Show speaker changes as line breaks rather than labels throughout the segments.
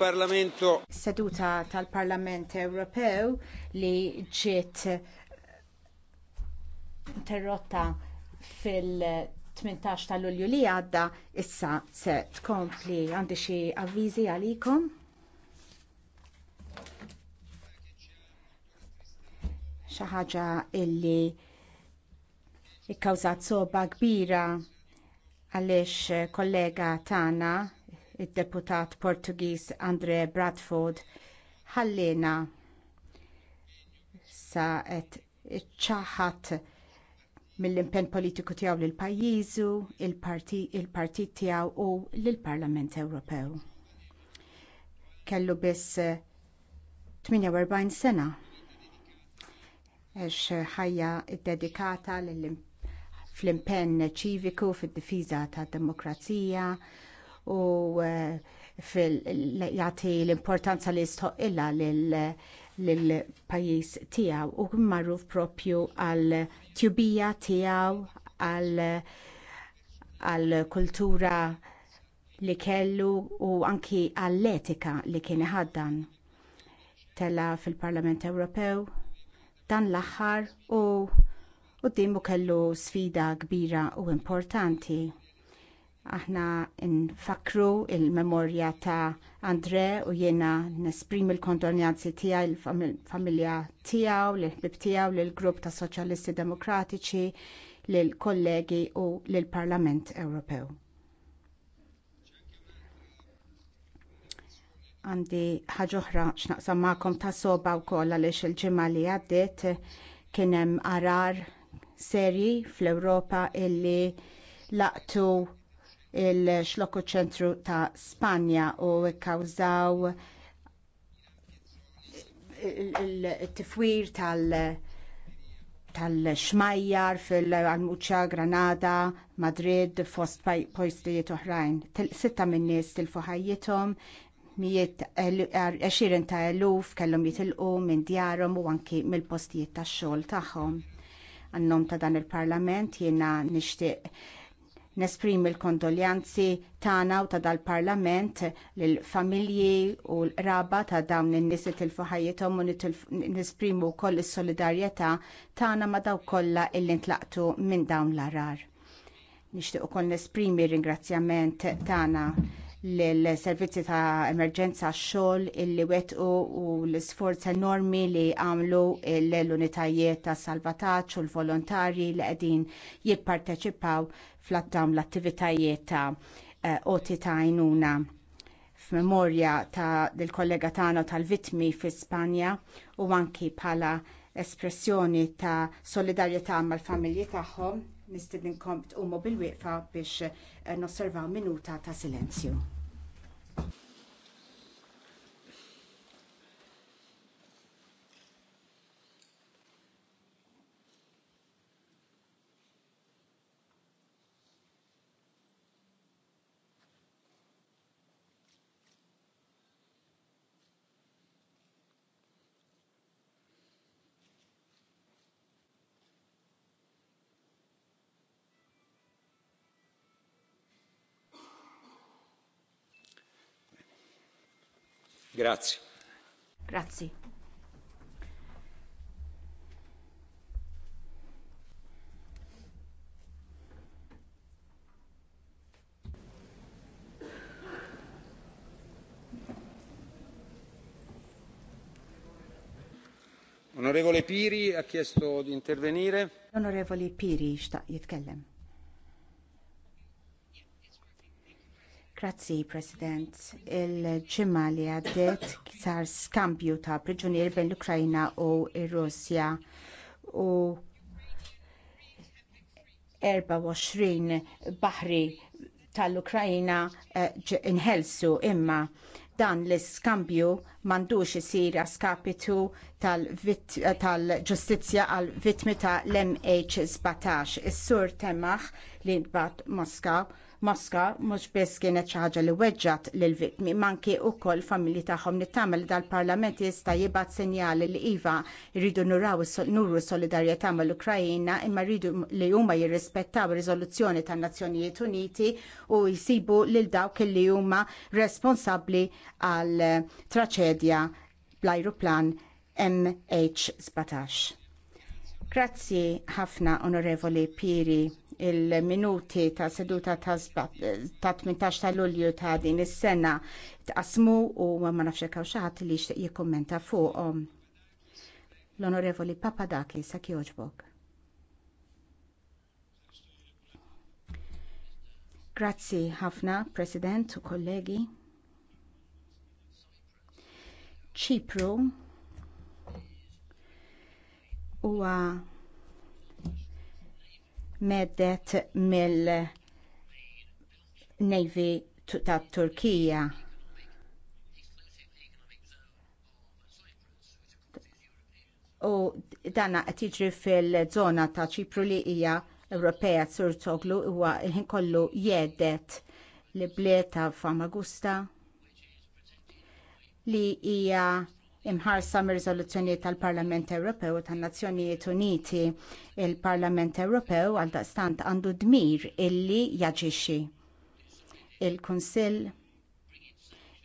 Seduta
tal-Parlament Ewropew li ġiet interrotta fil-18 ta' Lulju li għadda issa se tkompli għandi xi avviżi għalikom. Xi ħaġa illi ikkawżat soba kbira għaliex kollega Tana il-deputat Portugiż Andre Bradford ħallina sa qed ċaħat mill-impenn politiku tiegħu lill pajjiżu, il-partit tiegħu u lill-Parlament Ewropew. Kellu biss 48 sena għax ħajja ddedikata fl-impenn ċiviku fid-difiża tad-demokrazija, u eh, jagħti l-importanza li stoqilla lill pajjiż tiegħu u marruf propju għal tjubija tiegħu għall kultura li kellu u anki għall-etika li kien iħaddan. Tella fil-Parlament Ewropew dan l-aħħar u qudiemu kellu sfida kbira u importanti aħna nfakru il-memorja ta' Andre u jiena nesprim il kondonjanzi tiegħi il-familja tiegħu, l-ħbib tiegħu, l-grupp ta' Soċjalisti Demokratiċi, l-kollegi u l-Parlament Ewropew. Għandi ħagħuħra x'naqsam maqom ta' soba wkoll għaliex il-ġimgħa li għaddiet kien hemm arar serji fl-Ewropa illi laqtu il-xlokku ċentru ta' Spanja u kawżaw il-tifwir tal- xmajjar fil-Almuċa, Granada, Madrid, fost pojstijiet oħrajn. Sitta minn nies tilfu ħajjithom, mijiet er, ta' eluf kellhom jitilqu minn djarhom u anki mill-postijiet tax-xogħol tagħhom. Għannom ta' dan il-Parlament jiena nixtieq Nesprim il-kondoljanzi tagħna u ta' dal-parlament lill-familji u l-raba ta' dawn in-nies li tilfu ħajjithom u nesprimu wkoll is-solidarjetà tagħna ma' dawk kollha illi ntlaqtu minn dawn l-arar. Nixtieq ukoll nesprimi ringrazzjament tagħna l-servizzi ta' emerġenza xogħol illi wetqu u l-isforz enormi li għamlu l-unitajiet ta' salvataġġ u l-volontarji li qegħdin jipparteċipaw fl-dawn l-attivitajiet ta' eh, oti ta' għajnuna f'memorja ta' il-kollega tagħna tal-vitmi fi Spanja u anki bħala espressjoni ta' solidarjetà mal-familji tagħhom nistidinkom tqumu bil-wieqfa biex eh, nosservaw minuta ta' silenzju. Grazie,
Onorevole Piri ha chiesto di intervenire.
Onorevole Piri sta jitkellem. Grazzi, President. Il-ġimma li għaddiet sar skambju ta' priġunier bejn l-Ukrajna u r-Russja u 24 baħri tal-Ukrajna eh, inħelsu imma dan l-iskambju m'għandux isir skapitu tal-ġustizzja tal għal vittmi tal mh 17 Is-sur Temaħ li nbat Moskaw Moska mhux biss kienet xi ħaġa li weġġat lill vittmi manki wkoll familji tagħhom nittamel dal-Parlament jista' jibgħat sinjali li iva rridu nuraw s solidarjetà mal-Ukrajina imma rridu li huma jirrispettaw ir-riżoluzzjoni tan-Nazzjonijiet Uniti u jsibu lil dawk li huma responsabbli għal traċedja bl-ajruplan MH17. Grazzi ħafna onorevoli Piri il-minuti ta' seduta ta' 18 ta' lulju ta' din is-sena tqasmu u ma nafx hekk xi ħadd li jixtieq jikkummenta fuqhom. L-Onorevoli Papadakis sa jogħġbok. Grazzi ħafna, President u kollegi. Ċipru huwa medet mill-Navy tat Turkija. U dana qed jiġri fil-żona ta' Ċipru li hija Ewropea Sur Toglu huwa ħin kollu jedet li bliet ta' Famagusta li hija imħarsa mir-riżoluzzjoni tal-Parlament Ewropew u tan-Nazzjonijiet Uniti. Il-Parlament Ewropew għaldaqstant għandu dmir illi jaġixxi. Il-Kunsill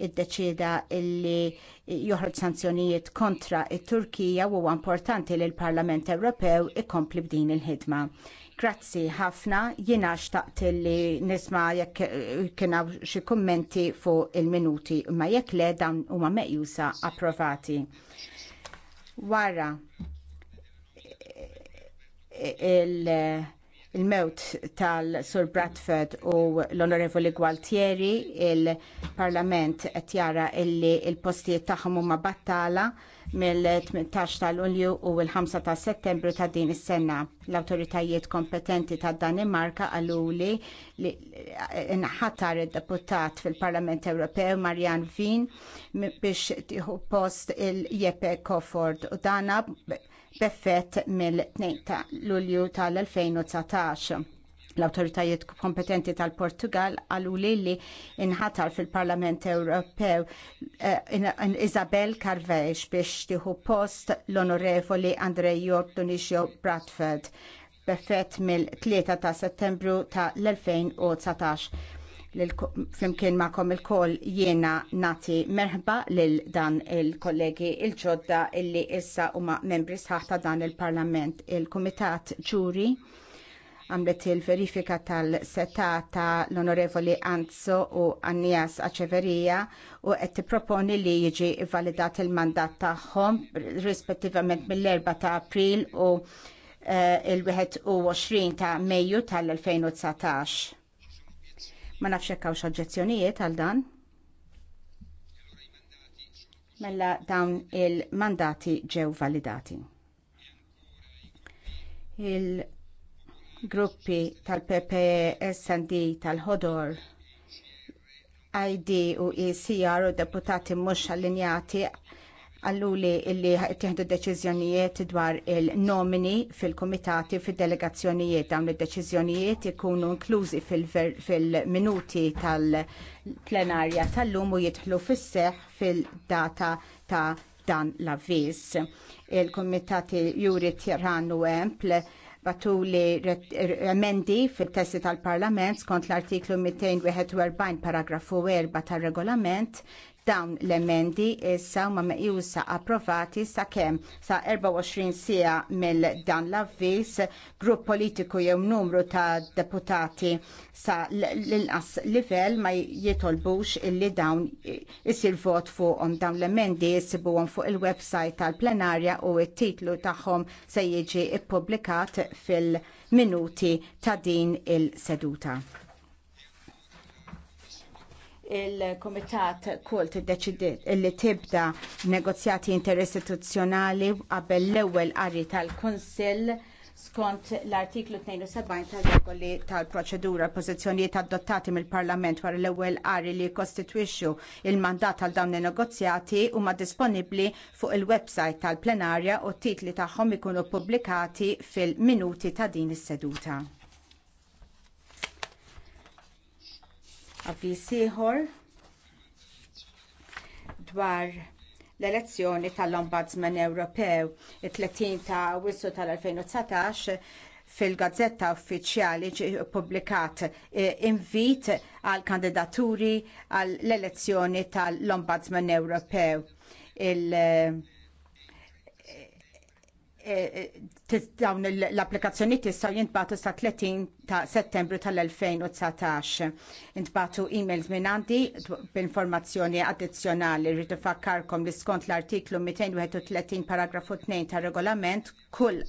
iddeċieda illi joħroġ sanzjonijiet kontra t turkija u huwa importanti li l-Parlament Ewropew ikompli b'din il-ħidma. Grazzi ħafna, jina xtaqt li nisma jekk eh, kena xi kummenti fuq il-minuti, ma jekk le dawn huma meqjusa approvati. Wara eh, il- il-mewt tal-Sur Bradford u l-Onorevoli Gualtieri, il-Parlament qed jara illi il-postijiet tagħhom huma battala mill-18 ta' Lulju u l-5 ta' Settembru ta' din is-sena. L-awtoritajiet kompetenti ta' Danimarka għaluli li inħattar id-deputat fil-Parlament Ewropew Marjan Vin biex tieħu post il-Jeppe Kofort u dana b'effett mill-2 ta' Lulju tal-2019. L-autoritajiet kompetenti tal-Portugal għalu li inħatar fil-Parlament Ewropew eh, Isabel Carvejx biex tiħu post l-onorevoli Andrej Jordunisio Bradford b'effett mill-3 ta' settembru ta' l-2019 ma kom il-koll jiena nati merħba lil dan il-kollegi il-ġodda illi issa huma membri sħaħ ta' dan il-Parlament il-Kumitat Ġuri għamlet il-verifika tal-setata l-Onorevoli Anzo u Annias Aċeverija u qed tipproponi li jiġi validat il-mandat tagħhom rispettivament mill-4 ta' April u uh, eh, il-21 ta' Mejju tal-2019 Ma nafx hekk hawnx oġġezzjonijiet għal dan. Mella dawn il-mandati ġew validati. Il-gruppi tal-PPE, SD, tal-ħodor, ID u ECR u deputati mhux allinjati għallu li li tieħdu deċiżjonijiet dwar il-nomini fil-komitati fil-delegazzjonijiet dawn id-deċiżjonijiet ikunu inklużi fil-minuti tal-plenarja tal-lum u jidħlu fis-seħ fil-data ta' dan l-avviż. Il-Kumitati Juri tirranu Empl batuli emendi fil-testi tal-Parlament skont l-artiklu 241 paragrafu 4 tar regolament Dawn l-emendi issa huma meqjusa approvati sakemm sa 24 sija mill dan l avvis grupp politiku jew numru ta' deputati sa l-inqas livell ma jitolbux illi dawn isir vot fuqhom dawn l-emendi jisibuhom fuq il-website tal-plenarja u t-titlu tagħhom se jiġi ippubblikat fil-minuti ta' din il-seduta il-Komitat Kult deċidiet li tibda negozjati interistituzzjonali qabel l-ewwel qari tal-Kunsill skont l-artiklu 72 tal-regoli tal-proċedura pożizzjonijiet adottati mill-Parlament wara l-ewwel qari li jkostitwixxu il-mandat għal dawn in-negozjati huma disponibbli fuq il-website tal-plenarja u t titli tagħhom ikunu pubblikati fil-minuti ta' din is-seduta. avviż ieħor dwar l-elezzjoni tal-Ombudsman Ewropew it-30 ta' Awwissu tal-2019 fil-gazzetta uffiċjali ġie ppubblikat e, invit għal kandidaturi għall elezzjoni tal-Ombudsman Ewropew. Il- Eh, dawn l-applikazzjoni tistaw jintbatu sa' 30 ta' settembru tal-2019. Intbatu e-mails minn għandi b'informazzjoni addizzjonali rridu fakkarkom li skont l-artiklu 231 paragrafu 2 ta' regolament kull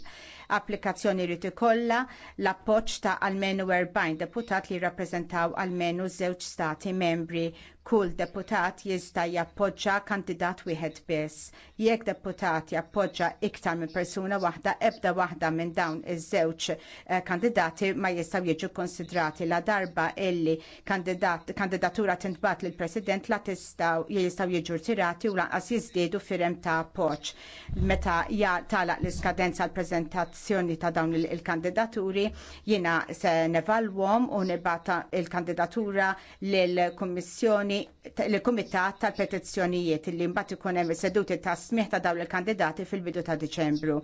applikazzjoni rrid ikollha l-appoġġ ta' almenu 40 deputat li għal almenu żewġ stati membri kull deputat jista' jappoġġa kandidat wieħed biss. Jekk deputat jappoġġa iktar minn persuna waħda ebda waħda minn dawn iż-żewġ eh, kandidati ma jistgħu jiġu konsidrati la darba illi kandidat, kandidatura tintbat lill president la tistgħu jistgħu jiġu tirati u lanqas jiżdiedu firem ta' appoġġ. Meta ja talaq l-iskadenza l preżentazzjoni ta' dawn il-kandidaturi jiena se nevalwhom u nibata il-kandidatura lill kummissjoni il-Kumitat tal-Petizzjonijiet li mbagħad ikun hemm seduti ta' smieħ ta' dawn il-kandidati fil-bidu ta' Diċembru.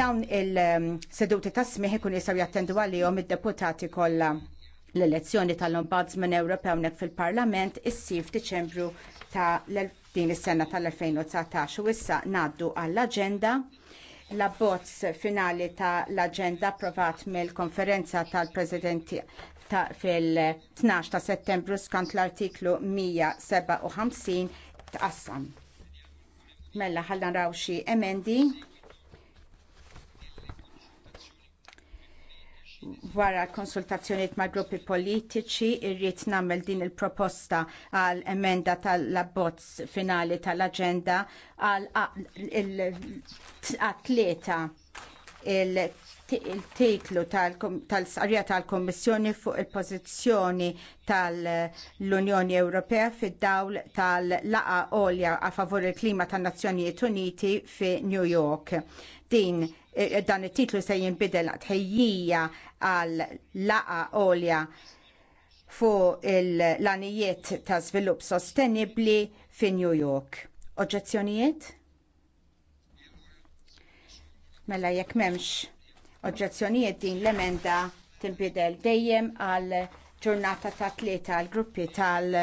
Dawn il-seduti ta' smieħ ikun jistgħu jattendu għalihom id-deputati kollha l-elezzjoni tal-Ombudsman Ewropew nek fil-Parlament issir f'Diċembru ta' din is-sena tal-2019 u issa ngħaddu għall-aġenda l bozz finali ta' l-aġenda approvat mill-konferenza tal-Presidenti fil-12 ta' settembru skont l-artiklu 157 tqassam. Mella ħalla naraw xi emendi wara konsultazzjoniet ma' gruppi politiċi irrid nagħmel din il-proposta għal emenda tal-abbozz finali tal-aġenda għal il-atleta il il-titlu tal-sqarja tal-Kommissjoni fuq il-pożizzjoni tal-Unjoni Ewropea fid-dawl tal-laqa olja a favur il-klima tan-Nazzjonijiet Uniti fi New York. Din eh, dan it-titlu se jinbidel tħejjija għal laqa olja fuq l-anijiet ta' svilupp sostenibli fi New York. Oġġezzjonijiet? Mela jekk m'hemmx oġġezzjonijiet din l-emenda tinbidel dejjem għal ġurnata ta' tlieta għal gruppi tal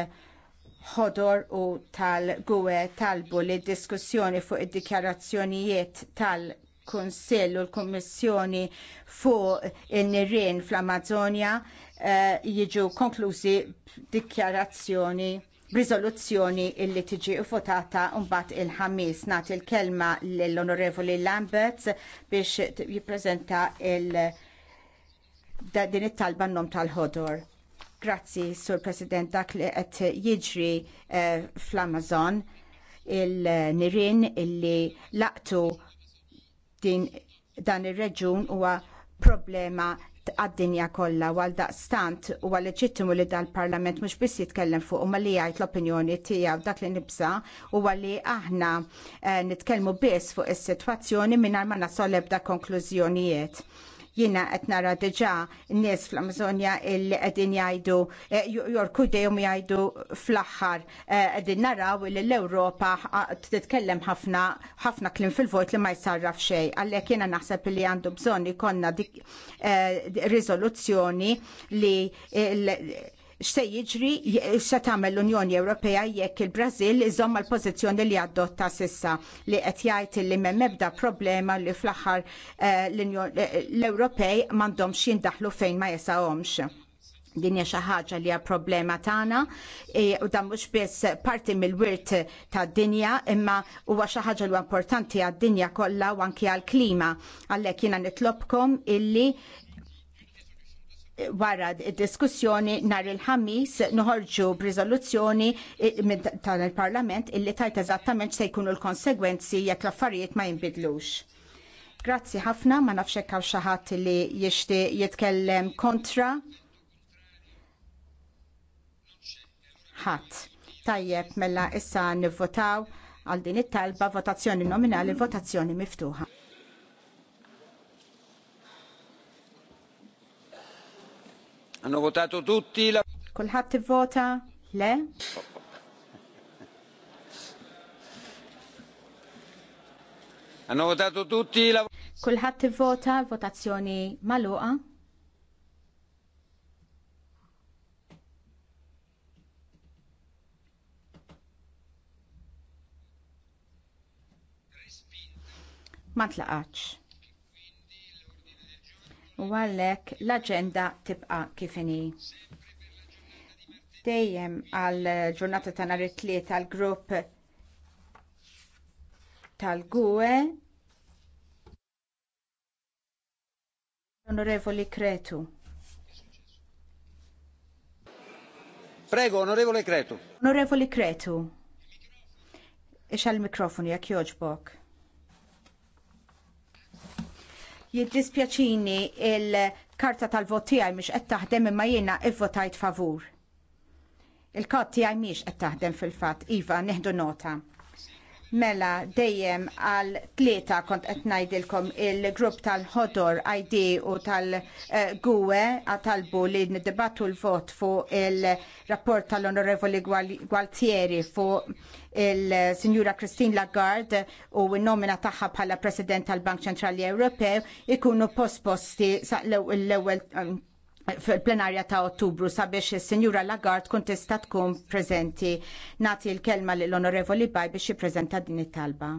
ħodor u tal-gwe talbu li d diskussjoni fuq id-dikjarazzjonijiet tal-Kunsill u l-Kummissjoni fuq in-nirien fl-Amazonja eh, jiġu konklużi dikjarazzjoni riżoluzzjoni illi tiġi votata mbagħad il-ħamis nagħti il-kelma lill-Onorevoli Lamberts biex jippreżenta din it-talba n-nom tal-ħodor. Grazzi, Sur President, dak li qed jiġri eh, fl-Amazon il-nirin illi laqtu din dan ir-reġun huwa problema għad-dinja kollha għal daqstant u għal leġittimu li dal-Parlament mhux biss jitkellem fuq huma li jgħid l-opinjoni tiegħu dak li nibsa u li aħna eh, nitkellmu biss fuq is-sitwazzjoni mingħajr ma nasol ebda konklużjonijiet. Jiena qed nara diġà n-nies fl-Amazonja illi qegħdin jgħidu eh, jorku dejhom jgħidu fl-aħħar eh, qegħdin naraw li l-Ewropa titkellem ħafna ħafna klim fil-vot li ma jsarraf xejn. Għalhekk jiena naħseb li għandu bżonn ikonna dik eh, riżoluzzjoni li x'se jiġri se tagħmel l-Unjoni Ewropea jekk il-Brażil iżomm l pożizzjoni li adotta sissa li qed jgħid li m'hemm ebda problema li fl-aħħar eh, l-Ewropej m'għandhomx jindaħlu fejn ma jesahomx din hija xi ħaġa li hija problema tagħna eh, u dan mhux biss parti mill-wirt tad-dinja imma huwa xi ħaġa li importanti għad-dinja kollha u anki għall-klima għalhekk jiena nitlobkom illi wara diskussjoni nar il-ħamis noħorġu b'riżoluzzjoni tal-Parlament illi tajt eżattament se jkunu l-konsegwenzi jekk l-affarijiet ma jinbidlux. Grazzi ħafna, ma nafx hekk hawn xi ħadd li jixti jitkellem kontra. Ħadd. Tajjeb, mela issa nivvotaw għal din it-talba votazzjoni nominali, votazzjoni miftuħa.
Hanno votato tutti la...
Kulħadd vota, Le?
Hanno votato tutti la...
Kulħadd vota votazzjoni maluqa. Ma tlaqax u għalhekk l-aġenda tibqa' kif inhi. Dejjem għal ġurnata ta' nhar it-tliet għall grupp tal-GUE Onorevoli Cretu.
Prego, onorevole Cretu.
Onorevoli Cretu. Ixal mikrofon jak joġbok. jiddispjaċini il-karta tal-vot tiegħi miex qed taħdem imma jiena ivvotajt favur. Il-kod tijaj mhix qed taħdem fil-fatt, iva, neħdu nota mela dejjem għal tlieta kont qed ngħidilkom il-grupp tal-ħodor ID u tal-GUE eh, talbu li niddibattu l-vot fuq il-rapport tal-Onorevoli Gualtieri fuq il-Sinjura Christine Lagarde u n-nomina tagħha bħala President tal-Bank Ċentrali Ewropew ikunu postposti l-ewwel fil-plenarja ta' ottubru sabiex il-Sinjura Lagarde kun tista' tkun prezenti. Nati l-kelma l-Onorevoli Baj biex prezenta din it-talba.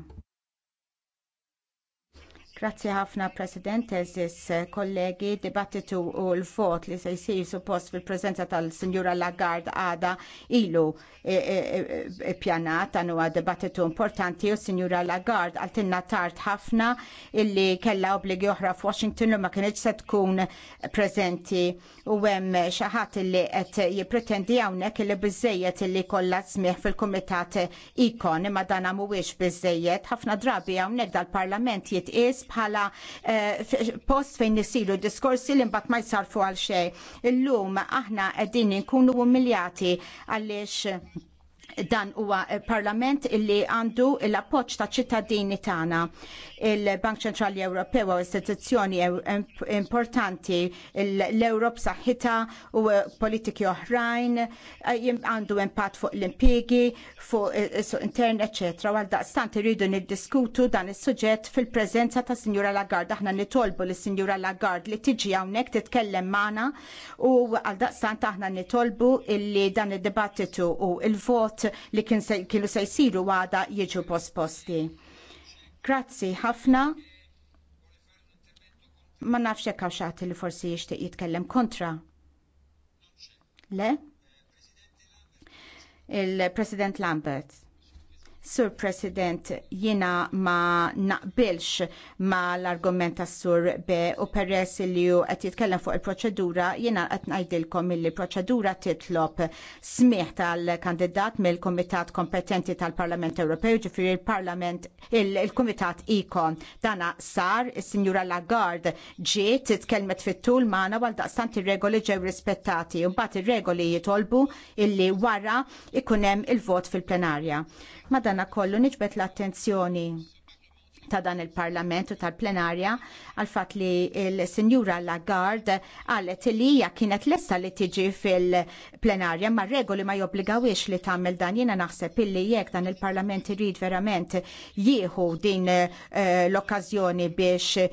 Grazzi ħafna President eżis kollegi dibattitu u l-vot li se jsir suppost fil-prezenza tal-Sinjura Lagarde għada ilu e, e, e, pjanat għanu dibattitu importanti u Sinjura Lagarde għaltinna tard ħafna illi kella obligi oħra f'Washington u ma kienieċ se tkun prezenti u hemm xi ħadd illi qed jippretendi hawnhekk illi biżejjed illi kolla smieħ fil-Kumitat Ikon imma dan mhuwiex biżejjed ħafna drabi hawnhekk dal-Parlament jitqies bħala eh, post fejn nisiru diskorsi li mbagħad ma jsarfu għal xejn. Illum aħna qegħdin nkunu umiljati għaliex dan huwa eh, parlament illi għandu l-appoċ ta' ċittadini tagħna. Il-Bank Ċentrali Ewropew u istituzzjoni importanti l-Ewrop saħħitha u eh, politiki oħrajn eh, għandu impatt fuq l-impjegi, fuq suq intern, ecc. Għal daqstant irridu niddiskutu dan is-suġġett fil-preżenza ta' Sinjura Lagard. Aħna nitolbu li Sinjura Lagard li tiġi hawnhekk titkellem magħna u għal daqstant aħna nitolbu illi dan id-dibattitu u il-vot li kienu se jsiru għada jiġu posposti. Grazzi ħafna. Ma nafx hekk hawn li forsi jixtieq jitkellem kontra. Le? Il-President Lambert. Sur President, jiena ma naqbilx ma l-argument tas Sur Be u peress li ju qed jitkellem fuq il-proċedura, jiena qed ngħidilkom li proċedura titlob smiħ tal-kandidat mill-Kumitat Kompetenti tal-Parlament Ewropew, ġifieri il-Parlament il-Kumitat Ikon. Dana sar, is-Sinjura Lagarde ġiet titkellmet fit-tul magħna għal daqstant ir-regoli ġew rispettati u mbagħad ir-regoli jitolbu illi wara ikun hemm il-vot fil-plenarja. Madan sena kollu niġbet l-attenzjoni ta' dan il-Parlament u tal-plenarja għal fatt li il-Sinjura Lagarde għalet li hija kienet lesta li tiġi fil-plenarja ma' regoli ma' jobbligawiex li tagħmel dan jiena naħseb illi jekk dan il-Parlament irid verament jieħu din eh, l okkażjoni biex eh,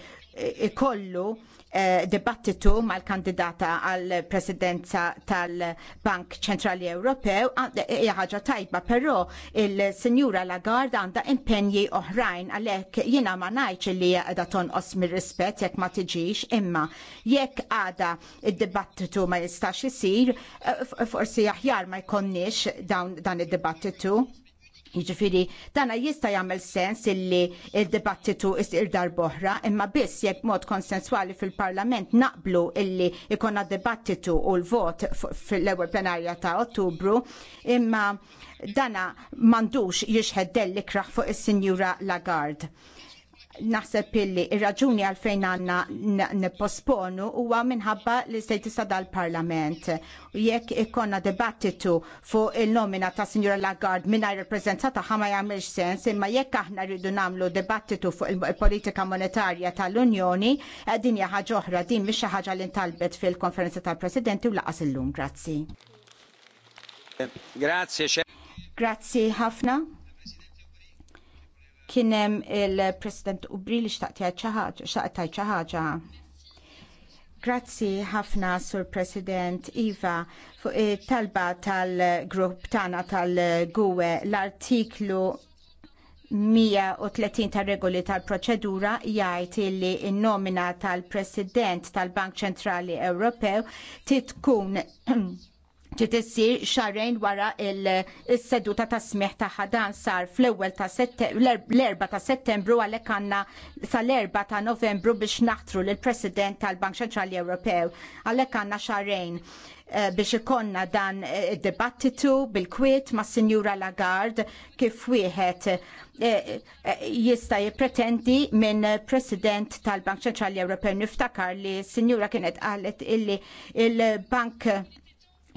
ikollu Eh, dibattitu mal-kandidata għall presidenza tal-Bank Ċentrali Ewropew ah, hija ħaġa tajba, però il-Sinjura Lagarde għandha impenji oħrajn għalhekk jiena ma ngħidx li qiegħda tonqos mir-rispett jekk ma tiġix, imma jekk għada id-dibattitu ma jistax isir, eh, forsi aħjar ma jkonniex dan id-dibattitu. Jiġifieri dana jista' jagħmel sens illi il-dibattitu isir boħra, imma biss jekk mod konsenswali fil-Parlament naqblu illi ikonna dibattitu u l-vot fil-ewwel plenarja ta' Ottubru, imma dana m'għandux jixħed dellikraħ fuq is-Sinjura Lagarde naħseb illi ir-raġuni għalfejn għandna nipposponu huwa minħabba li status dal-Parlament. Jekk ikkonna dibattitu fuq il-nomina ta' Sinjura Lagarde mingħajr rappreżentata ħa ma jagħmilx sens, imma jekk aħna rridu nagħmlu dibattitu fuq il-politika monetarja tal-Unjoni, din hija ħaġa oħra din mhix xi ħaġa li ntalbet fil-konferenza tal-Presidenti u laqas illum. Grazzi.
Grazie.
Grazie ħafna. Kienem il-President Ubri li xtaqtaj ċaħġa. Grazzi ħafna, Sur President Iva, fuq talba tal-grupp tana tal-GUE l-artiklu 130 tar regoli tal-proċedura jgħid li n-nomina tal-President tal-Bank Ċentrali Ewropew titkun ġiet issir xarrejn wara il-seduta ta' smieħ tagħha dan sar fl-ewwel ta' l erba ta' Settembru għalhekk għandna l-Erba ta' Novembru biex naħtru lill President tal-Bank Ċentrali Ewropew. Għalhekk għandna xarrejn eh, biex ikonna dan id-dibattitu eh, bil-kwiet ma' Sinjura Lagarde kif wieħed eh, jista jippretendi minn President tal-Bank Ċentrali Ewropew niftakar li Sinjura kienet qalet illi il-Bank il bank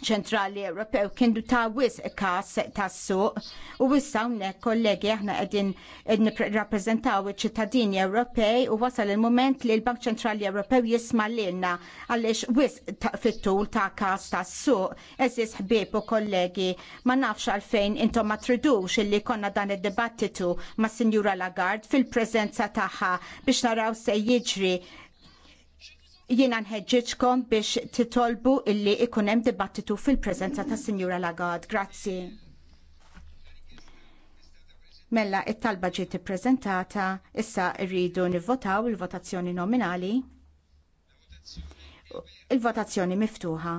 ċentrali Ewropew kienu ta' wis kas ta' suq u wissa hawnhekk kollegi aħna qegħdin rappreżentaw iċ-ċittadini Ewropej u wasal il-mument li l-Bank Ċentrali Ewropew jisma' lilna għaliex wis fit-tul ta' kas ta' suq eżis ħbieb u kollegi ma nafx għalfejn intom ma tridux illi konna dan id-dibattitu ma' Sinjura Lagarde fil prezenza tagħha biex naraw se jiġri Jiena nħeġġitkom biex titolbu illi ikun hemm dibattitu fil-preżenza tas Sinjura Lagard. Grazzi. Mella it-talba ġiet ippreżentata, issa rridu nivvotaw il-votazzjoni nominali. Il-votazzjoni miftuħa.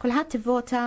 Kulħadd ivvota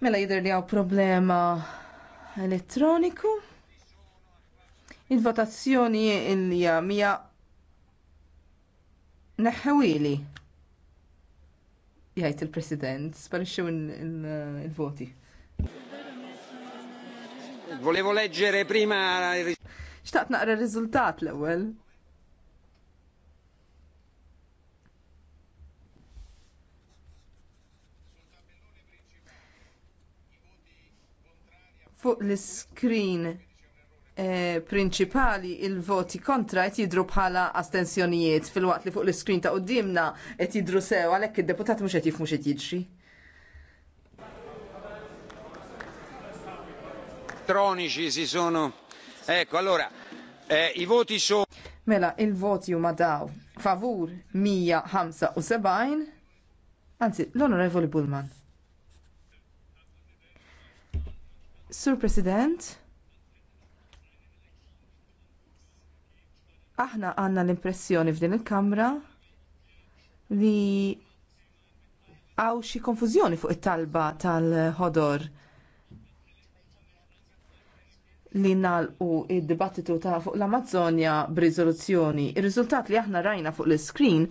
Mela
jidher li hawn problema elettroniku. Il-votazzjoni il-lija mija neħħawili. Jgħid il-President, sparixxew il-voti.
Volevo leggere prima.
Xtaqt naqra r-riżultat l-ewwel. Fuq l-iskrin eh, principali prinċipali il-voti kontra qed jidru bħala astensjonijiet fil-waqt li fuq l-iskrin ta' uddimna qed jidru sew għalhekk id-deputat mhux qed jifhmu x'qed jiġri.
Elettroniċi si sono. Ecco, allora, eh, i voti sono
Mela, il-voti u daw favur 175, anzi, l-Onorevoli Bullman. Sur President, aħna għandna l-impressjoni f'din il-Kamra li għaw xi konfużjoni fuq it-talba tal-ħodor li nalqu id-dibattitu ta' fuq l-Amazzonja b'riżoluzzjoni. il riżultat li aħna rajna fuq l screen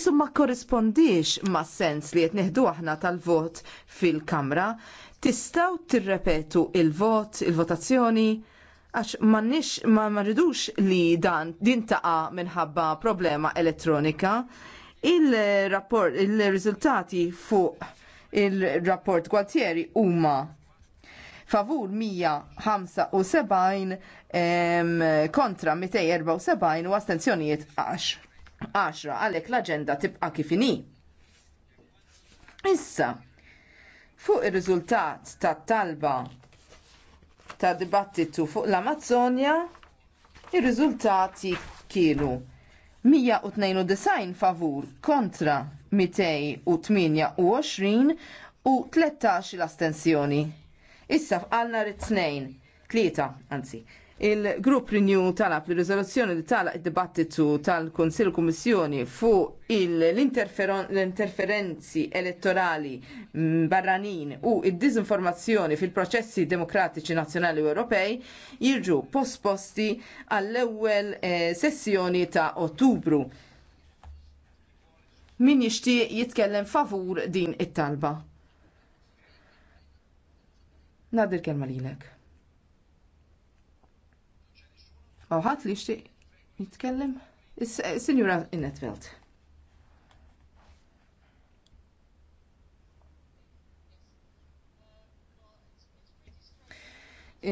isum ma korrispondix ma' sens li qed neħdu aħna tal-vot fil-Kamra. Tistaw tirrepetu il-vot, il-votazzjoni, għax mannix ma marridux li dan din taqa minħabba problema elettronika. Il-rapport, il-rizultati fuq il-rapport Gualtieri huma favur 175 kontra 274 u astenzjonijiet 10. 10 għalek l-agenda tibqa kifini. Issa, fuq ir-riżultat tat-talba ta' dibattitu fuq l-Amazzonja, ir-riżultati kienu 192 favur kontra 228 u 13 l-astensjoni. Issa f'qalna rit-tnejn, tlieta, anzi, Il-grupp Renew talab li riżoluzzjoni li talaq id-dibattitu tal-Konsil Kummissjoni fuq l-interferenzi elettorali mm, barranin u il dizinformazzjoni fil-proċessi demokratiċi nazzjonali Ewropej jirġu posposti għall-ewwel eh, sessjoni ta' Ottubru. Min jixtieq jitkellem favur din it-talba? Nadir kelma lilek. Għawħat li xtiq jitkellem? Eh, Signora Innetveld.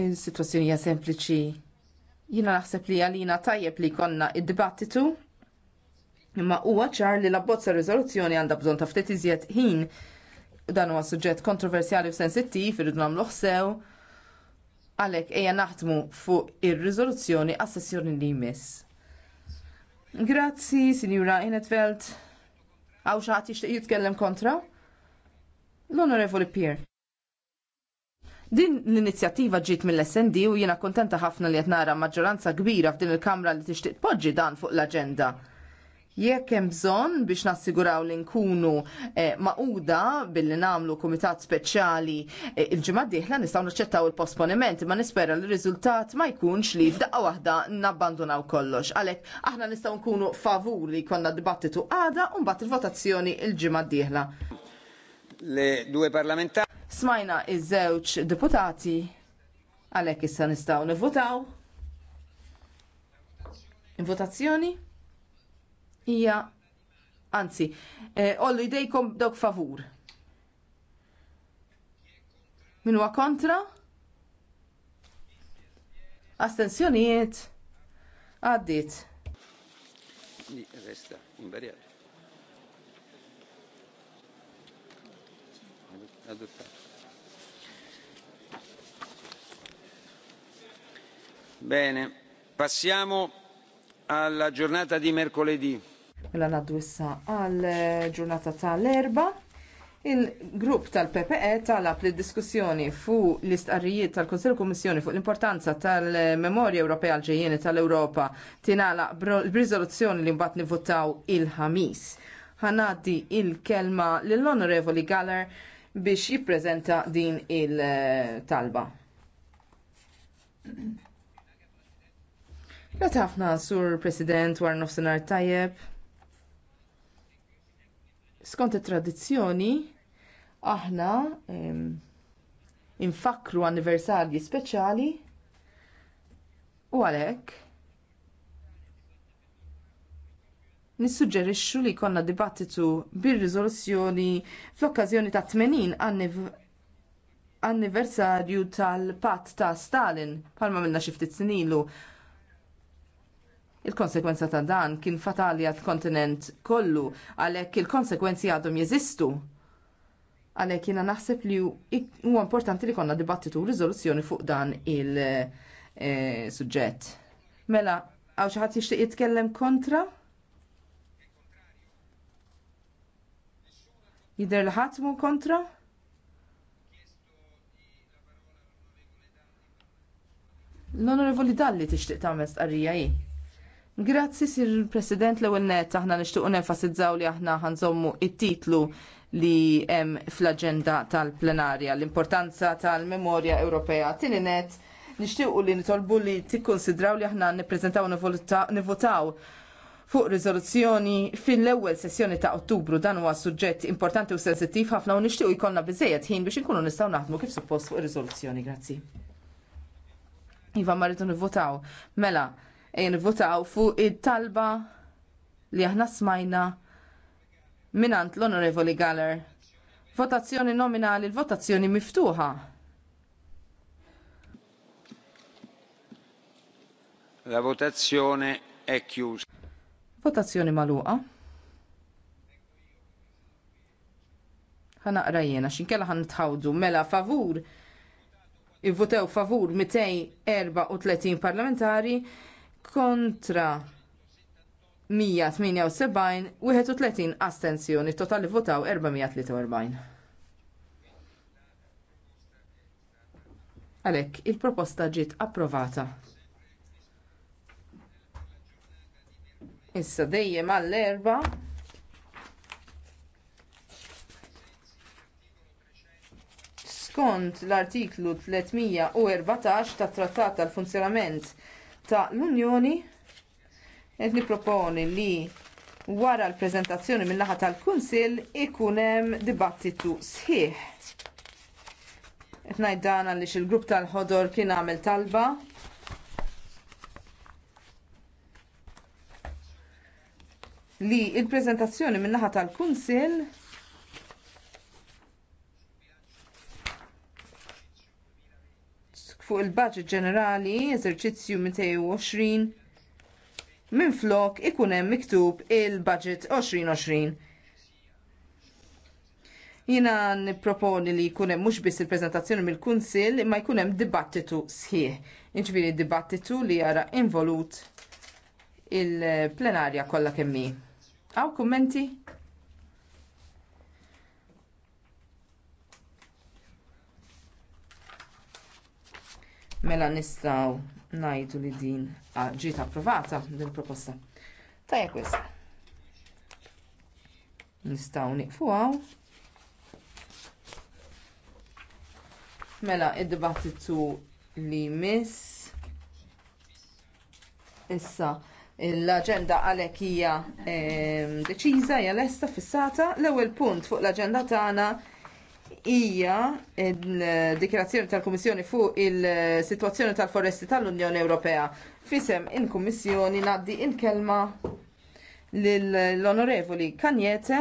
Il-situazzjoni hija sempliċi. Jiena naħseb li għalina tajjeb li konna id-dibattitu imma huwa ċar li l-abbozza riżoluzzjoni għandha bżonn ta' ftit iżjed ħin dan huwa suġġett kontroversjali u sensittiv irridu nagħmluh sew Għalhekk eja naħdmu fuq ir-riżoluzzjoni għas-sessjoni li jmiss. Grazzi, Sinjura Inetveld. Għaw xaħat jixtieq jitkellem kontra? L-Onorevoli Pier. Din l-inizjattiva ġiet mill-SND u jiena kontenta ħafna li qed nara maġġoranza kbira f'din il-Kamra li tixtieq poġġi dan fuq l-aġenda jekk hemm bżonn biex nassiguraw li nkunu eh, maquda billi nagħmlu kumitat speċjali eh, il-ġimgħa d-dieħla nistgħu naċċettaw il-posponiment ma nispera li riżultat ma jkunx li f'daqqa waħda nabbandunaw kollox. Għalhekk aħna nistgħu nkunu favuri konna dibattitu għada u mbagħad il-votazzjoni il-ġimgħa d-dieħla.
Le due parlamentari.
Smajna iż-żewġ deputati għalhekk issa nistgħu nivvotaw. Votazzjoni? hija anzi, eh, ollu idejkom dawk favur. Min huwa kontra? Astensjonijiet? Għaddit.
Resta, imberjat.
Bene, passiamo alla giornata di mercoledì.
Mela naddu issa għal ġurnata tal-erba. Il-grupp tal-PPE talab li diskussjoni fuq l-istqarrijiet tal-Konsil Kummissjoni fuq l-importanza tal-Memorja Ewropea għal-ġejjeni tal-Ewropa tinala b-rizoluzzjoni li mbagħad nivutaw il-ħamis. Ħanaddi il-kelma lill-Onorevoli Galler biex jippreżenta din il-talba. Grazzi Sur President, war nofsinhar tajjeb. Skont it-tradizzjoni, aħna infakru anniversarji speċjali u għalhekk nissuġġerixxu li jkollna dibattitu bir-riżoluzzjoni fl-okkażjoni ta' 80 anniv anniversarju tal-patt ta' Stalin bħalma minna xi ftit snilu Il-konsekwenza ta' dan kien fatali għall kontinent kollu għalhekk il-konsekwenzi għadhom jeżistu. Għalhekk jiena naħseb li huwa importanti li konna dibattitu riżoluzzjoni fuq dan il-suġġett. Eh, mela, għaw xi ħadd jixtieq jitkellem kontra? Jidher li ħadd mu kontra? L-Onorevoli Dalli tixtieq tagħmel stqarrija hi. Grazzi, Sir President, l-ewel net, aħna nishtuq nenfasizzaw li aħna ħanżommu it-titlu li hemm fl-agenda tal-plenarja, l-importanza tal-memorja Ewropea. Tini net, nishtuq li nitolbu li tikkonsidraw li aħna nippreżentaw nivotaw fuq rizoluzzjoni l ewwel sessjoni ta' Ottubru dan huwa suġġett importanti u sensittiv ħafna u nixtiequ jkollna biżejjed ħin biex inkunu nistgħu naħdmu kif suppost fuq ir-riżoluzzjoni. Grazzi. Iva ma nivvotaw. Mela, nivvotaw fuq it-talba li aħna smajna minant l-Onorevoli Galler. Votazzjoni nominali, votazzjoni miftuħa.
La votazzjoni è chiusa.
Votazzjoni maluqa. ħanaqra rajjena, xinkella ħan tħawdu, mela favur, ivvotew favur 234 parlamentari, kontra 178, 31 astenzjoni, totali votaw 443. Għalhekk, il-proposta ġiet approvata. Issa dejjem għall-erba. Skont l-artiklu 314 tat Trattat tal-Funzjonament ta' l-Unjoni qed nipproponi li wara l-preżentazzjoni min-naħa tal-Kunsill ikun hemm dibattitu sħiħ. Qed ngħid dan għaliex il-grupp tal-ħodor kien għamel talba li l preżentazzjoni min-naħa tal-Kunsill fuq il-budget ġenerali, eżerċizzju 220, minn flok ikun hemm miktub il-budget 2020. Jina nipproponi li jkun hemm mhux biss il-preżentazzjoni mill-Kunsill imma jkun hemm dibattitu sħiħ. Jiġifieri dibattitu li jara involut il-plenarja kollha kemm hi. Aw kummenti? Mela nistgħu ngħidu li din ġiet approvata din proposta. Tajja kwis. Nistgħu nieqfuha. Mela id-dibattitu li miss issa l aġenda għalhekk hija ehm, deċiża hija lesta fissata l-ewwel punt fuq l-aġenda tagħna hija d dikrazzjoni tal-Kummissjoni fuq il-sitwazzjoni tal-foresti tal-Unjoni Ewropea. Fisem il-Kummissjoni ngħaddi il-kelma lill-Onorevoli Kanjete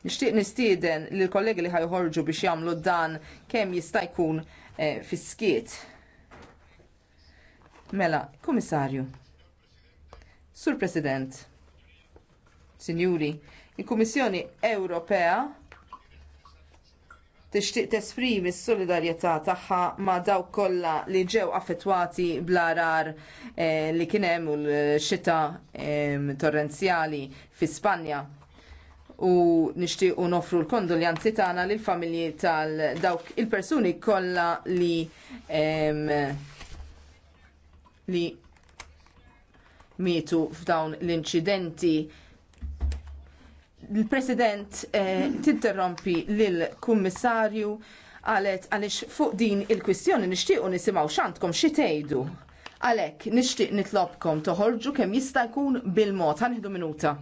Nixtieq nistieden lill kollegi li ħajħorġu biex jagħmlu dan kemm jista' jkun eh, fis-skiet. Mela, Kummissarju, Sur President, Sinjuri, il-Kummissjoni Ewropea tixtieq tesprimi s-solidarjetà tagħha ma' dawk kollha li ġew affettwati bl-arar eh, li kien hemm u l-xita torrenzjali fi Spanja u u nofru l-kondoljanzi tagħna lill familji tal dawk il-persuni kollha li li mietu f'dawn l-inċidenti l-President eh, tinterrompi lill-Kummissarju għalet għalix fuq din il-kwistjoni nishtiqu nisimaw xantkom xi tgħidu. Għalek nishtiq nitlobkom toħorġu kemm jista' jkun bil-mod ħanħdu minuta.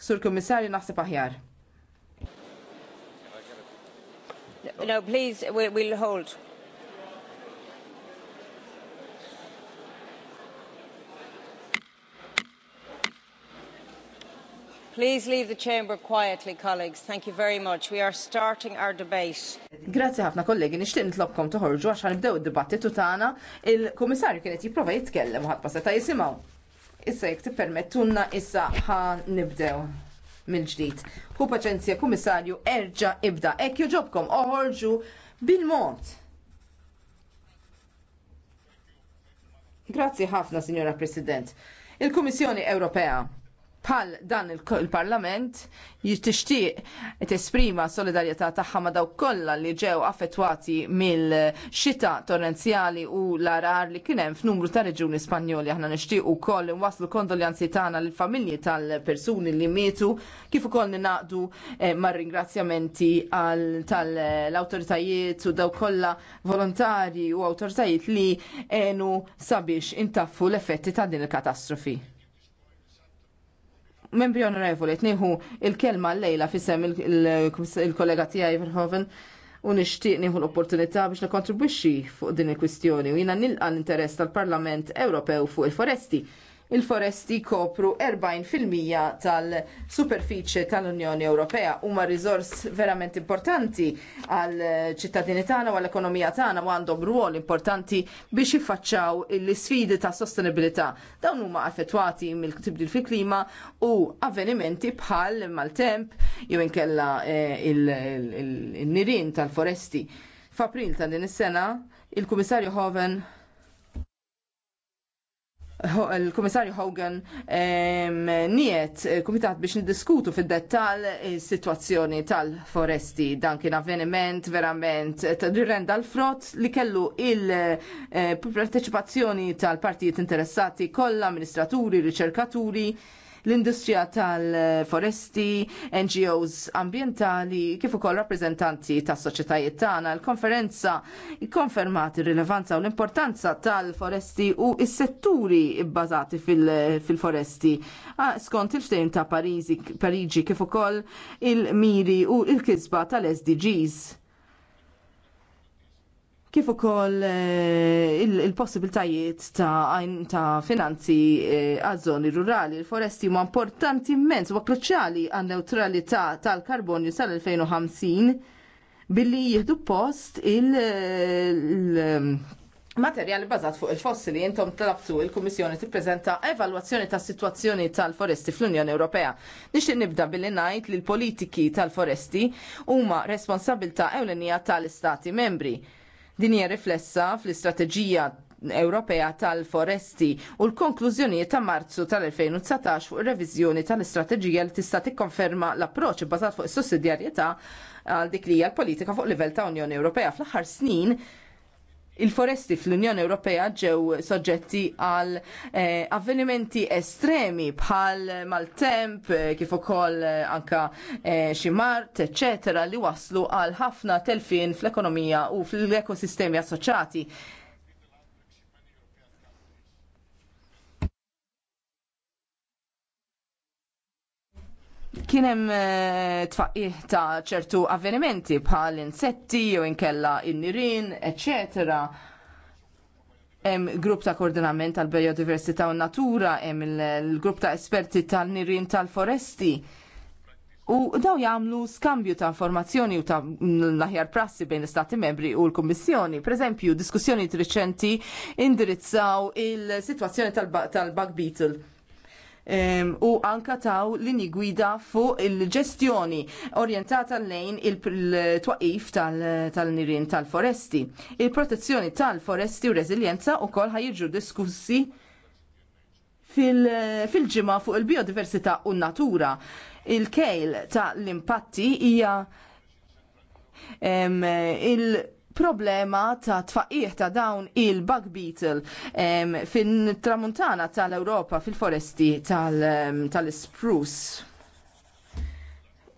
Sur Kummissarju naħseb
aħjar. No, please, we'll hold. Please leave the chamber
quietly, colleagues. Thank you very much. We are starting our debate.
Grazie ħafna kollegi, nixtieq nitlobkom toħorġu għax ħanibdew id-dibattitu tagħna. Il-Kummissarju kienet jipprova jitkellem ħadd ħadd seta' jisimgħu. Issa jekk tippermettunna issa ħan nibdew mill-ġdid. Hu paċenzja kummissarju erġa' ibda. Hekk joġobkom oħorġu bil-mod. Grazzi ħafna, Signora President. Il-Kummissjoni Ewropea Bħal dan il-parlament jittixtieq tesprima solidarjetà tagħha ma' dawk kollha li ġew affettwati mill-xita torrenzjali u l-arar li kien hemm f'numru ta' reġuni Spanjoli aħna nixtieq ukoll inwasslu kondoljanzi tagħna lill familji tal-persuni li mietu kif ukoll ninaqdu eh, mar-ringrazzjamenti tal-awtoritajiet u dawk kollha volontari u awtoritajiet li għenu sabiex intaffu l-effetti ta' din il-katastrofi. Membri onorevoli, tniħu il-kelma l-lejla fissem il-kollega tijaj Verhoeven u nixtieq nieħu l-opportunità biex nikontribwixxi fuq din il-kwistjoni u jiena nilqa l-interess tal-Parlament Ewropew fuq il-foresti il-foresti kopru 40% tal superfiċje tal-Unjoni Ewropea huma rizors verament importanti għal ċittadini tagħna u għall ekonomija tagħna u għandhom rwol importanti biex jiffaċċaw l-isfidi ta' sostenibilità. Dawn huma affettwati mill-tibdil fil-klima u avvenimenti bħal maltemp jew inkella eh, il-nirien tal-foresti. F'April ta' din is-sena, il-Kummissarju Hoven il-Komissarju Hogan niet eh, kumitat biex niddiskutu fid-dettal is-sitwazzjoni tal-foresti. Dan kien avveniment verament ta' tirrenda l-frott li kellu il-parteċipazzjoni eh, tal-partijiet interessati kollha, amministraturi, riċerkaturi, l-industrija tal-foresti, NGOs ambientali, kif ukoll rappreżentanti tas soċjetajiet tagħna. Il-konferenza ikkonfermat ir-rilevanza u l-importanza tal-foresti u s-setturi bbażati fil-foresti. Skont il-ftehim ta' Pariġi kif ukoll il-miri u l-kisba tal-SDGs kif ukoll eh, il-possibiltajiet ta', ta finanzi eh, għaż-żoni rurali. Il-foresti huma importanti immens u kruċjali għan neutralità tal-karbonju sal-2050 billi jieħdu post il- eh, Materjali bazat fuq il-fossili intom talabtu il-Kummissjoni tippreżenta evalwazzjoni ta' situazzjoni tal-foresti fl-Unjoni Ewropea. Nixtieq nibda billi ngħid li l-politiki tal-foresti huma responsabilta' ewlenija tal-Istati membri Din hija riflessa fl-istrateġija Ewropea tal-Foresti u l-konklużjonijiet ta' Marzu tal-2019 fuq ir-reviżjoni tal-istrateġija li tista' tikkonferma l-approċċ bbażat fuq is-sussidjarjetà għal dik li hija l-politika fuq livell ta' Unjoni Ewropea fl-aħħar snin il-foresti fl-Unjoni Ewropea ġew soġġetti għal eh, avvenimenti estremi bħal maltemp, eh, kif ukoll eh, anka eh, mart, eccetera, li waslu għal ħafna telfin fl-ekonomija u fl-ekosistemi assoċjati. Kien hemm eh, tfaqqih ta' ċertu avvenimenti bħal insetti jew inkella in-nirien, eċċetera. Hemm grupp ta' koordinament tal-biodiversità u natura, hemm il-grupp ta' esperti tal-nirien tal-foresti. U daw jagħmlu skambju ta' informazzjoni u ta' l-aħjar prassi bejn l-Stati membri u l-Kummissjoni. Per eżempju, diskussjoni riċenti indirizzaw il-sitwazzjoni tal-bug beetle u anka taw lini gwida fuq il-ġestjoni orientata lejn il-twaqif tal-nirien tal-foresti. Il-protezzjoni tal-foresti u reżiljenza u kol ħajġu diskussi fil-ġimma fuq il-biodiversità u natura. Il-kejl ta' l-impatti hija il- problema ta' tfaqih ta' dawn il-bug beetle fin-tramuntana tal-Europa fil-foresti tal-spruce.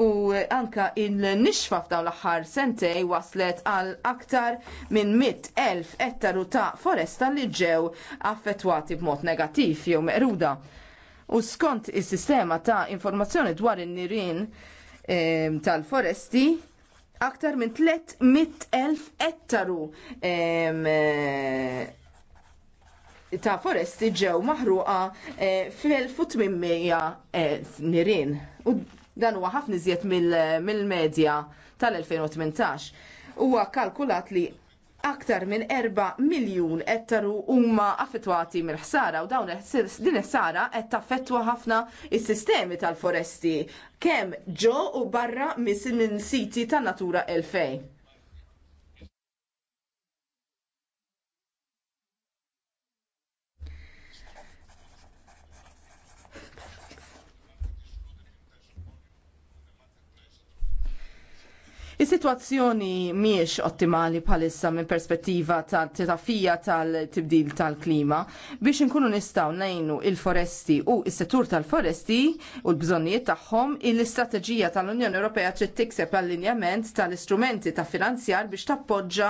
U anka il-nixfa f'dawn l-aħħar sentej waslet għal aktar minn 100.000 ettaru ta' foresta li ġew affettwati b'mod negattiv jew meqruda. U skont is-sistema ta' informazzjoni dwar in-nirien tal-foresti, aktar minn 300.000 ettaru eh, ta' foresti ġew maħruqa eh, fil-1800 eh, nirien. U dan huwa ħafna iżjed mill-medja tal-2018. Huwa kalkulat li aktar minn 4 miljun ettaru huma affettwati mill-ħsara u dawn din is-sara qed taffettwa ħafna s-sistemi tal-foresti kemm ġo u barra minn siti tan-natura 2000. Is-sitwazzjoni miex ottimali palissa minn perspettiva tal-terapija tal-tibdil tal-klima biex inkunu nistaw nejnu il-foresti u is-settur tal-foresti u l-bżonnijiet tagħhom il-istrateġija tal-Unjoni Ewropea trid tikseb allinjament tal-istrumenti ta' finanzjar biex tappoġġa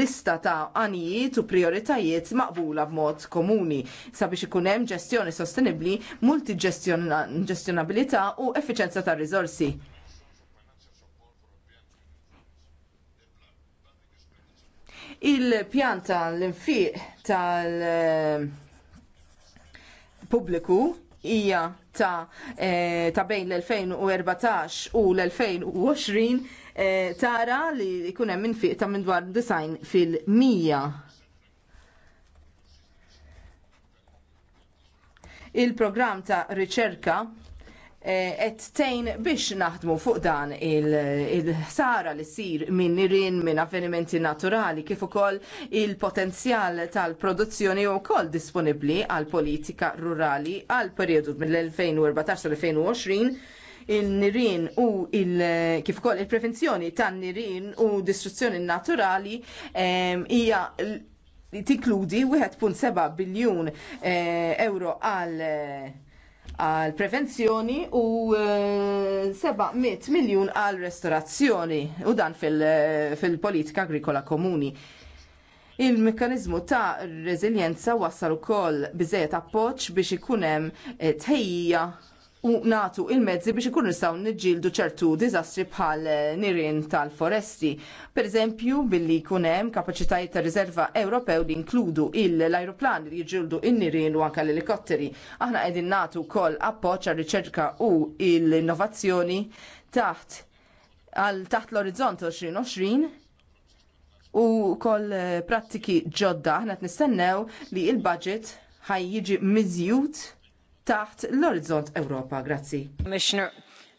lista ta' għanijiet u prioritajiet maqbula b'mod komuni sabiex ikun hemm ġestjoni sostenibbli, multiġestjonabilità u effiċenza tar-riżorsi il-pjan tal-infiq tal-pubbliku eh, hija ta', eh, ta bejn l-2014 u l-2020 eh, tara li jkun hemm infiq ta' minn dwar design fil-mija. Il-programm ta' riċerka qed eh, tejn biex naħdmu fuq dan il-ħsara li ssir minn nirien minn avvenimenti naturali kif ukoll il-potenzjal tal-produzzjoni u wkoll disponibbli għal politika rurali għal perjodu mill-2014 sal-2020 il-nirin u il kif ukoll il-prevenzjoni tan-nirin u distruzzjoni naturali hija tinkludi 1.7 biljun eh, euro għal għal prevenzjoni u 700 eh, miljun għal restorazzjoni u dan eh, fil-politika agrikola komuni. il mekanizmu ta' rezilienza wassal ukoll biżejjed appoġġ biex ikun hemm eh, tħejja u natu il-mezzi biex ikun nistaw nġildu ċertu dizastri bħal nirien tal-foresti. Per eżempju, billi hemm kapacitajiet ta' riserva Ewropew li inkludu l ajruplan li jġildu in-nirien u anka l-elikotteri. Aħna qegħdin natu kol appoġġ għal riċerka u l-innovazzjoni taħt għal taħt l-orizzont 2020 u kol prattiki ġodda aħna nistennew li il-budget ħaj jiġi miżjut taħt l-Orizzont Ewropa. Grazzi. Commissioner,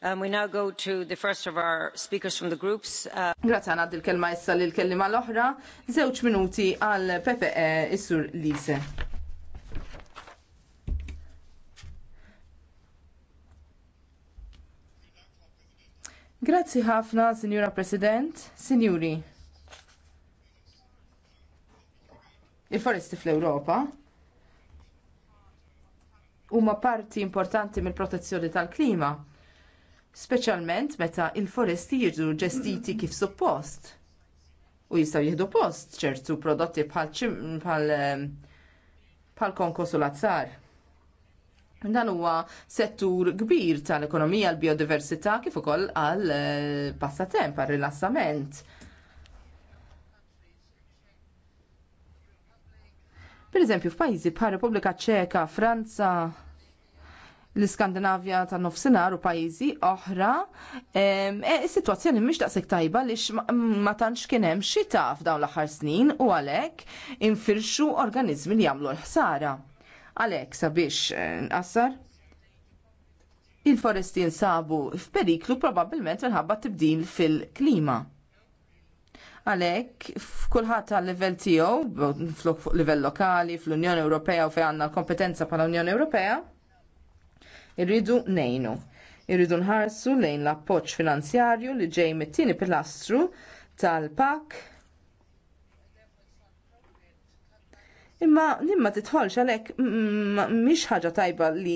um, we now go to
the first of our speakers from the groups. Grazie uh, Grazzi għana il-kelma issa li l-kellima l-oħra, zewċ minuti għal PPE eh, Issur Lise. Grazie ħafna, Signora President, Signori. Il-foresti fl-Europa huma parti importanti mill-protezzjoni tal-klima, speċjalment meta l foresti jiġu ġestiti kif suppost u jistgħu jieħdu post ċertu prodotti bħal ehm, konkos u l-azzar. Dan huwa settur kbir tal-ekonomija l biodiversità kif ukoll għal eh, passatemp għal rilassament Per eżempju, f'pajjiżi bħal Repubblika Ċeka, Franza, l-Iskandinavja ta' nofsinhar u pajjiżi oħra, e, is-sitwazzjoni mhix daqshekk tajba lix ma tantx kien hemm xita f'dawn l-aħħar snin u għalhekk infirxu organizmi li jagħmlu l-ħsara. Għalhekk sabiex eh, nqassar il-foresti nsabu f'periklu probabbilment minħabba tibdil fil-klima. Għalhekk f'kulħadd għal livell tiegħu, fuq livell lokali, fl-Unjoni Ewropea u fejn għandna kompetenza bħala Unjoni Ewropea, irridu nejnu. Irridu nħarsu lejn l-appoġġ finanzjarju li ġej mit-tieni pilastru tal-PAK Imma nimma titħolx għalhekk mm, mhix ħaġa tajba li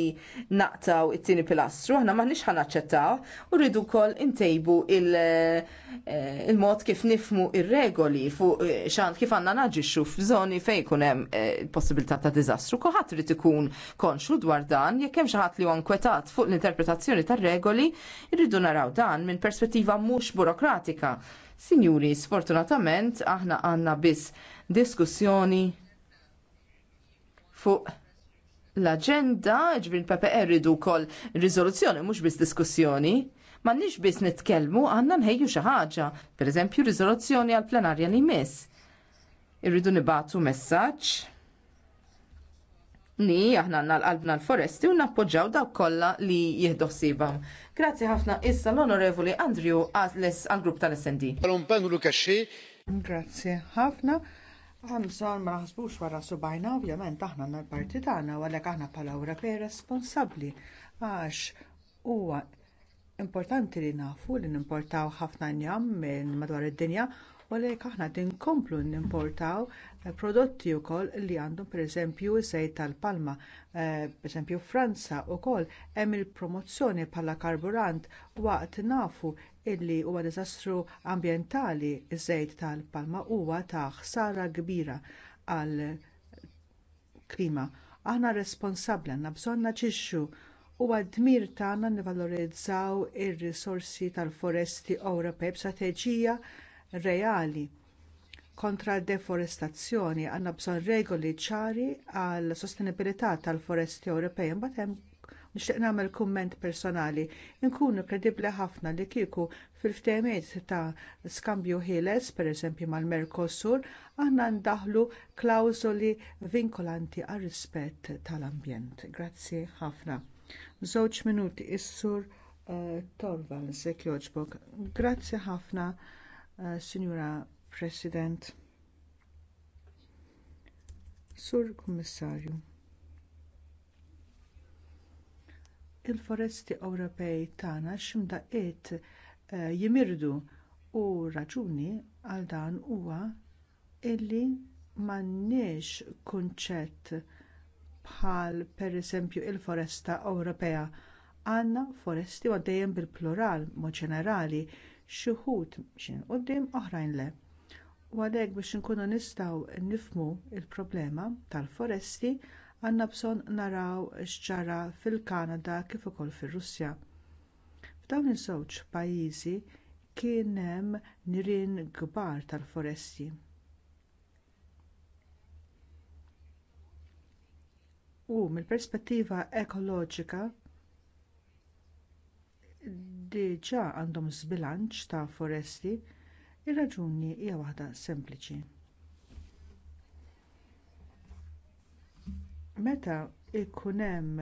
naqtaw it-tieni pilastru, aħna m'aħniex aċċettaw, u rridu wkoll intejbu eh, il-mod kif nifmu il regoli fuq eh, xant kif għandna naġixxu f'żoni fejn hemm eh, il-possibilità ta' diżastru. Kulħadd irid ikun konxu dwar dan jekk hemm xi ħadd li huwa nkwetat fuq l-interpretazzjoni tar-regoli, rridu naraw dan minn perspettiva mhux burokratika. Signuri, sfortunatament aħna għandna biss diskussjoni fuq l-agenda, ġbir PPR e rridu kol rizoluzzjoni, mux bis diskussjoni. Ma nix bis nitkelmu, għanna nħejju xaħġa, per eżempju rizoluzzjoni għal plenarja li mis. Irridu nibatu messaċ ni aħna għanna l-qalbna l-foresti u nappoġġaw daw kolla li jihdossibam. Grazzi ħafna issa l-onorevoli Andrew għal-grupp tal-SND. Grazzi ħafna.
Għamżon ma naħsbux wara subajna, ovvjament aħna n-parti tagħna, għalhekk aħna bħala Ewropej responsabbli għax huwa importanti li nafu li nimportaw ħafna njam minn madwar id-dinja u għalhekk aħna tinkomplu nimportaw prodotti wkoll li għandhom pereżempju żejt tal-palma, eh, pereżempju Franza wkoll hemm il-promozzjoni bħala karburant waqt nafu illi huwa diżastru ambjentali żejt tal-palma huwa ta' ħsara kbira għall klima. Aħna responsabbli għandna bżonn naġixxu huwa d-dmir tagħna nivalorizzaw ir-risorsi tal-foresti Ewropej b'strateġija reali kontra d deforestazzjoni għandna bżonn regoli ċari għal sostenibilità tal-foresti Ewropej Mbagħad hemm nixtieq nagħmel kumment personali. Inkunu kredibbli ħafna li kieku fil-ftehmiet ta' skambju ħieles, pereżempju mal-Mercosur, aħna ndaħlu klawżoli vinkolanti għar rispett tal-ambjent. Grazzi ħafna. Żewġ minuti is-sur uh, Torvalds jogħġbok. Grazzi ħafna, uh, eh, Sinjura President. Sur Kummissarju. Il-foresti Ewropej tagħna x'imdaqqiet eh, jimirdu u raġuni għal dan huwa illi m'għandniex kunċett bħal pereżempju il foresta Ewropea għandna foresti għaddejjem bil-plural mod ġenerali xi wħud xi quddiem oħrajn le. U għalhekk biex inkunu nistgħu nifhmu l problema tal-foresti għandna bżonn naraw x'ġara fil-Kanada kif ukoll fir-Russja. F'dawn iż-żewġ pajjiżi kien hemm nirien kbar tal-foresti. U mill-perspettiva ekoloġika diġà għandhom żbilanċ ta' foresti Ir-raġuni hija waħda sempliċi. Meta ikun hemm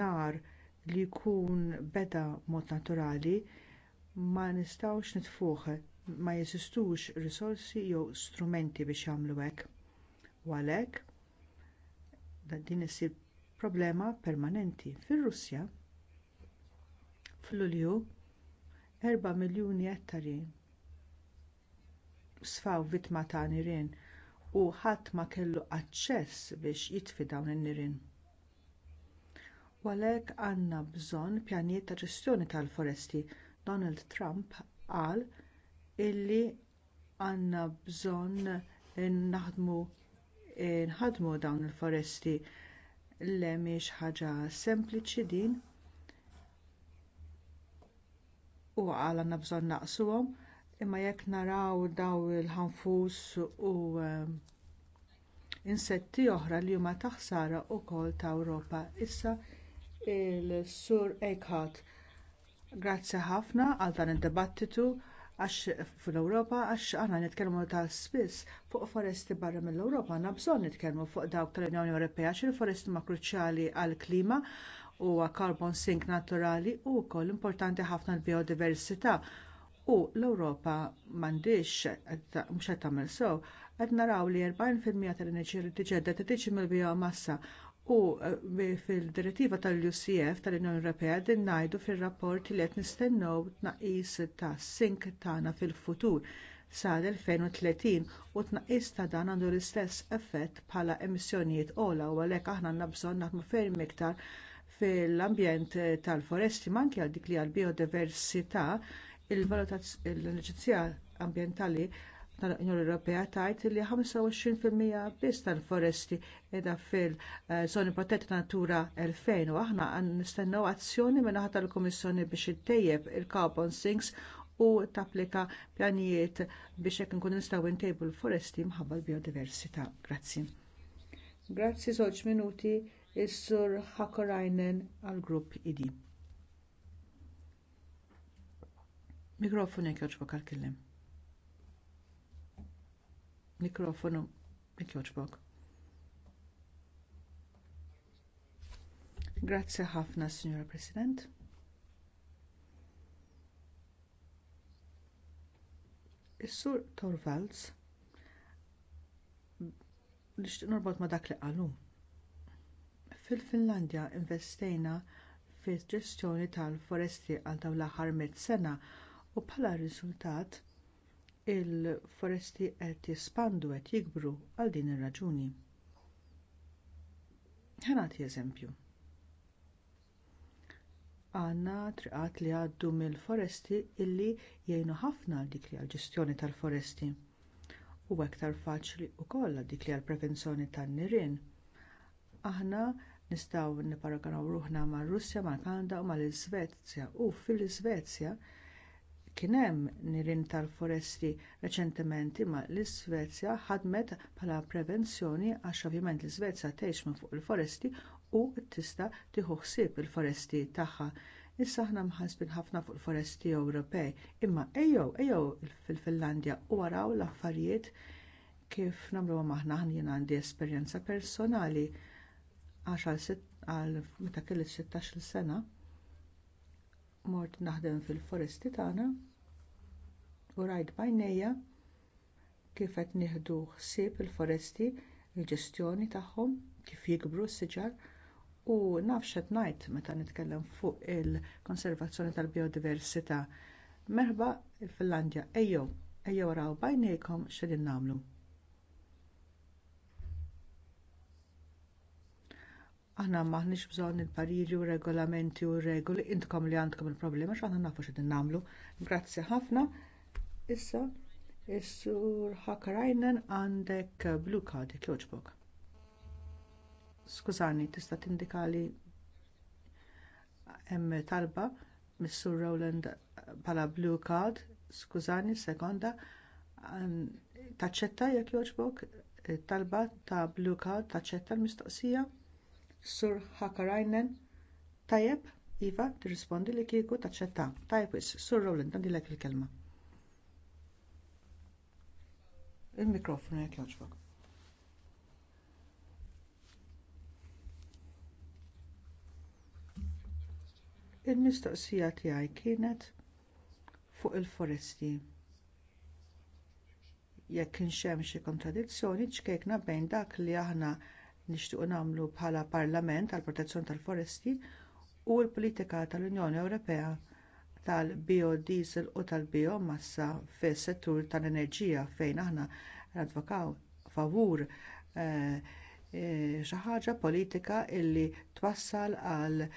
nar li jkun beda mod naturali, ma nistgħux nitfuh ma jeżistux risorsi jew strumenti biex jagħmlu hekk. U għalhekk din issir problema permanenti. Fir-Russja fl-Ulju 4 miljuni ettari sfaw vittma ta' nirien u ħadd ma kellu aċċess biex jitfi dawn in-nirien. U għalhekk għandna bżonn pjanijiet ta' ġestjoni tal-foresti. Donald Trump qal illi għandna bżonn naħdmu nħadmu dawn il-foresti le miex ħaġa sempliċi din u għal għandna bżonn naqsuhom Imma jekk naraw daw il-ħanfus u ehm, insetti oħra li huma taħsara wkoll ta' Ewropa. Issa il-Sur Eichhardt. Grazzi ħafna għal dan id-dibattitu għax fl-Ewropa għax aħna nitkellmu ta' spiss fuq foresti barra mill-Ewropa għandna bżonn nitkellmu fuq dawk tal-Unjoni Ewropea għax il-foresti huma kruċjali għall-klima u carbon sink naturali u wkoll importanti ħafna l-biodiversità u l-Ewropa m'għandix mhux qed tagħmel sew qed naraw li 40% tal-enerġija li tiġedda tiġi mill-biomassa u eh, fil-direttiva tal-UCF tal-Unjoni Ewropea din ngħidu fir-rapport li qed nistennew tnaqqis tas sink tagħna fil-futur sa 2030 u tnaqqis ta' dan għandu l-istess effett bħala emissjonijiet ogħla u għalhekk aħna għandna bżonn naħdmu ferm iktar fil-ambjent tal-foresti ma anke għal dik li għall biodiversità l-inċizzjar ambjentali tal-Unjoni Ewropea tgħid li 25% biss tal-foresti qiegħda fil-żoni protetta natura 2000 u aħna nistennew azzjoni minn naħa tal-Kummissjoni biex ittejjeb il-carbon sinks u tapplika pjanijiet biex hekk inkunu nistgħu ntejbu l-foresti minħabba l-biodiversità. Grazzi. Grazzi żewġ minuti is-Sur Hakorajnen għall-grupp ID. Mikrofonu jekk joġbok għal-kellim. Mikrofonu jekk joġbok. Grazzi ħafna, Signora President. Is-sur Torvalds nixtieq norbot ma dak li qalu. Fil-Finlandja investejna fil-ġestjoni tal-foresti għal dawn l-aħħar sena u bħala riżultat il-foresti qed jispandu qed jikbru għal din ir-raġuni. Ħanati eżempju. Għandna triqat li għaddu mill-foresti illi jgħinu ħafna għal dik li għall ġestjoni tal-foresti. U aktar faċli wkoll għal dik li għall prevenzjoni tan-nirien. Aħna nistgħu niparaganaw ruħna mar Russja, mal-Kanada u mal-Iżvezja u fil-Iżvezja Kien hemm nirien tal-foresti reċentement imma l-Iżvezja ħadmet bħala prevenzjoni għax ovvjament l-Iżvezja tgħix minn fuq il-foresti u tista' tieħu ħsieb il-foresti tagħha. Issa aħna mħassbin ħafna fuq il-foresti Ewropej, imma ejjew ejjew fil-Finlandja u waraw l-affarijiet kif nagħmluhom aħna jien għandi esperjenza personali għax għal meta kellit 16-il sena mort naħdem fil-foresti tagħna u rajt bajnejja kif qed nieħdu ħsieb il-foresti il-ġestjoni tagħhom kif jikbru s-siġar u naf x'qed ngħid meta nitkellem fuq il-konservazzjoni tal-biodiversità. Merħba il-Finlandja ejjew ejjew raw bajnejkom x'qegħdin nagħmlu. Aħna maħniex bżonn il-pariri u regolamenti u regoli, intkom li għandkom il-problema x'aħna nafu x'qed nagħmlu. Grazzi ħafna. Issa, is-sur Hakarajnen għandek blue card jogħġbok. Skużani, tista' tindikali hemm talba mis-sur Rowland bħala blue card, skużani, sekonda, taċċetta jekk jogħġbok talba ta' blu card taċċetta l-mistoqsija? Sur Hakarajnen, tajjeb, Iva, tirrispondi li kieku taċċetta. Tajjeb, Sur Rowland, għandilek il-kelma. Il-mikrofonu jek joġbok. Il-mistoqsija tiegħi kienet fuq il-foresti jekk inxem xi kontradizzjoni ċkejkna bejn dak li aħna nixtiequ nagħmlu bħala Parlament għall protezzjoni tal-foresti u l-politika tal-Unjoni Ewropea tal-biodiesel u tal-biomassa fis settur tal-enerġija fejn aħna nadvokaw favur eh, eh, xi ħaġa politika li twassal għal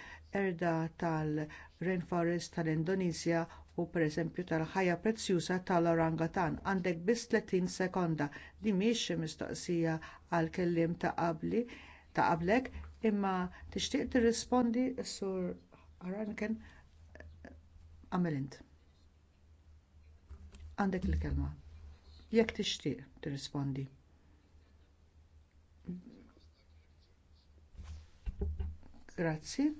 erda tal-rainforest tal-Indonesja u pereżempju tal-ħajja prezzjuża tal orangatan għandek biss 30 sekonda li mhix mistoqsija għal kelliem ta' qabli ta' qablek imma tixtieq tirrispondi sur Aranken għamelint. Għandek il-kelma. Jekk tixtieq tirrispondi. Grazzi.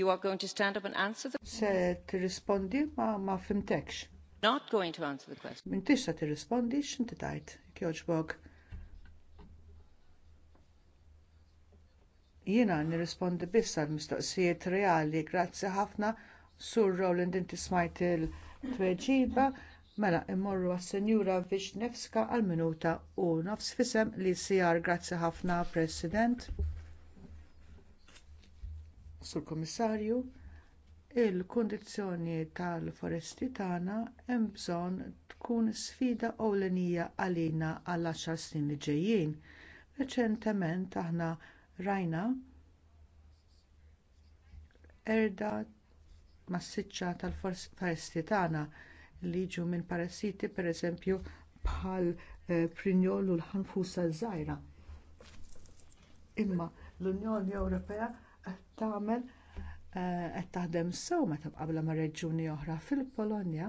You are going to stand up and answer the
Se tirrispondi ma ma fimtekx.
Not going to answer the question.
tajt Jiena nirrispondi biss għall mistoqsijiet reali, grazzi ħafna sur Rowland inti smajt il-tweġiba, mela immorru għas-Senjura Vishnevska għal-minuta u nofs fisem li sijar grazzi ħafna President. Sur Komissarju, il kundizzjoni tal-foresti tagħna hemm bżonn tkun sfida ewlenija għalina għal għaxar snin li ġejjin. Reċentement aħna rajna erda massiċċa tal-foresti tagħna li jiġu minn parassiti pereżempju bħal eh, prinjol u l-ħanfusa żgħira. Imma l-Unjoni Ewropea qed tagħmel eh, qed taħdem sew meta mqabbla ma' reġjuni oħra fil-Polonja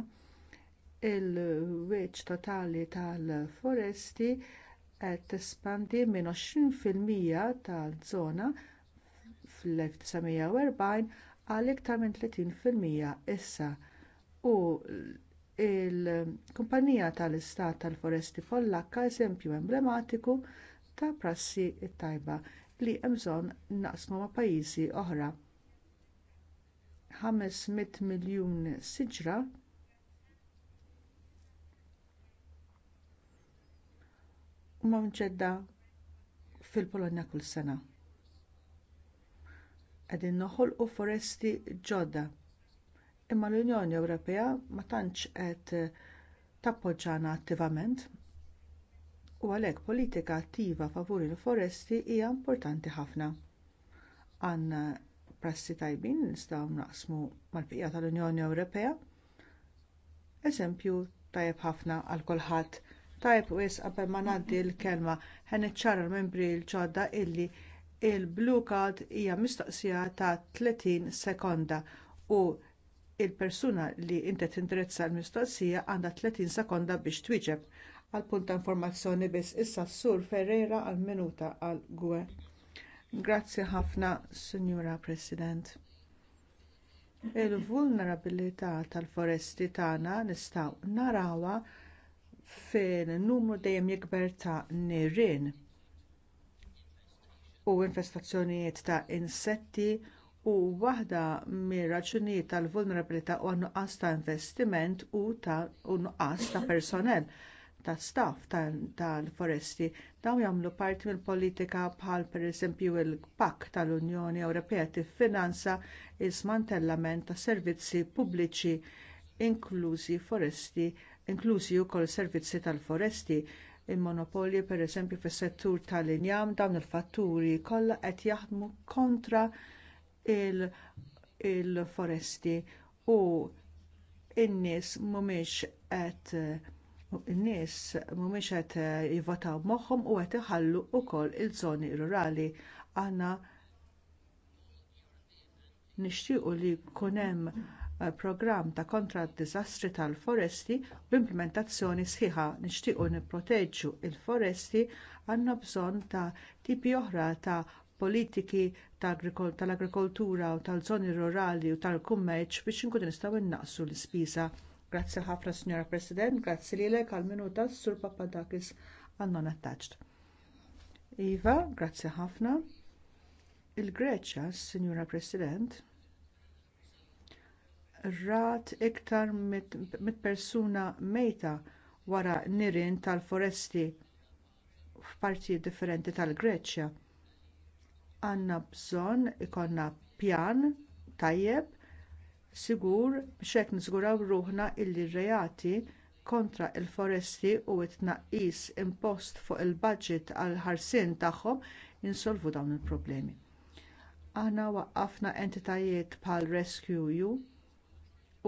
il-wiċċ totali tal-foresti qed tespandi minn 20% tal-żona fl-1940 għal iktar minn 30% issa u l kumpanija tal-Istat tal-Foresti Pollakka eżempju emblematiku ta' prassi tajba li hemm bżonn naqsmu ma' pajjiżi oħra. 500 miljun siġra huma mċedda fil-Polonja kull sena. Qegħdin noħolqu foresti ġodda. Imma l-Unjoni Ewropea ma tantx qed tappoġġjana attivament u għalhekk politika attiva favur il-foresti hija importanti ħafna. Għandna prassi tajbin nistgħu naqsmu mal-bqija tal-Unjoni Ewropea. Eżempju tajjeb ħafna għal kulħadd. Tajjeb wis qabel ma ngħaddi l-kelma ħen iċċara l-membri l-ġodda illi l il blue card hija mistoqsija ta' 30 sekonda u l persuna li inti tindirizza l-mistoqsija għandha 30 sekonda biex twieġeb għal punt ta' informazzjoni biss issa s-sur Ferreira għal minuta għal gwe. Grazzi ħafna, Sinjura President. Il-vulnerabilità tal-foresti tagħna nistgħu narawha fejn numru dejjem jikber ta' nirien u infestazzjonijiet ta' insetti u waħda mir-raġunijiet tal-vulnerabilità huwa nuqqas ta' investiment u ta' nuqqas ta' personell ta' staff tal-foresti dawn jagħmlu parti mill-politika bħal pereżempju l pak tal-Unjoni Ewropea tiffinanza l smantellament ta' servizzi pubbliċi inklużi foresti inklużi wkoll servizzi tal-foresti il-monopolji pereżempju fis-settur tal-injam dawn il-fatturi kollha qed jaħdmu kontra il-foresti il u n-nies mhumiex qed n-nies mhumiex qed eh, jivvotaw moħħhom u qed iħallu wkoll il-żoni rurali. Aħna nixtiequ li jkun hemm eh, programm ta' kontra d-diżastri tal-foresti b'implementazzjoni sħiħa nixtiequ nipproteġġu l foresti għandna bżonn ta' tipi oħra ta' politiki tal-agrikoltura u tal-żoni rurali u tal-kummerċ biex inkunu nistgħu innaqsu l-ispiża Grazzi ħafna, Signora President, grazzi lilek għal minuta Sur Papadakis għal non attached. Iva, grazzi ħafna. Il-Greċja, Signora President, rat iktar mit, mit persuna mejta wara nirien tal-foresti f'partijiet differenti tal-Greċja. Għandna bżonn ikollna pjan tajjeb sigur biex hekk niżguraw ruħna li r-reati kontra l-foresti u t-tnaqqis impost fuq il-baġit għall ħarsien tagħhom insolvu dawn il-problemi. Aħna waqqafna entitajiet bħal Rescue U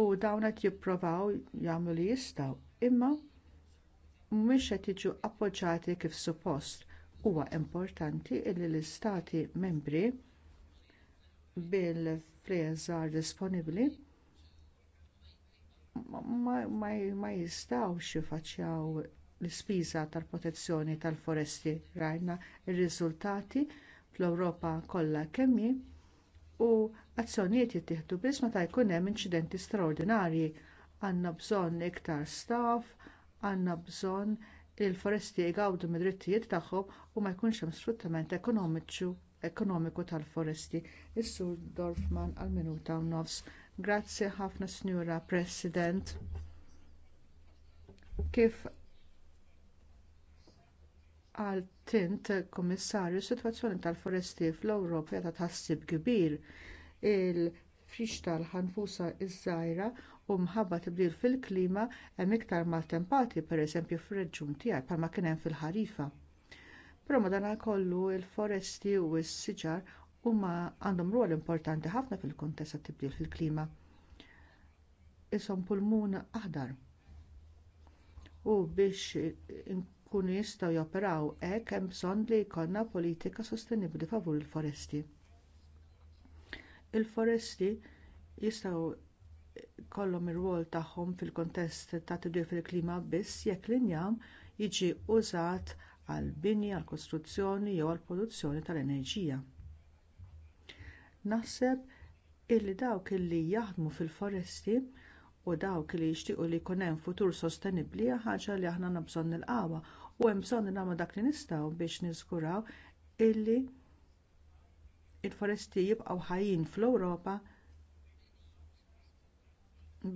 u dawn qed jippruvaw jagħmlu li jistgħu, imma mhumiex qed jiġu appoġġjati kif suppost. Huwa importanti li l-istati membri bil-freżar disponibbli ma jistgħux jiffaċċjaw l-ispiża tal-protezzjoni tal-foresti rajna r-riżultati fl-Ewropa kollha kemm hi u azzjonijiet jittieħdu biss meta jkun hemm inċidenti straordinarji għandna bżonn iktar staff, għandna bżonn li l-foresti jgawdu mid-drittijiet tagħhom u ma jkunx hemm sfruttament ekonomiċu ekonomiku tal-foresti. Is-Sur Dorfman għal minuta u nofs. Grazzi ħafna Sinjura President. Kif għal tint Kummissarju, is-sitwazzjoni tal-foresti fl-Ewropa ta' taħsib kbir. Il-frix tal-ħanfusa iż-żgħira u mħabba tibdil fil-klima hemm iktar maltempati pereżempju fir-reġjun tiegħek, bħalma kien hemm fil-ħarifa. Però madankollu il foresti u s-siġar huma għandhom rwol importanti ħafna fil-kuntest tat-tibdil fil-klima. Ishom pulmun aħdar. U biex inkunu jistgħu joperaw hekk hemm bżonn li jkollna politika sostenibbli favur il-foresti. Il-foresti jistgħu kollhom ir-rwol tagħhom fil-kontest ta' tibdil fil-klima biss jekk l-injam jiġi użat għall-bini, għall-kostruzzjoni jew għall-produzzjoni tal-enerġija. Naħseb illi dawk illi jaħdmu fil-foresti u dawk li jixtiequ li jkun hemm futur sostenibbli ħaġa li aħna nabżonn nilqawha u hemm bżonn nagħmlu dak li nistgħu biex niżguraw illi l il foresti jibqgħu ħajjin fl-Ewropa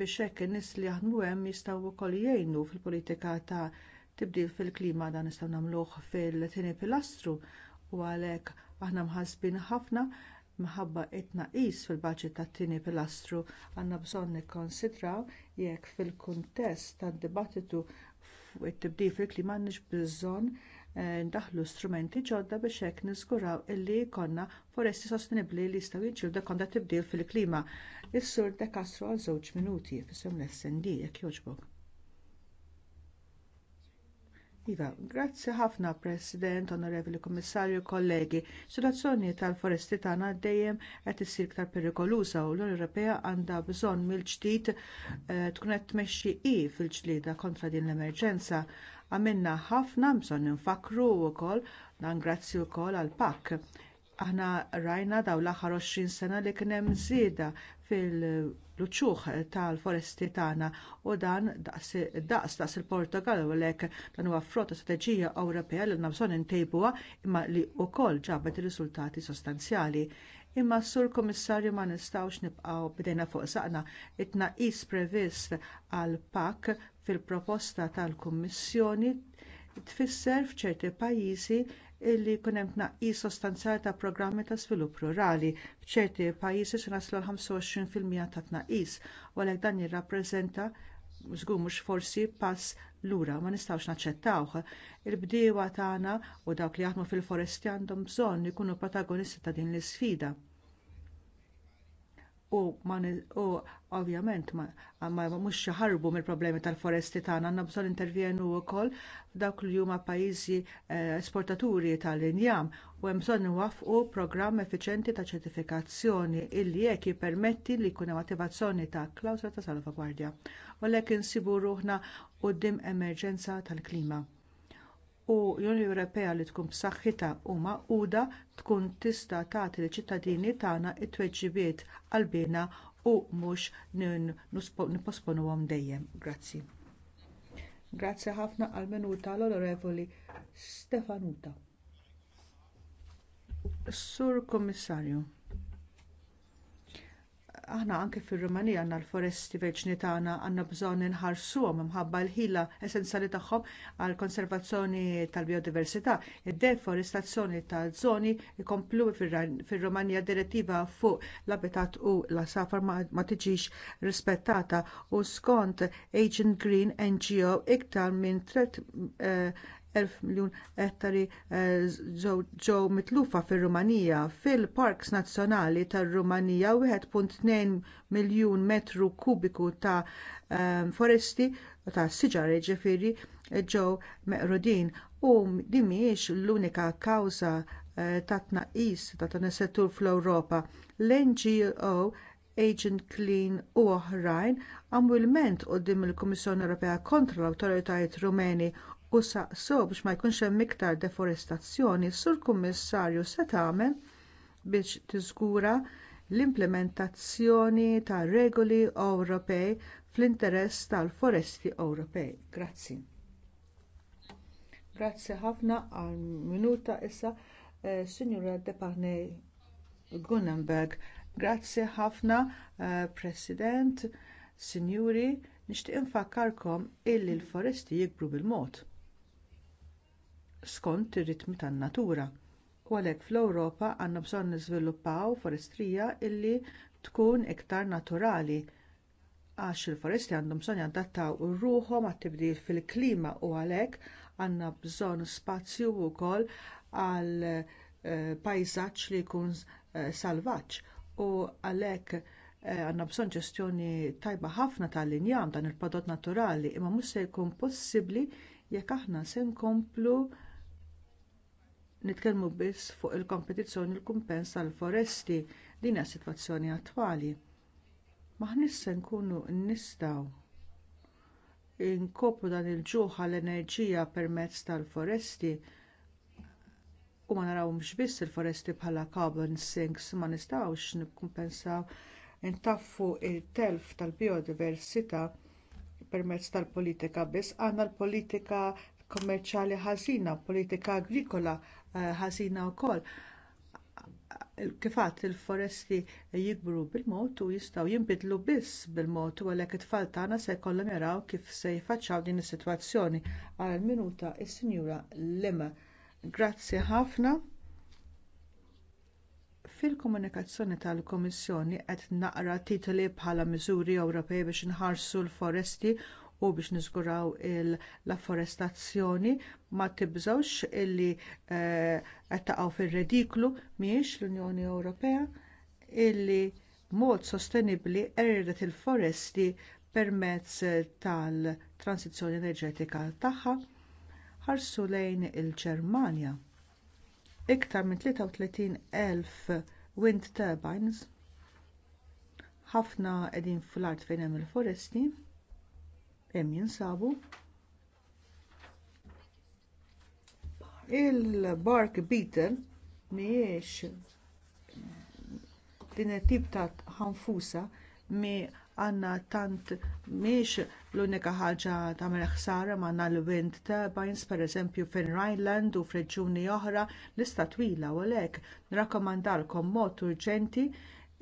biex hekk in-nies li jaħdmu hemm jistgħu wkoll jgħinu fil-politika ta' tibdil fil-klima dan nistgħu nagħmluh fil-tieni pilastru u għalhekk aħna mħassbin ħafna minħabba t tnaqqis fil-baġit tat-tieni pilastru għandna bżonn nikkonsidraw jekk fil-kuntest tad-dibattitu fuq it-tibdil fil-klima għandniex bżonn eh, ndaħlu strumenti ġodda biex hekk niżguraw illi jkollna foresti sostenibbli li jistgħu jiġġieldu kontra tibdil fil-klima. Is-sur De Castro għal żewġ minuti fishom l-SND jekk jogħġbok. Iva, grazzi ħafna President, Onorevoli Kommissarju, kollegi. Situazzjoni tal-foresti tagħna dejjem qed issir iktar perikoluża u l-Unjoni Ewropea għandha bżonn mill-ġdid eh, tkun qed tmexxi i fil-ġlieda kontra din l-emerġenza. Għamilna ħafna bżonn infakru wkoll nangrazzi wkoll għall pakk Aħna rajna dawn l-aħħar 20 sena li kien hemm żieda fil-luċuħ tal-foresti tagħna u dan daqs daqs il-Portugal u lek dan huwa frotta strateġija Ewropea li bżonn intejbuha imma li wkoll ġabet ir-riżultati sostanzjali imma sur Kummissarju ma nistgħux nibqgħu bdejna fuq saqna it-tnaqqis previst għal pak fil-proposta tal-Kummissjoni tfisser f'ċerti pajjiżi illi jkun hemm tnaqqis sostanzjali ta' programmi ta' svilupp rurali. F'ċerti pajjiżi se naslu l-25% ta' tnaqqis, u għalhekk dan jirrappreżenta żgur mhux forsi pass lura ma nistgħux naċċettawh. Il-bdiewa tagħna u dawk li jaħdmu fil-foresti għandhom bżonn ikunu protagonisti ta' din l-isfida u ovvjament ma mhux ħarbu mill-problemi tal-foresti tagħna għandna bżonn intervjenu wkoll f'dawk li huma pajjiżi eh, esportaturi tal-injam u hemm bżonn iwaffqu programm effiċjenti ta' ċertifikazzjoni illi hekk jippermetti li jkun hemm attivazzjoni ta' klawsola ta' salvagwardja. U għalhekk insibu ruħna quddiem emerġenza tal-klima u l-Unjoni Ewropea li tkun b'saħħitha huma maquda tkun tista' tagħti liċ-ċittadini tagħna t tweġibiet qalbina u mhux nipposponuhom dejjem. Grazzi. Grazzi ħafna għall menuta l-Onorevoli Stefanuta. Sur Kommissarju aħna anke fir-Rumanija għandna l-foresti veċni tagħna għandna bżonn inħarsuhom imħabba l-ħila essenzjali tagħhom għall konservazzjoni tal-biodiversità. Id-deforestazzjoni ta' żoni jkomplu fir-Rumanija direttiva fuq l-abitat u l-asafar ma tiġix rispettata u skont Agent Green NGO iktar minn eh, 1000 miljun ettari eh, ġew mitlufa fir-Rumanija. Fil-Parks Nazzjonali tar-Rumanija 1.2 miljun metru kubiku ta' eh, foresti ta' siġar jiġifieri, ġew meqrudin u din mhijiex l-unika kawża eh, ta' tnaqqis ta' dan is-settur fl-Ewropa. L-NGO Agent Clean u oħrajn għamwilment quddiem il-Kummissjoni Ewropea kontra l-awtoritajiet Rumeni u saqsu biex ma jkunx hemm iktar deforestazzjoni, sur kummissarju se tagħmel biex tiżgura l-implementazzjoni tar regoli Ewropej fl-interess tal-foresti Ewropej. Grazzi. Grazzi ħafna għal minuta issa eh, Signora Deparney Gunnenberg. Grazzi ħafna eh, President, Sinjuri, nixtieq infakkarkom illi l-foresti jikbru bil-mod skont ir-ritmi tan-natura. U għalhekk fl-Ewropa għandna bżonn niżviluppaw forestrija illi tkun iktar naturali għax il-foresti għandhom bżonn jadattaw ruħhom għat-tibdil fil-klima u għalhekk għandna bżonn spazju wkoll għal eh, pajsaġġ li jkun eh, salvaġġ u għalhekk eh, għandna bżonn ġestjoni tajba ħafna tal-linjam dan il-prodott naturali imma mhux se jkun possibbli jekk aħna se nkomplu nitkellmu biss fuq il-kompetizzjoni l kumpens tal-foresti din hija sitwazzjoni attwali. Maħnis se nkunu nistgħu inkopru dan il-ġuħ għall enerġija permezz tal-foresti u ma narawhomx biss il-foresti bħala carbon sinks ma nistgħux nikkumpensaw intaffu t telf tal-biodiversità permezz tal-politika biss għandna l-politika kummerċjali ħażina, politika agrikola ħażina wkoll kifat il-foresti jikbru bil-mod u jistgħu jinbidlu biss bil-mod u għalhekk it-tfal tagħna se jkollhom jaraw kif se jfaċċaw din is-sitwazzjoni għal minuta s sinjura Lema. Grazzi ħafna. Fil-komunikazzjoni tal-Kummissjoni qed naqra titoli bħala miżuri Ewropej biex inħarsu l-foresti u biex niżguraw l-afforestazzjoni ma tibżawx illi eh, qed taqgħu fir-rediklu mhijiex l-Unjoni Ewropea illi mod sostenibbli erdet il-foresti permezz tal-transizzjoni enerġetika tagħha ħarsu lejn il-Ġermanja. Iktar minn 33,000 wind turbines ħafna qegħdin fl-art fejn hemm il-foresti hemm jinsabu il-bark beetle mhijiex din it-tip ta' ħanfusa mi għandna tant mhijiex l-unika ħaġa tagħmel ħsara m'għandna l-wind turbines pereżempju fin Rhineland u f'reġjuni oħra lista twila u għalhekk nrakkomandalkom mod urġenti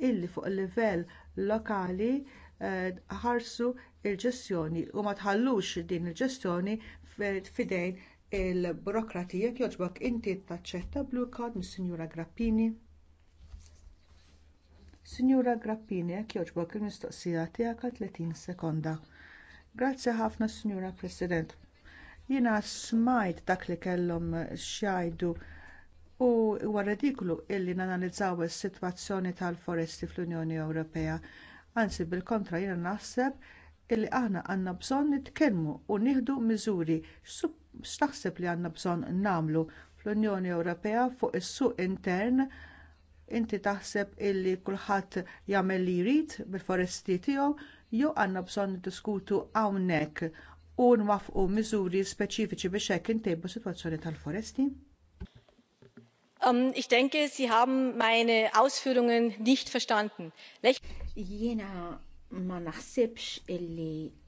illi fuq il livell lokali eh, ħarsu il-ġestjoni u ma tħallux din il-ġestjoni fidejn il-burokratija jogħġbok inti taċċetta blue card mis-Sinjura Grappini. Sinjura Grappini, jekk jogħġbok il-mistoqsija tiegħek għal 30 sekonda. Grazzi ħafna, Sinjura President. Jiena smajt dak li kellhom xjajdu u huwa rediklu illi nanalizzaw is-sitwazzjoni tal-foresti fl-Unjoni Ewropea. Anzi, bil-kontra jiena naħseb illi aħna għandna bżonn nitkellmu u nieħdu miżuri x'taħseb li għandna bżonn nagħmlu fl-Unjoni Ewropea fuq is-suq intern inti taħseb illi kulħadd jagħmel li jrid bil-foresti tiegħu jew għandna bżonn niddiskutu hawnhekk u nwafqu miżuri speċifiċi biex hekk intejbu sitwazzjoni tal-foresti?
Um, ich denke, Sie
haben meine Ausführungen nicht verstanden. Jiena ma naħsibx illi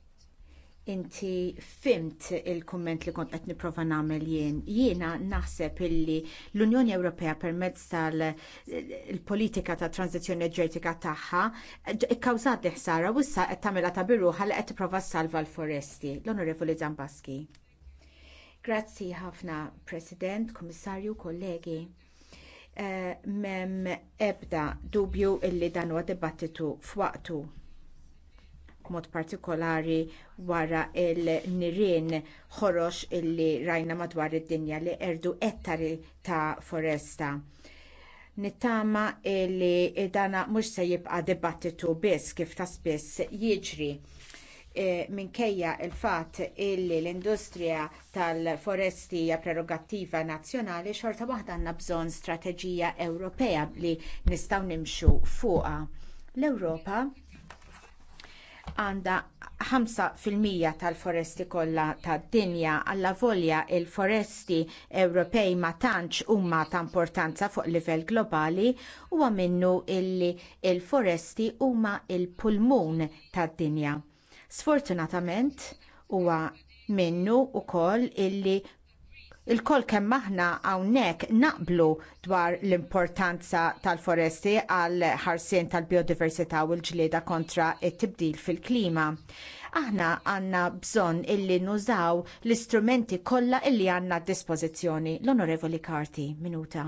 inti fimt il-komment li kont qed nipprova nagħmel jien. Jiena naħseb illi l-Unjoni Ewropea permezz tal-politika ta' tranzizzjoni enerġetika tagħha ikkawżat ħsara u issa qed tagħmilha ta' biruħa li qed tipprova salva l-foresti. L-Onorevoli Zambaski. Grazzi ħafna, President, Komissarju, kollegi. Uh, eh, mem ebda dubju illi dan huwa dibattitu f'waqtu mod partikolari wara il-nirien ħorox illi rajna madwar id-dinja li erdu ettari ta' foresta. Nittama li dana mhux se jibqa dibattitu biss kif ta' spiss jiġri. E, minkejja l-fatt illi l-industrija tal-foresti hija prerogattiva nazzjonali xorta waħda għandna bżonn strateġija Ewropea li nistgħu nimxu fuqha. L-Ewropa għandha 5% tal-foresti kollha tad-dinja alla volja l foresti Ewropej ma tantx huma ta' importanza fuq livell globali huwa minnu illi l il foresti huma l pulmun tad-dinja. Sfortunatament huwa minnu wkoll illi il-kol kem aħna hawnhekk naqblu dwar l-importanza tal-foresti għal ħarsien tal-biodiversità u l-ġlieda kontra t tibdil fil-klima. Aħna għandna bżonn illi nużaw l-istrumenti kollha illi għandna d dispożizzjoni. L-Onorevoli Karti, minuta.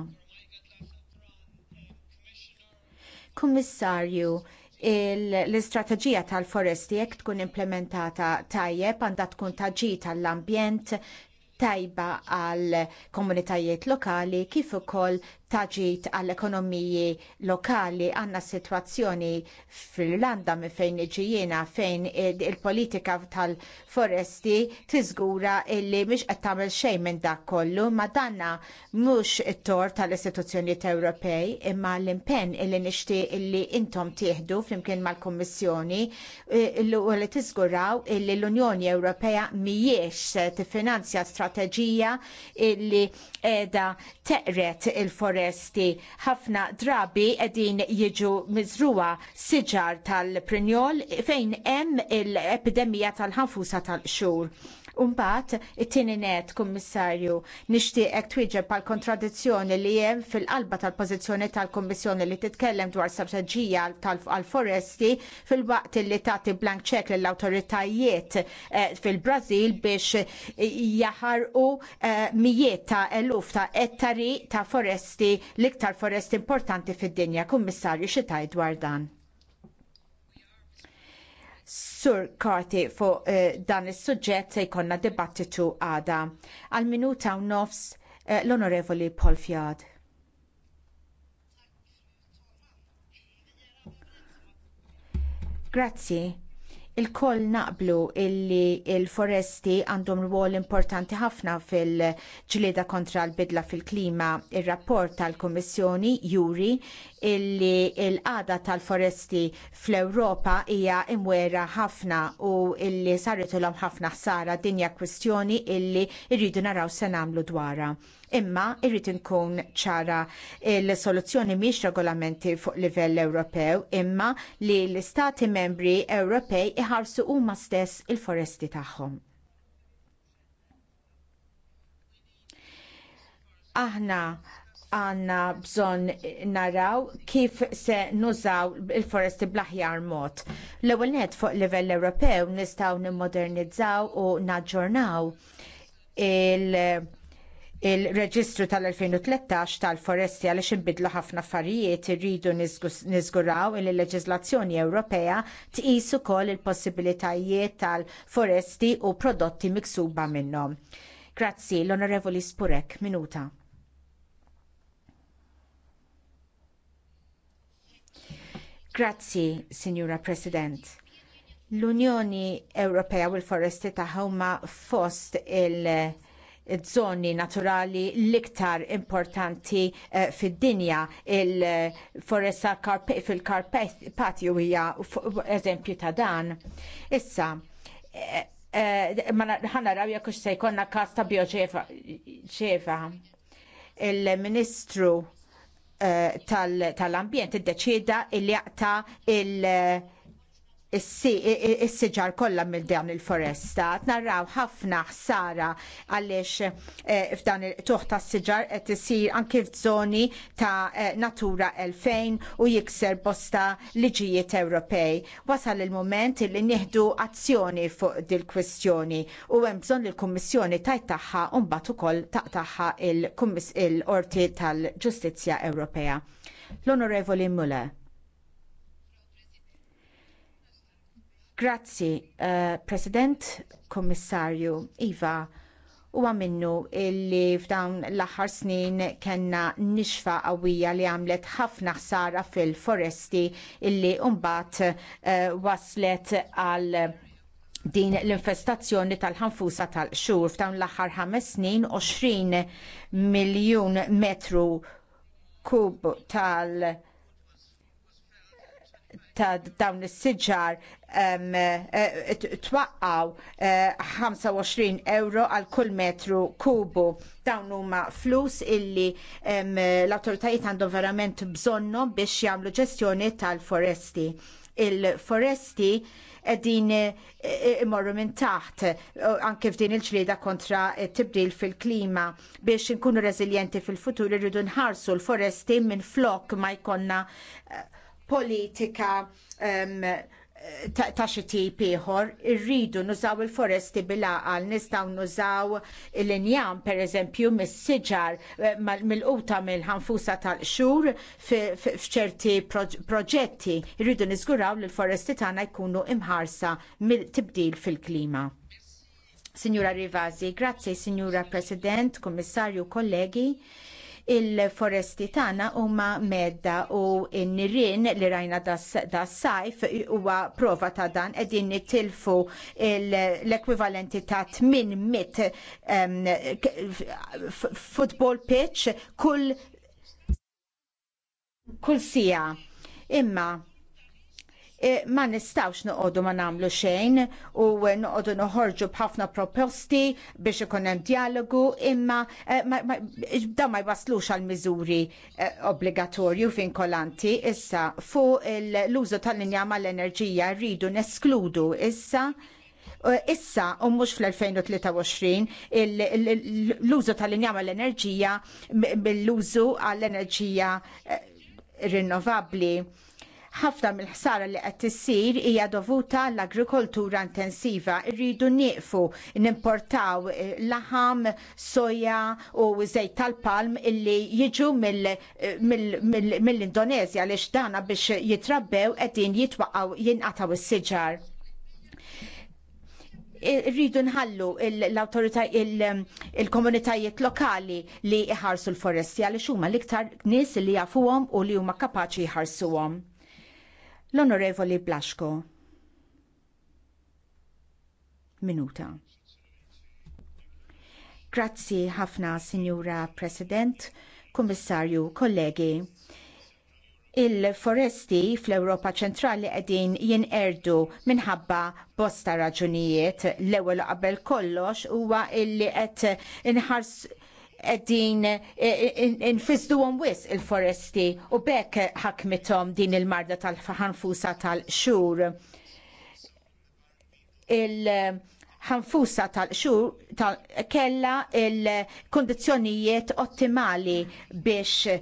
Kummissarju, l-istrateġija tal-foresti jekk tkun implementata tajjeb għandha tkun taġi tal-ambjent tajba għal komunitajiet lokali kif ukoll taġit għall-ekonomiji lokali għandna sitwazzjoni fl-Irlanda minn fejn iġijina fejn il-politika tal-foresti tiżgura illi mhix qed tagħmel xejn minn dak kollu ma danna mhux it-tor tal-istituzzjonijiet Ewropej imma l-impenn illi nixtieq illi intom tieħdu flimkien mal-Kummissjoni eh, li tiżguraw illi l-Unjoni Ewropea mhijiex se tiffinanzja strateġija illi qiegħda teqret il-foresti foresti ħafna drabi qegħdin jiġu mizruwa siġar tal-prinjol fejn hemm l-epidemija tal-ħanfusa tal-xhur. Umbat, it-tini net, kummissarju, nishtiqek twiġġer pal kontradizzjoni li jem fil-qalba tal-pozizjoni tal-Kommissjoni li titkellem dwar strategija tal-foresti fil-waqt li tati blank ċek l autoritajiet eh, fil-Brazil biex jaħarqu eh, mijiet ta' eluf ta' ettari ta' foresti l-iktar foresti importanti fid-dinja. Kummissarju, xitaj dwar dan? Sur Karti fu uh, eh, dan is-suġġett se jkollna dibattitu għada. Għal minuta u nofs uh, l-Onorevoli Paul Fjad. Grazzi. Il-koll naqblu illi il-foresti għandhom rwol importanti ħafna fil-ġlieda kontra l-bidla fil-klima. Ir-rapport tal-Kommissjoni juri illi l-qada tal-foresti fl-Ewropa hija imwera ħafna u illi saritulhom ħafna ħsara din hija kwistjoni illi rridu naraw se nagħmlu dwarha. Imma irrid inkun ċara l-soluzzjoni mhix regolamenti fuq livell Ewropew imma li l-istati membri Ewropej iħarsu huma stess il-foresti tagħhom. Aħna għanna bżon naraw kif se nużaw il-foresti blaħjar mod. L-ewwel net fuq livell Ewropew nistgħu nimmodernizzaw u naġġornaw il- il-reġistru tal-2013 tal-foresti għaliex inbidlu ħafna affarijiet irridu nizguraw li leġizlazzjoni leġiżlazzjoni Ewropea tqis ukoll il-possibilitajiet tal-foresti u prodotti miksuba minnhom. Grazzi, l-Onorevoli Spurek, minuta. Grazzi, Signora President. L-Unjoni Ewropea u l-Foresti tagħha huma fost il- żoni naturali l-iktar importanti eh, fid-dinja il-foresta fil-Karpatju hija eżempju ta' dan. Issa, eh, eh, ħana raw jekk se jkollna każ ta' bioċefa. Il-Ministru Eh, tal-ambjent tal iddeċieda il-jaqta il-, -il is-siġar kollha mill dawn il-foresta. Narraw ħafna ħsara għaliex eh, f'dan il-tuħ ta' siġar qed isir anke f'żoni ta' eh, Natura 2000 u jikser bosta liġijiet Ewropej. Wasal il-moment li nieħdu azzjoni fuq dil-kwistjoni u hemm bżonn il kummissjoni tajt tagħha u mbagħad ukoll taqtaħħa il-Qorti tal-Ġustizzja Ewropea. L-Onorevoli Muller. Grazzi, uh, President, Kommissarju, Iva, u minnu illi f'dawn l-aħħar snin kellna nixfa qawwija li għamlet ħafna ħsara fil-foresti illi mbagħad uh, waslet għal din l-infestazzjoni tal-ħanfusa tal-xur f'dawn l-aħħar ħames snin 20 miljun metru kub tal- ta' dawn is-siġar eh, eh, twaqqaw 25 eh, euro għal kull metru kubu. Dawn huma flus illi l-awtoritajiet għandhom verament bżonnhom biex jagħmlu ġestjoni tal-foresti. Il-foresti din imorru minn taħt anke f'din il-ġlieda kontra tibdil fil-klima biex nkunu reżiljenti fil-futur irridu nħarsu l-foresti minn flok ma jkollna politika um, ta' xi tip ieħor, irridu nużaw il-foresti bil-aqal, nistgħu nużaw l-injam pereżempju mis-siġar eh, mill-quta mill-ħanfusa tal-qxur f'ċerti proġetti. Irridu niżguraw li l-foresti tagħna jkunu imħarsa mill-tibdil fil-klima. Signora Rivazi, grazie Signora President, Kommissarju, kollegi il-foresti tagħna huma medda u n-nirien li rajna das sajf huwa prova ta' dan qegħdin nitilfu l-ekwivalenti ta' 800 football pitch kull kull sija. Imma E, ma nistawx noqogħdu ma nagħmlu xejn u noqogħdu noħorġu b'ħafna proposti biex ikun hemm dialogu imma e, da ma jwaslux għal miżuri e, obbligatorju vinkolanti issa fuq l-użu tal-linja mal-enerġija rridu neskludu issa issa u mhux fl-2023 l-użu tal-linja mal-enerġija mill-użu għall-enerġija rinnovabbli ħafna mill-ħsara li qed issir hija dovuta l-agrikoltura intensiva. Irridu nieqfu nimportaw laħam, soja u żejt tal-palm illi jiġu mill-Indonezja li x'dana biex jitrabbew qegħdin jitwaqgħu jinqataw is-siġar. Irridu nħallu il-komunitajiet lokali li jħarsu l-foresti għaliex huma l-iktar nies li jafuhom u li huma kapaċi jħarsuhom L-Onorevoli Blaxko. Minuta. Grazzi ħafna, Signora President, Kummissarju, kollegi. Il-foresti fl-Europa ċentrali qegħdin jinqerdu minħabba bosta raġunijiet. L-ewwel qabel kollox huwa illi qed inħars E, e, infizdu għom wis il-foresti u bekk ħakmithom din il-marda tal-ħanfusa tal-xur. Il- ħanfusa tal-xur tal kella il-kondizjonijiet ottimali biex e,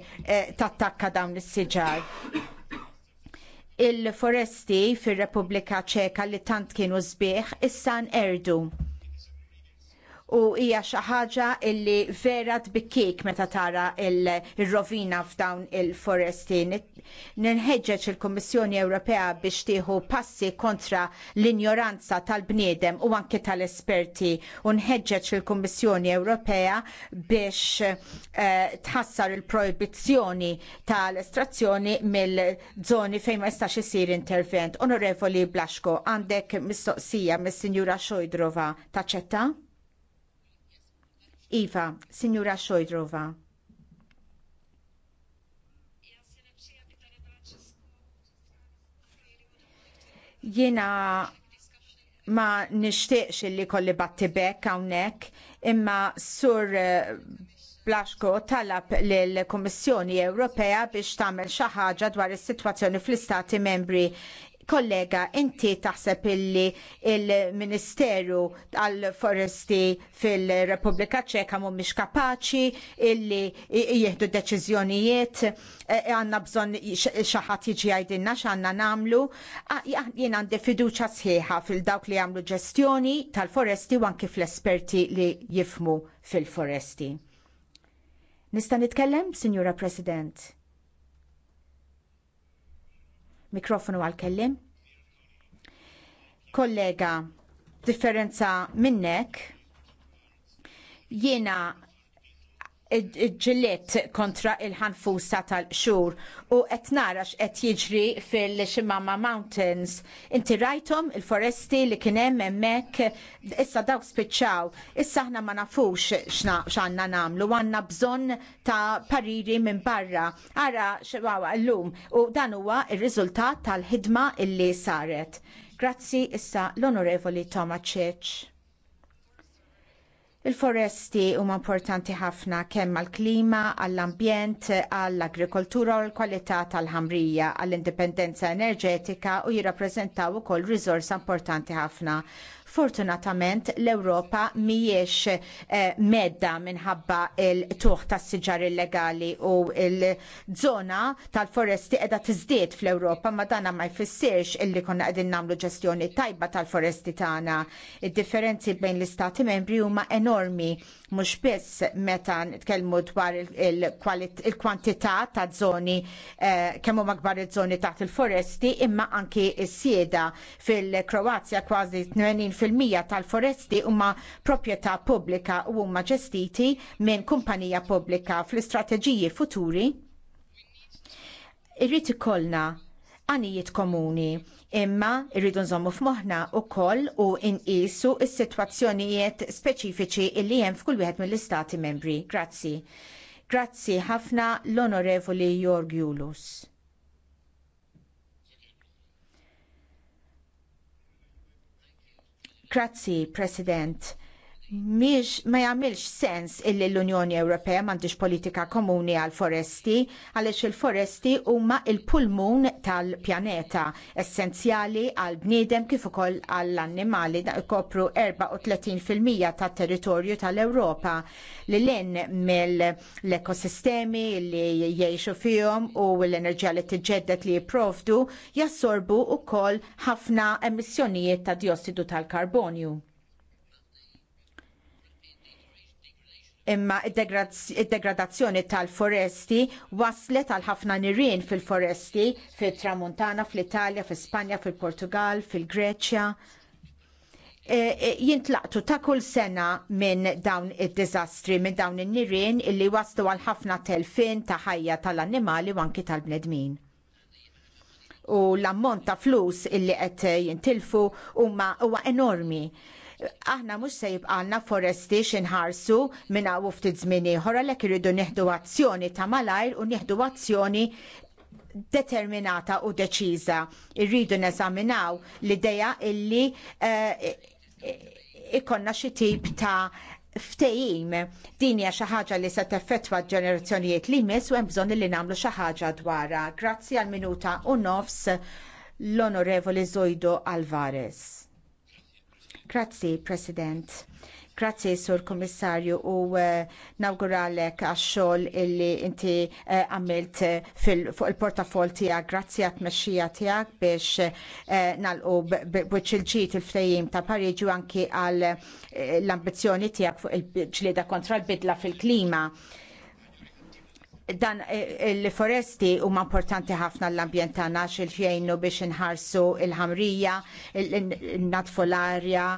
tattakka dawn is-siġar. Il-foresti fir-Repubblika Ċeka li tant kienu sbieħ issa erdu u hija xi ħaġa li vera tbikkik meta tara il-rovina f'dawn il-foresti. Ninħeġġeġ il-Kummissjoni Ewropea biex tieħu passi kontra l-injoranza tal-bniedem u anke tal-esperti u nħeġġeġ il-Kummissjoni Ewropea biex eh, tħassar il-proibizzjoni tal-estrazzjoni mill-żoni fejn ma jistax isir intervent. Onorevoli Blaxko, għandek mistoqsija mis-Sinjura Xojdrova taċċetta? Iva, Signora Xojdrova. Jiena ma nishtiqx li kolli battibek hawnhekk imma sur eh, Blaxko talab lill kummissjoni Ewropea biex tagħmel xi ħaġa dwar is-sitwazzjoni fl-Istati membri Kollega, inti taħseb illi il-Ministeru għal-Foresti fil-Repubblika Ċeka mhumiex kapaċi illi jieħdu deċiżjonijiet e, e, għandna bżonn xi ħadd jiġi jgħidilna x'għandna nagħmlu. Jien għandi fiduċja sħiħa fil-dawk li jagħmlu ġestjoni tal-foresti u anki fl-esperti li jifmu fil-foresti. Nista' nitkellem, Sinjura President? Mikrofonu għal-kellim. Kollega, differenza minnek, jiena ġillet kontra il-ħanfusa tal-xur u qed et qed jiġri fil-Ximama Mountains. Inti rajtom il-foresti li kien hemm hemmhekk issa dawk spiċċaw. Issa aħna ma nafux x'għandna nagħmlu, għandna bżonn ta' pariri minn barra. Ara xewawa llum u dan huwa r-riżultat tal-ħidma illi saret. Grazzi issa l-Onorevoli Ċeċ. Il-foresti huma importanti ħafna kemm għall-klima, għall-ambjent, għall-agrikoltura u l-kwalità tal-ħamrija, għall-indipendenza enerġetika u jirrappreżentaw ukoll riżorsa importanti ħafna Fortunatament l-Ewropa mhijiex eh, medda minħabba il-tuħ tas-siġar illegali u l-żona tal-foresti qiegħda tiżdied fl-Ewropa ma dana ma jfissirx illi konna qegħdin nagħmlu ġestjoni tajba tal-foresti tagħna. Id-differenzi bejn l-istati membri huma enormi mhux biss meta nitkellmu dwar il-kwantità il ta' żoni eh, kemm huma kbar iż-żoni taħt il-foresti imma anki s-sieda fil-Kroazja kważi 80% tal-foresti huma proprjetà pubblika u huma ġestiti minn kumpanija pubblika fl-istrateġiji futuri irrid ikollna għanijiet komuni imma irridu nżommu f'moħħna wkoll u nqisu s-sitwazzjonijiet speċifiċi li hemm f'kull wieħed mill-istati membri. Grazzi. Grazzi ħafna l-Onorevoli Jorgiulus. Grazzi, President. Miex, ma jagħmilx sens illi l-Unjoni Ewropea m'għandix politika komuni għal foresti għaliex il-foresti huma il-pulmun tal-pjaneta essenzjali għal bniedem kif ukoll għall annimali da kopru 34% tat territorju tal-Ewropa li l mill-ekosistemi li jgħixu fihom u l-enerġija li tiġġedded li jipprovdu jassorbu wkoll ħafna emissjonijiet ta' diossidu tal-karbonju imma id-degradazzjoni tal-foresti waslet għal ħafna nirien fil-foresti fil-Tramuntana, fl-Italja, fil-Spanja, fil-Portugal, fil-Greċja. E, e, jintlaqtu ta' kull sena minn dawn id-dizastri, minn dawn in-nirien illi waslu għal ħafna telfin ta' ħajja tal-annimali u anki tal-bnedmin. U l-ammont ta' flus illi qed jintilfu huwa enormi aħna mhux se jibqalna foresti xinħarsu minn u ftit żmien ieħor għalhekk irridu nieħdu azzjoni ta' malajr u nieħdu azzjoni determinata u deċiża. Irridu neżaminaw l-idea illi eh, ikonna xi tip ta' ftejim din hija xi ħaġa li se teffettwa ġenerazzjonijiet li jmiss u hemm bżonn li nagħmlu xi ħaġa dwarha. Grazzi għall minuta u nofs l-Onorevoli Zojdo Alvarez. Grazzi, President. Grazzi, Sur Kommissarju, u eh, nawguralek għax-xogħol illi inti eh, għamilt eh, fuq il-portafol tiegħek. Grazzi għat meċxija tiegħek biex nalqu biex il-ġit il-frejjim ta' Pariġu anki għal l-ambizzjoni tiegħek fuq il-ġlieda kontra l-bidla fil-klima dan eh, il-foresti huma importanti ħafna l-ambjent tagħna xil jgħinu biex inħarsu il-ħamrija, il-natfu l-arja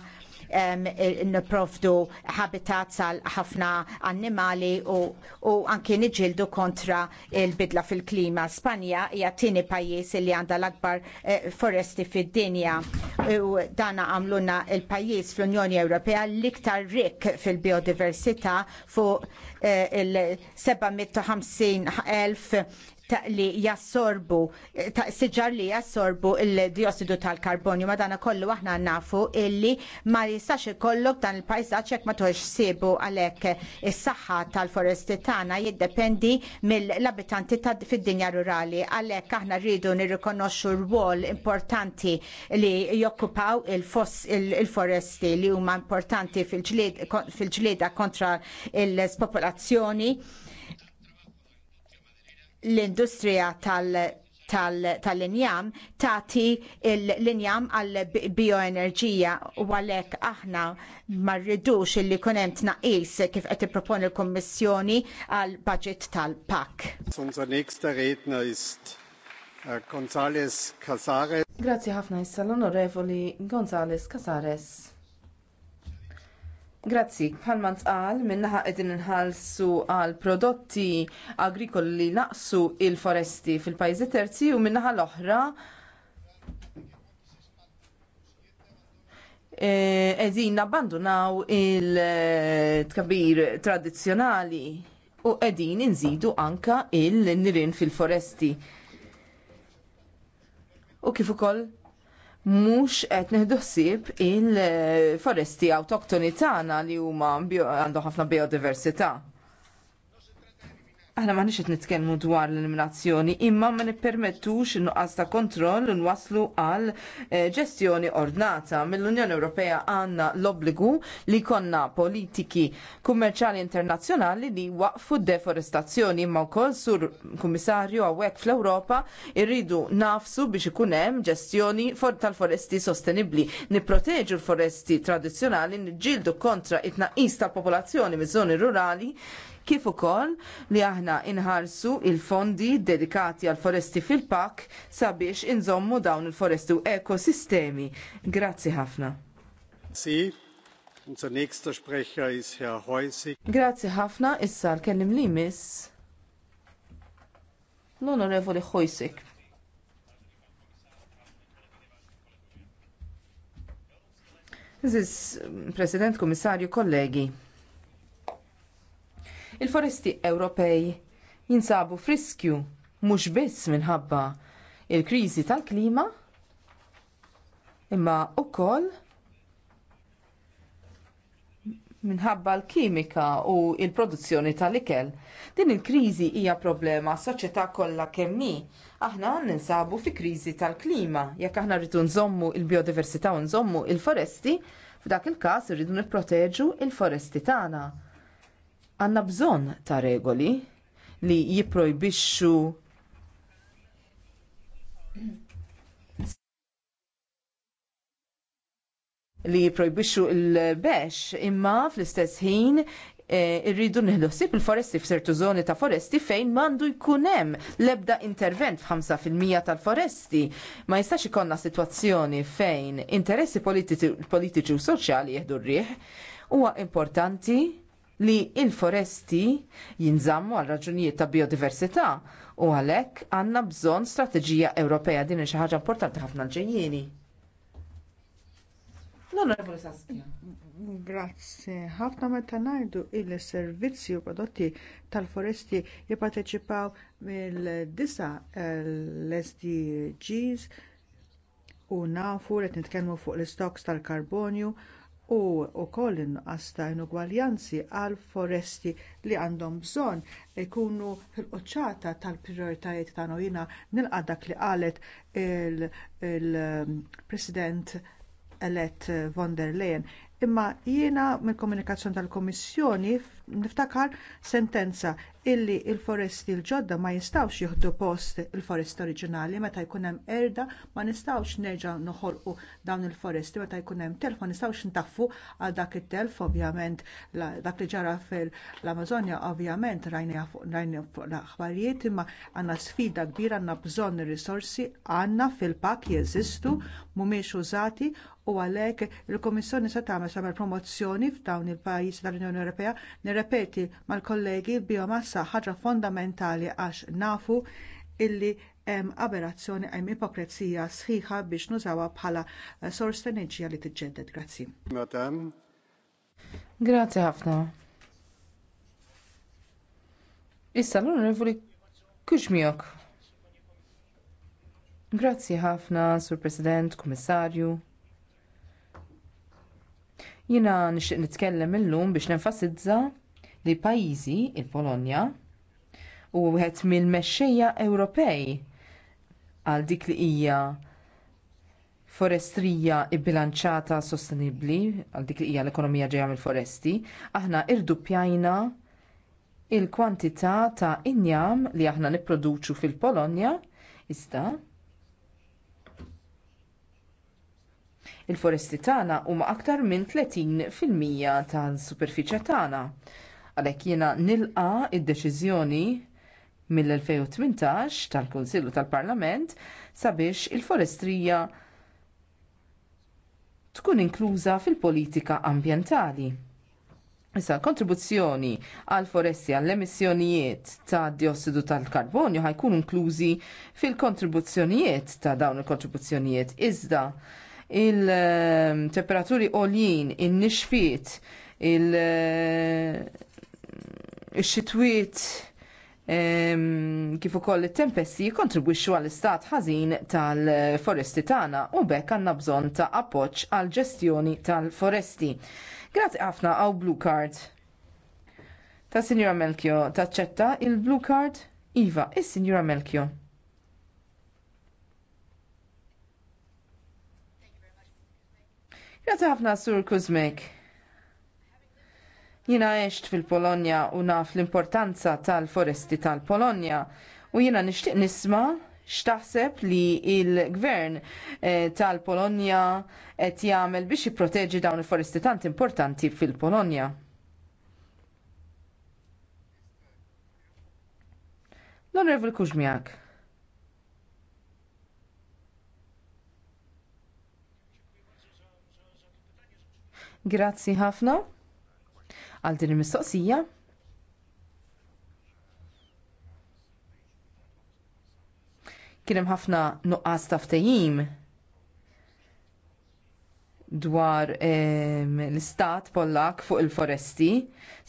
Eh, niprofdu habitat għal ħafna annimali u anki niġildu kontra il-bidla fil-klima. Spanja hija tieni pajjiż li għandha l-akbar eh, foresti fid-dinja u dana għamluna il-pajjiż fl-Unjoni Ewropea l-iktar rik fil-biodiversità fuq eh, il-750,000 ta' li jassorbu, ta' siġar li jassorbu il-diossidu tal-karbonju, ma dana kollu aħna nafu illi ma jistax ikollok dan il-pajsaċ jek ma toħx sibu għalek is-saħħa tal-foresti tagħna jiddependi mill-abitanti fid-dinja rurali għalek aħna rridu nirrikonoxxu rwol importanti li jokkupaw il-foresti li huma importanti fil-ġlieda kontra il-spopolazzjoni l-industrija tal- tal-injam tagħti l-injam għall bioenerġija u għalhekk aħna ma rridux illi jkun hemm tnaqqis kif qed tipproponi l kommissjoni għall budget tal-PAK.
Unser nächster Redner ist González Casares.
Grazzi ħafna issa l-Onorevoli Gonzales Casares. Grazzi, bħalma tqal minnaħa qegħdin inħallsu għal prodotti agrikoli li naqsu il-foresti fil-pajjiżi terzi u minna l-oħra e, qegħdin nabbandunaw il tkabir tradizzjonali u qegħdin inżidu anka il-nirien fil-foresti. U kif ukoll mhux qed neħdu ħsieb il-foresti awtoktoni tagħna li huma għandu ħafna biodiversità. Aħna ma nixet nitkellmu dwar l-eliminazzjoni imma ma nippermettux nuqqas ta' kontroll u nwaslu għal eh, ġestjoni ordnata. Mill-Unjoni Ewropea għandna l-obbligu li konna politiki kummerċali internazzjonali li waqfu deforestazzjoni imma wkoll sur kummissarju għawek fl-Ewropa irridu nafsu biex ikun hemm ġestjoni tal-foresti sostenibbli. Nipproteġu l-foresti tradizzjonali niġġieldu kontra it-tnaqqis tal-popolazzjoni mizzoni rurali kif ukoll li aħna inħarsu il-fondi dedikati għal foresti fil-pak sabiex inżommu dawn il-foresti u ekosistemi. Grazzi ħafna.
Si, unser nächster Sprecher ist Herr Heusig.
Grazzi ħafna, issa l-kellim li miss l-Onorevoli Hojsik. Ziz, President, Komissarju, kollegi. Il-foresti Ewropej jinsabu friskju mhux biss minħabba il-kriżi tal-klima imma wkoll minħabba l-kimika u l produzzjoni tal-ikel. Din il-kriżi hija problema soċjetà kollha kemm hi. Aħna ninsabu fi kriżi tal-klima. Jekk aħna rridu nżommu l biodiversità u nżommu l foresti f'dak il-każ irridu nipproteġu l foresti tagħna. Għanna bżonn ta' regoli li jipprojbixxu li jipprojbixxu il-bex imma fl-istess ħin e, irridu nħlossib il-foresti f'sertu zoni ta' foresti fejn mandu jkunem lebda intervent f'5% tal-foresti. Ma jistax ikonna situazzjoni fejn interessi politiċi u soċjali jihdu rriħ. Huwa importanti li il-foresti jinżammu għal raġunijiet ta' biodiversità u għalhekk għandna bżonn strateġija Ewropea din xi ħaġa importanti ħafna ġejjieni. L-Onorevoli Saskia.
Grazzi. Ħafna meta ngħidu il-servizzi u prodotti tal-foresti jipparteċipaw mill-disa l-SDGs u nafu qed nitkellmu fuq l-istoks tal-karbonju u wkoll inqas ta' inugwaljanzi għal foresti li għandhom bżonn ikunu fil-qoċċata tal-prijoritajiet tagħna jiena nilqa' dak li qalet il-President elett von der Leyen Imma jiena mill-komunikazzjoni tal kummissjoni niftakar sentenza illi l il foresti l-ġodda ma jistgħux jieħdu post il-forest oriġinali meta jkun hemm erda ma nistgħux nerġa' noħolqu dawn il-foresti meta jkun hemm telf ma nistgħux ntaffu għal dak it-telf ovvjament dak li ġara fil-Amazonja ovvjament rajna fuq l-aħbarijiet imma għandna sfida kbira għandna bżonn ir-risorsi għandna fil-pak jeżistu mhumiex użati u għalhekk il-Kummissjoni se tagħmel samer promozzjoni f'dawn il-pajjiżi tal-Unjoni Ewropea nirrepeti mal-kollegi biomassa ħaġa fondamentali għax nafu illi hemm aberrazzjoni hemm ipokrezija sħiħa biex nużawha bħala sors ta' enerġija li
tiġġedded. Grazzi. Grazzi ħafna. Issa l-onorevoli Kuxmiok. Grazzi ħafna, Sur President, Kummissarju. Jiena nixtieq nitkellem illum biex nenfasizza li pajjiżi il-Polonja u wieħed mill-mexxejja Ewropej għal dik li hija forestrija bilanċata sostenibbli għal dik li hija l-ekonomija ġejja mill-foresti, aħna rduppjajna l kwantità ta' injam li aħna nipproduċu fil-Polonja iżda Il-foresti tagħna huma aktar minn 30% fil-mija tas-superfiċja tagħna. Għalhekk jiena nilqa id-deċiżjoni mill-2018 tal kunsillu tal-Parlament sabiex il-forestrija tkun inkluża fil-politika ambjentali. Issa kontribuzzjoni għal foresti għall emissjonijiet ta' diossidu tal-karbonju ħajkun inklużi fil-kontribuzzjonijiet ta' dawn il-kontribuzzjonijiet iżda il-temperaturi għoljin, in-nixfiet, eh, il-xitwiet ehm, kif ukoll it-tempesti jikkontribwixxu għall istat ħażin tal-foresti tagħna u bekk għandna bżonn ta' appoġġ għal ġestjoni tal-foresti. Grazzi ħafna għaw Blue Card. Ta' Sinjora Melkio, taċċetta il-Blue Card? Iva, is-Sinjora Melkio. Grazie ħafna Sur Kuzmek. Jina eċt fil-Polonja u naf l-importanza tal-foresti tal-Polonja u jina nishtiq nisma xtaħseb li il-gvern eh, tal-Polonja qed jagħmel biex jipproteġi dawn il-foresti tant importanti fil-Polonja. L-Onorevol Grazzi ħafna għal din il-mistoqsija. Kien hemm ħafna nuqqas ta' ftehim dwar ehm, l-istat pollak fuq il-foresti,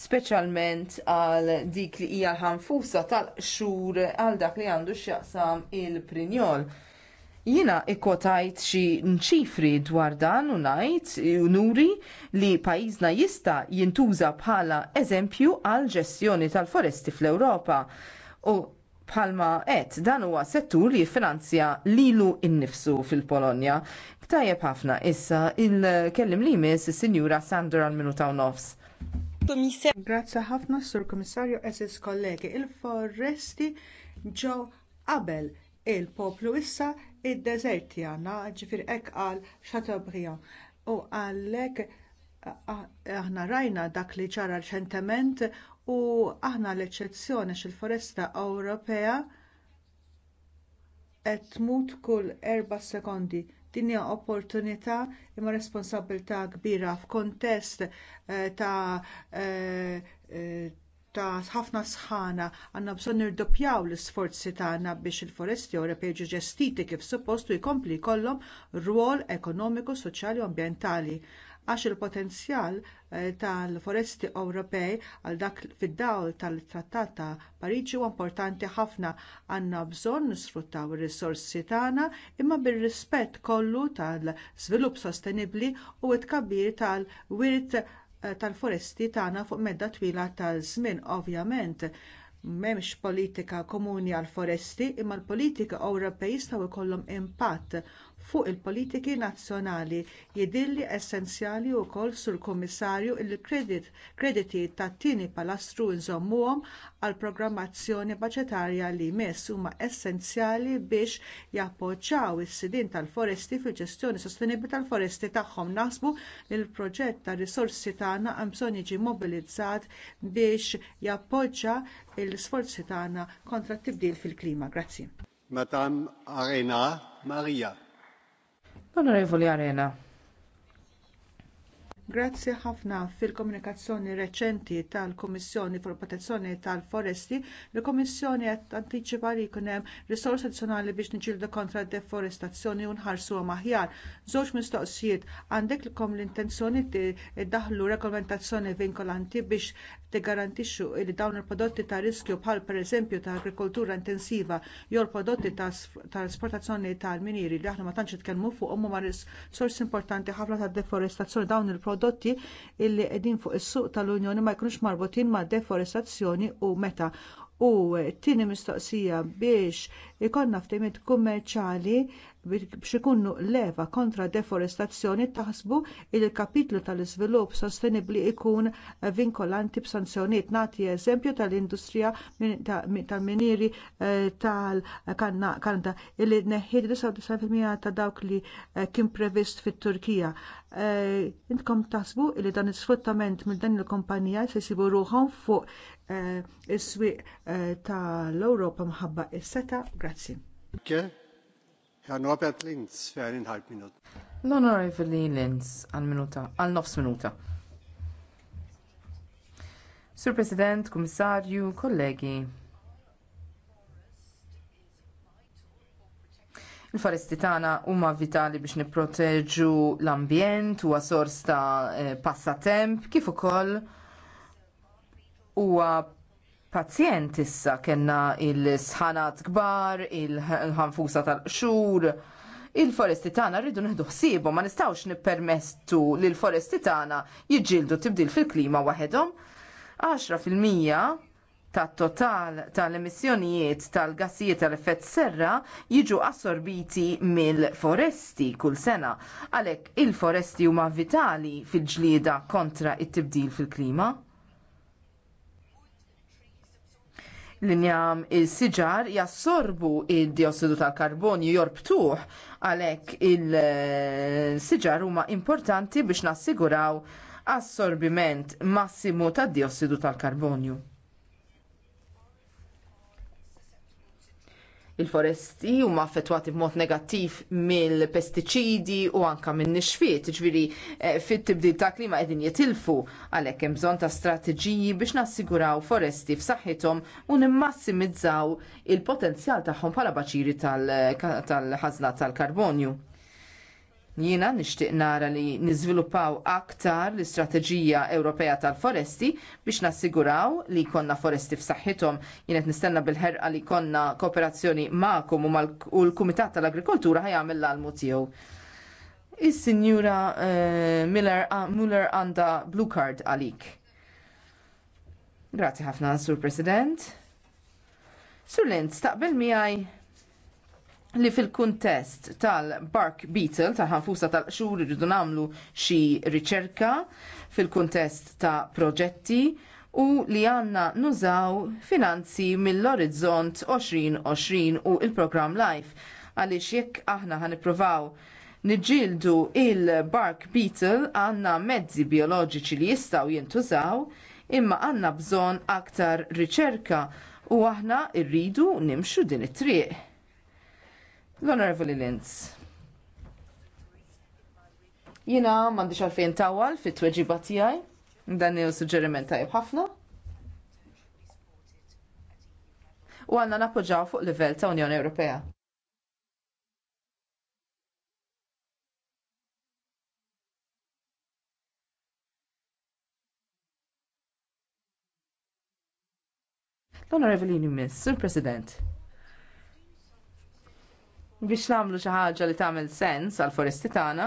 speċjalment għal dik li hija ħanfusa tal-xur għal dak li għandu x'jaqsam il-prinjol. Jina ikkotajt xi nċifri dwar dan u ngħid nuri li pajjiżna jista' jintuża bħala eżempju għal ġestjoni tal-foresti fl-Ewropa. U bħalma qed dan huwa settur li jiffinanzja lilu innifsu fil-Polonja. Ktajjeb ħafna issa il-kellim li jmiss is-Sinjura Sandra għal-minuta nofs.
Grazzi ħafna Sur Komissarju eżis kollegi. Il-foresti ġew qabel il-poplu issa id-deserti għandna, ġifir hekk għal Chateaubriand. U għalhekk aħna rajna dak li ċara recentement u aħna l-eċċezzjoni xil-foresta Ewropea qed tmut kull erba' sekondi. Din hija opportunità imma responsabilità kbira f'kontest eh, ta' eh, eh, ta' ħafna sħana għandna bżonn nirdoppjaw l-isforzi tagħna biex il-foresti Ewropej jiġu ġestiti kif suppost u jkompli jkollhom rwol ekonomiku, soċjali u ambjentali għax il-potenzjal eh, tal-foresti Ewropej għal dak fid-dawl tal-Trattat ta' Pariġi huwa importanti ħafna għandna bżonn nisfruttaw ir-risorsi tagħna imma bir-rispett kollu tal-żvilupp sostenibbli u t tkabbir tal-wirt tal-foresti tagħna fuq medda twila ta' żmien ovvjament m'hemmx politika komuni għall foresti imma l-politika Ewropej jistgħu jkollhom impatt fuq il-politiki nazzjonali jidilli essenzjali wkoll sur kummissarju il-kredit krediti tat-tieni palastru nżommuhom għall programmazzjoni baġitarja li jmiss huma essenzjali biex jappoġġjaw is-sidin tal-foresti fil-ġestjoni sostenibbli tal-foresti tagħhom. Naħsbu li l-proġett tar risorsi tagħna hemm bżonn jiġi mobilizzat biex jappoġġja l-isforzi tagħna kontra t-tibdil fil-klima. Grazzi.
Madam Arena Maria.
L-Onorevoli Arena. Grazzi ħafna fil-komunikazzjoni reċenti tal-Kummissjoni fil protezzjoni tal-Foresti, il-Kummissjoni qed antiċipa li jkun hemm risorsi addizzjonali biex niġildu kontra deforestazzjoni u nħarsuhom aħjar. Żewġ mistoqsijiet għandek lkom l-intenzjoni tiddaħħlu regolamentazzjoni vinkolanti biex tiggarantixxu li dawn il-prodotti ta' riskju bħal pereżempju ta' agrikoltura intensiva jew prodotti ta' esportazzjoni tal-minieri li aħna ma tantx itkellmu fuqhom huma risorsi importanti ħafna tad deforestazzjoni dawn il-prodotti prodotti illi qegħdin fuq is-suq tal-Unjoni ma jkunux marbutin ma' deforestazzjoni u meta. U t tieni mistoqsija biex ikonna ftehimiet kummerċjali biex ikunnu leva kontra deforestazzjoni taħsbu li l kapitlu tal-iżvilupp sostenibbli jkun vinkolanti b'sanzjonijiet nagħti eżempju tal-industrija tal-minieri eh, tal-Kanada illi neħħiet 99% ta' dawk li eh, kien previst fit-Turkija. Eh, intkom taħsbu li dan is-sfruttament minn dan il-kumpanija se jsibu ruhom fuq is-swieq tal-Ewropa mħabba is-seta. Grazzi.
Okay. Herr Norbert Linz für eineinhalb Minuten.
L-Honorable Linz għal minuta, għal nofs minuta. Sur President, Kommissarju, kollegi. Il-foresti tagħna huma vitali biex nipproteġu l-ambjent huwa sors ta' eh, passatemp kif ukoll huwa pazjent issa kellna il-sħanat kbar, il-ħanfusa tal-qxur, il-foresti tagħna rridu neħdu ħsiebhom ma nistgħux nippermestu li l-foresti tagħna jiġġieldu tibdil fil-klima waħedhom. 10% tat-total tal-emissjonijiet tal-gassijiet tal-effett serra jiġu assorbiti mill-foresti kull sena. Għalhekk il-foresti huma vitali fil-ġlieda kontra t tibdil fil-klima. l-injam il-siġar jassorbu il-diossidu tal-karbonju jorbtuħ għalek il-siġar huma importanti biex nassiguraw assorbiment massimu tad diossidu tal-karbonju. Il-foresti huma affettwati b'mod negattiv mill-pestiċidi u anka min-nixfiet, ġviri eh, fit-tibdil ta' klima qegħdin jitilfu għalhekk hemm bżonn ta' strateġiji biex nassiguraw foresti f'saħħithom u nimmassimizzaw il-potenzjal tagħhom bħala baċiri tal-ħażna tal-karbonju. Jiena nixtieq nara li niżviluppaw aktar l-istrateġija Ewropea tal-foresti biex nassiguraw li jkollna foresti f'saħħithom. Jien qed nistenna bil-ħerqa li jkollna kooperazzjoni magħkom u l-Kumitat tal-Agrikoltura ħajamil l-almu tiegħu. Is-Sinjura uh, Miller għandha blue card għalik. Grazzi ħafna, Sur President. Sur Lenz, taqbel miegħi li fil-kuntest tal-bark beetle ta' ħanfusa tal-qxur rridu nagħmlu xi riċerka fil-kuntest ta' proġetti u li għandna nużaw finanzi mill-orizzont 2020 u l programm Life għaliex jekk aħna ħaniprovaw niġġieldu il-bark beetle għandna mezzi bioloġiċi li jistgħu jintużaw imma għandna bżonn aktar riċerka u aħna rridu nimxu din it-triq L-Onorevoli Linz. Jina mandi xalfejn tawal fit tweġiba batijaj, dan il suġġeriment tajb ħafna. U għanna nappoġġaw fuq livell ta' Unjoni Ewropea. L-Onorevoli Nimis, Sur President biex namlu xi ħaġa li tagħmel sens għall foresti tagħna.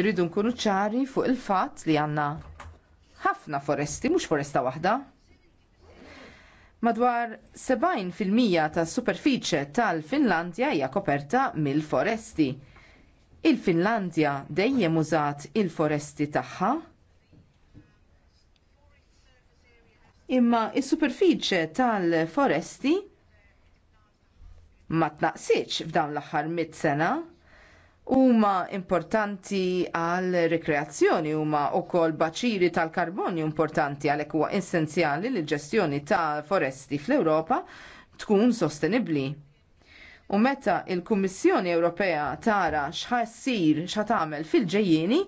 Irridu nkunu ċari fuq il-fatt li għandna ħafna foresti, mhux foresta waħda. Madwar 70% tas superfiċe tal-Finlandja hija koperta mill-foresti. Il-Finlandja dejjem użat il-foresti tagħha imma is superfiċe tal-foresti ma tnaqsitx f'dawn l-aħħar mit sena huma importanti għal rekreazzjoni huma wkoll baċiri tal-karbonju importanti għalhekk huwa essenzjali li l-ġestjoni tal foresti fl-Ewropa tkun sostenibbli. U meta il-Kummissjoni Ewropea tara x'ħassir x'ħatamel fil-ġejjieni,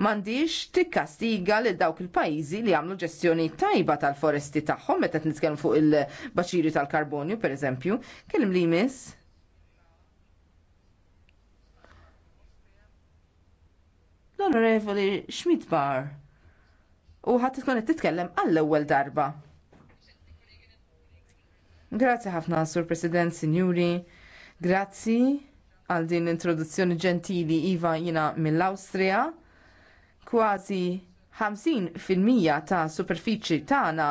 m'għandix tikkastiga lil dawk il-pajjiżi li għamlu ġestjoni tajba tal-foresti tagħhom meta qed nitkellmu fuq il-baċiri tal-karbonju pereżempju. Kellim li jmiss. L-Onorevoli Schmidt Bar. U ħat tkun qed titkellem għall-ewwel darba. Grazzi ħafna, Sur President, Sinjuri Grazzi għal din l-introduzzjoni ġentili Iva jina mill-Austria. Kważi 50% ta' superfiċi tagħna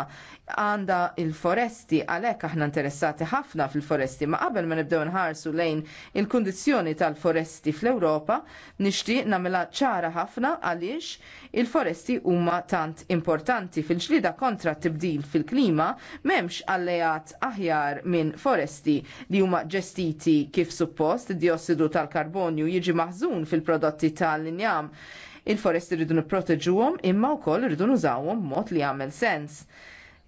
għandha l foresti għalhekk aħna interessati ħafna fil-foresti ma qabel ma nibdew nħarsu lejn il-kundizzjoni tal-foresti fl-Ewropa nixtieq nagħmilha ċara ħafna għaliex il-foresti huma tant importanti fil-ġlida kontra tibdil fil-klima m'hemmx allejat aħjar minn foresti li huma ġestiti kif suppost id-diossidu tal-karbonju jiġi maħżun fil-prodotti tal-injam Il-foresti rridu nipproteġuhom imma wkoll rridu nużawhom b'mod li jagħmel sens.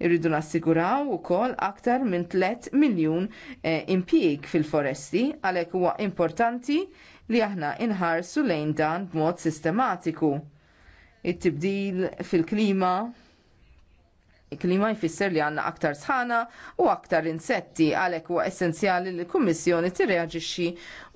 Irridu nassiguraw ukoll aktar minn 3 miljun eh, impjieg fil-foresti għalhekk huwa importanti li aħna inħarsu lejn dan b'mod sistematiku. It-tibdil fil-klima klima jfisser li għandna aktar sħana u aktar insetti għalhekk huwa essenzjali li l-Kummissjoni tirreaġixxi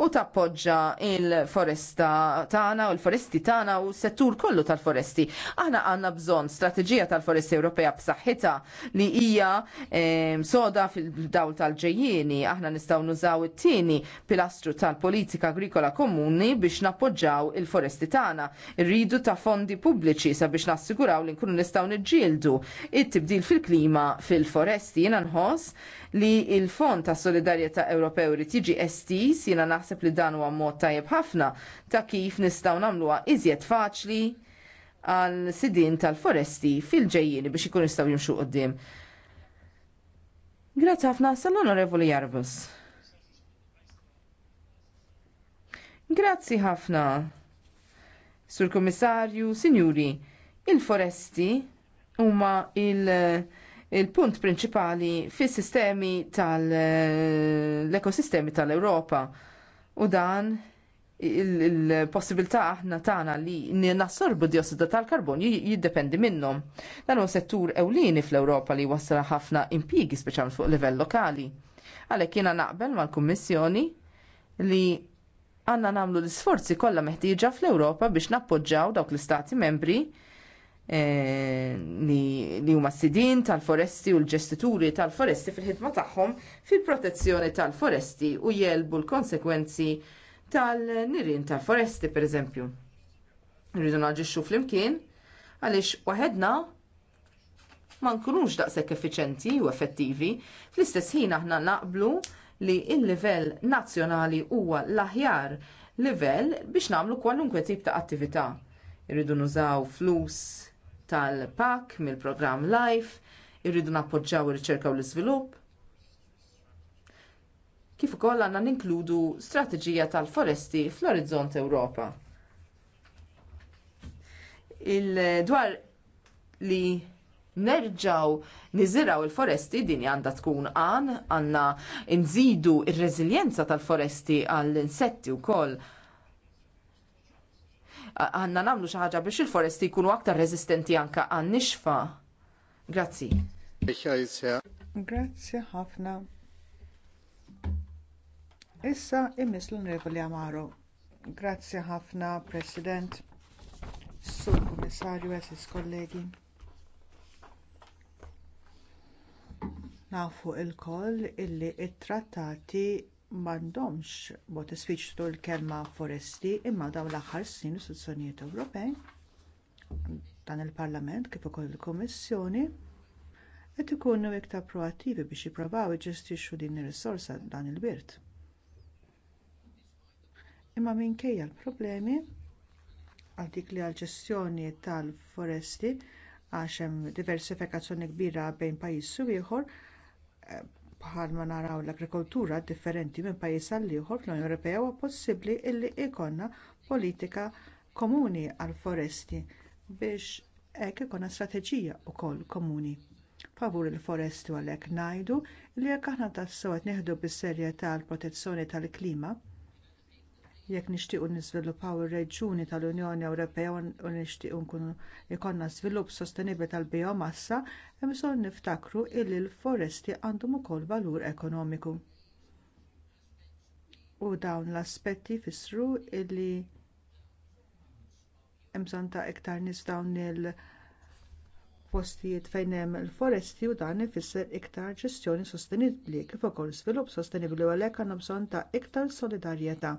u tappoġġa il-foresta Tana u l-foresti tagħna u s-settur kollu tal-foresti. Aħna għandna bżonn strateġija tal-foresti Ewropea b'saħħitha li hija ehm, soda fil-dawl tal-ġejjieni. Aħna nistgħu nużaw it-tieni pilastru tal-politika agrikola komuni biex nappoġġaw il-foresti tagħna. Irridu ta' fondi pubbliċi sabiex nassiguraw li nkunu nistgħu niġġieldu it tibdil fil-klima fil-foresti jiena nħoss li l fond ta' Solidarjetà Ewropew li tiġi estis jiena naħseb li dan huwa mod tajjeb ħafna ta' kif nistgħu nagħmluha iżjed faċli għal sidin tal-foresti fil-ġejjini biex ikun jistgħu jimxu qudiem. Grazzi ħafna sal-Onorevoli Jarbus. Grazzi ħafna. Sur Komissarju, Sinjuri, il-foresti huma il-punt il prinċipali fis-sistemi tal-ekosistemi tal-Ewropa u dan il-possibilità aħna tagħna li nassorbu diossidu tal-karbonju jiddependi minnhom. Dan huwa settur ewlieni fl-Ewropa li wassal ħafna impjiegi speċjalment fuq livell lokali. Għalhekk jiena naqbel mal-Kummissjoni li għandna nagħmlu l-isforzi kollha meħtieġa fl-Ewropa biex nappoġġjaw dawk l-istati membri li eh, huma s-sidin tal-foresti u l-ġestituri tal-foresti fil-ħidma tagħhom fil-protezzjoni tal-foresti u jelbu l-konsekwenzi tal-nirien tal-foresti pereżempju. Rridu naġixxu flimkien għaliex waħedna ma nkunux daqshekk effiċenti u effettivi, fl-istess ħin aħna naqblu li l livell nazzjonali huwa l-aħjar livell biex nagħmlu kwalunkwe tip ta' attività. Irridu nużaw flus tal-PAK, mill-programm LIFE, irridu nappoġġaw ir-riċerka u l-iżvilupp. Kif ukoll għandna ninkludu strateġija tal-foresti fl-orizzont Ewropa. Il-dwar li nerġaw niżiraw il-foresti din għandha tkun għan, għandna nżidu ir-reżiljenza tal-foresti għall-insetti wkoll għanna namlu xaħġa biex il-foresti jkunu aktar rezistenti anka għan nixfa. Grazzi.
Grazzi
ħafna.
Issa imis l-Onorevoli Amaro. Grazzi ħafna, President, Sur Komissarju, Esis kollegi. Nafu il-koll illi it-trattati m'għandhomx mod isfiċtu l-kelma foresti imma dawn l-aħħar snin istituzzjonijiet Ewropej dan il-Parlament kif ukoll il-Kummissjoni qed ikunu iktar proattivi biex jippruvaw iġestixxu din ir-risorsa dan il-wirt. Imma minkejja l-problemi għal dik li għall ġestjoni tal-foresti għax hemm diversifikazzjoni kbira bejn pajjiż u ieħor bħal ma naraw l-agrikoltura differenti minn pajjiż għal ieħor fl-Unjoni Ewropea huwa possibbli li jkollna politika komuni għall foresti biex hekk ikollna strateġija wkoll komuni favur il-foresti għalhekk ngħidu li jekk aħna tassew qed nieħdu bis-serjetà l-protezzjoni tal-klima jekk nixtiequ niżviluppaw ir-reġjuni tal-Unjoni Ewropea u nixtiequ nkunu jkollna żvilupp sostenibbli tal-biomassa, hemm bżonn niftakru li l-foresti għandhom ukoll valur ekonomiku. U dawn l-aspetti jfissru li hemm bżonn ta' iktar nies dawn il-postijiet fejn hemm il-foresti u dan ifisser iktar ġestjoni sostenibbli kif ukoll żvilupp sostenibbli u għalhekk għandna bżonn ta' iktar solidarjetà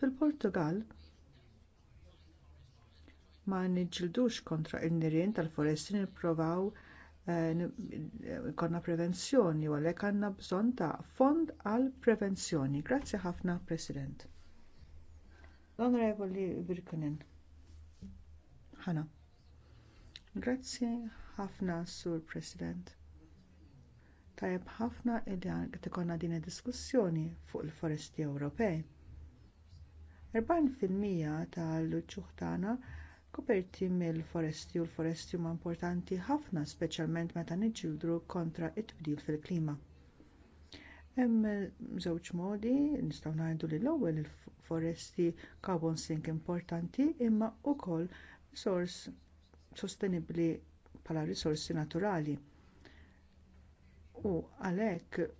Fil-Portugal ma niġġildux kontra n nirien tal-foresti nippruvaw eh, eh, konna prevenzjoni u għalhekk għandna bżonn ta' fond għall prevenzjoni. Grazzi ħafna, President. L-Onorevoli Virkunen. Ħana. Grazzi ħafna, Sur President. Tajjeb ħafna id-għan din id-diskussjoni fuq il-foresti Ewropej 40% tal-ġuħ tagħna koperti mill-foresti u l-foresti huma importanti ħafna speċjalment meta niġġieldu kontra t tbdil fil-klima. Hemm żewġ modi nistgħu ngħidu li l-ewwel il-foresti carbon sink importanti imma wkoll sors sostenibbli bħala risorsi naturali u għalhekk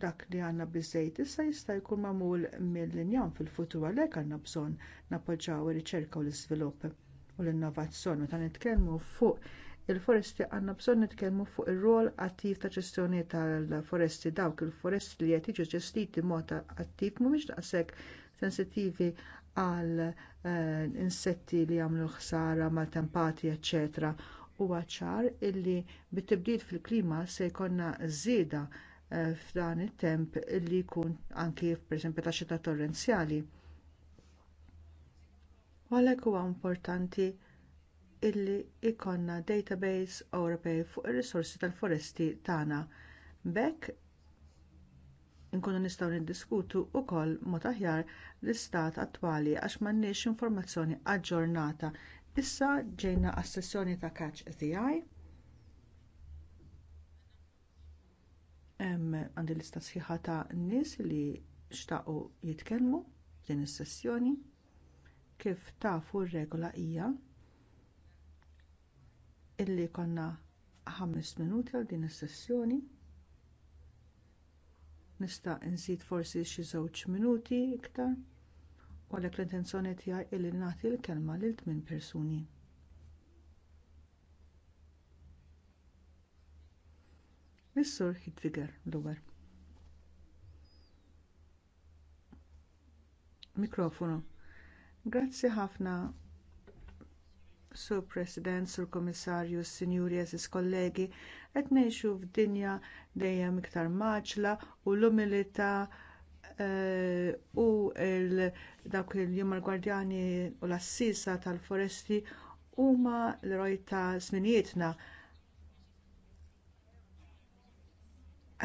dak li għandna biżżejjed issa jista' jkun magħmul mill injam fil-futur għalhekk għandna bżonn nappoġġjaw ir-riċerka u l-iżvilupp u l-innovazzjoni meta nitkellmu fuq il-foresti għandna bżonn nitkellmu fuq ir-rol attiv ta' ġestjoni tal-foresti dawk il-foresti li qed jiġu ġestiti mod attiv mhumiex daqshekk sensittivi għal eh, insetti li jagħmlu ħsara maltempati eċċetera huwa ċar illi bit-tibdil fil-klima se jkollna żieda Eh, f'dan it-temp li jkun anki pereżempju ta' xita torrenzjali. Għalhekk huwa importanti illi jkollna database Ewropej fuq ir-risorsi tal-foresti tagħna. B'hekk inkunu nistgħu niddiskutu wkoll mod aħjar l-istat attwali għax m'għandniex informazzjoni aġġornata. Issa ġejna għas-sessjoni ta' Catch the Eye. Hemm għandi lista sħiħa ta' nies li xtaqu jitkellmu f'din is-sessjoni. Kif tafu r-regola hija illi konna ħames minuti għal din is-sessjoni. Nista' nżid forsi xi żewġ minuti iktar u għalhekk l-intenzjoni tiegħi illi nagħti l-kelma lil tmien persuni. Is-sur Hitfiger l-ewwel. Mikrofonu. Grazzi ħafna Sur President, Sur Komissarju, Sinjuri, Eżis kollegi, qed ngħixu f'dinja dejjem iktar maċla eh, u l umilita u dak dawk il-jumar gwardjani u l-assisa tal-foresti huma l rojta ta'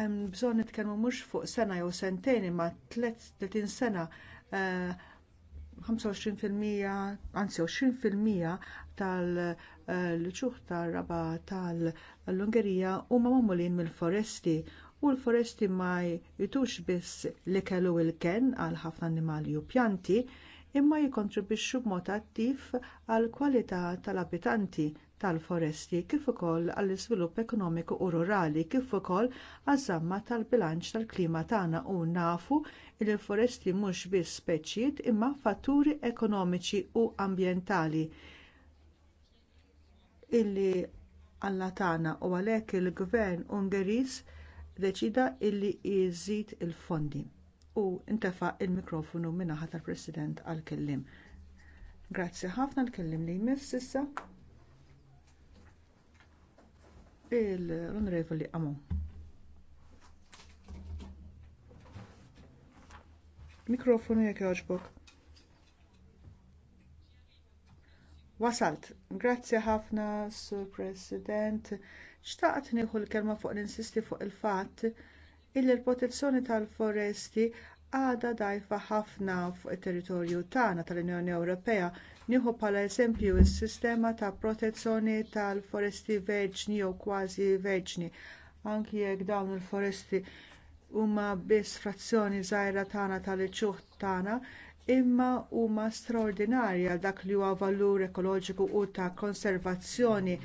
Hemm bżonn nitkellmu mhux fuq sena jew sentejn imma 30 sena 25% eh, anzi 20% tal-ċuħ tal raba tal-Ungerija huma magħmulin mill-foresti u l-foresti ma jitux biss li kellu il-ken għal ħafna annimali u pjanti imma jikkontribwixxu b'mod attiv għall kwalità tal-abitanti tal-foresti kif ukoll għall-iżvilupp ekonomiku u rurali kif ukoll għaż-żamma tal-bilanċ tal-klima tagħna u nafu li l-foresti mhux biss speċijiet imma fatturi ekonomiċi u ambjentali illi Alla tagħna u għalhekk il-gvern Ungheriż deċida li jżid il-fondi u intefa' l mikrofonu min tal-President għall kellim Grazzi ħafna l-kellim li jmiss issa l-Onorevoli Amon. Mikrofonu jekk jogħġbok. Wasalt. Grazzi ħafna, Sur President. Xtaqt nieħu l-kelma fuq ninsisti fuq il-fatt illi l-protezzjoni tal-foresti għadha dajfa ħafna fuq it-territorju tagħna tal-Unjoni Ewropea Nieħu bħala eżempju s-sistema ta' protezzjoni tal-foresti verġni jew kważi verġni, anki jekk dawn il-foresti huma biss frazzjoni żgħira tagħna tal-ċuħ tagħna, imma huma straordinarji għal dak li huwa valur ekoloġiku u ta' konservazzjoni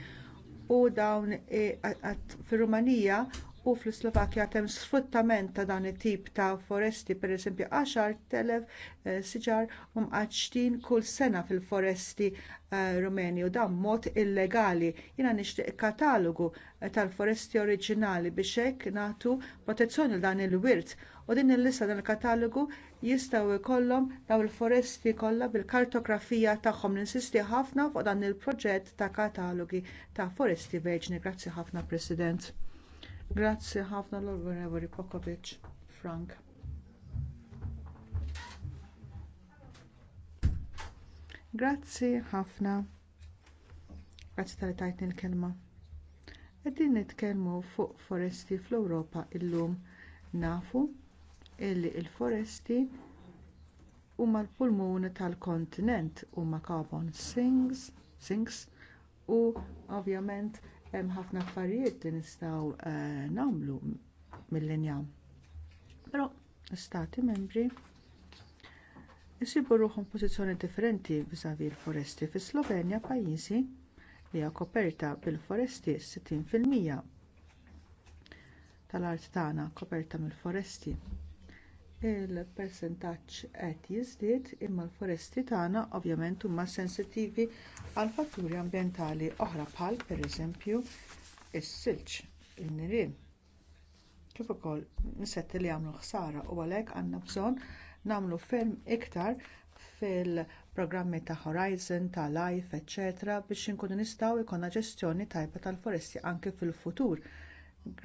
u dawn fir-Rumanija u fl-Slovakja kemm sfruttament ta' dan it-tip ta' foresti, pereżempju għaxar telef eh, siġar u mqaċtin kull sena fil-foresti eh, rumeni u dan mod illegali. Jiena nixtieq katalogu eh, tal-foresti oriġinali biex hekk nagħtu protezzjoni l dan il-wirt u din il-lista dan il-katalogu jistgħu jkollhom dawn il-foresti kollha bil-kartografija tagħhom ninsisti ħafna fuq dan il-proġett ta' katalogi ta' foresti veġni. Grazzi ħafna President. Grazzi ħafna l-Onorevoli Pokovic Frank. Grazzi ħafna. Grazzi tal tajtni l-kelma. Qegħdin nitkelmu fuq foresti fl-Ewropa illum nafu illi l il foresti huma l-pulmun tal-kontinent huma carbon sinks, sinks u ovvjament hemm ħafna affarijiet li nistgħu eh, nagħmlu mill linjam Però stati membri jsibu ruħhom pożizzjoni differenti viżavi l-foresti. fis Slovenja pajjiżi li hija koperta bil-foresti 60% tal-art tagħna koperta mill-foresti il-persentaġġ qed jiżdied imma l-foresti tagħna ovvjament huma sensittivi għal fatturi ambjentali oħra bħal pereżempju is-silġ, in-nirien. Kif ukoll insetti li jagħmlu ħsara u għalhekk għandna bżonn nagħmlu ferm iktar fil-programmi ta' Horizon, ta' Life, etc. biex inkunu nistgħu jkollna ġestjoni tajba tal-foresti anke fil-futur.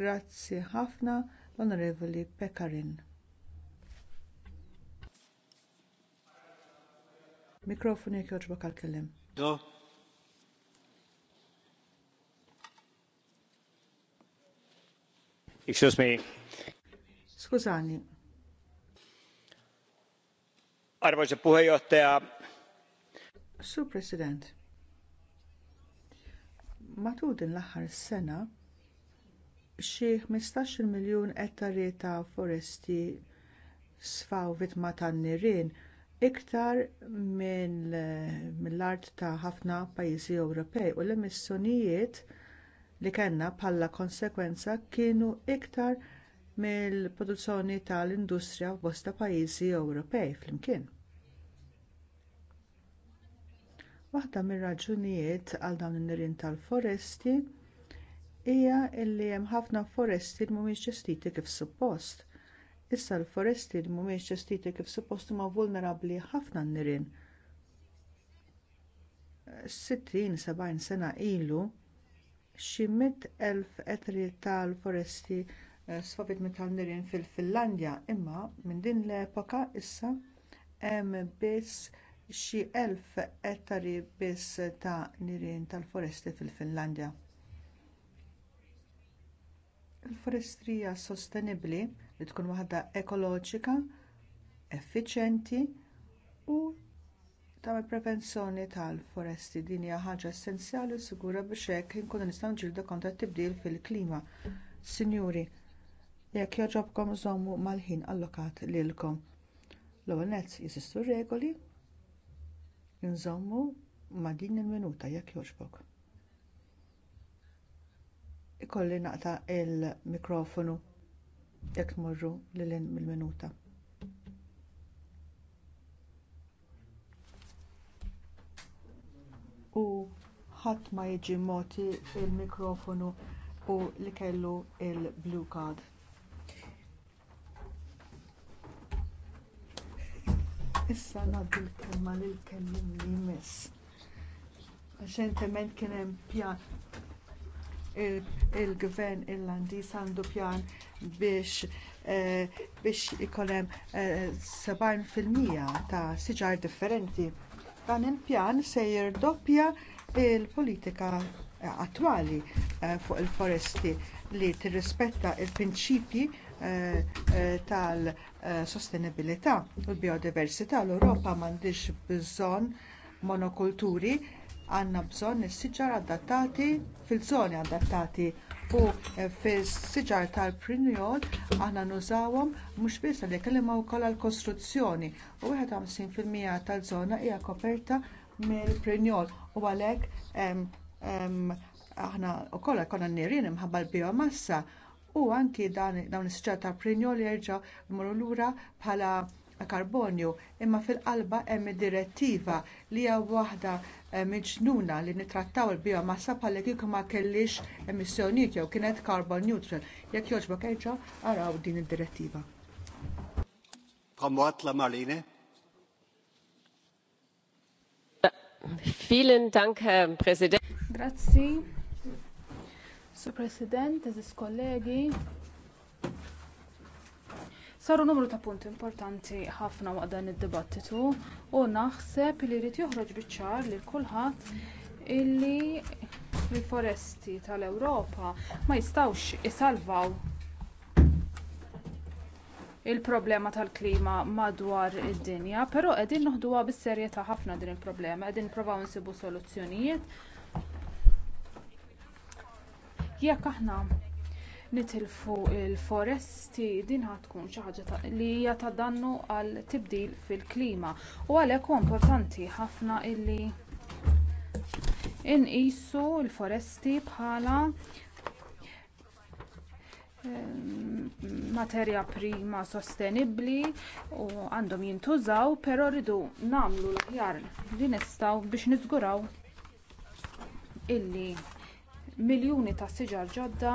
Grazzi ħafna l-Onorevoli Pekarin. Mikrofoni jekk joġbok għal-kellim.
Do. Excuse me. Skużani. puħe jottea.
Su President. Matul din l-aħħar sena xi 15 miljon ettari ta' foresti sfaw vitma tan nirin iktar mill-art ta' ħafna pajjiżi Ewropej u l-emissjonijiet li kellna bħala konsegwenza kienu iktar mill-produzzjoni tal-industrija f'bosta pajjiżi Ewropej flimkien. Waħda mir-raġunijiet għal dawn in-nirien tal-foresti hija li hemm ħafna foresti li mhumiex ġestiti kif suppost Issa l-foresti li mhumiex ġestiti kif suppost huma vulnerabbli ħafna n-nirien. 60-70 sena ilu xi elf etri tal-foresti eh, sfabit tal-nirien fil-Finlandja imma minn din l-epoka issa hemm biss xi elf ettari biss ta' nirien tal-foresti fil-Finlandja. Il-forestrija sostenibbli li tkun waħda ekoloġika, effiċjenti u tagħmel prevenzjoni tal-foresti din hija ħaġa essenzjali sigura biex hekk inkunu nistgħu nġildu kontra tibdil fil-klima. Sinjuri, jekk jogħġobkom żommu mal-ħin allokat lilkom. L-ewwel nett jeżistu regoli nżommu ma' din il-minuta jekk jogħġbok. Ikolli naqta' il-mikrofonu jekk tmorru lil mill-minuta. U ħadd ma jiġi moti l mikrofonu u li kellu l blue card. Issa ngħaddi l-kelma lil kellim li jmiss. Għaxen kien hemm pjan il-gvern irlandiż għandu pjan biex eh, biex ikollem 70% eh, ta' siġar differenti. Dan il-pjan se jirdoppja l politika attwali eh, fuq il-foresti li tirrispetta l prinċipji tal-sostenibilità u l-biodiversità l-Ewropa m'għandix bżonn monokulturi għandna bżonn is-siġar adattati fil-żoni adattati u eh, fis-siġar tal-prinjol aħna nużawhom mhux biss għal kelma wkoll għall-kostruzzjoni u 51% tal-żona hija koperta mill-prinjol u għalhekk aħna wkoll konna nirien imħabba l-biomassa u anki dawn is-siġar tal-prinjol jerġgħu jmorru lura bħala ta' karbonju imma fil-qalba hemm id-direttiva li hija waħda eh, miġnuna li nittrattaw il-biomassa bħalli kieku ma kellix emissjonijiet jew kienet carbon neutral. Jekk jogħġbok erġa' araw din id-direttiva.
Vielen Dank, Herr Präsident. Grazie. Su
President, kollegi, Saru numru ta' punti importanti ħafna waqt dan id-dibattitu u naħseb li jrid joħroġ biċ-ċar lil kulħadd illi l-foresti tal-Ewropa ma jistawx isalvaw il-problema tal-klima madwar id-dinja, però qegħdin noħduha bis-serjetà ħafna din il-problema, qegħdin nippruvaw insibu soluzzjonijiet. Jekk aħna nitilfu l-foresti din tkun xi ħaġa li hija ta' dannu għal tibdil fil-klima u għalhekk huwa importanti ħafna li inqisu l-foresti bħala ehm, materja prima sostenibbli u għandhom jintużaw però rridu nagħmlu l-aħjar li nistgħu biex niżguraw illi miljuni ta' siġar ġodda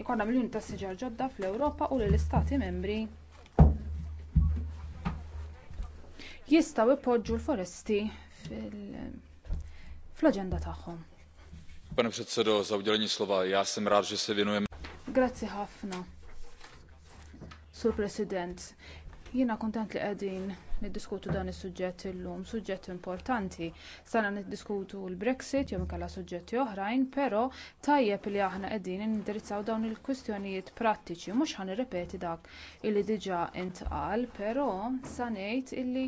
jkollna miljun ta' siġar ġodda fl-ewropa u lill-istati membri jistgħu jpoġġu l-foresti fl-aġenda tagħhom. Grazzi ħafna. Sur President, jiena kuntent li qegħdin niddiskutu dan is-suġġett illum, suġġett importanti. Sana niddiskutu l-Brexit jew inkella suġġetti oħrajn, però tajjeb li aħna qegħdin indirizzaw dawn il-kwistjonijiet prattiċi mhux ħan irrepeti dak illi diġà intqal, però sa ngħid illi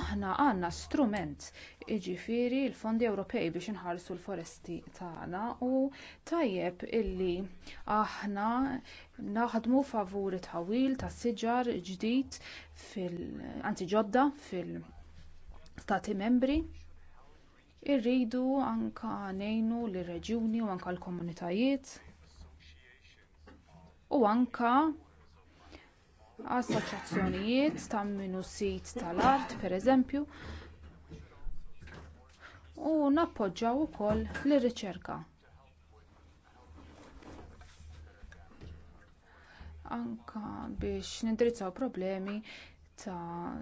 aħna għandna strument jiġifieri l-fondi Ewropej biex inħarsu l-foresti tagħna u tajjeb illi aħna naħdmu favur it-tħawil tas-siġar ġdid fil anzi ġodda fil-stati membri irridu anke ngħinu lir-reġjuni u anke l-komunitajiet u anke assoċjazzjonijiet ta' min hu sit tal-art pereżempju u nappoġġjaw ukoll lir-riċerka Anka biex nindirizzaw problemi ta'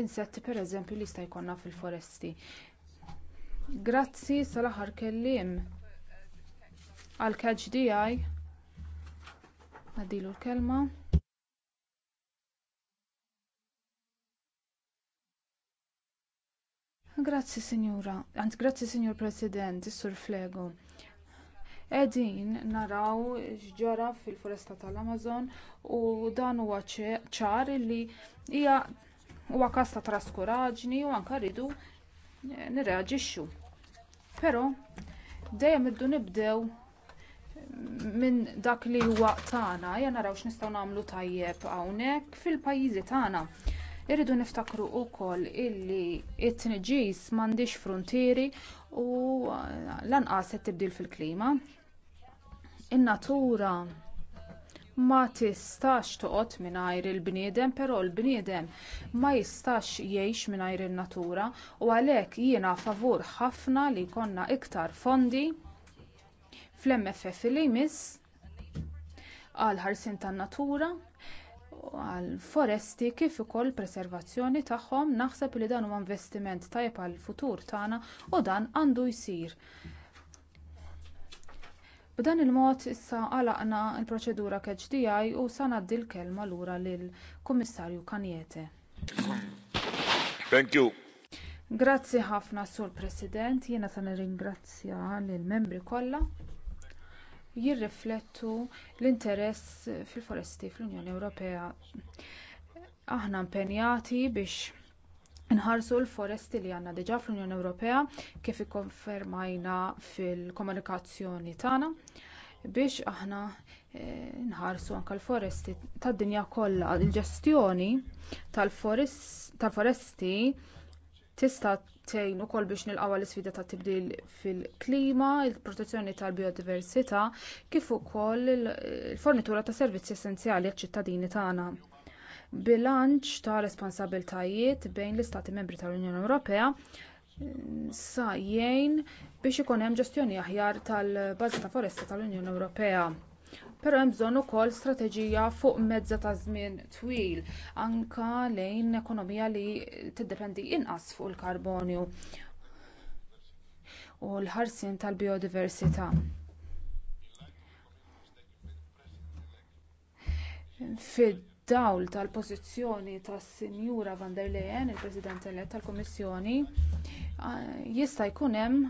insetti pereżempju li jista' jkollna fil-foresti. Grazzi sal-aħħar kelliem għal catch DI. Għadilu l-kelma. Grazzi, Signora. Anzi, grazzi, Signor President, Sur Flego qegħdin naraw x'ġara fil-foresta tal-amazon u dan huwa ċar li hija huwa każ ta' traskuraġni u anke rridu nirreaġixxu però dejjem irdu nibdew minn dak li huwa tagħna ja naraw x'nistgħu nagħmlu tajjeb hawnhekk fil-pajjiżi tagħna irridu niftakru wkoll illi t-tniġis m'għandix fruntieri u lanqas qed tibdil fil-klima in-natura ma tistax toqgħod mingħajr il-bniedem però l-bniedem ma jistax jgħix mingħajr in-natura u għalhekk jiena favur ħafna li jkollna iktar fondi fl-mff li jmiss għal ħarsien tan-natura għall foresti kif ukoll preservazzjoni tagħhom naħseb li dan huwa investiment tajjeb għall futur tagħna u dan għandu jsir b'dan il-mod issa għalaqna l-proċedura catch the eye u sa ngħaddi l-kelma lura lill-kummissarju caete grazzi ħafna sur president jiena se nirringrazzja lill-membri kollha jirriflettu l-interess fil-foresti fl-unjoni ewropea aħna impenjati biex nħarsu l-foresti li għandna diġà fl-Unjoni Ewropea kif ikkonfermajna fil-komunikazzjoni tagħna biex aħna eh, nħarsu anke l-foresti tad-dinja kollha il-ġestjoni tal-foresti tista' tgħin ukoll biex nilqgħu l-isfida tat-tibdil fil-klima il-protezzjoni tal-biodiversità kif ukoll il-fornitura ta' servizzi essenzjali għaċ-ċittadini tagħna bilanċ ta' responsabiltajiet bejn l-istati membri tal-Unjoni Ewropea mm, sa jgħin biex ikun hemm ġestjoni aħjar tal-bażi ta' foresta tal-Unjoni Ewropea. Però hemm bżonn ukoll strateġija fuq mezza ta' żmien twil anke lejn ekonomija li tiddependi inqas fuq il-karbonju u l ħarsien tal-biodiversità. fid fid-dawl tal-pożizzjoni tas-sinjura Van der Leyen, il-President elett tal-Kummissjoni, jista' jkun hemm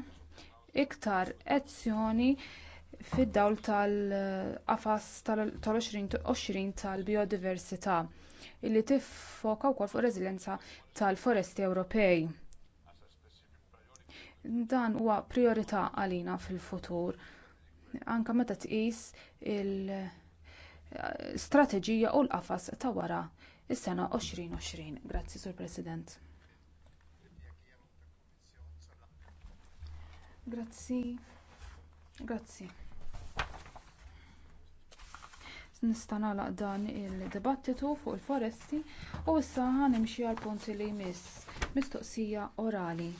iktar azzjoni fid-dawl tal-qafas tal-20 tal-biodiversità illi tiffoka wkoll fuq ir-reżiljenza tal-foresti Ewropej. Dan huwa prijorità għalina fil-futur anke meta tqis il- strateġija u l-qafas ta' wara is-sena 2020. Grazzi, Sur President. Grazzi. Grazzi. Nista' nagħlaq dan id-dibattitu fuq il-foresti u issa ħanimxi għall punti li jmiss mistoqsija orali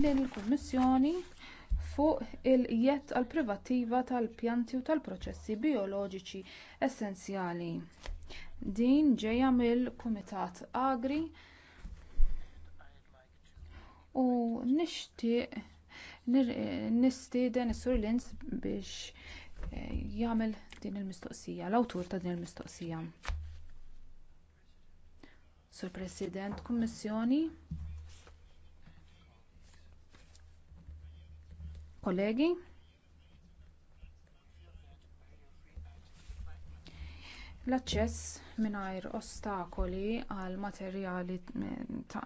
lill-Kummissjoni fuq il-jett għall privattiva tal-pjanti u tal-proċessi bijoloġiċi essenzjali din ġejja mill-kumitat agri u nixtieq nistieden is-sur lenz biex eh, jagħmel din il-mistoqsija l-awtur ta' din il-mistoqsija sur president kummissjoni Kollegi? l-aċċess mingħajr ostakoli għal materjali ta'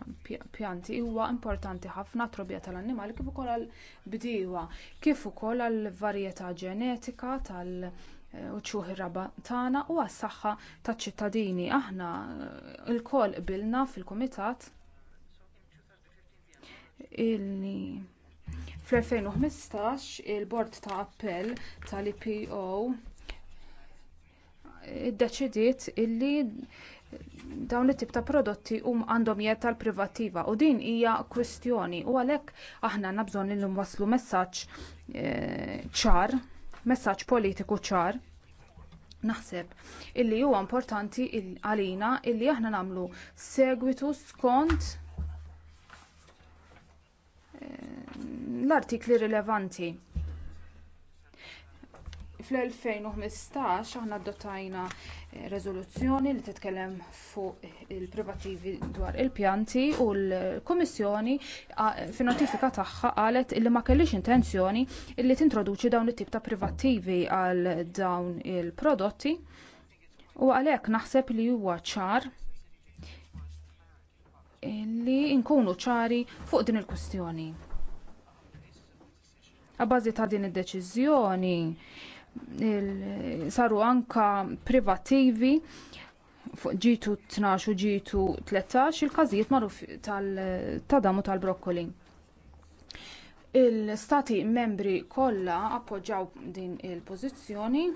pjanti huwa importanti ħafna għat tal-annimali kif ukoll għall-bdiewa kif ukoll għall-varjetà ġenetika tal- eh, u ċuħi raba tagħna u għas-saħħa taċ-ċittadini. Aħna eh, lkoll qbilna fil-kumitat illi fl-2015 il-bord ta' appell tal-ipo iddeċidiet illi dawn it-tip ta' prodotti għandhom um tal privattiva u din hija kwistjoni u għalhekk aħna għandna bżonn li nwasslu messaġġ eh, ċar, messaġġ politiku ċar. Naħseb illi huwa importanti għalina illi aħna nagħmlu segwitu skont l-artikli rilevanti. Fl-2015 aħna adottajna eh, rezoluzzjoni li titkellem fuq il-privativi dwar il-pjanti u l-Kummissjoni fin-notifika tagħha qalet li ma kellix intenzjoni li tintroduċi dawn it-tip ta' privattivi għal dawn il-prodotti u għalhekk naħseb li huwa ċar li nkunu ċari fuq din il-kwistjoni. Għabazi ta' din id-deċiżjoni saru anka privativi fuq ġitu 12 u ġitu 13 il-każijiet magħruf tal-tadamu tal-brokkoli. Il-stati membri kollha appoġġaw din il-pożizzjoni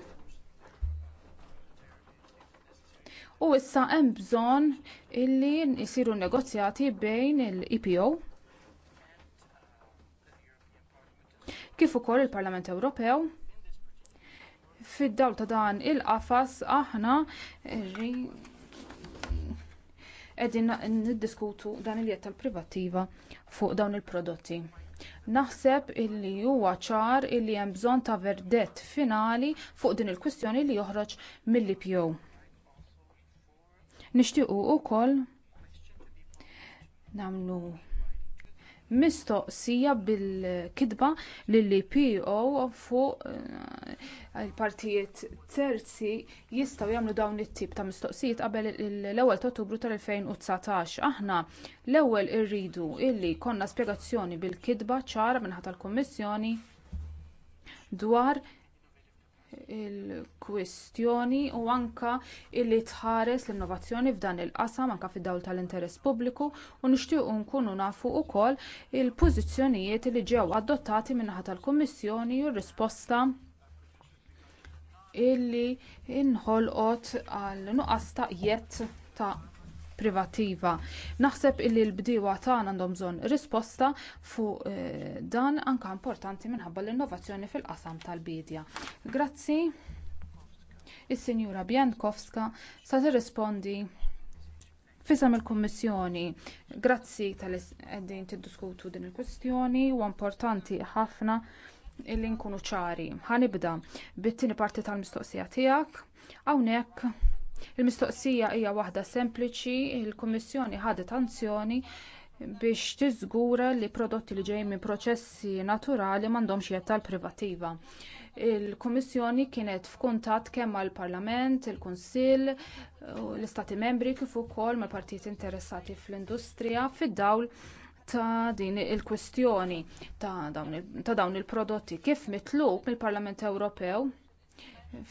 u issa hemm bżonn illi jsiru negozjati bejn il-EPO kif ukoll il-Parlament Ewropew fid-dawl ta' dan il-qafas aħna qegħdin niddiskutu dan il-jiet tal-privattiva fuq dawn il-prodotti. Naħseb illi huwa ċar illi hemm bżonn ta' verdett finali fuq din il-kwistjoni li joħroġ mill-IPO. Nixtiequ wkoll nagħmlu mistoqsija bil-kitba lill-PO fuq eh, il-partijiet terzi jistgħu jagħmlu dawn it-tip ta' mistoqsijiet qabel l-ewwel ta' Ottubru tal-2019. Aħna l-ewwel irridu illi konna spjegazzjoni bil-kitba ċara minħata tal-Kummissjoni dwar il-kwistjoni u anke li tħares l-innovazzjoni f'dan il-qasam anke fid-dawl tal-interess pubbliku u nixtiequ nkunu nafu wkoll il-pożizzjonijiet li ġew adottati min-naħa tal-kummissjoni u r-risposta illi nħolqot għal nuqqas ta' qiegħed ta' privattiva. Naħseb illi l bdiwa tagħna għandhom bżonn risposta fuq eh, dan anke importanti minħabba l-innovazzjoni fil-qasam tal-bidja. Grazzi. Is-Sinjura Bjankowska sa tirrispondi Fisam il-Kommissjoni, grazzi tal-għeddin tiddiskutu din il-kwestjoni u importanti ħafna illi nkunu ċari. Ħanibda bit-tieni parti tal-mistoqsija tiegħek hawnhekk il-mistoqsija hija waħda sempliċi il-kummissjoni ħadet azzjoni biex tiżgura li prodotti li ġejjin minn proċessi naturali m'għandhomx tal privattiva. Il-Kummissjoni kienet f'kuntatt kemm mal-Parlament, il-Kunsill, l-Istati Membri kif ukoll mal-partijiet interessati fl-industrija fid-dawl ta' din il-kwestjoni ta' dawn il-prodotti kif mitlub mill-Parlament Ewropew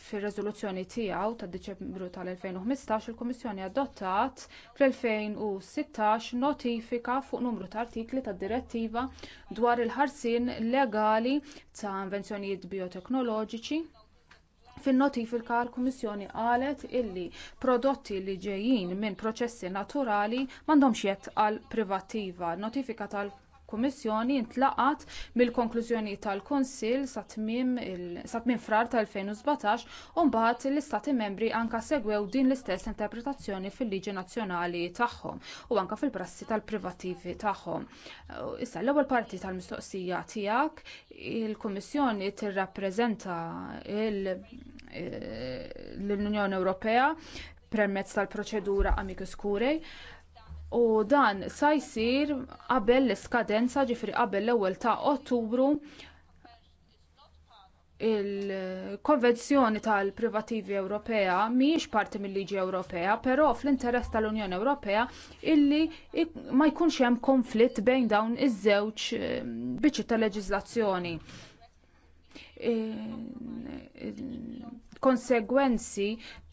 fir-riżoluzzjoni tiegħu ta' Diċembru tal-2015 il-Kummissjoni adottat fl-2016 notifika fuq numru ta' artikli tad-direttiva dwar il-ħarsien legali ta' invenzjonijiet bioteknoloġiċi fin-notifika l-kummissjoni qalet illi prodotti li ġejjin minn proċessi naturali m'għandhomx għal privattiva notifika tal kummissjoni ntlaqat mill-konklużjoni tal-kunsill sa tmiem frar tal-2017 u mbagħad l-istati membri anke segwew din l-istess interpretazzjoni fil-liġi nazzjonali tagħhom u anke fil-prassi tal-privattivi tagħhom. Uh, issa l-ewwel parti tal-mistoqsija tiegħek il-Kummissjoni tirrappreżenta eh, l-Unjoni Ewropea permezz tal-proċedura amicus curiae u dan sa jsir qabel l-iskadenza ġifri qabel l-ewwel ta' Ottubru il-Konvenzjoni tal-Privativi Ewropea mhijiex parti mill-Liġi Ewropea, però fl-interess tal-Unjoni Ewropea illi ma jkunx hemm konflitt bejn dawn iż-żewġ ehm, biċċi tal-leġiżlazzjoni. E, Konsegwenzi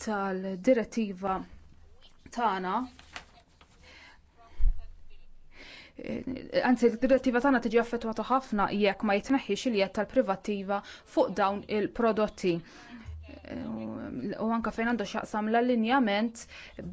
tal-direttiva tagħna Anzi, l direttiva tagħna tiġi affettwata ħafna jekk ma jitneħħix il-jed tal-privattiva fuq dawn il-prodotti. U anke fejn għandu x'jaqsam l-allinjament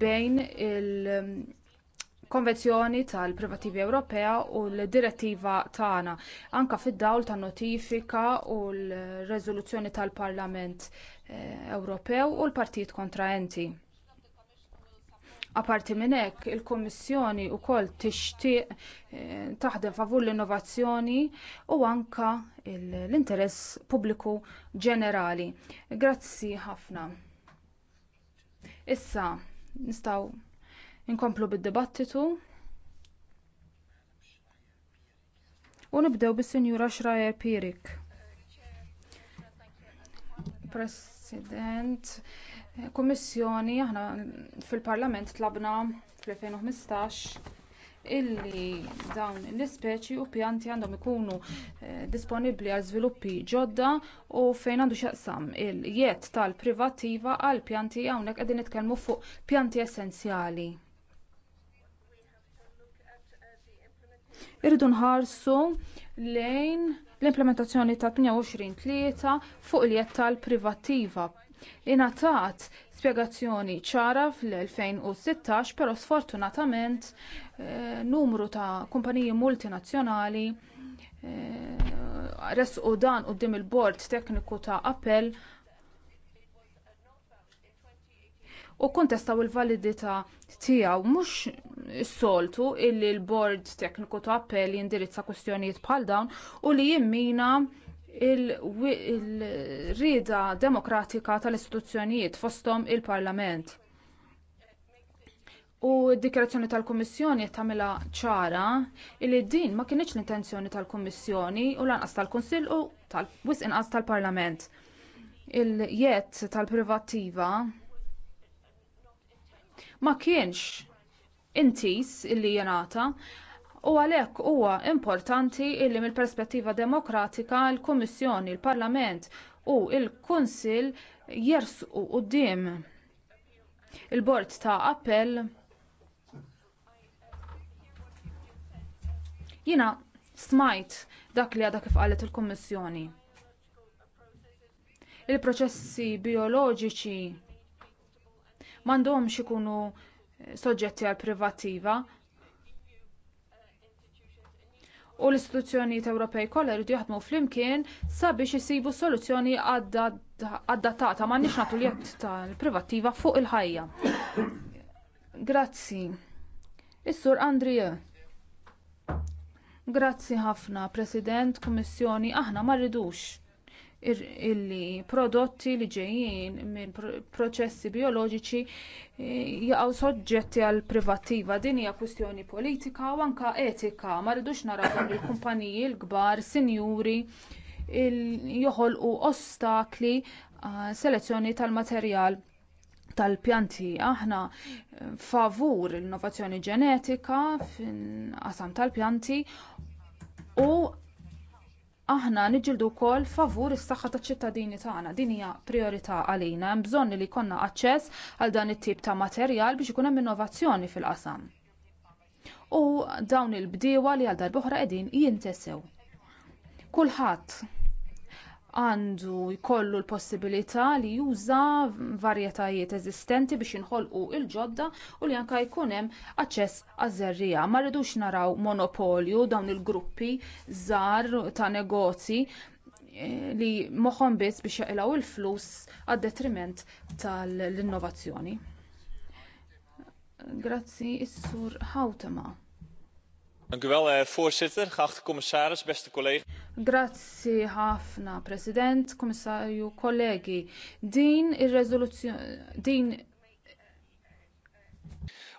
bejn il- konvenzjoni tal-privativi Ewropea u l-direttiva tagħna anke fid-dawl ta' notifika u l-reżoluzzjoni tal-Parlament eh, Ewropew u l-partit kontraenti. Aparti minn hekk, il-Kummissjoni wkoll tixtieq eh, taħdem favur l-innovazzjoni u anka l-interess pubbliku ġenerali. Grazzi ħafna. Issa nistgħu nkomplu bid-dibattitu. U nibdew bis-Sinjura Xrajer Pirik. President, Kummissjoni aħna fil-Parlament tlabna fl-2015 illi dawn l-ispeċi u pjanti għandhom ikunu eh, disponibbli għal żviluppi ġodda u fejn għandu x'jaqsam il jed tal-privattiva għall pjanti hawnhekk qegħdin nitkellmu fuq pjanti essenzjali. Irridu nħarsu lejn l-implementazzjoni ta' 28 tlieta fuq il-jiet tal-privattiva Ingħatat spjegazzjoni ċara fl-2016, però sfortunatament eh, numru ta' kumpaniji multinazzjonali eh, resqu dan quddiem il-bord tekniku ta' Appell u kontestaw il-validità tiegħu mhux s-soltu illi l-bord tekniku ta' appell jindirizza kwistjonijiet bħal dawn u li jimmina il-rida demokratika tal-istituzzjonijiet fosthom il-Parlament. U d-dikjarazzjoni tal-Kummissjoni tagħmilha ċara li din ma kienx l-intenzjoni tal-Kummissjoni u lanqas tal-Kunsill u tal-wisq inqas tal-Parlament. Il-jett tal-privattiva ma kienx intis illi jenata U għalhekk huwa importanti illi mill-perspettiva demokratika l-Kummissjoni, il-Parlament u l-Kunsill il quddiem il-Bord ta' Appell Jiena smajt dak li għadha kif qalet il-Kummissjoni. Il-proċessi bioloġiċi m'għandhomx ikunu soġġetti għal privattiva, u l-istituzzjonijiet Ewropej kollha jridu jaħdmu flimkien sabiex isibu soluzzjoni adattata m'għandniex nagħtu l-jett tal-privattiva fuq il-ħajja. Grazzi. Is-Sur Andrija. Grazzi ħafna, President, Kummissjoni, aħna ma rridux illi prodotti li ġejjin minn proċessi bioloġiċi eh, jaqgħu soġġetti għal privattiva din hija kwistjoni politika u anke etika ma rridux naraw il kumpaniji l-kbar sinjuri joħolqu ostakli selezzjoni tal-materjal tal-pjanti aħna favur l-innovazzjoni ġenetika fin qasam tal-pjanti u aħna niġġieldu wkoll favur is-saħħa taċ-ċittadini tagħna. Din hija priorità għalina, hemm bżonn li jkollna aċċess għal dan it-tip ta' materjal biex ikun hemm innovazzjoni fil-qasam. U dawn il-bdiewa li għal darba oħra qegħdin jintesew. Kulħadd għandu jkollu l-possibilità li juża varjetajiet eżistenti biex jinħolqu l ġodda u li anke jkun hemm aċċess għaż-żerrija. Ma rridux naraw monopolju dawn il-gruppi żgħar ta' negozji eh, li moħħhom biss biex jaqilgħu il-flus għad-detriment tal-innovazzjoni. Grazzi, is-sur Hautema.
Dank u wel, eh, voorzitter, geachte commissaris, beste collega's.
Grazie ħafna, President, Komissarju, kollegi. Din ir-rezoluzzjoni din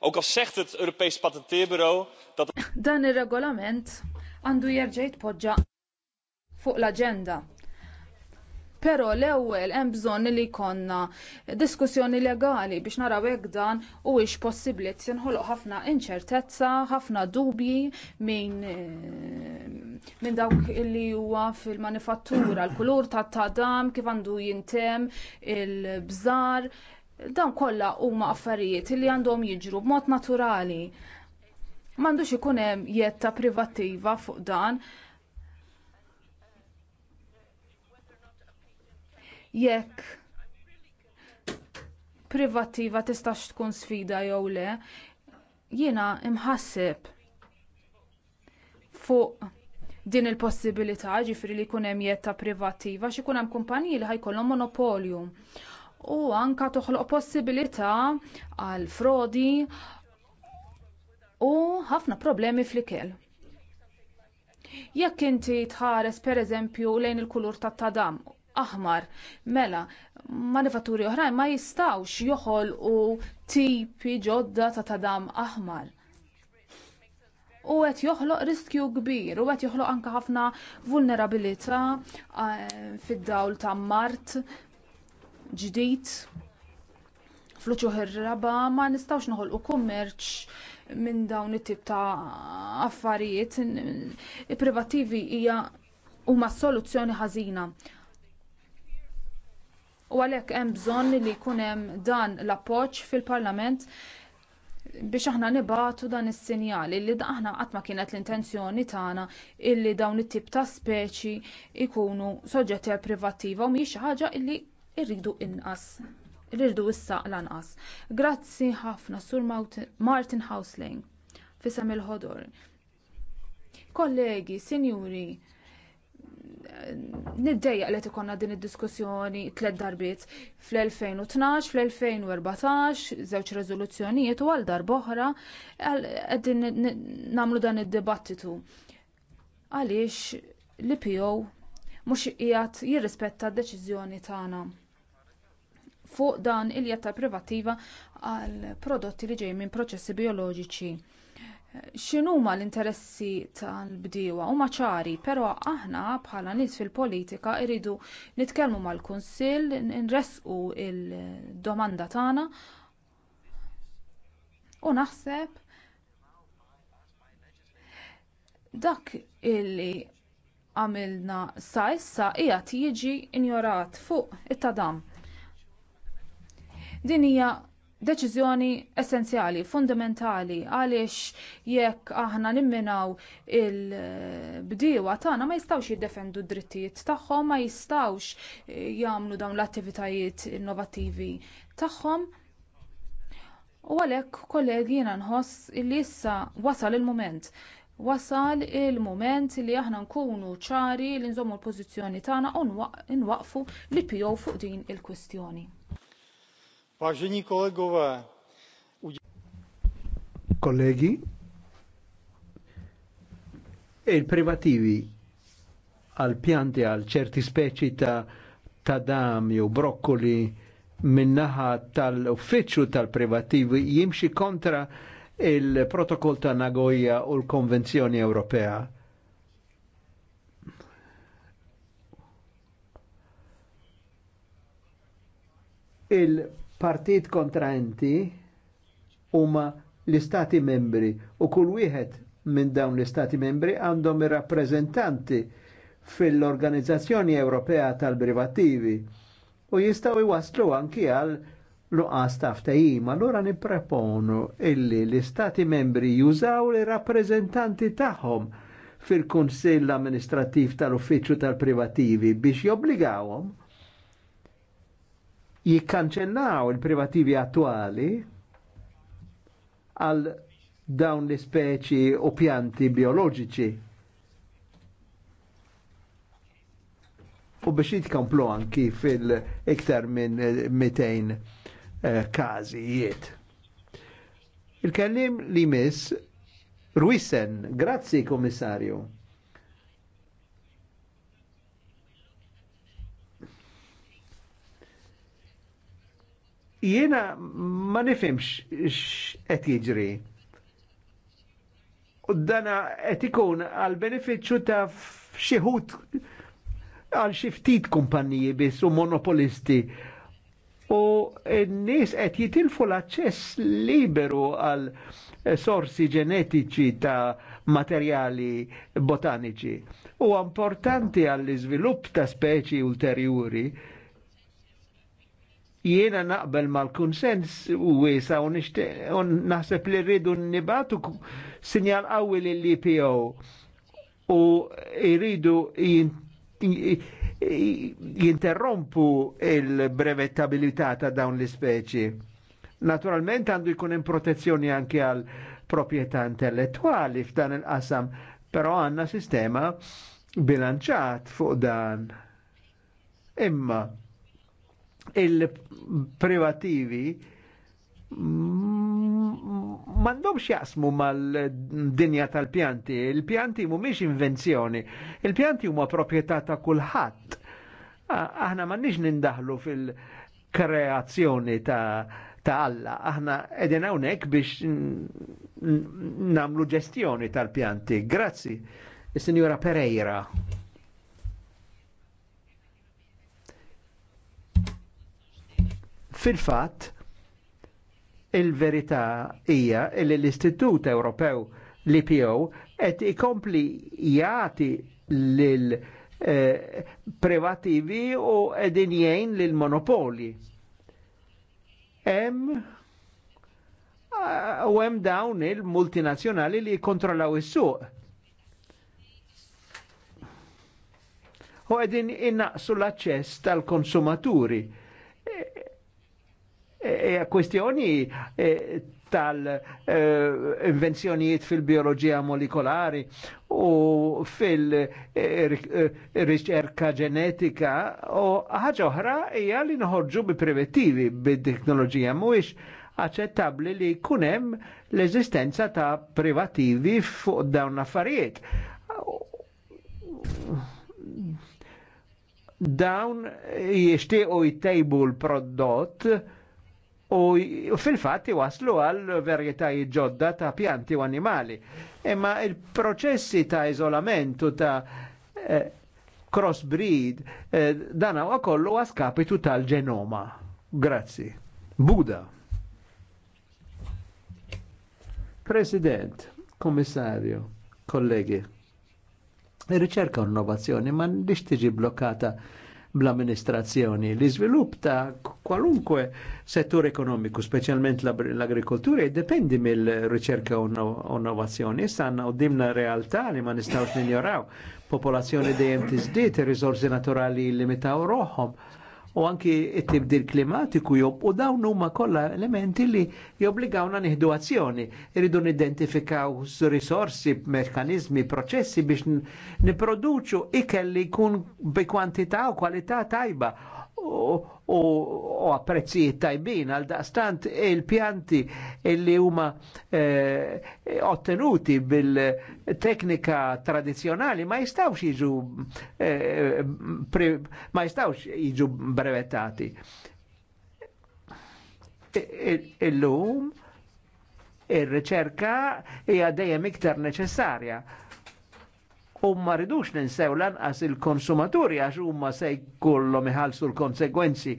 Ook al zegt het Europees
Patenteerbureau dat
dan ir-regolament għandu jerġa' jitpoġġa fuq l-aġenda però l-ewwel hemm bżonn li jkollna diskussjoni legali biex naraw hekk dan huwiex possibbli tinħoloq ħafna inċertezza, ħafna dubji minn eh, min dawk li huwa fil-manifattura, l-kulur ta' tadam kif għandu jintem il-bżar, dan kollha huma affarijiet li għandhom jiġru b'mod naturali. M'għandux ikun hemm jetta privattiva fuq dan, jekk privattiva tistax tkun sfida jew le, jiena imħasseb fuq din il-possibilità jiġifieri li jkun hemm jetta privattiva xi jkun hemm kumpaniji li ħajkollhom monopolju. U anke toħloq possibilità għal frodi u ħafna problemi fl-ikel. Jekk inti tħares pereżempju lejn il-kulur tat-tadam aħmar. Mela, manifatturi oħrajn ma jistawx joħolqu tipi ġodda ta' tadam aħmar. U qed joħloq riskju kbir, u qed joħloq anke ħafna vulnerabilità fid-dawl ta' mart ġdid fluċu ir-raba ma nistgħux noħolqu kummerċ minn dawn it-tip ta' affarijiet privattivi hija huma soluzzjoni ħażina u għalhekk hemm bżonn li jkun hemm dan l-appoġġ fil-Parlament biex aħna nibatu dan is-sinjali li aħna qatt ma kienet l-intenzjoni tagħna illi dawn it-tip ta' speċi jkunu soġġetti privattiva u mhijiex xi ħaġa illi rridu inqas irridu issa lanqas. Grazzi ħafna sur Martin Hausling fisem il-ħodor. Kollegi, sinjuri, niddejjaq li tikonna din id-diskussjoni tliet darbiet fl-2012, fl-2014, żewġ riżoluzzjonijiet u għal darba oħra qegħdin nagħmlu dan id-dibattitu. Għaliex l PO mhux qiegħed jirrispetta d-deċiżjoni tagħna fuq dan il-jatta privattiva għal prodotti li ġej minn proċessi bioloġiċi x'inhuma l-interessi tal-bdiewa huma ċari, però aħna bħala nies fil-politika jridu nitkellmu mal-Kunsill, nresqu il-domanda tagħna u naħseb dak illi għamilna sa issa hija tiġi injorat fuq it-tadam. Din hija deċiżjoni essenzjali, fundamentali, għaliex jekk aħna nimminaw il-bdiewa tagħna ma jistgħux jiddefendu d-drittijiet tagħhom, ma jistgħux eh, jagħmlu dawn l-attivitajiet innovattivi tagħhom. U għalhekk kollegi jiena nħoss li issa wasal il-mument wasal il-mument li aħna nkunu ċari li nżommu l-pożizzjoni tagħna u nwaqfu li pijow fuq din il-kwistjoni.
Vážení kolegové,
e il-privativi al piante al certi specie ta' ta' dami broccoli brokkoli tal ufficio tal-privativi jimxi kontra il protocollo ta' Nagoya o il Convenzione Europea. Il- partit kontraenti huma l-istati membri u kull wieħed minn dawn l-istati membri għandhom ir-rappreżentanti fil-Organizzazzjoni Ewropea tal-Privattivi u jistgħu jwaslu anki għal nuqqas ta' ftehim, allura nipproponu illi l-istati membri jużaw li rappreżentanti tagħhom fil-Kunsill Amministrattiv tal-Uffiċċju tal privattivi biex jobbligawhom jikkanċennaw il-privativi attuali għal dawn li speċi u pjanti biologiċi. U biex jitkomplu anki fil-iktar minn 200 eh, kazijiet. Il-kellim li miss Ruisen, grazzi komissarju. Jiena ma nifimx x-et jiġri. U dana et ikun għal benefiċċju ta' xi għal xiftit ftit kumpaniji biss u monopolisti u n nis qed jitilfu l-aċċess liberu għal sorsi ġenetiċi ta' materjali botaniċi. U importanti għall iżvilupp ta' speċi ulterjuri Jiena naqbel mal-konsens u wisa u naħseb li rridu nibatu sinjal qawwi lill-EPO u jridu jinterrompu il-brevettabilità ta' dawn l-ispeċi. Naturalment għandu jkun hemm protezzjoni anke għal proprjetà intellettuali f'dan il-qasam, però għandna sistema bilanċat fuq dan. Imma il-privativi mandomx jasmu mal-dinja tal-pjanti. Il-pjanti mumiex invenzjoni. Il-pjanti huma proprjetà ta' kulħadd. Aħna m'għandniex nindaħlu fil-kreazzjoni ta' ta' Alla. Aħna qegħdin hawnhekk biex namlu ġestjoni tal-pjanti. Grazzi. Is-Sinjora Pereira. Fil-fatt, il-verità hija li l-Istitut Ewropew l-IPO qed ikompli jagħti lil eh, privativi u qegħdin jgħin lil monopoli. Hemm eh, u hemm dawn il-multinazzjonali li jikkontrollaw is-suq. U qegħdin innaqsu l-aċċess tal-konsumaturi. Eh, eh, kwestjoni eh, tal-invenzjonijiet fil-bioloġija molekolari u fil-riċerka ġenetika u ħaġa oħra hija li noħorġu bi preventivi bid-teknoloġija mhuwiex aċċettabbli li kunem l-eżistenza ta' privativi fuq dawn affarijiet Dawn jixtiequ jtejbu l-prodott u fil-fatt waslu għal verjetajiet ġodda ta' pjanti u animali. Imma il-proċessi ta' izolamentu ta' eh, crossbreed eh, dan huwa kollu għaskapitu tal-ġenoma. Grazzi. Buda. President, Kommissarju, kollegi, ir-riċerka u innovazzjoni ma nix tiġi blokkata bl-amministrazzjoni. L-iżvilupp ta' kwalunkwe settur ekonomiku, specialment l-agrikoltura, jiddependi mill-riċerka u innovazzjoni. Issa u dimna realtà li ma nistawx ninjoraw. Popolazzjoni dejjem tiżdied, ir-riżorsi naturali limitaw roħhom u anki it-tibdil klimatiku jobb u dawn huma kollha elementi li jobbligawna nieħdu azzjoni. Irridu nidentifikaw risorsi, mekanizmi, proċessi biex niproduċu ikel li jkun bi kwantità u kwalità tajba u apprezzijiet tajbin għal daqstant il-pjanti illi huma eh, ottenuti bil-teknika tradizjonali ma jistawx jiġu eh, ma jistawx jiġu brevettati. Illum il riċerka hija dejjem iktar neċessarja u ma ridux ninsew lanqas il-konsumaturi għax huma se jkollhom iħallsu l-konsegwenzi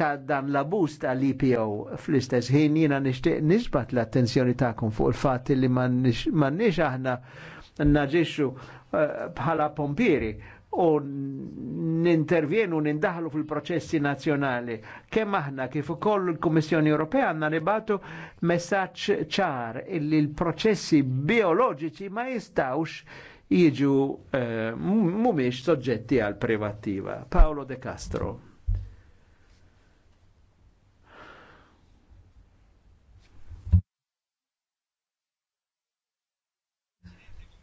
ta' dan l ta' tal-IPO fl-istess ħin jina nixtieq nisbat l-attenzjoni kum fuq il fat li nix aħna naġixxu eh, bħala pompiri u nintervjenu nindaħlu fil-proċessi nazjonali. Kemm aħna kif ukoll il-Kummissjoni Ewropea għandna nibatu messaġġ ċar illi l-proċessi bioloġiċi ma jistawx jiġu eh, mumiex soġġetti għal privattiva. Paolo De Castro.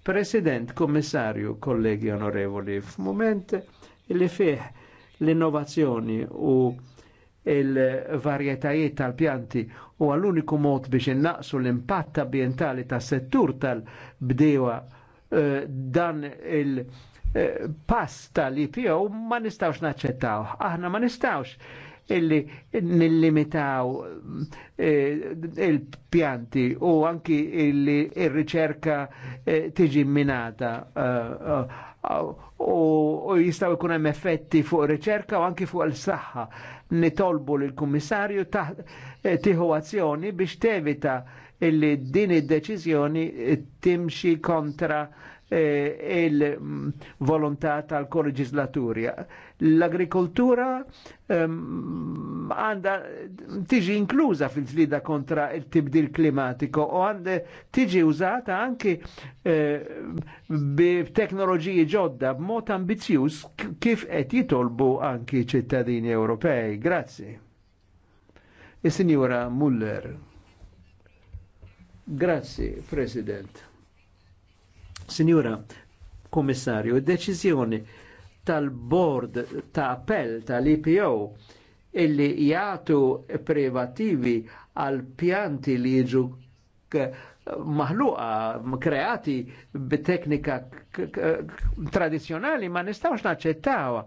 President, Kommissarju, kollegi onorevoli, f'moment li fih l-innovazzjoni u il varietajiet tal-pjanti u għall-uniku mod biex innaqsu l-impatt ambientali tas-settur tal-bdewa Eh, dan il- eh, pass li ipo ma nistawx naċċettaw. Aħna ma nistawx illi nillimitaw eh, il-pjanti u anki illi il-riċerka tiġi minata u jistaw ikun hemm effetti fuq riċerka u anki fuq il-saħħa. Nitolbu l-Kummissarju tiħu azzjoni biex tevita illi din id-deċiżjoni timxi kontra eh, il-volontà tal-koleġislatura. L-agrikoltura ehm, għanda tiġi inkluża fil tlida kontra il-tibdil klimatiko u għanda tiġi użata anki eh, b teknoloġiji ġodda b'mod ambizzjuż kif qed jitolbu anki ċittadini Ewropej. Grazzi. Is-Sinjura e Muller. Grazie President. Signora Commissario, deċiżjoni tal-Bord ta' Appell tal-IPO illi jgħatu privativi għal pjanti li jiġu maħluqa, kreati b'teknika tradizjonali ma nistawx naċċettawa.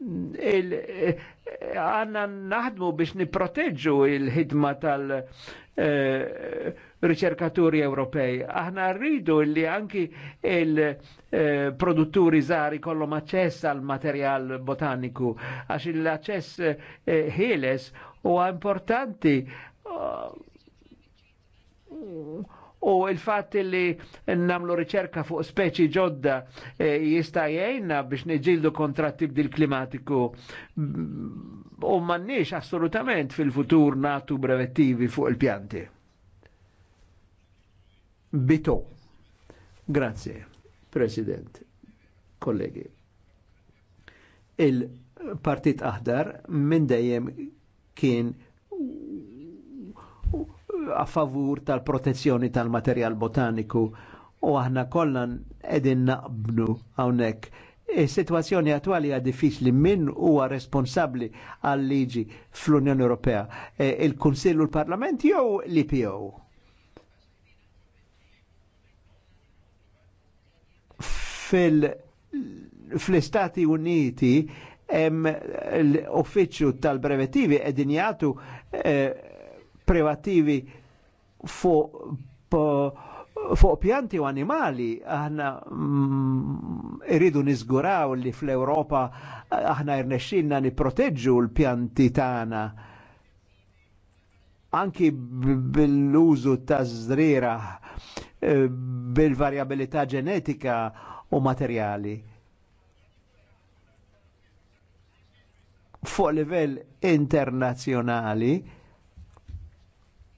għanna naħdmu biex niproteġu il-ħidma tal-riċerkaturi eh, Ewropej. Aħna rridu li anki il-produtturi eh, zari kollom aċċess għal materjal botaniku, għax l-aċċess eh, ħieles u importanti uh, u il-fatt li namlu riċerka fuq speċi ġodda e, jista' jgħinna biex neġildu kontra tibdil klimatiku u mannix assolutament fil-futur natu brevettivi fuq il-pjanti. Bito. Grazie, President, kollegi. Il-Partit Aħdar minn dejjem kien a favur tal-protezzjoni tal-materjal botaniku u aħna kollan edin naqbnu hawnhekk. Is-sitwazzjoni e attwali hija diffiċli min huwa responsabbli għal liġi fl-Unjoni Ewropea, e, il-Kunsill u l-Parlament jew l-IPO. Fil fl-Istati Uniti hemm l-uffiċċju tal-brevettivi qegħdin jagħtu eh, privativi fuq fuq pjanti u animali aħna mm, irridu nizguraw li fl-Europa aħna irnexxilna niproteġġu l-pjanti tagħna anki bil-użu ta' żrira eh, bil-varjabilità ġenetika u materjali. Fuq livell internazzjonali,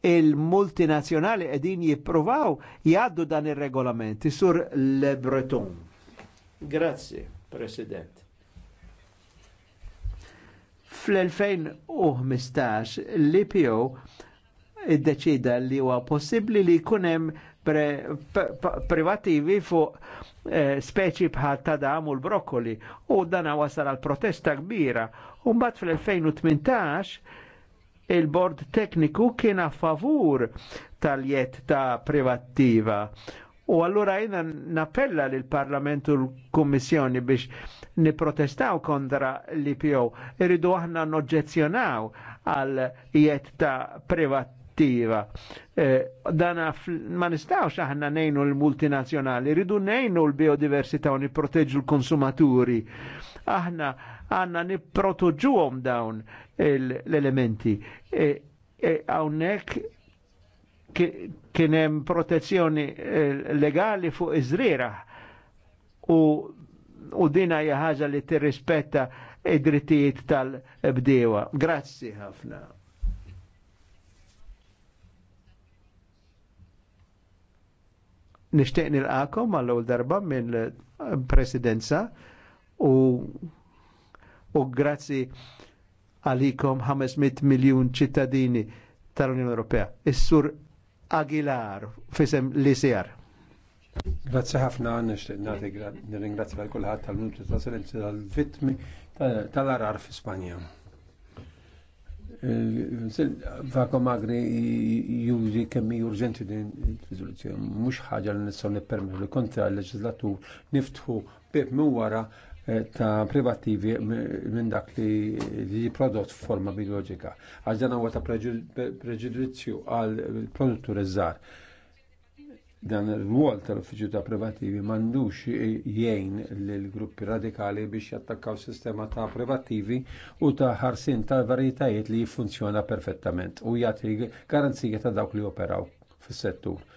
il-multinazjonali edin jipprovaw jaddu dan il-regolament. Sur Le Breton. Grazie, President. Fl-2015 l-IPO id-deċida li huwa possibbli li kunem pre, privativi fuq eh, speċi bħal tadam u l-brokkoli u dan wasal għal protesta kbira. Umbat fl-2018 il-bord tekniku kien a favur tal-jet ta' privattiva U allura jina nappella l parlament u l-Kommissjoni biex niprotestaw kontra l-IPO. Irridu aħna noġġezzjonaw għal jiet ta' privattiva. Eh, Dana ma nistawx aħna nejnu l-multinazjonali, irridu nejnu l-biodiversità u niproteġu l-konsumaturi. Aħna għanna niprotoġuhom dawn l-elementi. E, e għawnek kienem kien hemm protezzjoni e, legali fuq iż u u dina jaħħaġa li t-rispetta id-drittijiet tal-bdewa. Grazzi ħafna. l-għakom għall-ewwel darba mill-presidenza u u grazzi għalikom 500 miljun ċittadini tal-Unjoni Ewropea. Is-sur Aguilar fisem l-ISR.
Grazzi ħafna nixtieq nagħti nirringrazzja għal kulħadd tal-minuti ta' silenzju tal-vittmi tal-arar fi Spanja. Vakom agri jużi kemmi urġenti din il-rizoluzzjoni. Mhux ħaġa li nistgħu nippermettu li kontra l-leġislatur niftħu bib minn wara ta' privattivi minn dak li li prodott forma biologika. Għax dan huwa ta' preġudizzju għal produttur żgħar Dan il-wol tal-uffiċju ta' privattivi mandux jgħin l-gruppi radikali biex jattakkaw sistema ta' privattivi u ta' ħarsin ta' varjetajiet li jiffunzjona perfettament u jagħti garanzija ta' dawk li operaw fis-settur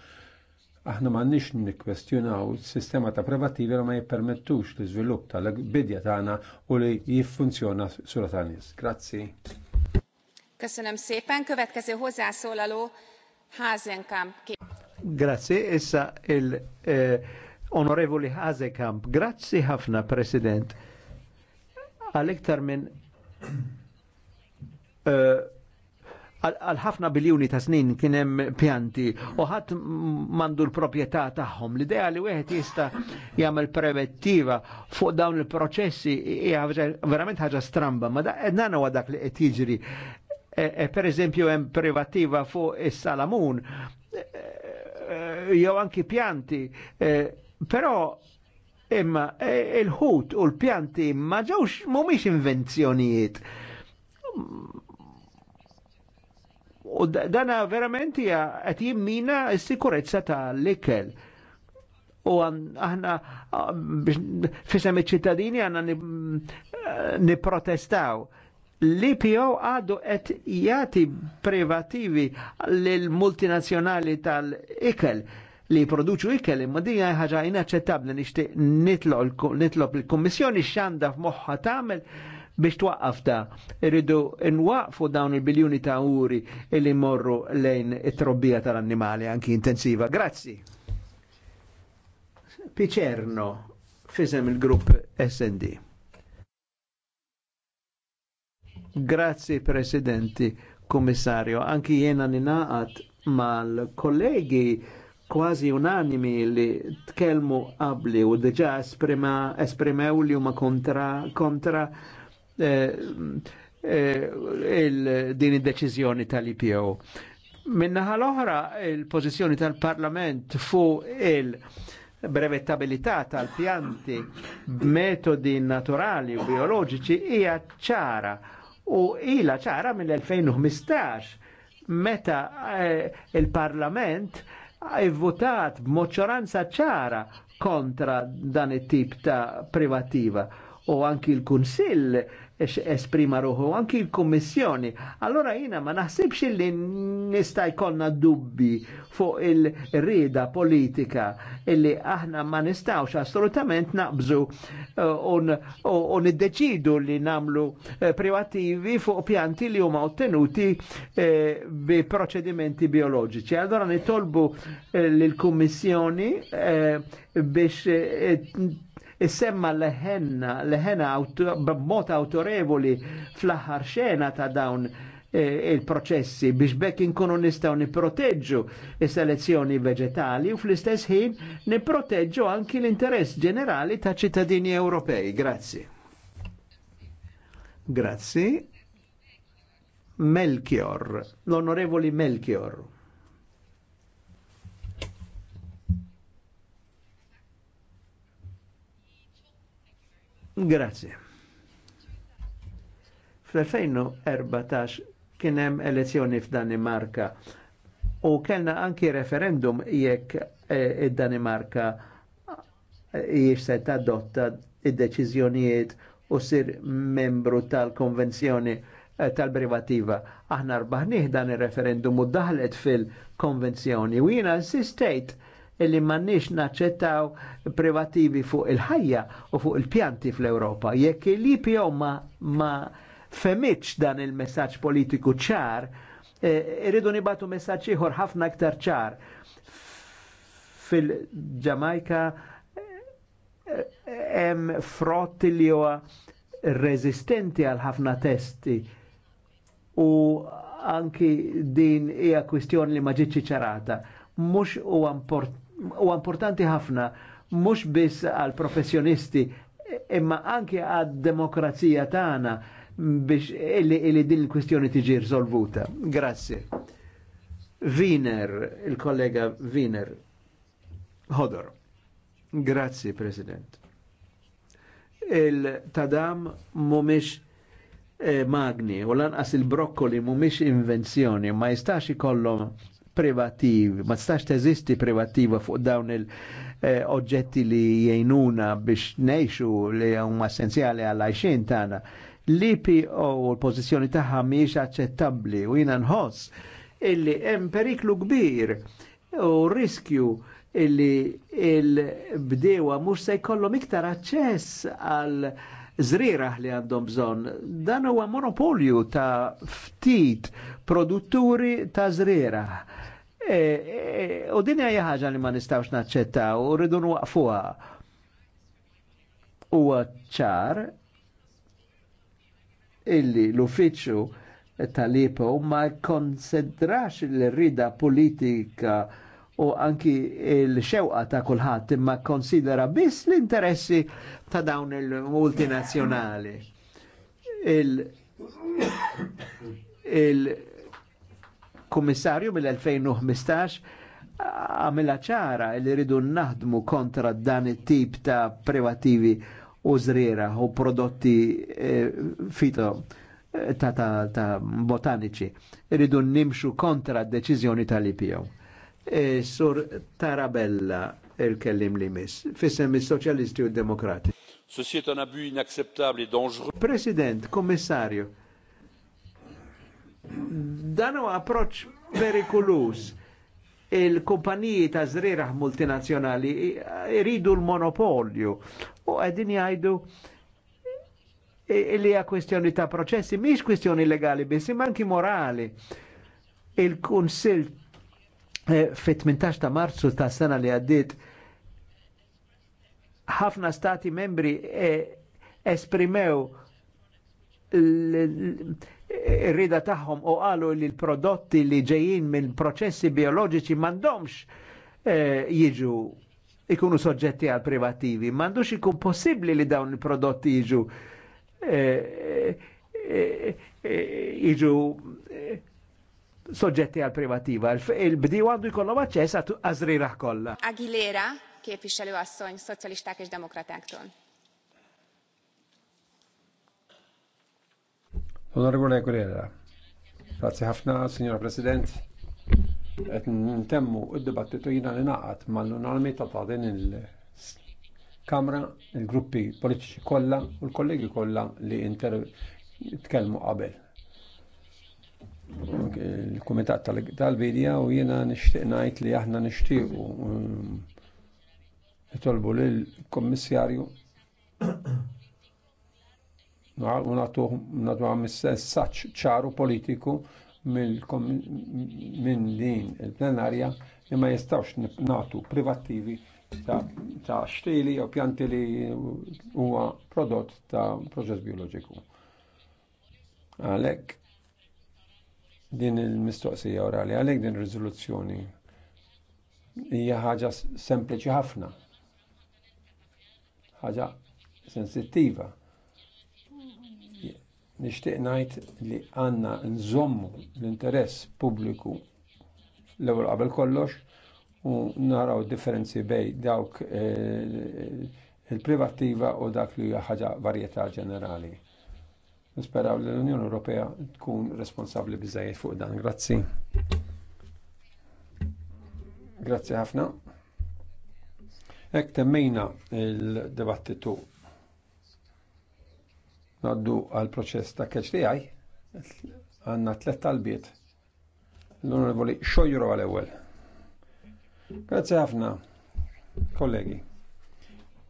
aħna ma m'għandniex nikkwestjonaw sistema ta' privativi li ma jippermettux l iżvilupp tal-bidja tagħna u li jiffunzjona sura ta' suratanis. Grazzi.
Köszönöm szépen. Következő hozzászólaló Házenkamp.
Grazzi, issa
il eh, onorevoli Házenkamp. Grazzi ħafna, President. Għal-iktar minn uh, għal ħafna biljuni ta' snin kien hemm pjanti u ħadd mandu l-proprjetà tagħhom. L-idea li wieħed jista' jagħmel prevettiva fuq dawn il-proċessi hija verament ħaġa stramba, ma dan huwa dak li qed jiġri. E, e, per eżempju hemm privattiva fuq is-Salamun e, jew anki pjanti, però imma il-ħut u l-pjanti ma ġewx mhumiex invenzjonijiet U dana verament hija qed jimmina s-sikurezza tal-ikel. U aħna fisem iċ-ċittadini għandna eh, niprotestaw. L-IPO għadu qed jagħti privativi lill-multinazzjonali tal-ikel li produċu ikel imma dinja ħaġa inaċċettabbli nixtieq nitlob il-Kummissjoni x'għandha f'moħħa tagħmel biex twaqqaf ta' irridu nwaqfu dawn il-biljuni ta' uri illi morru lejn it-trobbija tal-annimali anki intensiva. Grazzi. Piċerno, fizem il-grupp SD. Grazzi Presidenti, Kommissario, Anki jena ninaqat mal-kollegi kważi unanimi li tkelmu qabli u deġa esprimew li huma kontra, kontra Eh, eh, il din id deċizjoni tal-IPO. Minnaħa l-oħra il pozizjoni tal-Parlament fu il- brevettabilità tal-pjanti metodi naturali u biologiċi hija ċara u ila ċara mill-2015 meta eh, il-Parlament votat b'moċċoranza ċara kontra dan it-tip ta' privativa u anki il kunsill eh, esprima ruħu, anki l-Kommissjoni. Allora jina ma naħsibx li nista' konna dubbi fuq il-rida politika illi aħna ma nistawx assolutament naqbżu eh, u niddeċidu li namlu eh, privativi fuq pjanti li huma ottenuti eh, bi proċedimenti biologiċi. Allora nitolbu l kommissjoni biex semma leħenna, leħenna b'mod autorevoli fl-aħħar xena ta' dawn eh, il-proċessi biex bekk inkunu nistgħu nipproteġġu is-selezzjoni vegetali u fl-istess ħin nipproteġġu anki l-interess ġenerali ta' ċittadini Ewropej. Grazzi. Grazzi. Melchior, l-onorevoli Melchior. Grazie. Fl-2014 kien hemm elezzjoni f'Danimarka u kellna anki referendum jekk eh, id-Danimarka eh, jiex se tadotta id-deċiżjonijiet u sir membru tal-konvenzjoni eh, tal-privativa. Aħna rbaħnieh dan ir-referendum u daħlet fil-konvenzjoni u si insistejt illi mannix naċċettaw privativi fuq il-ħajja u fuq il-pjanti fl-Europa. Jekk li ma, ma femiċ dan il-messaċ politiku ċar, eh, irridu e, nibatu messaċ ieħor ħafna iktar ċar. Fil-Ġamajka eh, hemm frott li huwa rezistenti għal ħafna testi u anki din hija kwistjoni li ma ġietx ċarata mux u import u importanti ħafna mhux biss għal professjonisti imma anke għad demokrazija tagħna biex illi din il-kwestjoni tiġi risolvuta. Grazzi. Wiener, il-kollega Wiener. Hodor. Grazzi, President. Il-tadam mumiex eh, magni u lanqas il-brokkoli mumiex invenzjoni ma jistax ikollhom privativ, ma tistax teżisti privativa fuq dawn il-oġġetti eh, li jgħinuna biex nejxu li huma essenzjali għal għajxin tagħna. L-IPO u l-pożizzjoni tagħha mhijiex aċċettabbli u jiena nħoss illi hemm periklu kbir u riskju illi il-bdewa mhux se jkollhom iktar aċċess għal zriraħ li għandhom bżon. Dan huwa monopolju ta' ftit produtturi ta' zriraħ Eh, eh, u din hija ħaġa li ma nistgħux naċċettaw u rridu nwaqfuha. Huwa ċar illi l-uffiċċju tal-IPO ma konsidrax l-rida politika u anki l-xewqa ta' kulħadd imma konsidera biss l-interessi ta' dawn il-multinazzjonali. il il-Kummissarju mill-2015 għamela ċara li rridu naħdmu kontra dan it-tip ta' privativi u zrira u prodotti eh, fito e, ta', ta, ta botaniċi. Rridu nimxu kontra d-deċizjoni tal-IPO. E sur Tarabella il-kellim li mis, fissem il-Soċjalisti u Demokrati.
Societa un inakseptabli, inacceptable
President, Commissario, Dan huwa approċċ perikulus. Il-kumpaniji ta' zrirah multinazzjonali iridu l-monopolju u qegħdin jgħidu li hija kwestjoni ta' proċessi, miex kwestjoni legali biss, imma anki morali. Il-Kunsill eh, fit-18 ta' Marzu ta' sena li għaddit ħafna stati membri eh, esprimew rida taħħom u għalu li l-prodotti li ġejjin minn proċessi biologiċi mandomx eh, jiġu ikunu soġġetti għal privativi. Mandux ikun possibli li dawn il-prodotti jiġu eh, eh, jiġu soġġetti għal privativa. Il-bdiju għandu jkollhom aċċess għazri raħkolla.
Aguilera, kie fisċali għas-sonj soċjalistak ix-demokrataktun.
Onorevole Guerrera. Grazie ħafna, Signora President. Et ntemmu il dibattitu jina li naqat mal-unanimità ta' din il-Kamra, il-gruppi politiċi kollha u l-kollegi kollha li inter tkellmu qabel. Il-Kumitat tal-Bidja u jiena nixtieq ngħid li aħna nixtiequ um, nitolbu lill-Kommissarju nagħtu saċ ċaru politiku minn din il-plenarja li ma jistawx nagħtu privattivi ta' xtili jew pjanti li huwa prodott ta' proċess bioloġiku. Għalhekk din il-mistoqsija orali, għalek din ir-riżoluzzjoni hija ħaġa sempliċi ħafna. Ħaġa sensittiva nixtieq ngħid li għandna nżommu l-interess pubbliku l-ewwel qabel kollox u naraw differenzi bej dawk eh, il-privattiva u dak li hija ħaġa varjetà ġenerali. Nisperaw li l-Unjoni Ewropea tkun responsabbli biżżejjed fuq dan. Grazzi. Grazzi ħafna. Ek temmejna l-dibattitu Naddu għal proċess ta' keċ li għaj, għanna tlet talbiet. L-onorevoli Xojro għal ewwel. Grazie ħafna, kollegi.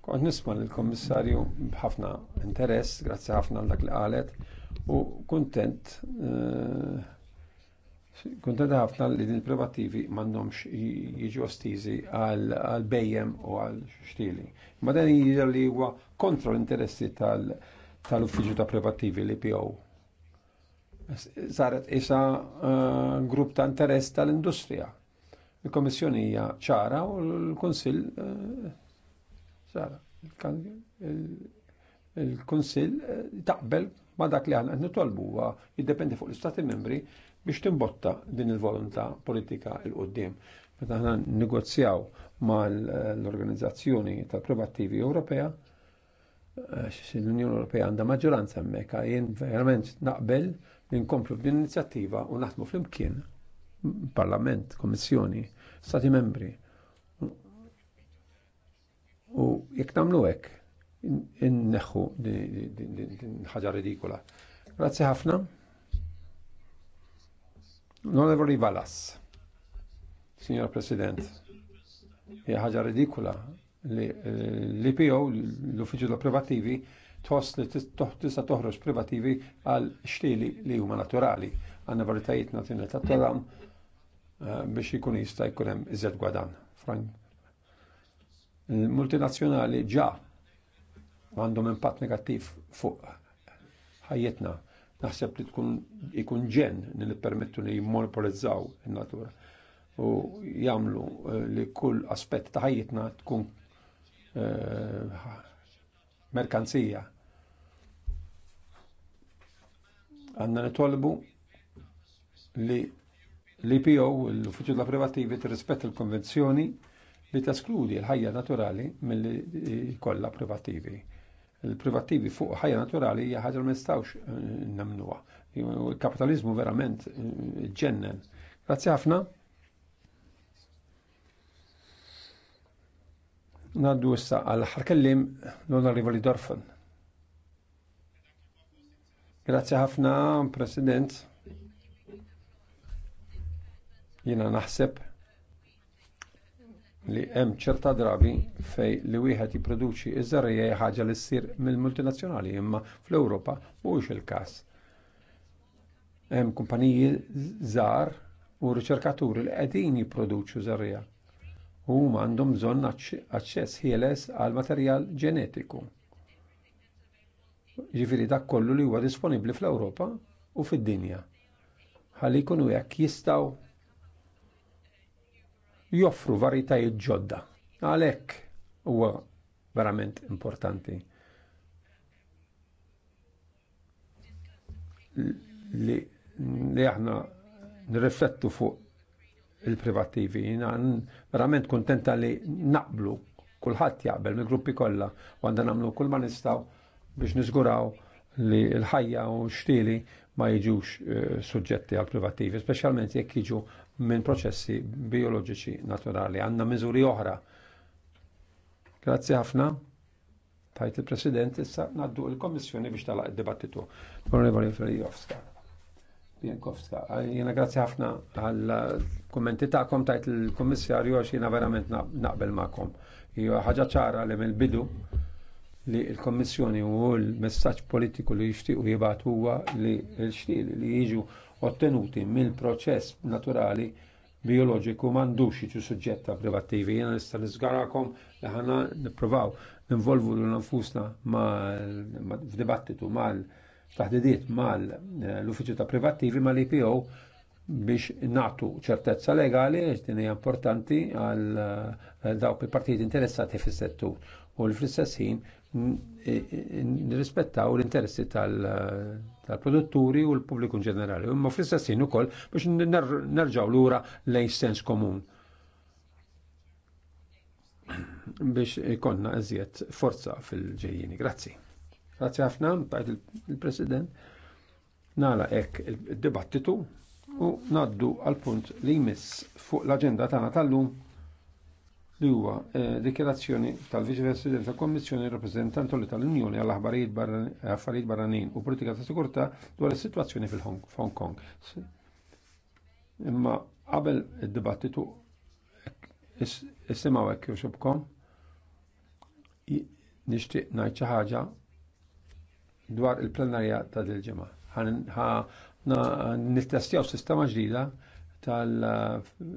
Kont nisma l-Kommissarju bħafna interess, grazzi ħafna għal dak li qalet, u kontent eh, kontent ħafna li din privattivi m'għandhomx jiġu ostiżi għal bejjem u għal xtili. Ma dan jidher li huwa kontro l-interessi tal- tal uffiċju ta' Privattivi l-IPO. Saret isa uh, grupp ta' interess tal-industrija. il kummissjoni hija ċara u l-Kunsill uh, il-Kunsill eh, taqbel ma dak li għanna nitolbu huwa jiddependi fuq l-Istati membri biex timbotta din il-volontà politika il-qoddim. Meta ħna negozjaw mal l-Organizzazzjoni tal-Privattivi Ewropea, l-Unjoni Ewropea għandha maġġoranza hemmhekk jien verament naqbel li nkomplu b'din inizjattiva u naħdmu flimkien Parlament, Kommissjoni, Stati Membri. U jekk nagħmlu hekk inneħħu din ħaġa ridikola. Grazzi ħafna. L-Onorevoli Valas, Signor President, hija ħaġa ridikola l-IPO, eh, l uffiċċju ta' Privattivi, tħoss li tista' toħroġ privattivi għal xtili li huma naturali. Għandna varitajiet nazzjonali ta' toram eh, biex ikun jista' jkun hemm iżed gwadan. Frank. Il-multinazzjonali ġa għandhom impatt negattiv fuq ħajjetna. Naħseb li tkun ikun ġen li permettu li jimmonopolizzaw in-natura u jagħmlu eh, li kull aspett ta' ħajjitna tkun Eh, merkanzija. Għanna nitolbu li l-IPO, l-Uffiċċju tal Privattivi, tirrispetta l-konvenzjoni li taskludi l-ħajja naturali mill-li kollha privattivi. Il-privattivi fuq ħajja naturali hija ħaġa ma nistgħux eh, nagħmluha. Il-kapitaliżmu verament eh, ġennen. Grazzi ħafna. Naddu issa għal ħarkellim l-Onorevoli Dorfan. Grazie ħafna, President. Jina naħseb li hemm ċerta drabi fej li wieħed jipproduċi iż-żarrija ħaġa li ssir mill-multinazzjonali imma fl-Ewropa mhuwiex il-każ. Hemm kumpaniji żgħar u riċerkaturi li qegħdin jipproduċu żarrija huma għandhom bżonn aċċess ħieles għal materjal ġenetiku. Ġifiri dak kollu li huwa disponibbli fl-Ewropa u fid-dinja. Ħalli jkunu hekk jistgħu joffru varjetajiet ġodda. Għalhekk huwa verament importanti. Li, li aħna nirriflettu fuq il-privattivi. Jina verament kontenta li naqblu, kullħat jaqbel mill-gruppi kollha u għandna nagħmlu kull ma nistgħu biex niżguraw li l-ħajja u xtili ma jiġux eh, suġġetti għal privattivi, speċjalment jekk jiġu minn proċessi bioloġiċi naturali. Għandna miżuri oħra. Grazzi ħafna. Tajt il-President issa naddu il-Kommissjoni biex tala' id-dibattitu. Onorevoli Ferjovska. Jankowska. Jena grazzi ħafna għal kummenti ta'kom tajt il-kommissarju għax jena verament naqbel ma'kom. Hija ħagġa ċara li mill-bidu li il kommissjoni u l messagġ politiku li jishtiq u jibat huwa li l-xtiel li jiġu ottenuti mill-proċess naturali biologiku m'għandux jiġu suġġetta ta' privattivi. Jiena nista' niżgarakom li ħana niprovaw ninvolvu l nfusna f'dibattitu ma' taħdidiet mal l-Uffiċċju ta' Privattivi mal ipo biex natu ċertezza legali din hija importanti għal dawk il-partijiet interessati fis-settur u l fl istessin nirrispettaw l-interessi tal-produtturi u l-pubbliku ġenerali. Imma fl istessin ukoll biex nerġgħu lura lejn sens komun biex ikonna eżjed forza fil-ġejjini. Grazzi. Grazzi ħafna, tajt il-President. Nala ek il-dibattitu u naddu għal punt li jmiss fuq l-agenda tagħna tal-lum li huwa eh, dikjerazzjoni tal-Viċi President tal-Kommissjoni Rappresentant tal-Unjoni għal affarijiet barranin u politika ta' sigurtà dwar is-sitwazzjoni fil-Hong Kong. Imma qabel id-dibattitu isimgħu hekk jogħġobkom nixtieq ngħid xi ħaġa dwar il-plenarja ta' dil-ġimgħa. Nittestjaw sistema ġdida tal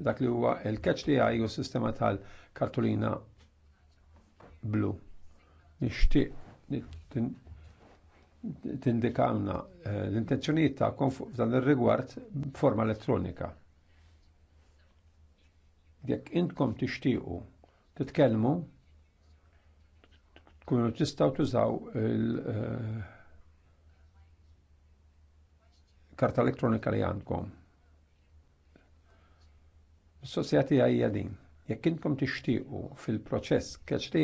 dak li huwa il-catch li għaj u sistema tal-kartolina blu. Nixtieq tindikawna eh, l-intenzjonijiet ta' dan ir-rigward b'forma elettronika. Jekk intkom tixtiequ titkellmu, tkunu tistgħu tużaw il- eh, karta elektronika li għandkom. Is-sosjati għaj din. Jekk intom tixtiequ fil-proċess catch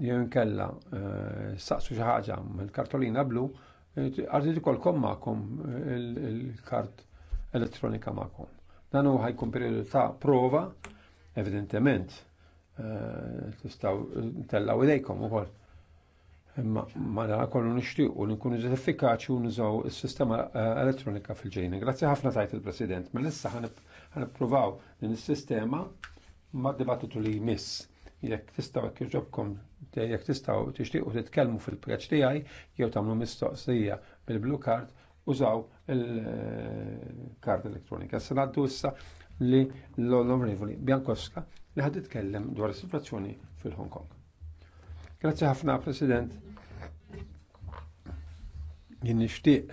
jgħin kella uh, eh, saqsu xaħġa mill-kartolina blu, eh, għarżit ikolkom maqom eh, il-kart elettronika magħkom. Dan huwa ħajkun periodu ta' prova, evidentement, tella tellaw idejkom ukoll Imma ma da kollu nixtieq u nkunu effikaċi u nużaw is-sistema eh, elettronika fil-ġejni. Grazzi ħafna tajt il-President. Ma mela issa ħanippruvaw din is-sistema ma' dibattitu li jmiss. Jekk tistgħu jekk irġobkom jekk tistgħu tixtiequ titkellmu fil-preċ tiegħi jew tagħmlu mistoqsija bil-blue card użaw il kart elettronika. Se ngħaddu issa li l-onorevoli Biankowska li ħad titkellem dwar is-sitwazzjoni fil-Hong Kong. Grazie ħafna, President. Jien nixtieq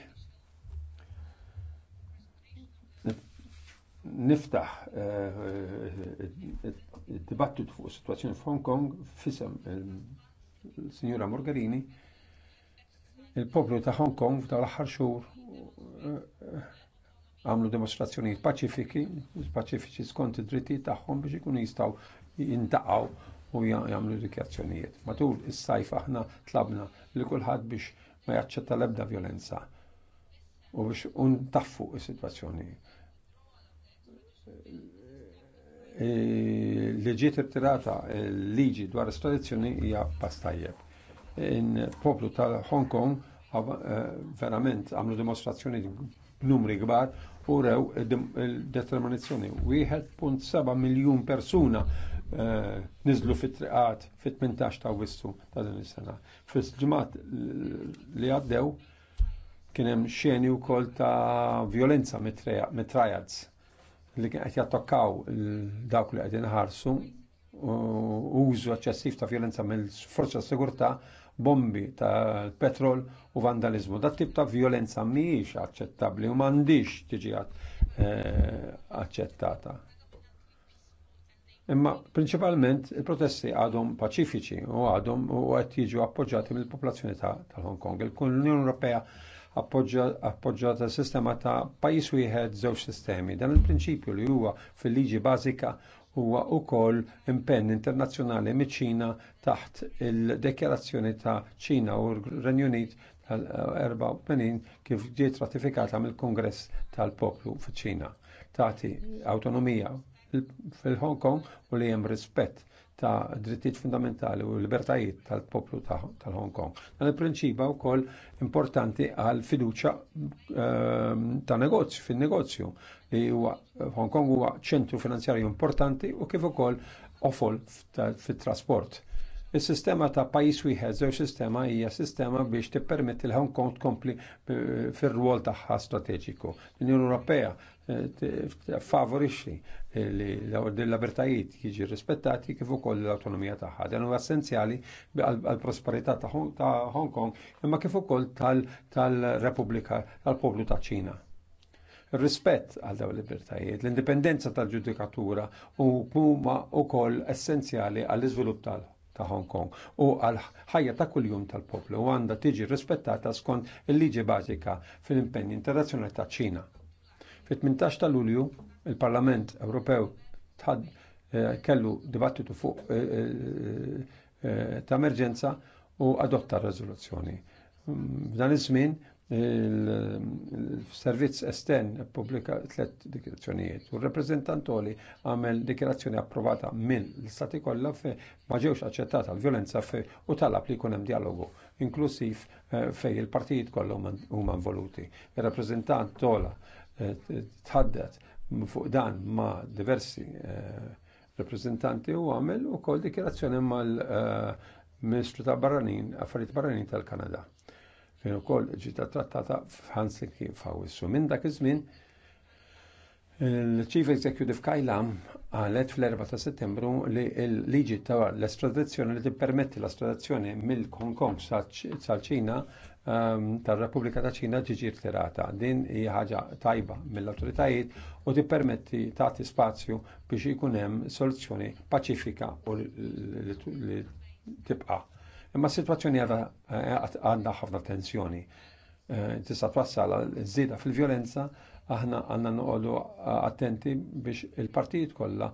niftaħ id-dibattitu eh, eh, fuq is-sitwazzjoni f'Hong Kong fisem il-Sinjura Morgarini il-poplu ta' Hong Kong f'daw l-aħħar xhur eh, għamlu demonstrazzjonijiet paċifiki, paċifiċi skont id-drittijiet tagħhom biex ikunu jistgħu jintaqgħu u jagħmlu dikjazzjonijiet. Matul is-sajf aħna tlabna li kulħadd biex ma jaċċetta l-ebda violenza u biex untaffu is-sitwazzjoni e, li ġiet irtirata l-liġi dwar is-tradizzjoni hija pastajjeb. In-poplu tal-Hong Kong e, verament għamlu dimostrazzjoni b'numri kbar u rew determinazzjoni. 1.7 miljun persuna Eh, niżlu fit-triqat fit-18 ta' wissu ta' din is-sena. Fis-ġimgħat li għaddew kien hemm xeni wkoll ta' violenza mit-trajads li kien qed jattakkaw dawk li qed ħarsu użu eċċessiv ta' violenza mill-forza sigurtà bombi ta' petrol u vandalizmu. Dat tip ta' violenza mhijiex aċċettabbli u m'għandix tiġi eh, aċċettata. Imma principalment il-protesti għadhom paċifiċi u għadhom u għed jiġu appoġġati mill-popolazzjoni tal-Hong Kong. Il-Unjoni Ewropea appoġġata s sistema ta' pajis wieħed żewġ sistemi. Dan il-prinċipju li huwa fil-liġi bażika huwa wkoll impenn internazzjonali miċ-Ċina taħt il-dekjarazzjoni ta' Ċina u r-Renju Unit tal-84 kif ġiet ratifikata mill-Kongress tal-Poplu fiċ-Ċina. Tagħti awtonomija fil-Hong Kong u li hemm rispett ta' drittijiet fundamentali u libertajiet tal-poplu tal-Hong Kong. Dan il-prinċipa wkoll importanti għal fiduċa ehm, ta' negozju, fin-negozju li huwa Hong Kong huwa ċentru finanzjarju importanti u kif ukoll ofol fit-trasport. Is-sistema ta' pajis wieħed żewġ sistema hija sistema biex tippermetti l hong Kong tkompli eh, fir-rwol tagħha strateġiku. L-Unjoni Ewropea favorixxi li l-libertajiet jiġi rispettati kif ukoll l-autonomija tagħha. Dan huwa essenzjali għall-prosperità ta' Hong Kong imma kif ukoll tal-Repubblika tal-Poplu ta' Ċina. Rispett għal dawn libertajiet, l-indipendenza tal-ġudikatura u huma wkoll essenzjali għall-iżvilupp tal ta' Hong Kong u għal ħajja ta' kuljum tal-poplu u għandha tiġi rispettata skont il-liġi bażika fil-impenni internazzjonali ta' Ċina. Fit-18 ta' Lulju il-Parlament Ewropew eh, kellu dibattitu fuq eh, eh, ta' emerġenza u adotta rezoluzzjoni. F'dan iż-żmien il-servizz estern pubblika tliet dikjerazzjonijiet u r-reprezentantoli għamel dikjerazzjoni approvata minn l-istati kollha ma ġewx aċċettata l-violenza u talab li jkun hemm dialogu inklusiv fej il-partijiet kollha huma involuti. ir reprezentant tola tħaddet fuq dan ma' diversi eh, rappresentanti u għamel u kol dikjerazzjoni mal-Ministru eh, ta' Barranin, Affarijiet Barranin tal-Kanada. Kien ukoll ġiet trattata f'Helsinki f'Awissu. Minn dak iż-żmien Il-Chief Executive Kailam għalet fl-4 ta' settembru li l-liġi ta' l-estradizzjoni li tippermetti l-estradizzjoni mill-Hong Kong sal-ċina ehm, tal-Repubblika ta' ċina ġiġi rtirata. Din hija ħaġa tajba mill-awtoritajiet u tippermetti tagħti spazju biex ikun hemm soluzzjoni paċifika u li tibqa'. Imma s-sitwazzjoni eh, għandha ħafna tensjoni. Eh, tista' twassal żieda fil-vjolenza aħna għanna noqogħdu attenti biex il-partijiet kollha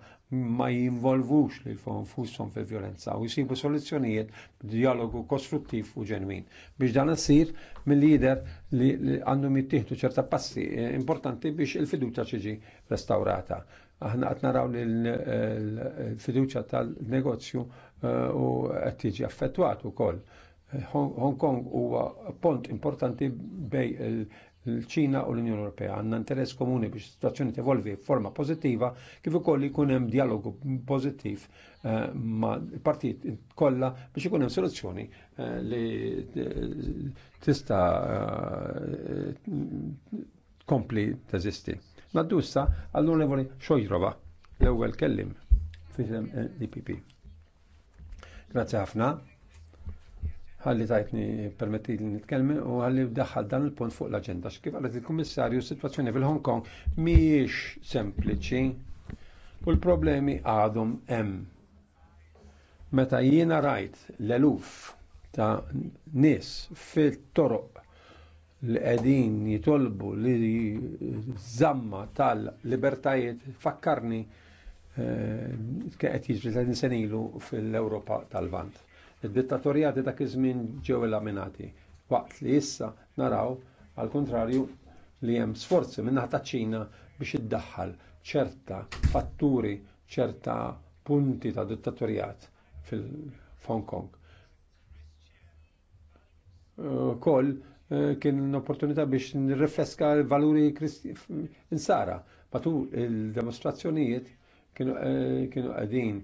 ma jinvolvux li fushom fil-violenza u jisibu soluzzjonijiet dialogu kostruttiv u ġenwin. Biex dan assir mill-lider li għandu jittieħdu ċerta passi e, importanti biex il-fiduċa ċiġi restaurata. Aħna qed naraw li l-fiduċa tal-negozju e, u għattiġi tiġi affettwat ukoll. Hong Kong huwa pont importanti bej l-ċina u l-Unjoni Ewropea għandna interess komuni biex situazzjoni tevolvi f'forma pożittiva kif ukoll jkun hemm dialogu pożittiv eh, ma' partijiet kollha biex ikun hemm soluzzjoni eh, li eh, tista' kompli teżisti. Naddu issa għall-Onorevoli Xojrova l-ewwel kellim fil-DPP. Grazie ħafna ħalli tajtni permetti li nitkelmi u ħalli daħħal dan il-punt fuq l-agenda. X'kif għalli il-Kummissarju s-sitwazzjoni fil-Hong Kong mhijiex sempliċi u l-problemi għadhom hemm. Meta jiena rajt l-eluf ta' nis fil-toroq li qegħdin jitolbu li żamma tal-libertajiet fakkarni eh, qed jiġri tal fil-Ewropa tal-Vant Id-dittatorjati dak iż-żmien ġew elaminati. Waqt li issa naraw għal kontrarju li hemm sforzi minnaħa ta' Ċina biex iddaħħal ċerta fatturi, ċerta punti ta' dittatorijat fil-Hong Kong. Eh, Koll eh, kien opportunità biex nirrifreska l-valuri insara. Matul il-demonstrazzjonijiet kienu eh, qegħdin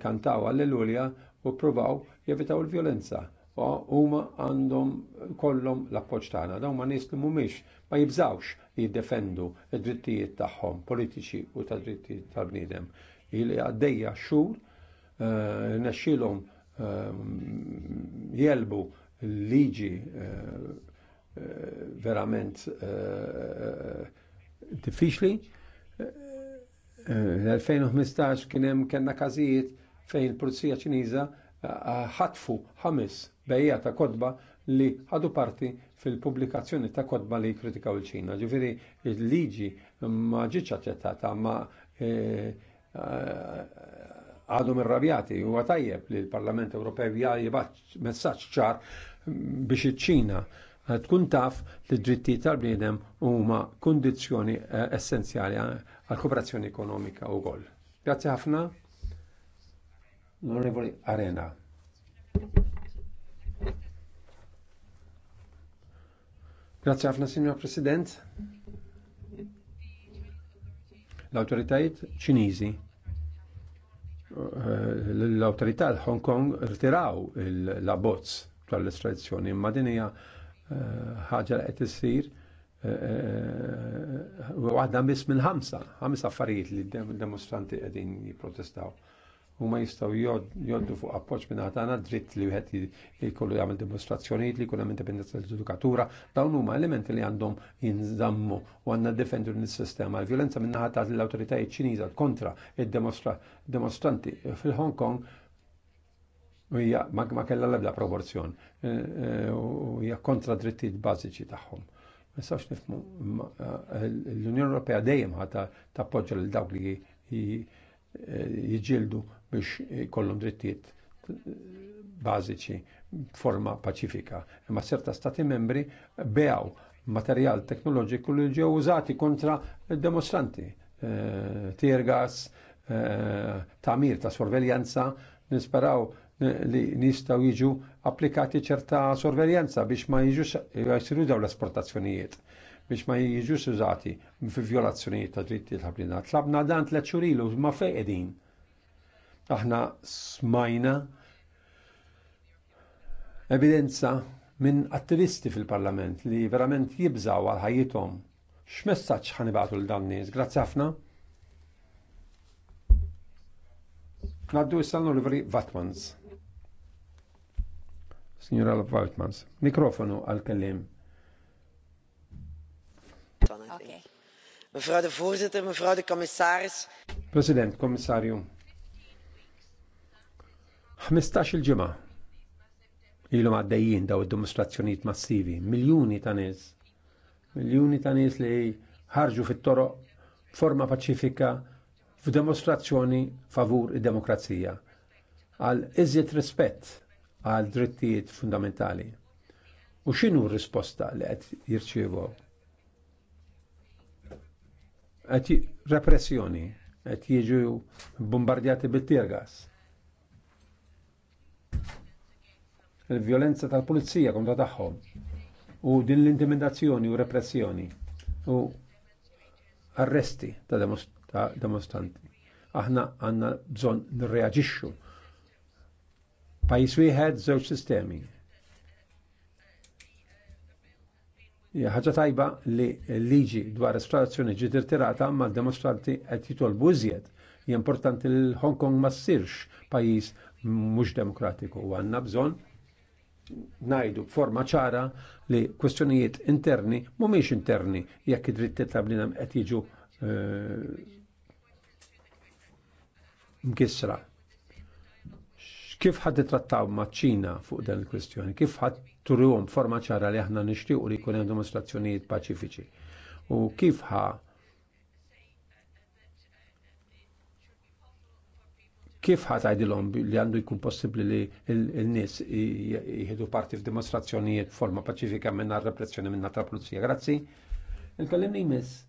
kantaw għall-Lulja u ppruvaw jevitaw il-vjolenza huma għandhom kollom l-appoġġ tagħna. Dawn ma nies li mhumiex ma jibżawx li jiddefendu d-drittijiet tagħhom politiċi u ta' drittijiet tal-bniedem. Il għaddejja xhur eh, nexxilhom eh, jelbu liġi eh, verament diffiċli. L-2015 kien hemm kellna każijiet fejn il-Pulizija Ċiniża eh, ħatfu ħames bejja ta' kodba li ħadu parti fil-pubblikazzjoni ta' kodba li kritikaw il-ċina. Ġifiri, il-liġi ma ġietx ċettata ma eh, eh, għadhom irrabjati u għatajjeb li l-Parlament Ewropew jibat messaġġ ċar biex iċ-Ċina tkun taf li d-dritti tal-bniedem huma kundizzjoni essenzjali għal kooperazzjoni ekonomika u għol. Grazie ħafna. L-Onorevoli Arena. Grazie ħafna, Signor President. L-autoritajiet ċiniżi eh, l-autorità l-Hong Kong rtiraw l-abbozz tal-estradizzjoni, imma din hija eh, ħaġa li qed issir eh, waħda biss minn ħamsa, ħamsa affarijiet li d-demostranti qegħdin jipprotestaw u ma jistaw joddu fuq appoċ minna għatana dritt li wieħed jkollu jgħamil dimostrazzjonijiet li jkun hemm dependenza l-edukatura, dawn huma elementi li għandhom jinżammu u għandna defendu l-sistema. Il-vjolenza minn ħata l autoritajiet Ċiniża kontra il-demonstranti fil-Hong Kong hija ma kella l-ebda proporzjon e, e, u hija kontra drittijiet bażiċi tagħhom. Ma nifmu l-Unjoni Ewropea dejjem ħata tappoġġa l dawk li jiġildu biex kollum drittijiet bażiċi forma paċifika. Imma certa stati membri beaw materjal teknoloġiku li ġew użati kontra demonstranti. Eh, Tiergas, eh, tamir ta' sorveljanza, nisperaw li nistaw jiġu applikati ċerta sorveljanza biex ma jiġux jgħajsiru daw l-esportazzjonijiet biex ma jiġux użati fi violazzjoni ta' dritti ta' bnina Tlabna dan tliet ilu ma feqedin. Aħna smajna evidenza minn attivisti fil-Parlament li verament jibżaw għal ħajjithom. X'messaġġ ħanibatu l dan nies? Grazzi ħafna. Naddu issa l-Oliver Vatmans. Signora Vatmans, mikrofonu għal-kellim.
I think.
Mevrouw de voorzitter, mevrouw de commissaris.
President, commissario. 15 il-ġimgħa ilhom għaddejjin daw id-dimostrazzjonijiet massivi, miljuni ta' nies, miljuni ta' nies li ħarġu fit-toroq forma paċifika f'dimostrazzjoni favur id-demokrazija għal iżjed rispett għal drittijiet fundamentali. U x'inhu r-risposta li qed jirċievu repressjoni, qed jieġu bombardjati bil-tirgas. il violenza tal polizija kontra taħħom u din l-intimidazzjoni u repressjoni u arresti ta' demonstranti. Aħna għanna bżon nirreagixxu. Pajis wieħed żewġ sistemi, ħaġa tajba li liġi dwar esplorazzjoni ġiet tirata ma demonstranti qed jitolbu iżjed. Importanti li Hong Kong ma ssirx pajjiż mhux demokratiku u għandna bżonn ngħidu b'forma ċara li kwestjonijiet interni mhumiex interni jekk id-dritti tablina qed jiġu eh, mkissra. Kif ħad trattaw ma' Ċina fuq dan il-kwestjoni? Kif ħad turihom forma ċara li aħna nixtiequ li jkun hemm dimostrazzjonijiet paċifiċi. U kif ħa kif ħat għajdilom li għandu jkun possibli li il-nis jihidu parti f'dimostrazzjonijiet forma paċifika minna repressjoni minna ta' polizija. Grazzi. Il-kallimni jmiss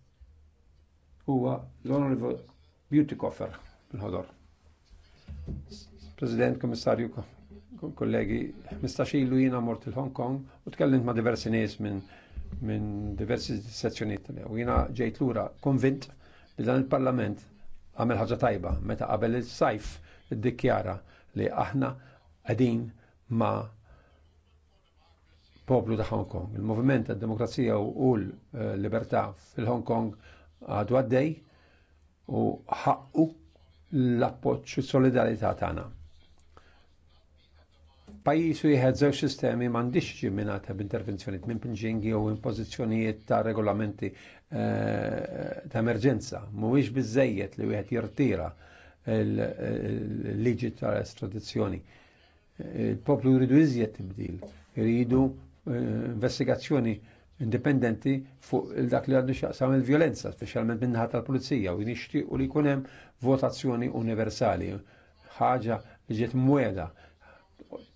huwa l-Honorable Beauty Coffer, il-ħodor. President, Komissarju kollegi, 15 ilu jina mort il-Hong Kong u tkellimt ma' diversi nies minn min diversi sezzjoniet. U jina ġejt lura konvint li dan il-Parlament għamel ħaġa tajba meta qabel il-sajf iddikjara li aħna qegħdin ma' poplu ta' Hong Kong. il movement tad demokrazija u l-libertà eh, fil-Hong Kong għadu għaddej u ħaqqu l-appoċ solidarità tagħna u wieħed żewġ sistemi m'għandix ġi mingħata b'intervenzjonijiet minn pinġingi u impożizzjonijiet ta' regolamenti eh, ta' emerġenza. Mhuwiex biżejjed li wieħed jirtira l-liġi ta' estradizzjoni. Il-poplu jridu iżjed tibdil, jridu eh, investigazzjoni indipendenti fuq dak li għandu xaqsam il-violenza, specialment minnaħat tal-pulizija, u u li jkun hemm votazzjoni universali, ħaġa li ġiet mweda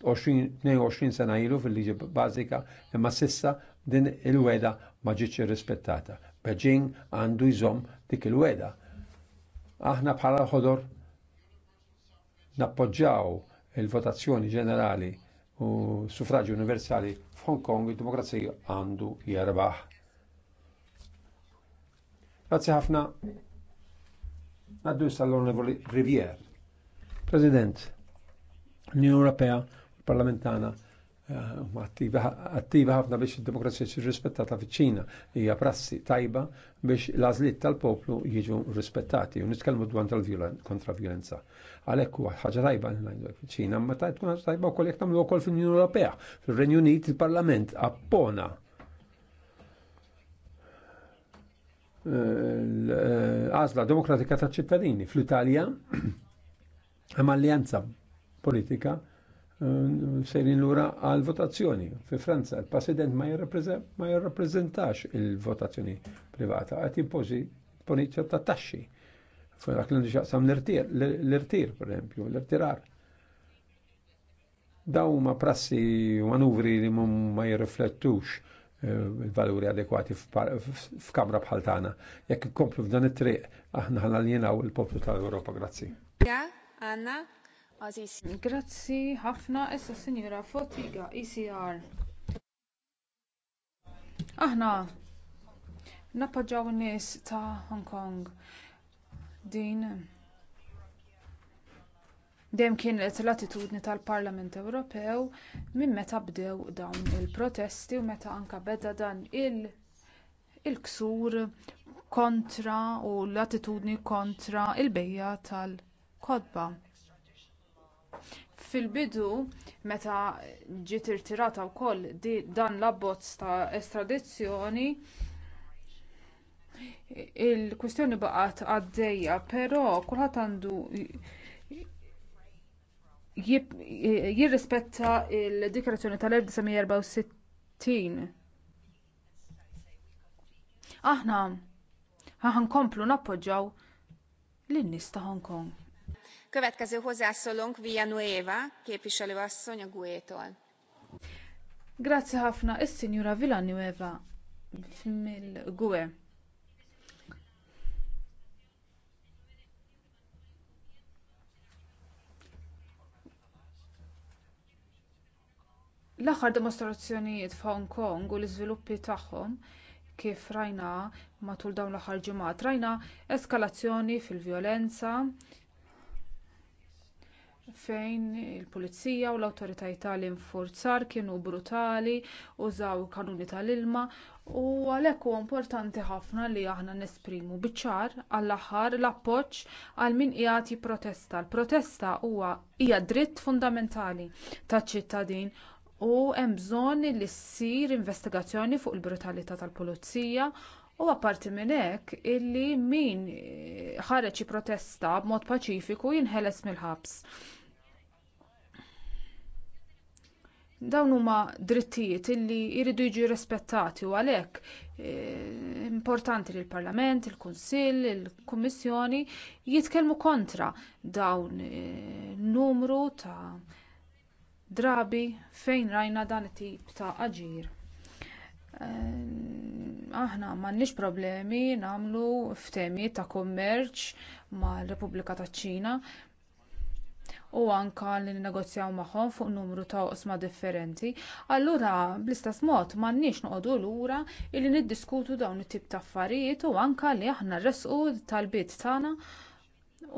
22 sena ilu fil-liġi bazika, imma sissa din il-weda ma ġietx irrispettata. Beijing għandu jżom dik il-weda. Aħna bħala ħodor nappoġġaw il-votazzjoni ġenerali u suffraġġi universali f'Hong Kong il demokrazija għandu jerbaħ. Grazie ħafna. Għaddu jissal l Rivier. President, l-Unjoni Ewropea u l-Parlament tagħna eh, attiva ħafna biex id-demokrazija ġi rispettata fiċ-Ċina hija prassi tajba biex l-għażliet tal-poplu jiġu rispettati u nitkellmu dwar kontra violenza. Għalhekk huwa ħaġa tajba li ngħidu fiċ-Ċina, ma tkun ħaġa tajba wkoll jekk tagħmlu wkoll fl-Unjoni Ewropea. Fir-Renju Unit il-Parlament appona eh, l-għażla eh, demokratika taċ-ċittadini fl-Italja hemm alleanza politika eh, sejrin lura għal votazzjoni. Fi Franza, il-President ma jirrappreżentax il-votazzjoni privata, għati impozi ponizja ta' taxxi. Dak l sam l-irtir, per esempio, l-irtirar. Daw ma prassi manuvri li mum ma jirriflettux eh, il-valuri adekwati f'kamra bħal tagħna. Jekk komplu f'dan it-triq aħna ħalal jinaw il-poplu tal-Ewropa, grazzi.
Ja, Anna,
Aziz. Grazzi ħafna issa Sinjura Fotiga ECR. Aħna nappoġġaw in-nies ta' Hong Kong din dejjem kienet l-attitudni tal-Parlament Ewropew minn meta bdew dawn il-protesti u meta anke beda dan il-ksur kontra u l-attitudni kontra l-bejja tal-kotba fil-bidu meta ġiet irtirata wkoll dan l-abbozz ta' estradizzjoni il-kwistjoni baqgħet għaddejja però kulħadd għandu jirrispetta l-dikjarazzjoni tal-1964 aħna nkomplu nappoġġjaw lin-nies ta' hong kong
Következő hozzászólónk Villanueva, képviselő asszony a Grazzi
ħafna, is-Sinjura Villanueva mill Gwe. l-aħħar dimostrazzjonijiet f'hong kong u l-iżviluppi tagħhom kif rajna matul dawn l-aħħar ġimgħat rajna eskalazzjoni fil-vjolenza fejn il-pulizija u l-awtoritajiet tal-infurzar kienu brutali użaw kanuni tal-ilma u għalhekk huwa importanti ħafna li aħna nesprimu biċ-ċar għall-aħħar l-appoġġ għal min qiegħed jipprotesta. L-protesta huwa hija dritt fundamentali taċ-ċittadin u hemm bżonn li ssir investigazzjoni fuq il-brutalità tal-pulizija U apparti minn hekk illi min eh, ħareġ jipprotesta b'mod paċifiku jinħeles mill-ħabs. Dawn huma drittijiet illi jridu jiġu rispettati u għalhekk eh, importanti li l-Parlament, il-Kunsill, il-Kummissjoni jitkellmu kontra dawn eh, numru ta' drabi fejn rajna dan it-tip ta' aġir. Ehm, aħna m'għandniex problemi nagħmlu ftehmiet ta' kummerċ mar-Repubblika taċ-Ċina u anke li nnegozjaw magħhom fuq numru ta' oqsma differenti. Allura bl-istess mod m'għandniex noqogħdu lura illi niddiskutu dawn it-tip ta' affarijiet u anke li aħna rresqu talbiet tagħna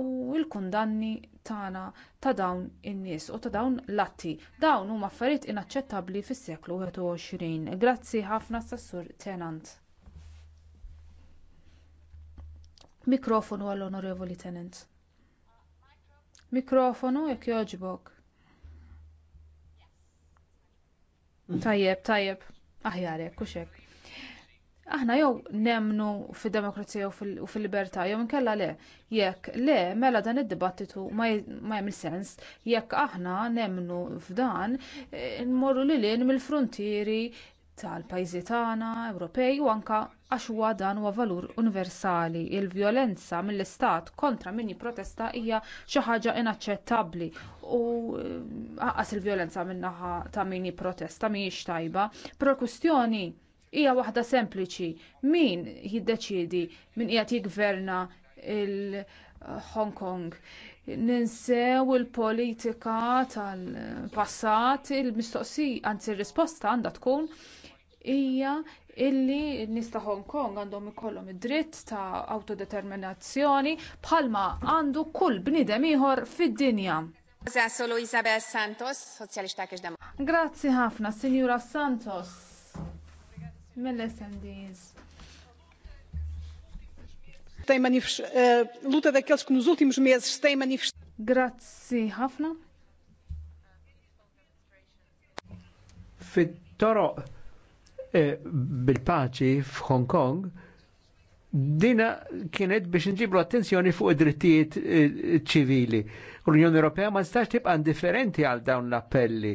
u l-kundanni tagħna ta' dawn in-nies u ta' dawn l-atti. Dawn huma affarijiet inaċċettabbli fis-seklu 21. Grazzi ħafna sas-Sur Tenant. Mikrofonu għall-Onorevoli Tenant. Mikrofonu jekk jogħġbok. Tajjeb, tajjeb. Aħjar hekk u hekk aħna jew nemnu fid-demokrazija u fil-libertà jew inkella le. Jekk le, mela dan id-dibattitu ma jemil sens. Jekk aħna nemnu f'dan, e, nmorru l-in mill-frontieri tal-pajjiżi tagħna Ewropej u anke għax huwa dan huwa valur universali. Il-vjolenza mill-istat kontra min protesta hija xi ħaġa inaċċettabbli u ħaqqas e, il-vjolenza min-naħa ta' min protesta mhijiex tajba. Pro l hija waħda sempliċi. Min jiddeċiedi min qiegħed jigverna il-Hong Kong. Ninsew il-politika tal-passat, il mistoqsi anzi il-risposta għandha tkun hija illi n-nies ta' Hong Kong għandhom ikollhom id-dritt ta' autodeterminazzjoni bħalma għandu kull bniedem ieħor fid-dinja.
Grazzi
e ħafna, Sinjura Santos mill-SMDs. Tem eh, luta daqueles que nos últimos meses têm manifestado. Grazzi ħafna.
Fit-toroq eh, bil-paċi f'Hong Kong, dina kienet biex nġibru attenzjoni fuq id-drittijiet eh, ċivili. L-Unjoni Ewropea ma stax tibqa' indifferenti għal dawn l-appelli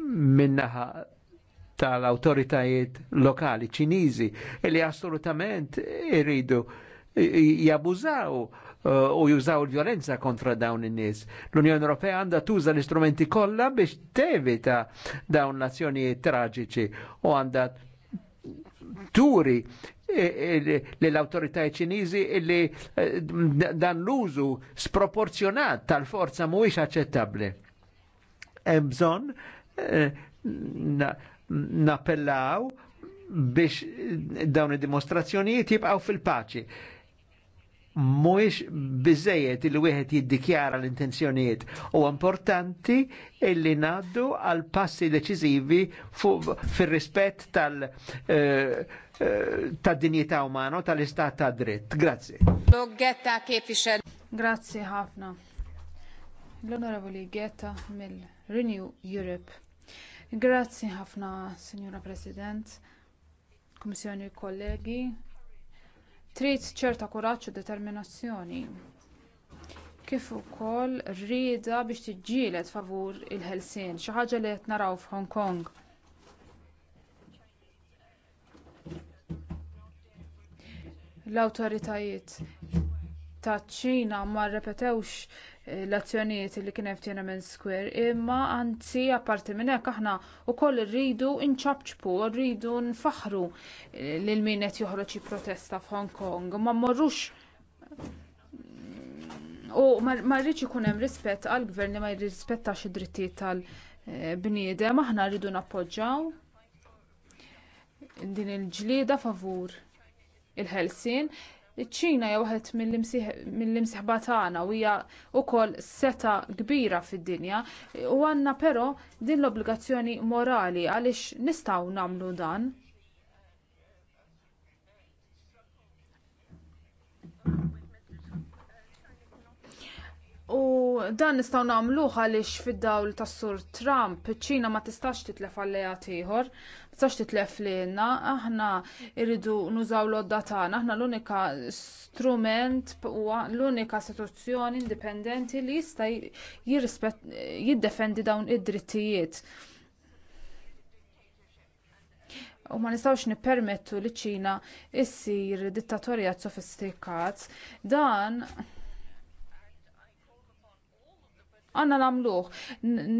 minnaħa tal-autoritajiet lokali ċiniżi li assolutament iridu jabużaw eh, u jużaw l-violenza kontra dawn in-nies. L-Unjoni Ewropea għandha tuża l-istrumenti kollha biex tevita dawn l traġiċi u għandha turi l-autoritajiet ċiniżi li eh, dan l-użu sproporzjonat tal-forza mhuwiex aċċettabbli. Hemm bżonn eh, napellaw biex dawn id-dimostrazzjonijiet jibqaw fil-paċi. Mhuwiex biżejjed il wieħed jiddikjara l-intenzjonijiet. U importanti illi ngħaddu għal passi deċiżivi fir-rispett tal- eh, eh, tad ta' dinjità umana tal-istat ta' dritt. Grazzi.
Getta képvisel. Grazzi ħafna. L-Onorevoli Getta mill-Renew Europe. Grazzi ħafna, Signora President, Kummissjoni kollegi. Trid ċerta kuraġġ u determinazzjoni kif ukoll rieda biex tiġġieled favur il-ħelsien xi ħaġa li qed naraw f'hong kong l-awtoritajiet taċ-ċina ma rrepetewx l-azzjonijiet li kien hemm Tiananmen Square, imma anzi apparti minn hekk aħna wkoll irridu nċabċbu, rridu nfaħru eh, lil min qed joħroġ protesta f'Hong Kong, ma mmorrux mm, u ma rridx ikun hemm rispett għall gvern li ma jirrispettax id-drittijiet tal-bniedem, aħna rridu nappoġġaw din il-ġlieda favur il-ħelsien Iċ-Ċina hija waħed mill-imsieħba tagħna u hija wkoll seta kbira fid-dinja u għandna però din l-obbligazzjoni morali għaliex nistgħu nagħmlu dan. U dan nistgħu nagħmluh għaliex fid-dawl tas-sur Trump, ċina ma tistax titlef alleat ieħor, ma tistax titlef lilna, aħna rridu nużaw l-odda tagħna, aħna l-unika strument huwa l-unika istituzzjoni indipendenti li jista' jiddefendi dawn id-drittijiet. U ma nistgħux nippermettu li ċina issir dittatorjat sofistikat dan għanna namluħ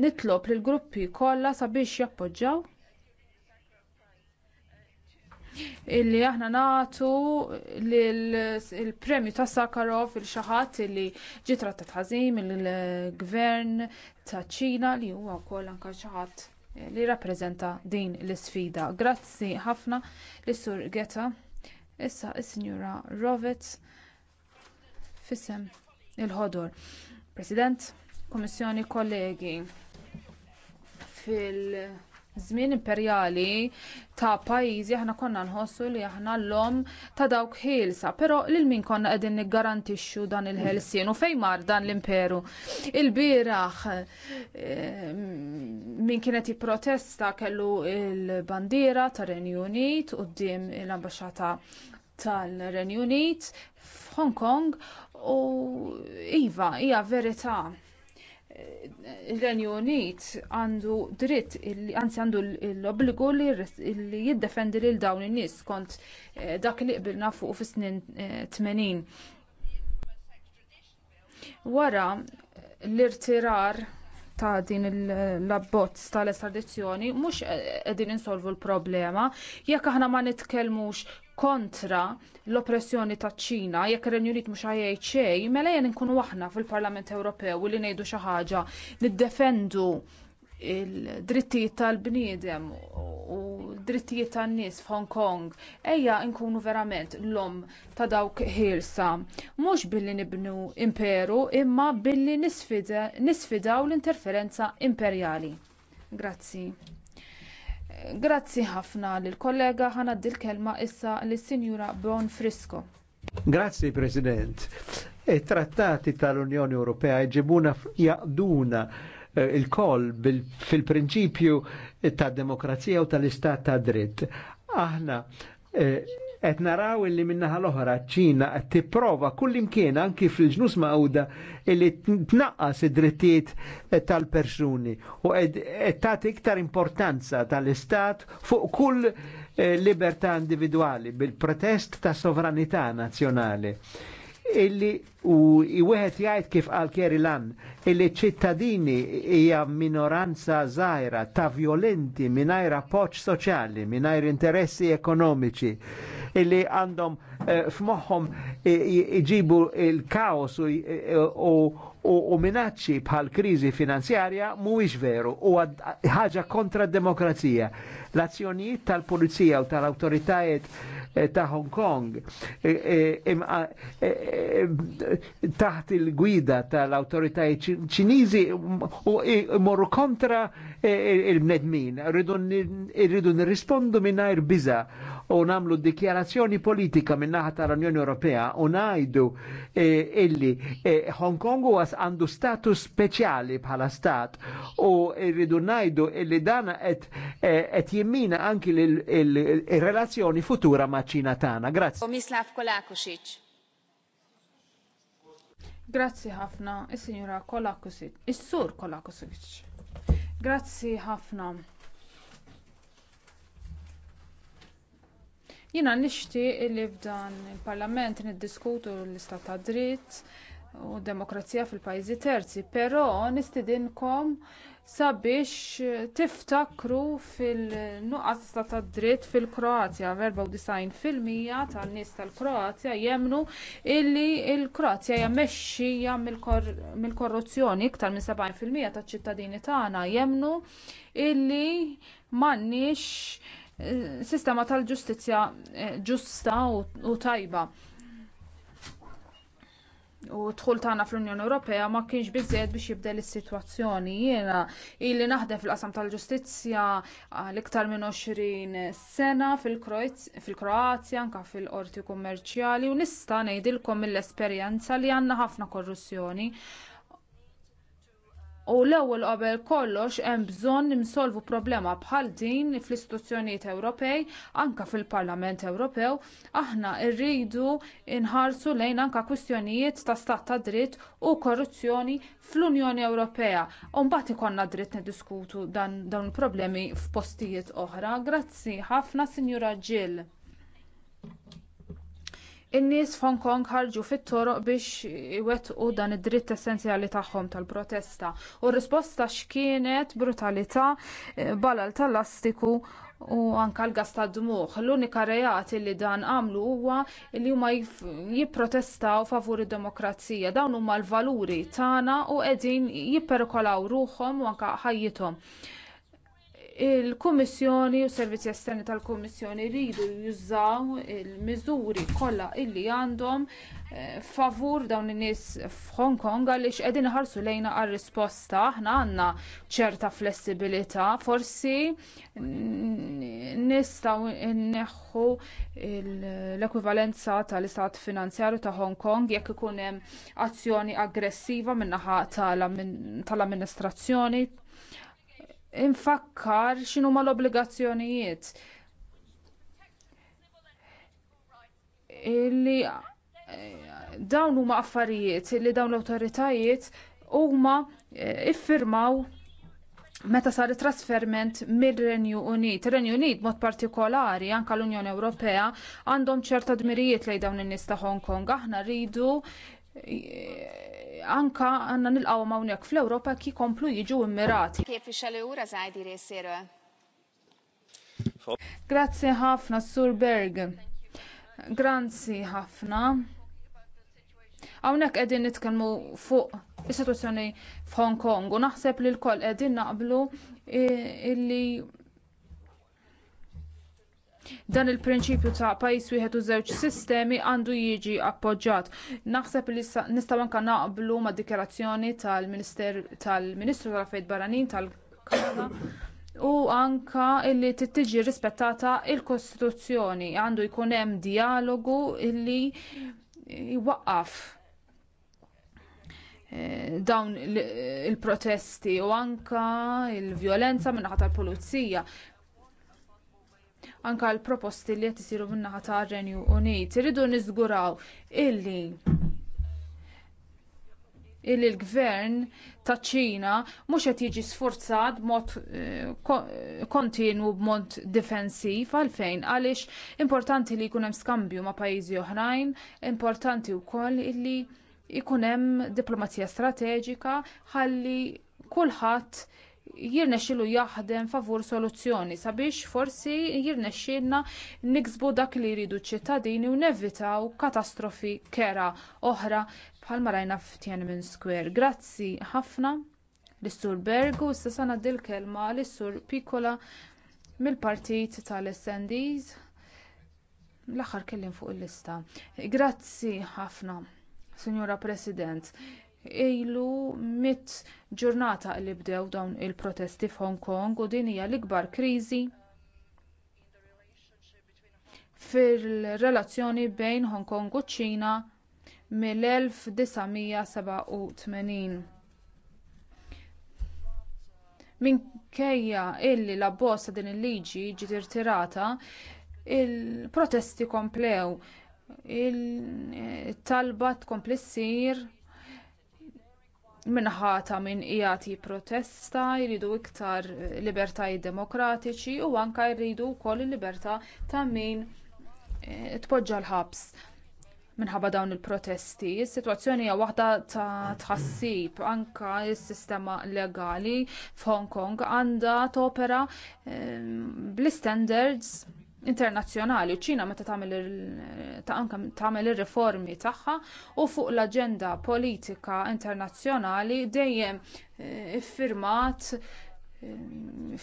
nitlob lil gruppi kollha sabiex jappoġġjaw illi aħna natu il-premju ta' Sakharov il xaħat illi ġitra ta' ħażin mill-gvern ta' Ċina li huwa wkoll anke xi ħadd li rappreżenta din l-isfida. Grazzi ħafna l sur Geta. Issa s sinjura Rovitz fissem il-ħodor. President, Kummissjoni kollegi. Fil-żmien imperjali ta' pajjiżi aħna konna nħossu li aħna l-lom ta' dawk ħielsa, però lil min konna qegħdin niggarantixxu dan il-ħelsien u fejn mar dan l-imperu. Il-bieraħ eh, min kienet jipprotesta kellu il-bandiera ta' Renju Unit quddiem l-ambaxxata tal-Renju Unit f'Hong Kong u iva hija verità il-Renju Unit għandu dritt, anzi għandu l-obbligu li jiddefendi lil dawn in-nies kont eh, dak li qbilna fuq fis-snin 80. Eh, Wara l-irtirar ta' din l-abbozz tal-estradizzjoni mhux qegħdin insolvu l-problema jekk aħna ma nitkellmux kontra l-oppressjoni taċ ċina jekk ir-Renju Unit mhux ħajjgħid mela jien inkunu aħna fil-Parlament Ewropew li ngħidu xi ħaġa niddefendu il-drittijiet tal-bniedem u drittijiet tan-nies f'Hong Kong ejja nkunu verament l-om ta' dawk ħirsa Mhux billi nibnu imperu imma billi nisfidaw l-interferenza imperjali. Grazzi. Grazzi ħafna lill kollega ħana dil kelma issa lis sinjura Bon Frisco.
Grazzi President. E trattati tal-Unjoni Ewropea jġibuna jaqduna Eh, il kol fil-prinċipju ta' demokrazija u tal-istat ta' dritt. Aħna eh, qed naraw illi minnaħa l-oħra ċina qed tipprova kullimkien anki fil-ġnus mawda illi tnaqqas id-drittijiet eh, tal-persuni u qed tagħti iktar importanza tal-istat fuq kull libertà individuali bil-protest ta' sovranità nazzjonali illi u iwehet jgħid kif għal Kerilan illi ċittadini hija minoranza zaħira ta' violenti mingħajr appoġġ soċjali, mingħajr interessi ekonomiċi illi għandhom eh, f'moħħom iġibu il-kaos u, u, u minacċi bħal kriżi finanzjarja mhuwiex veru u ħaġa kontra d-demokrazija. L-azzjonijiet tal-pulizija u tal-awtoritajiet Eh, ta' Hong Kong eh, eh, taħt il-gwida tal-autoritajiet ċinizi mm, u morru kontra il-bnedmin. Irridu nirrispondu ir biza u namlu dikjarazzjoni politika minnaħa tal-Unjoni Ewropea u najdu eh, illi eh, Hong Kong għas għandu status speċjali bħala stat u rridu najdu illi dan et eh, jimmina anki il-relazzjoni futura ma' ċina tana. Grazie.
Komislav Kolakusic.
Grazie ħafna, il-Signora Kolakusic, il sur Kolakusic. Grazie ħafna. Jiena nixtieq li f'dan il-Parlament niddiskutu l-istat ta' dritt u d demokrazija fil-pajjiżi terzi, però nistidinkom sabiex tiftakru fil-nuqqas ta' ta' dritt fil-Kroazja. 94% tan-nies tal-Kroazja jemmnu illi l kroazja hija mexxija mill-korruzzjoni, iktar minn 70% taċ-ċittadini tagħna jemmnu illi m'għandniex sistema tal-ġustizzja eh, ġusta u tajba. U dħul tagħna fl-Unjoni Ewropea ma kienx biżżejjed biex jibdel is-sitwazzjoni. Jiena illi naħdem fil-qasam tal-ġustizzja l-iktar minn 20 sena fil-Kroazja anke fil-qorti kummerċjali u nista' ngħidilkom mill-esperjenza li għandna ħafna korruzzjoni U l-ewwel qabel kollox hemm bżonn nimsolvu problema bħal din fl-istituzzjonijiet Ewropej, anke fil-Parlament Ewropew, aħna rridu nħarsu lejn anke kwistjonijiet ta' stat ta' dritt u korruzzjoni fl-Unjoni Ewropea. U mbagħad ikollna dritt niddiskutu dawn il-problemi f'postijiet oħra. Grazzi ħafna, Sinjura Gill in-nies f'Hong Kong ħarġu fit-toroq biex iwettqu dan id-dritt essenzjali tagħhom tal-protesta u r-risposta x'kienet brutalità eh, balal tal-lastiku u anke l-gas ta' dmuħ. L-unika reati li dan għamlu huwa li huma jipprotestaw favur id-demokrazija. Dawn huma l-valuri tagħna u qegħdin jipperikolaw ruħhom u anke ħajjithom il-Kummissjoni u s Servizzi Esterni tal-Kummissjoni jridu jużaw il-miżuri kollha illi għandhom eh, favur dawn in-nies f'Hong Kong għaliex qegħdin iħarsu lejna għar-risposta aħna għandna ċerta flessibilità forsi nistgħu nneħħu l-ekwivalenza tal-istat finanzjarju ta' Hong Kong jekk ikun hemm azzjoni aggressiva min-naħa tal-amministrazzjoni infakkar xinu ma l-obbligazzjonijiet Illi eh, dawn huma affarijiet li dawn l-awtoritajiet huma eh, iffirmaw meta sar it trasferment mir-Renju Unit. Ir-Renju Unit mod partikolari anke l-Unjoni Ewropea għandhom ċerta dmirijiet lej dawn in-nies ta' Hong Kong. Aħna rridu anka għanna nilqaw mawnek fl-Ewropa ki komplu jiġu immirati.
Kif úr ura zaħdi resiru?
Grazzi ħafna, Sur Berg. Grazzi ħafna. Hawnhekk qegħdin nitkellmu fuq is-sitwazzjoni f'Hong Kong u naħseb li l-koll qegħdin naqblu illi Dan il-prinċipju ta' pajjiż wieħed u żewġ sistemi għandu jiġi appoġġjat. Naħseb li nistgħu anke naqblu mad dikjarazzjoni tal-Ministru tal-Affarijiet Barranin tal-Kanada u anke li tiġi rispettata l kostituzzjoni għandu jkun hemm dijalogu li jwaqqaf eh, dawn il-protesti u anke l vjolenza minnaħa tal-pulizija anke l-proposti li qed isiru min-naħa ta' renju Unit. iridu niżguraw illi illi l-gvern taċ ċina mhux qed jiġi sforzat b'mod eh, kontinwu b'mod difensiv għalfejn għaliex importanti li jkun hemm skambju ma' pajjiżi oħrajn, importanti wkoll illi jkun hemm diplomazija strateġika ħalli kulħadd jirnexxilu jaħdem favur soluzzjoni sabiex forsi jirnexxilna niksbu dak li jridu ċ-ċittadini u nevitaw katastrofi kera oħra bħalma rajna f'Tiananmen Square. Grazzi ħafna lis-Sur Bergu issa se l-kelma lis-Sur Pikola mill-Partit tal-SNDs l-aħħar kelliem fuq il-lista. Grazzi ħafna, Signora President ilu mitt ġurnata li bdew dawn il-protesti f'Hong Kong u din hija l-ikbar kriżi fir-relazzjoni bejn Hong Kong u ċ-Ċina mill 1997 Minkejja illi l-abbozz ta' din il-liġi ġiet irtirata, il-protesti komplew, it talba tkompli ssir minħata minn qiegħed protesta, jridu iktar eh, libertajiet demokratiċi u anke jridu wkoll il-libertà ta' min eh, tpoġġa l-ħabs minħabba dawn il-protesti. Is-sitwazzjoni hija waħda ta' tħassib anke s-sistema legali f'Hong Kong għandha topera eh, bl-standards internazzjonali u ċina meta tagħmel ir-riformi tagħha u fuq l-aġenda politika internazzjonali dejjem eh, iffirmat eh,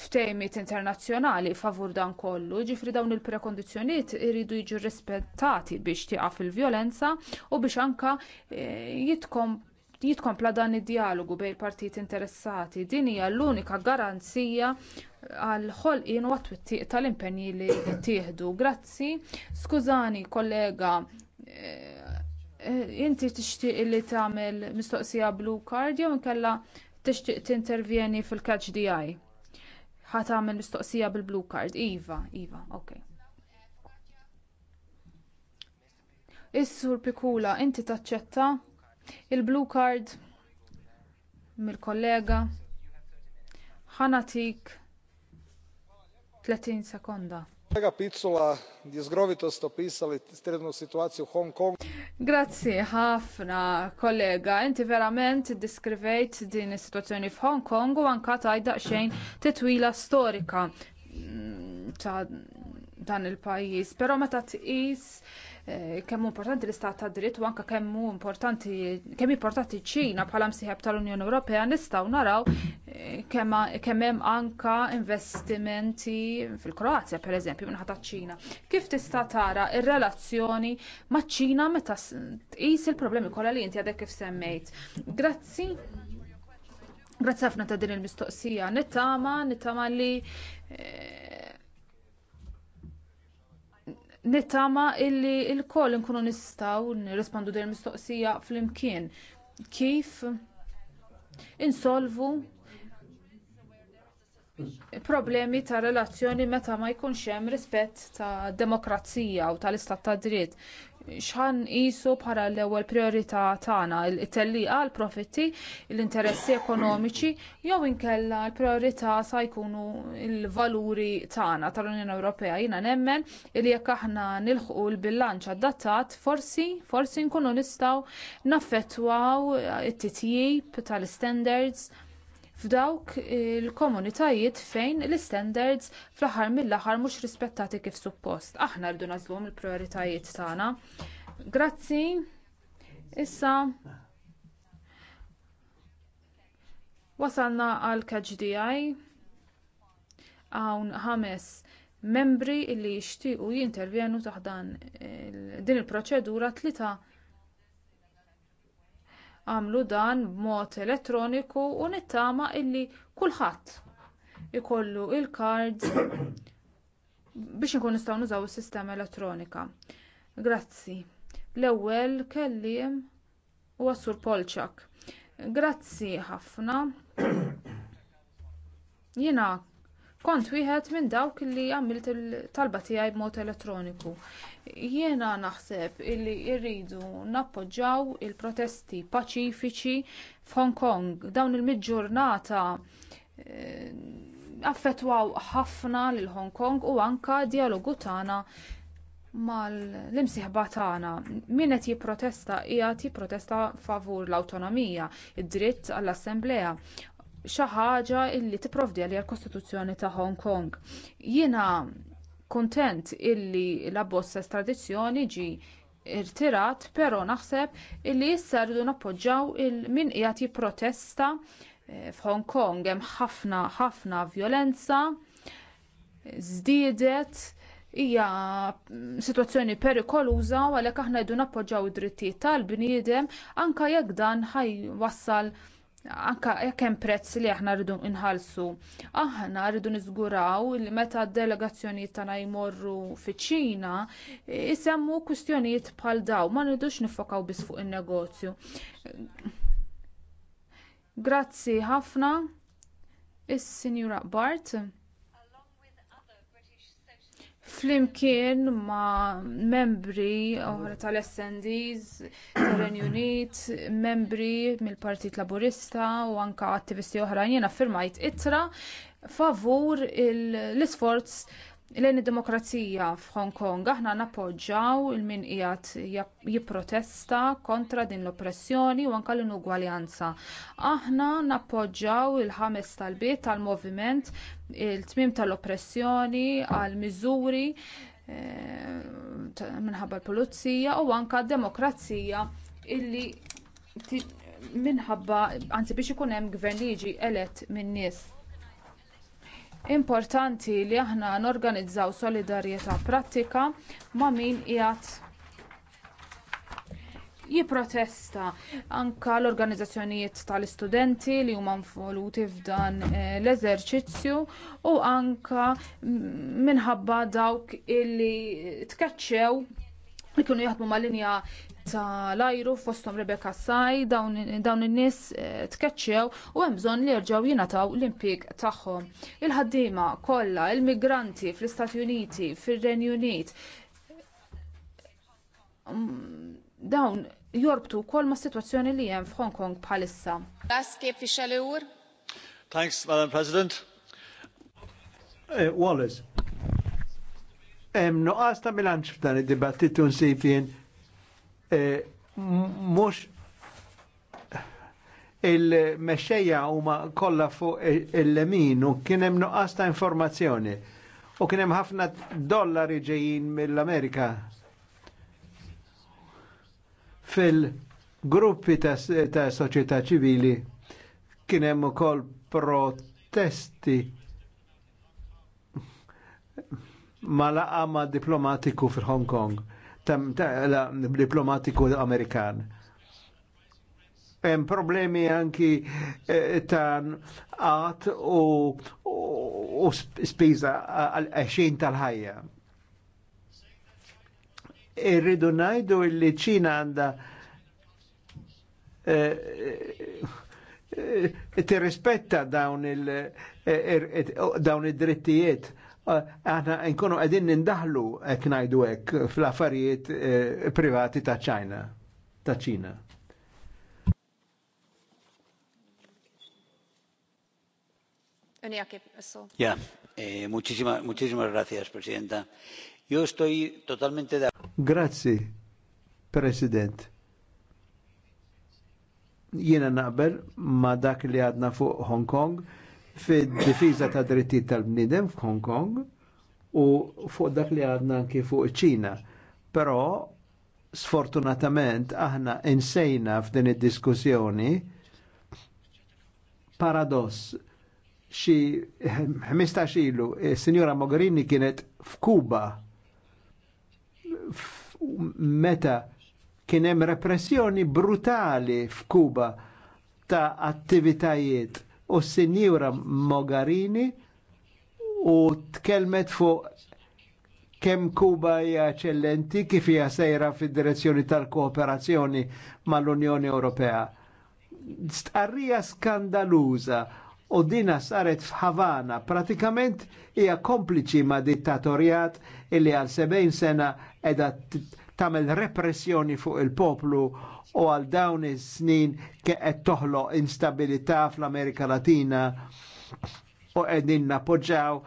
ftehimiet internazzjonali favur dan kollu, ġifri dawn il-prekondizzjonijiet iridu jiġu rispettati biex tieqaf il-vjolenza u biex anke eh, jitkompla dan id-dialogu bejn partijiet interessati. Din hija l-unika garanzija għal ħolqien u għat tal-impenji li ttieħdu. Grazzi, skużani kollega, eh, inti tixtieq li tagħmel mistoqsija blue card jew inkella tixtieq tintervjeni fil-catch DI. Ħa tagħmel mistoqsija bil-blue card. Iva, Iva, ok. Is-sur Pikula, inti taċċetta il-blue card mill-kollega ħanatik 30 sekonda.
Kolega Pizzula, strednu situaciju u Hong Kong.
Grazzi ħafna kollega, inti verament diskrivejt din is-sitwazzjoni f'Hong Kong u anka tajda xejn titwila storika mm, ta' dan il-pajjiż, però meta tqis Eh, kemm importanti l-istat ta' dritt u anke kemm importanti kemm importanti ċ-Ċina bħala msieħeb tal-Unjoni Ewropea nistgħu naraw eh, kemm hemm anke investimenti fil-Kroazja pereżempju minħata taċ ċina Kif tista' tara r-relazzjoni maċ-Ċina meta tqis il-problemi kollha li inti għadek kif semmejt. Grazzi. Grazzi ħafna ta' din il-mistoqsija. Nittama, nittama li eh, nittama illi il-koll nkunu nistaw nirrespondu dejjem mistoqsija fl-imkien kif insolvu problemi ta' relazzjoni meta ma jkunx hemm rispett ta' demokrazija u tal-istat ta' dritt xan qisu bħala l-ewwel priorità tagħna it-tellieqa l-profitti, l-interessi ekonomiċi jew inkella l priorita sa jkunu l-valuri tagħna tal-Unjoni Ewropea. Jiena nemmen li jekk aħna nilħqu l-bilanċ adattat, forsi forsi nkunu nistgħu naffettwaw it-titjib tal-standards f'dawk il-komunitajiet fejn l-istandards fl-aħħar mill-aħħar mhux rispettati kif suppost. Aħna rridu nażluhom il-prijoritajiet tagħna. Grazzi. Issa wasalna għal KGDI hawn ħames membri li jixtiequ jintervjenu taħt din il-proċedura tlieta għamlu dan b'mod elettroniku u nittama illi kulħadd ikollu l-kards biex inkunu nistgħu nużaw is-sistema elettronika. Grazzi. L-ewwel kelliem huwa Sur Polċak. Grazzi ħafna. Jiena kont wieħed minn dawk li għamilt il-talba tiegħi b'mod elettroniku. Jiena naħseb illi rridu nappoġġjaw il-protesti paċifiċi f'Hong Kong dawn il ġurnata eh, affettwaw ħafna lil Hong Kong u anke dijalogu tagħna mal-imsiħba tagħna. Min qed jipprotesta hija tipprotesta favur l-awtonomija, id-dritt għall-assembleja xi ħaġa li tipprovdi għalija l-Kostituzzjoni ta' Hong Kong. Jiena kuntent illi l-abbozz ta' tradizzjoni ġie irtirat, però naħseb illi issa rridu nappoġġjaw il-min qiegħed jipprotesta eh, f'Hong Kong hemm ħafna ħafna vjolenza żdiedet hija sitwazzjoni perikoluża u għalhekk aħna jdu nappoġġjaw id-drittijiet tal-bniedem anke jekk dan ħajwassal wassal anka jekk hemm prezz li aħna rridu nħallsu aħna rridu niżguraw li meta d-delegazzjonijiet tagħna jmorru fi ċina isemmu kwistjonijiet bħal daw. ma rridux nifokaw biss fuq in-negozju. Grazzi ħafna is-Sinjura Bart flimkien ma' membri oħra tal-SNDs, tal-Renju Unit, membri mill-Partit Laburista u anke attivisti oħrajn jiena firmajt ittra favur l-isforz lejn id-demokrazija f'Hong Kong aħna nappoġġjaw il min qiegħed jipprotesta kontra din l-oppressjoni u anke l-inugwaljanza. Aħna nappoġġjaw il-ħames talbiet tal-moviment il-tmiem tal-oppressjoni għal miżuri eh, minħabba l-pulizija u anke d-demokrazija illi minħabba anzi biex ikun hemm gvern li jiġi elett min-nies importanti li aħna norganizzaw solidarjetà prattika ma' min qiegħed jipprotesta anke l-organizzazzjonijiet tal-istudenti li huma involuti f'dan eh, l-eżerċizzju u anke minħabba dawk illi tkeċċew li kienu jaħdmu mal-linja ta' lajru fostom Rebecca Saj dawn in-nies eh, tkeċċew u hemm bżonn li jerġgħu jingħataw l-impjieg tagħhom. Il-ħaddiema kollha, il-migranti fl-Istati Uniti, fir-Renju Unit. Mm, dawn jorbtu wkoll ma' sitwazzjoni li hemm f'Hong Kong bħalissa.
Thanks, Madam President. Eh, Wallace, hemm ta' bilanċ f'dan id-dibattitu nsejfien Eh, mhux il u huma kollha fuq il-lemin u kien hemm nuqqas ta' informazzjoni u kien hemm ħafna dollari ġejjin mill-Amerika fil-gruppi ta' soċjetà ċivili kien hemm ukoll protesti ma laqa ma diplomatiku fil-Hong Kong sistem diplomatiku Amerikan. Hemm problemi anki eh, ta' għat u spiża għal għaxin tal-ħajja. Irridu najdu li ċina għanda eh, eh, ti rispetta dawn il-drittijiet Il, Eh, aħna nkunu għedin nindahlu hekk ngħidu hekk fl-affarijiet eh, privati ta' ċajna, Ta' Ċina. Yeah. Eh, muchísimas, Presidenta. Jo stoj totalmente da... Grazie, President. Jiena naqbel ma dak li għadna fuq Hong Kong fil difiża ta' drittijiet tal-bniedem f'Hong Kong u fuq dak li għadna anki fuq ċina. Però sfortunatament aħna insejna f'din id-diskussjoni paradoss xi 15 ilu e, is Mogherini kienet f'Kuba meta kien hemm repressjoni brutali f'Kuba ta' attivitajiet u s-sinjura Mogarini u tkelmet fuq kemm Kuba hija eċellenti kif hija sejra fid-direzzjoni tal-kooperazzjoni mal-Unjoni Ewropea. Stqarrija skandaluża u dina saret f'Havana pratikament hija kompliċi ma' dittatorjat illi għal 70 sena edha tagħmel repressjoni fuq il-poplu u għal dawn is-snin qed toħloq instabilità fl-Amerika Latina u qegħdin nappoġġaw,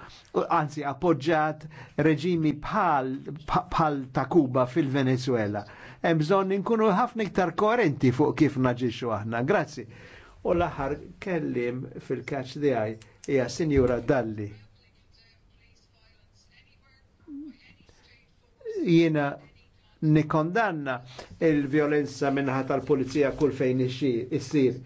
anzi appoġġat reġimi bħal, bħal ta' Kuba fil-Venezuela. Hemm bżonn inkunu ħafna iktar koerenti fuq kif naġixxu aħna. Grazzi. U l-aħħar kellim fil-kaċ di hija Sinjura Dalli. Jiena nikondanna il-violenza minnaħa tal-pulizija kull fejn issir.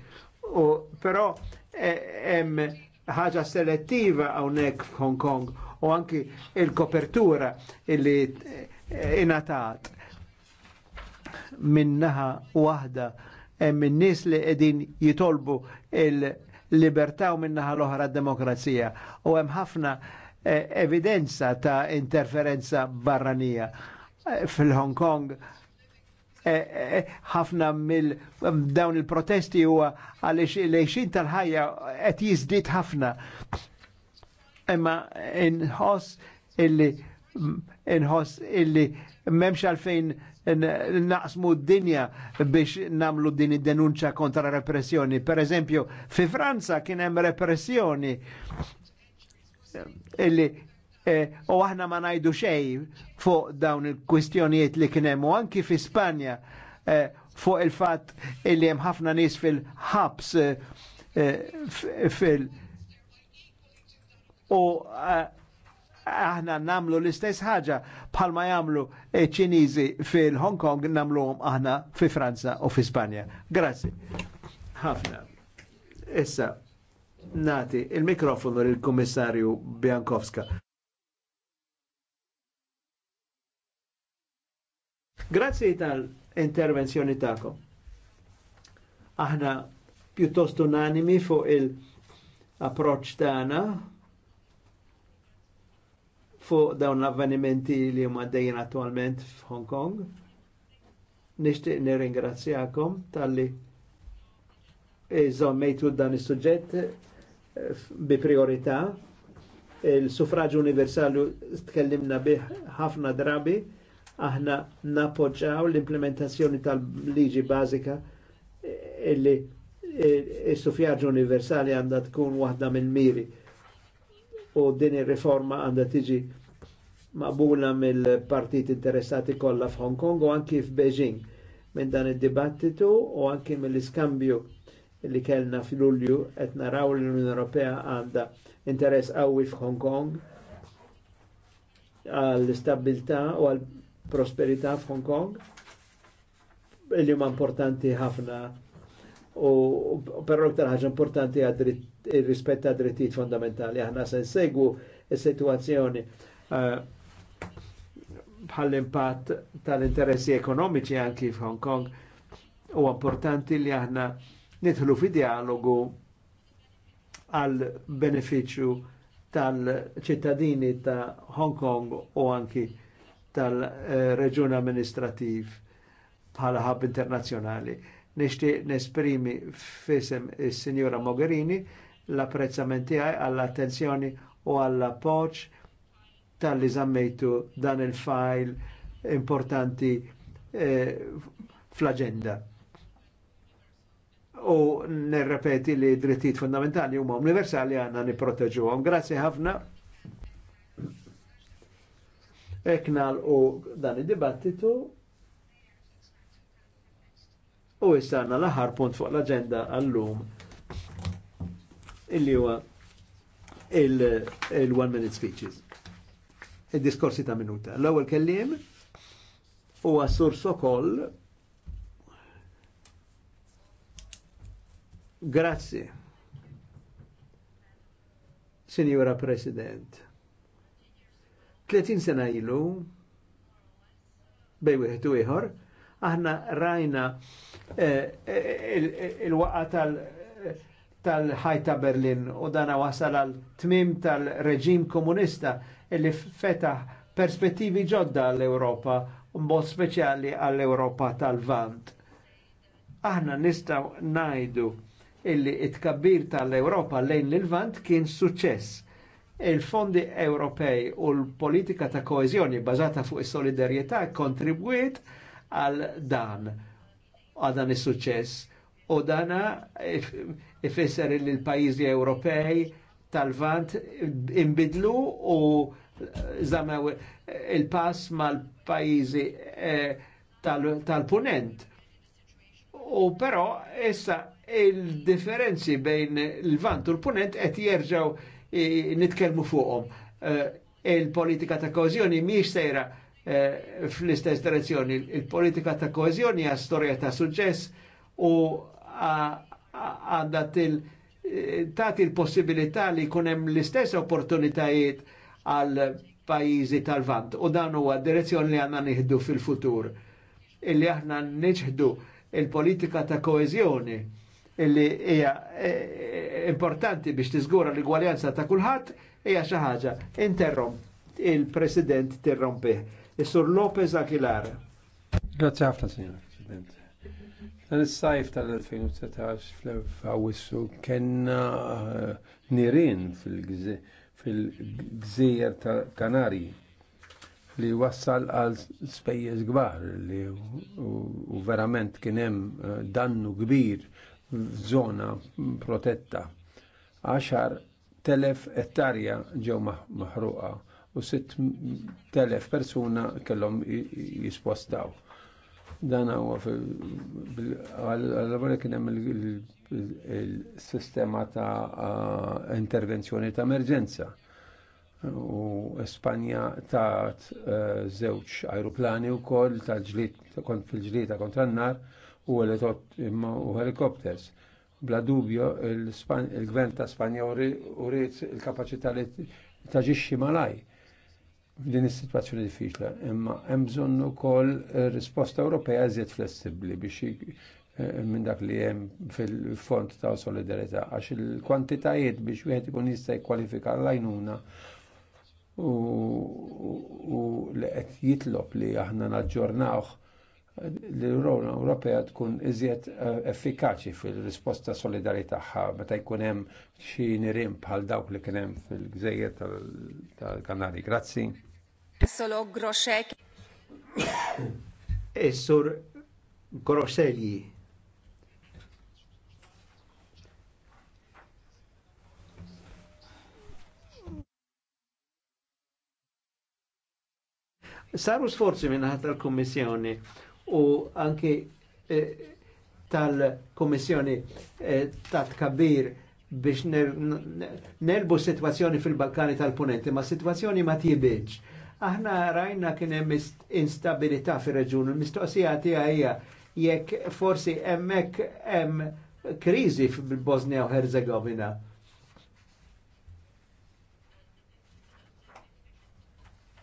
U però e-, hemm ħaġa selettiva hawnhekk f'Hong Kong u anki il-kopertura illi e-, inatat minnaħa waħda hemm in-nies li qegħdin jitolbu il-libertà u minnaħa l-oħra d-demokrazija u hemm ħafna e-, evidenza ta' interferenza barranija fil-Hong Kong e, e, ħafna mill dawn il-protesti huwa għaliex il-lejxin tal-ħajja qed jiżdied ħafna. Imma inħoss illi inħoss illi memx għalfejn naqsmu d-dinja biex namlu din id-denunċa kontra repressjoni. Per eżempju, fi Franza kien hemm repressjoni illi Eh, u aħna ma najdu xej fuq dawn il-kwistjonijiet li kienem u anki fi Spanja eh, fuq il-fat li hemm ħafna nies fil-ħabs eh, fil- u aħna namlu l-istess ħaġa bħalma jamlu ċinizi fil-Hong Kong namluhom aħna fi Franza u fi Spanja. Grazzi. Ħafna. Issa, nati il-mikrofonu il kommissarju Biankowska. Grazzi tal-intervenzjoni tako. Aħna piuttosto unanimi fuq il-approċ tagħna fuq dawn l-avvenimenti li huma dejjin attualment f'Hong Kong. Nixtieq nirringrazzjakom tal-li iżommejtu dan is-suġġett eh, bi priorità il-suffraġġ universali tkellimna bih ħafna drabi aħna napoġġaw l-implementazzjoni tal-liġi bażika eh, illi eh, is-suffjaġġ universali għandha tkun waħda mill-miri u din ir-riforma għandha tiġi maqbula mill-partit interessati kollha f'Hong Kong u anki f'Beijing minn dan id-dibattitu u anki mill-iskambju li kellna f'Lulju qed naraw l-Unjoni Ewropea għandha interess qawwi f'Hong Kong għall-istabilità u għal prosperità f'Hong Kong li huma importanti ħafna u però iktar ħaġa importanti il rispett għad drittijiet fondamentali aħna se nsegwu is-sitwazzjoni eh, bħall-impatt tal-interessi ekonomiċi anki f'Hong Kong u importanti li aħna nidħlu fi dialogu għal beneficju tal-ċittadini ta' Hong Kong u anki tal-reġun amministrativ bħala ħab internazzjonali. Nixtieq nesprimi fisem is-Sinjura Mogherini l-apprezzament tiegħi għall-attenzjoni u għall-appoġġ tal-li żammejtu dan il-fajl importanti eh, fl-agenda. U nirrepeti li drittijiet fundamentali huma universali għandna nipproteġuhom. Grazzi ħafna. Eknal u dan il dibattitu u jistanna laħar punt fuq l-agenda għallum illi huwa il-one minute speeches. Il-diskorsi ta' minuta. l ewel kellim u Sur Sokol. Grazie. Signora President. 30 sena ilu, bej wieħed u ieħor, aħna rajna eh, eh, il-waqa tal tal Berlin u dana wasal għal tmim tal-reġim komunista illi fetaħ perspettivi ġodda għall-Europa mod speċjali għall-Europa tal-Vant. Aħna nistaw najdu illi it-kabbir tal-Europa lejn l-Vant kien suċess il-fondi Ewropej u l-politika ta' koezjoni bazata fuq is-solidarjetà kontribwiet għal dan għal dan is-suċċess u dana ifisser li l-pajjiżi Ewropej tal-vant imbidlu u zamaw il-pass mal-pajjiżi eh, tal-punent. U però issa il-differenzi bejn il-vant u l-punent qed jerġgħu nitkellmu fuqhom. Eh, il-politika ta' kozjoni mhijiex sejra eh, fl-istess direzzjoni. Il-politika ta' kożjoni hija storja ta' suċċess u għandat il eh, tati l-possibilità li jkun hemm l-istess opportunitajiet għal pajjiżi tal-vant u dan huwa direzzjoni li għandna nieħdu fil-futur illi aħna niġħdu il-politika ta' koezjoni illi hija eh, eh, importanti biex tiżgura l-igwaljanza ta' kulħadd hija xi ħaġa. Interrom il-President
tirrompih. Is-Sur Lopez Aguilar. Grazie ħafna, Signor President. Dan is-sajf tal-2019 fl-Awissu kenna eh, nirin fil-gżejjer ta' Kanarji li wassal għal spejjeż kbar li u verament kien hemm dannu kbir f'żona protetta. 10,000 ettarja ġew maħruqa u 6,000 persuna kellhom jispostaw. Dan huwa għal kien hemm il-sistema ta' intervenzjoni ta' emerġenza. U Espanja ta' eh, żewġ ajruplani wkoll ta' ġlied kont fil-ġlita kontra n-nar u u helikopters. Bla dubju il-gvern ta' Spanja u rrit il-kapacità li taġixxi malaj din is-sitwazzjoni diffiċla, imma hemm bżonn ukoll risposta Ewropea eżiet flessibbli biex eh, minn dak li hemm fil-fond ta' solidarità għax il-kwantitajiet biex wieħed ikun jista' jkwalifika l-għajnuna u li qed jitlob li aħna naġġornawh l-Unjoni Ewropea tkun iżjed eh, effikaċi fil-risposta solidari tagħha meta jkun hemm xi nirien bħal dawk li kien hemm fil-gżejjer tal-Kanari. Grazzi.
Solo Groxek.
Eh, sur Groxelji.
Saru sforzi minnaħat tal-Kommissjoni u anki eh, tal-Komissjoni eh, ta' tkabbir biex nelbu situazzjoni fil-Balkani tal-Punenti, ma' situazzjoni ma' tibieġ. Aħna rajna kien hemm instabilità fir-reġun, il-mistoqsija tiegħi jekk forsi hemmhekk hemm kriżi fil-Bosnia u Herzegovina.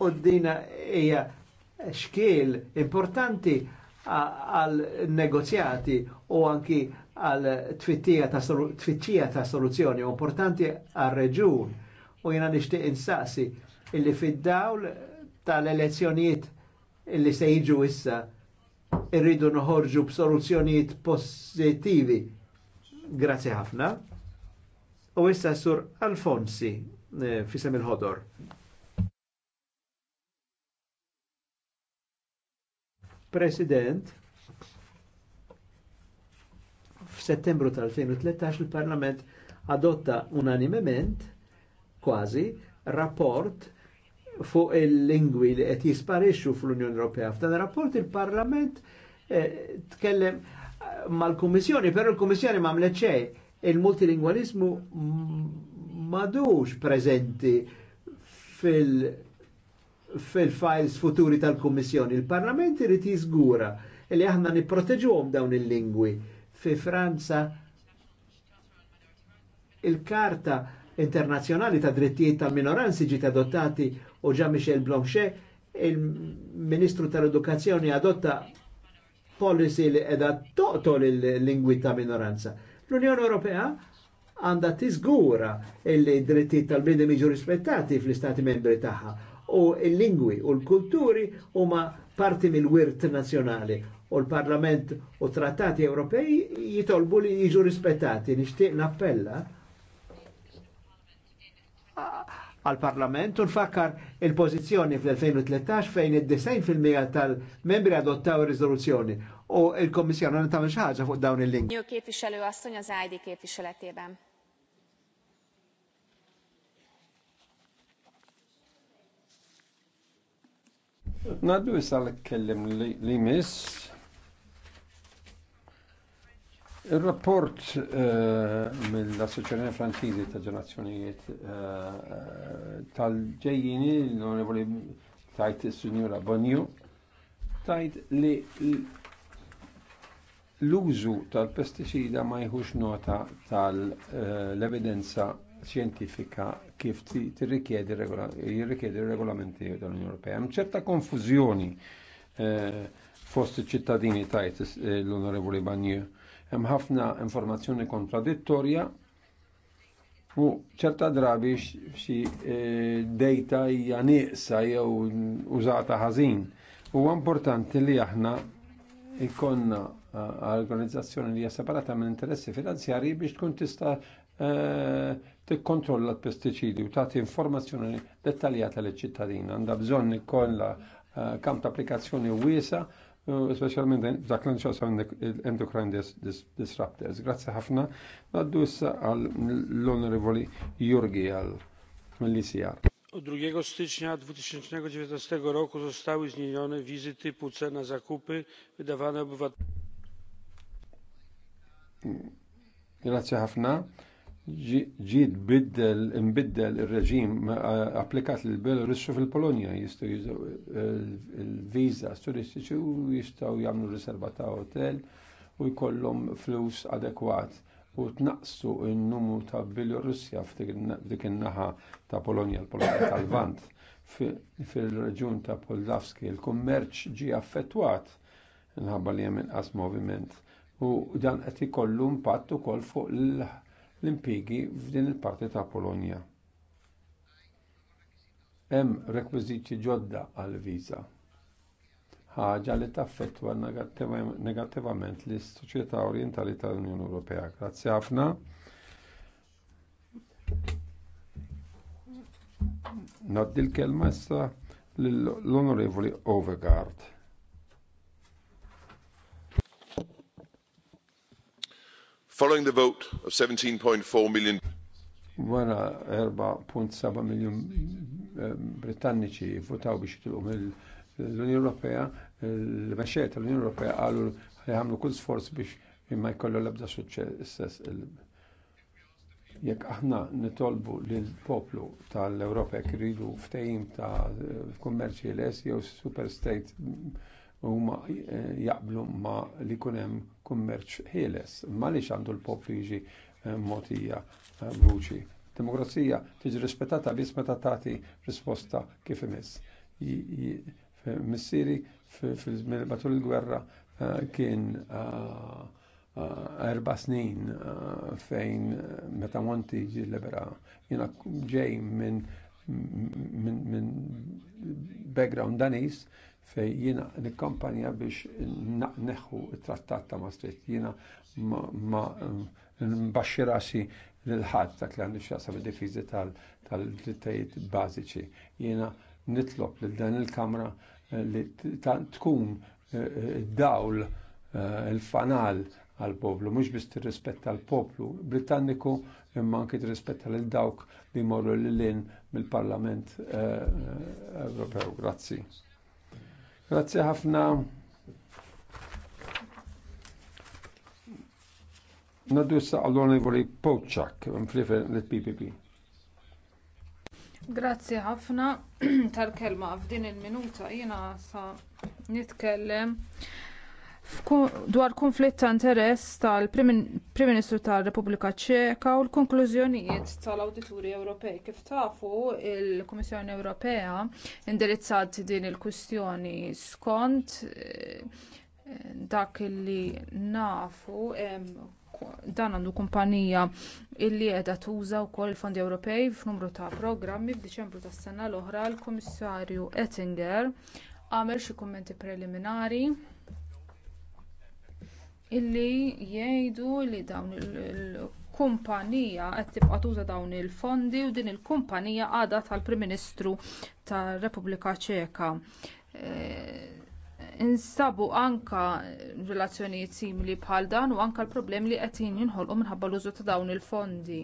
U dina hija xkiel importanti għal negozjati u anki għal tfittija ta', solu soluzzjoni u importanti għal reġun u jena nishtiq insaqsi illi fid-dawl tal-elezzjonijiet illi se jiġu issa irridu noħorġu b'soluzzjonijiet pozittivi. Grazie ħafna. U issa sur Alfonsi eh, fisem il-ħodor. President, f'Settembru tal-2013 il-Parlament adotta unanimement kważi rapport fuq il-lingwi li qed jisparixxu fl-Unjoni Ewropea. F'dan rapport il-Parlament eh, tkellem eh, mal-Kummissjoni, però l-Kummissjoni m'għamlet xejn. il ma madux preżenti fil- fil-files futuri tal-Kummissjoni. Il-Parlament irid jiżgura li aħna nipproteġuhom dawn il-lingwi. Fi Franza il-Karta Internazzjonali ta' Drittijiet tal-Minoranzi ġiet adottati u ġa Michel Blanchet, il-Ministru tal-Edukazzjoni adotta policy li edha toqtol il-lingwi ta' minoranza. L-Unjoni Ewropea għanda tiżgura il-drittijiet tal-bnedem jiġu rispettati fl-Istati membri tagħha u l-lingwi u l-kulturi huma parti mill-wirt nazjonali u l-Parlament u trattati Ewropej jitolbu li jiġu rispettati. Nixtieq nappella għal-Parlament u nfakkar il pozizjoni fl-2013 fejn id fil mija tal-membri adottaw il riżoluzzjoni u il-Kommissjoni għandha tagħmel xi ħaġa fuq dawn il-linki. link
Jó képviselő asszony az ID képviseletében.
Naddu jisal kellim li mis. Il-rapport eh, mill associazione Franzisi ta' ġenazzjonijiet eh, tal-ġejjini l-onorevoli tajt il sinjura Bonju tajt li l-użu tal pesticida ma jħux nota tal-evidenza eh, xjentifika kif tirrikjedi regolamenti tal-Unjoni Ewropea. Hemm ċerta konfużjoni eh, fost iċ-ċittadini tajt eh, l-Onorevoli Banju. Hemm ħafna informazzjoni kontradittorja u ċerta drabi xi eh, dejta hija nieqsa jew użata ħażin. Huwa importanti li aħna ikonna organizzazzjoni li hija separata minn interessi finanzjarji biex tkun tista' Eh, tikkontrolla l pesticidi u tagħti informazzjoni dettaljata liċ ċittadin Għandha bżonn ikollha eh, kamp ta' applikazzjoni wiesa, eh, specialment dak l endocrine disruptors. Grazzi ħafna. Naddu issa għal l-Onorevoli Jurgi għal mill-ICR. 2 stycznia 2019 roku zostały zmienione wizy typu C na zakupy wydawane obywatelom. Grazie ħafna ġid biddel, imbiddel il-reġim applikat l belorussu fil-Polonja jistaw jużaw eh, il-viza turistiċi u jistaw jamlu riserva ta' hotel u jkollhom flus adekwat u tnaqsu n-numru ta' Belorussja f'dik in-naħa ta' Polonja, l-Polonja tal-Vant fil-reġjun ta' Poldavski, il-kummerċ ġie affettwat minħabba li hemm inqas moviment u dan qed ikollu impatt ukoll fuq il- l impigi f'din il-parti ta' Polonja. Hemm rekwiżiti ġodda għal viża. Ħaġa li taffettwa negattivament lis soċjetà Orientali tal-Unjoni Ewropea. Grazzi ħafna. Naddi l-kelma issa l-Onorevoli Overgaard.
Following the vote of 17.4 million
Wara 4.7 miljon eh, Britanniċi votaw biex jitilqu mill-Unjoni Ewropea, l-mexxejja tal-Unjoni Ewropea qalu li jagħmlu kull sforz biex imma jkollu l-ebda suċċess jekk aħna nitolbu lill poplu tal-Ewropa jekk iridu ftehim ta' kummerċi l-es jew super state huma eh, jaqblu ma li jkun hemm kummerċ ħieles. Maliex għandu l-poplu jiġi eh, mogħtija bruċi. Eh, Demokrazija tiġi rispettata biss meta tagħti risposta kif imiss. Missieri matul il-gwerra kien erba snin fejn meta Monti ġi libera. Jiena ġej minn background danis fej jiena nikkampanja biex neħu il trattat ta' Maastricht. jina ma um, mbaxxi rasi l-ħadd dak li għandi x'jaqsam id-difiżi tal-drittajiet bażiċi. Jiena nitlob lil dan il-Kamra eh, li tkun eh, dawl eh, il-fanal għal-poplu, mux biss tirrispetta l-poplu Britanniku imma anke tirrispetta lil dawk li morru l-lin mill-Parlament Ewropew. Grazzi. Grazzi ħafna. Naddu issa għall-onorevoli Poċak, l-PPP.
Grazzi ħafna tal-kelma f'din il-minuta jiena sa nitkellem dwar konflitt ta' interess tal-Prim Ministru tar-Repubblika Ċeka u l-konklużjonijiet tal-Awdituri Ewropej. Kif tafu l kummissjoni Ewropea indirizzat din il kwestjoni skont eh, dak li nafu dan għandu kumpanija illi qiegħda tuża wkoll il-fondi Ewropej f'numru ta' programmi f'Diċembru tas-sena l-oħra l-Kummissarju Oettinger għamel xi kummenti preliminari illi jgħidu li dawn il-kumpanija qed tibqa' tuża dawn il-fondi u din il-kumpanija għadha tal-Prim Ministru tar-Repubblika Ċeka. Eh, Insabu anka relazzjonijiet simili bħal dan u anka l-problemi li qed jinħolqu minħabba l-użu ta' dawn il-fondi.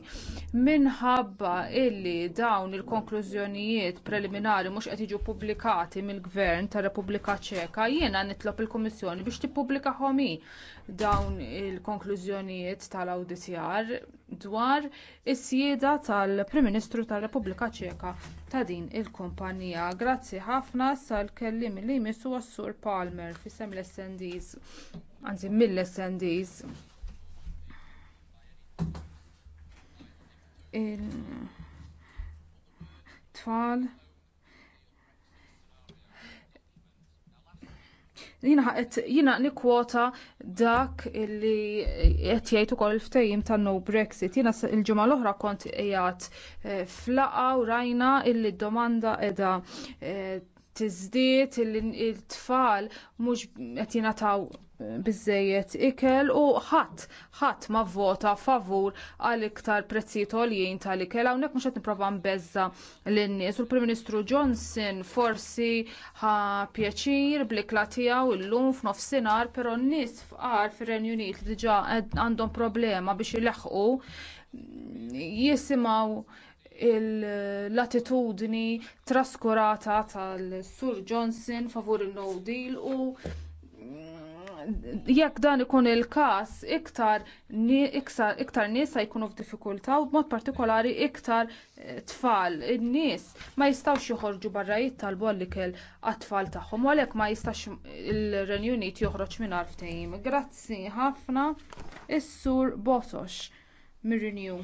Minħabba illi dawn il-konklużjonijiet preliminari mhux qed jiġu pubblikati mill-Gvern tar Repubblika Ċeka, jiena nitlob il-Kummissjoni biex tippubblikahom dawn il-konklużjonijiet tal-awditjar dwar is sjieda tal-Prim Ministru tar-Repubblika Ċeka ta' din il-kumpanija. Grazzi ħafna sal-kelliem li jmissu għas-Sur Palmer fisem l-SNDs, anzi mill-SNDs. Il... Tfal. Jina qed jina nikwota dak li qed jgħid ukoll il-ftehim ta' no Brexit. Jina il-ġimgħa l-oħra kont qiegħed eh, flaqa u rajna illi domanda eh, tizdiet illi il-tfal mhux qed jingħataw biżżejjed ikel u ħadd ħadd ma vvota favur għal iktar prezzijiet għoljin tal-ikel hawnhekk mhux qed nipprova mbezza lin-nies u l-Prim Ministru Johnson forsi ħa pjaċir bl-ikla tiegħu llum f'nofsinhar però n-nies fqar fir-Renju Unit li diġà għandhom problema biex ileħqu jisimgħu l-attitudni traskurata tal-Sur Johnson favur il-No Deal u jekk dan ikun il-każ iktar iktar nies se jkunu f'diffikultà u b'mod partikolari iktar eh, tfal. In-nies ma jistgħux joħorġu barra jittalbu għall-ikel għat-tfal tagħhom u għalhekk ma jistax il renjuniet Unit joħroġ mingħajr ftehim. Grazzi ħafna is-sur Botox mir-Renew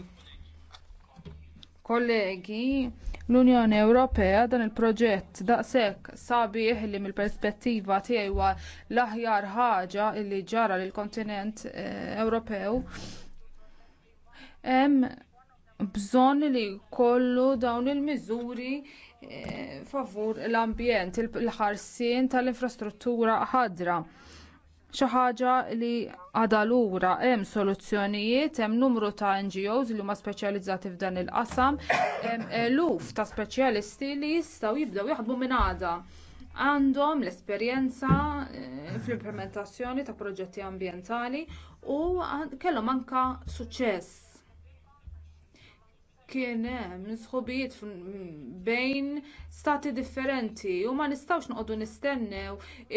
kollegi l-unjoni ewropea dan il-proġett daqshekk sabiħ li mill-perspettiva tiegħi huwa l-aħjar ħaġa li ġara lill-kontinent eh, ewropew hemm bżonn li jkollu dawn il-miżuri eh, favur l-ambjent il-ħarsien tal-infrastruttura ħadra xi ħaġa li għadha lura hemm soluzzjonijiet hemm numru ta' ngos li huma speċjalizzati f'dan il-qasam hemm eluf ta' speċjalisti li jistgħu jibdew jaħdmu minn għada għandhom l-esperjenza eh, fl-implementazzjoni ta' proġetti ambjentali u kellhom anke suċċess kien hemm sħubijiet bejn stati differenti u ma nistgħux noqogħdu nistennew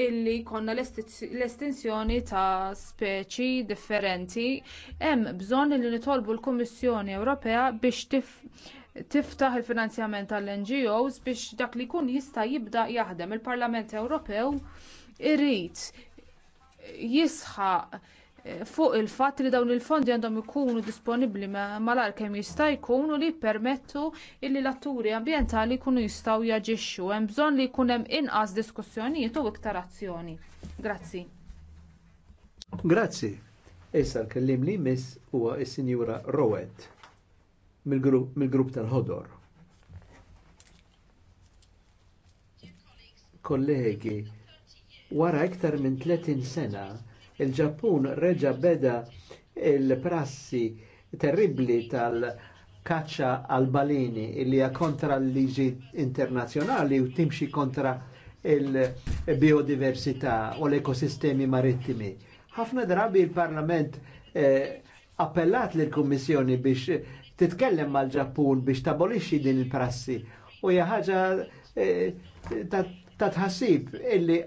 illi jkollna l-estinzjoni ta' speċi differenti. Hemm bżonn li nitolbu l-Kummissjoni Ewropea biex tiftaħ il-finanzjament tal-NGOs biex dak li jkun jista' jibda jaħdem. Il-Parlament Ewropew irid jisħaq fuq il-fatt li dawn il-fondi għandhom ikunu disponibbli malar kemm jista' jkunu li jippermettu li l-atturi ambjentali jkunu jistgħu jaġixxu hemm bżonn li jkun hemm inqas diskussjonijiet u iktar azzjoni. Grazzi.
Grazzi. Issa l-kellim li miss huwa s sinjura Rowett mill-grupp tal-ħodor. Kollegi, wara iktar minn 30 sena Il-Ġappun reġa beda il-prassi terribli tal-kaċċa għal-balini li hija kontra l-liġi internazzjonali u timxi kontra il-biodiversità u l-ekosistemi marittimi. Ħafna drabi il-Parlament eh, appellat lill-Kummissjoni biex titkellem mal-Ġappun biex tabolixxi din il-prassi u hija ħaġa eh, ta' tħassib illi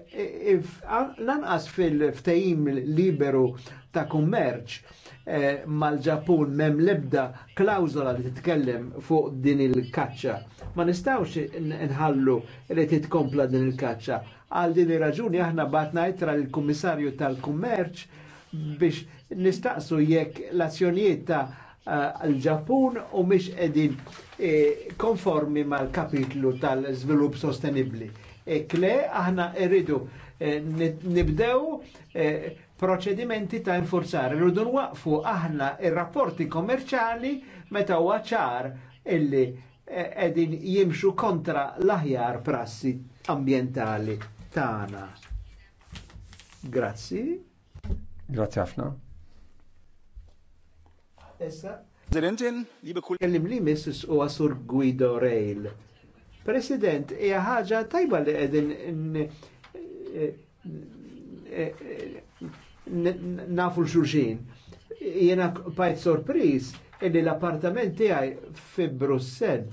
lanqas fil-ftajim liberu ta' kummerċ eh, mal-ġapun mem lebda klawzola li titkellem fuq din il-kaċċa. Ma nistawx nħallu li titkompla din il-kaċċa. Għal din ir-raġuni aħna batna itra l-Kummissarju tal-Kummerċ biex nistaqsu jekk l-azzjonijiet ta' eh, l ġapun u mhix qegħdin eh, konformi mal-kapitlu tal-żvilupp sostenibbli ekle, aħna rridu eh, nibdew eh, proċedimenti ta' infurzar. Rridu nwaqfu aħna ir-rapporti kommerċali meta huwa ċar illi edin eh, jimxu kontra l-aħjar prassi ambientali tagħna. Grazzi.
Grazzi ħafna.
Issa. Zelentin, liebe Kollegen. Kellim li missis u għasur Guido Rejl. President, hija ħaġa tajba li qegħdin nafu l-xulxin. Jena pajt sorpriz illi l-appartament tiegħi fi Brussell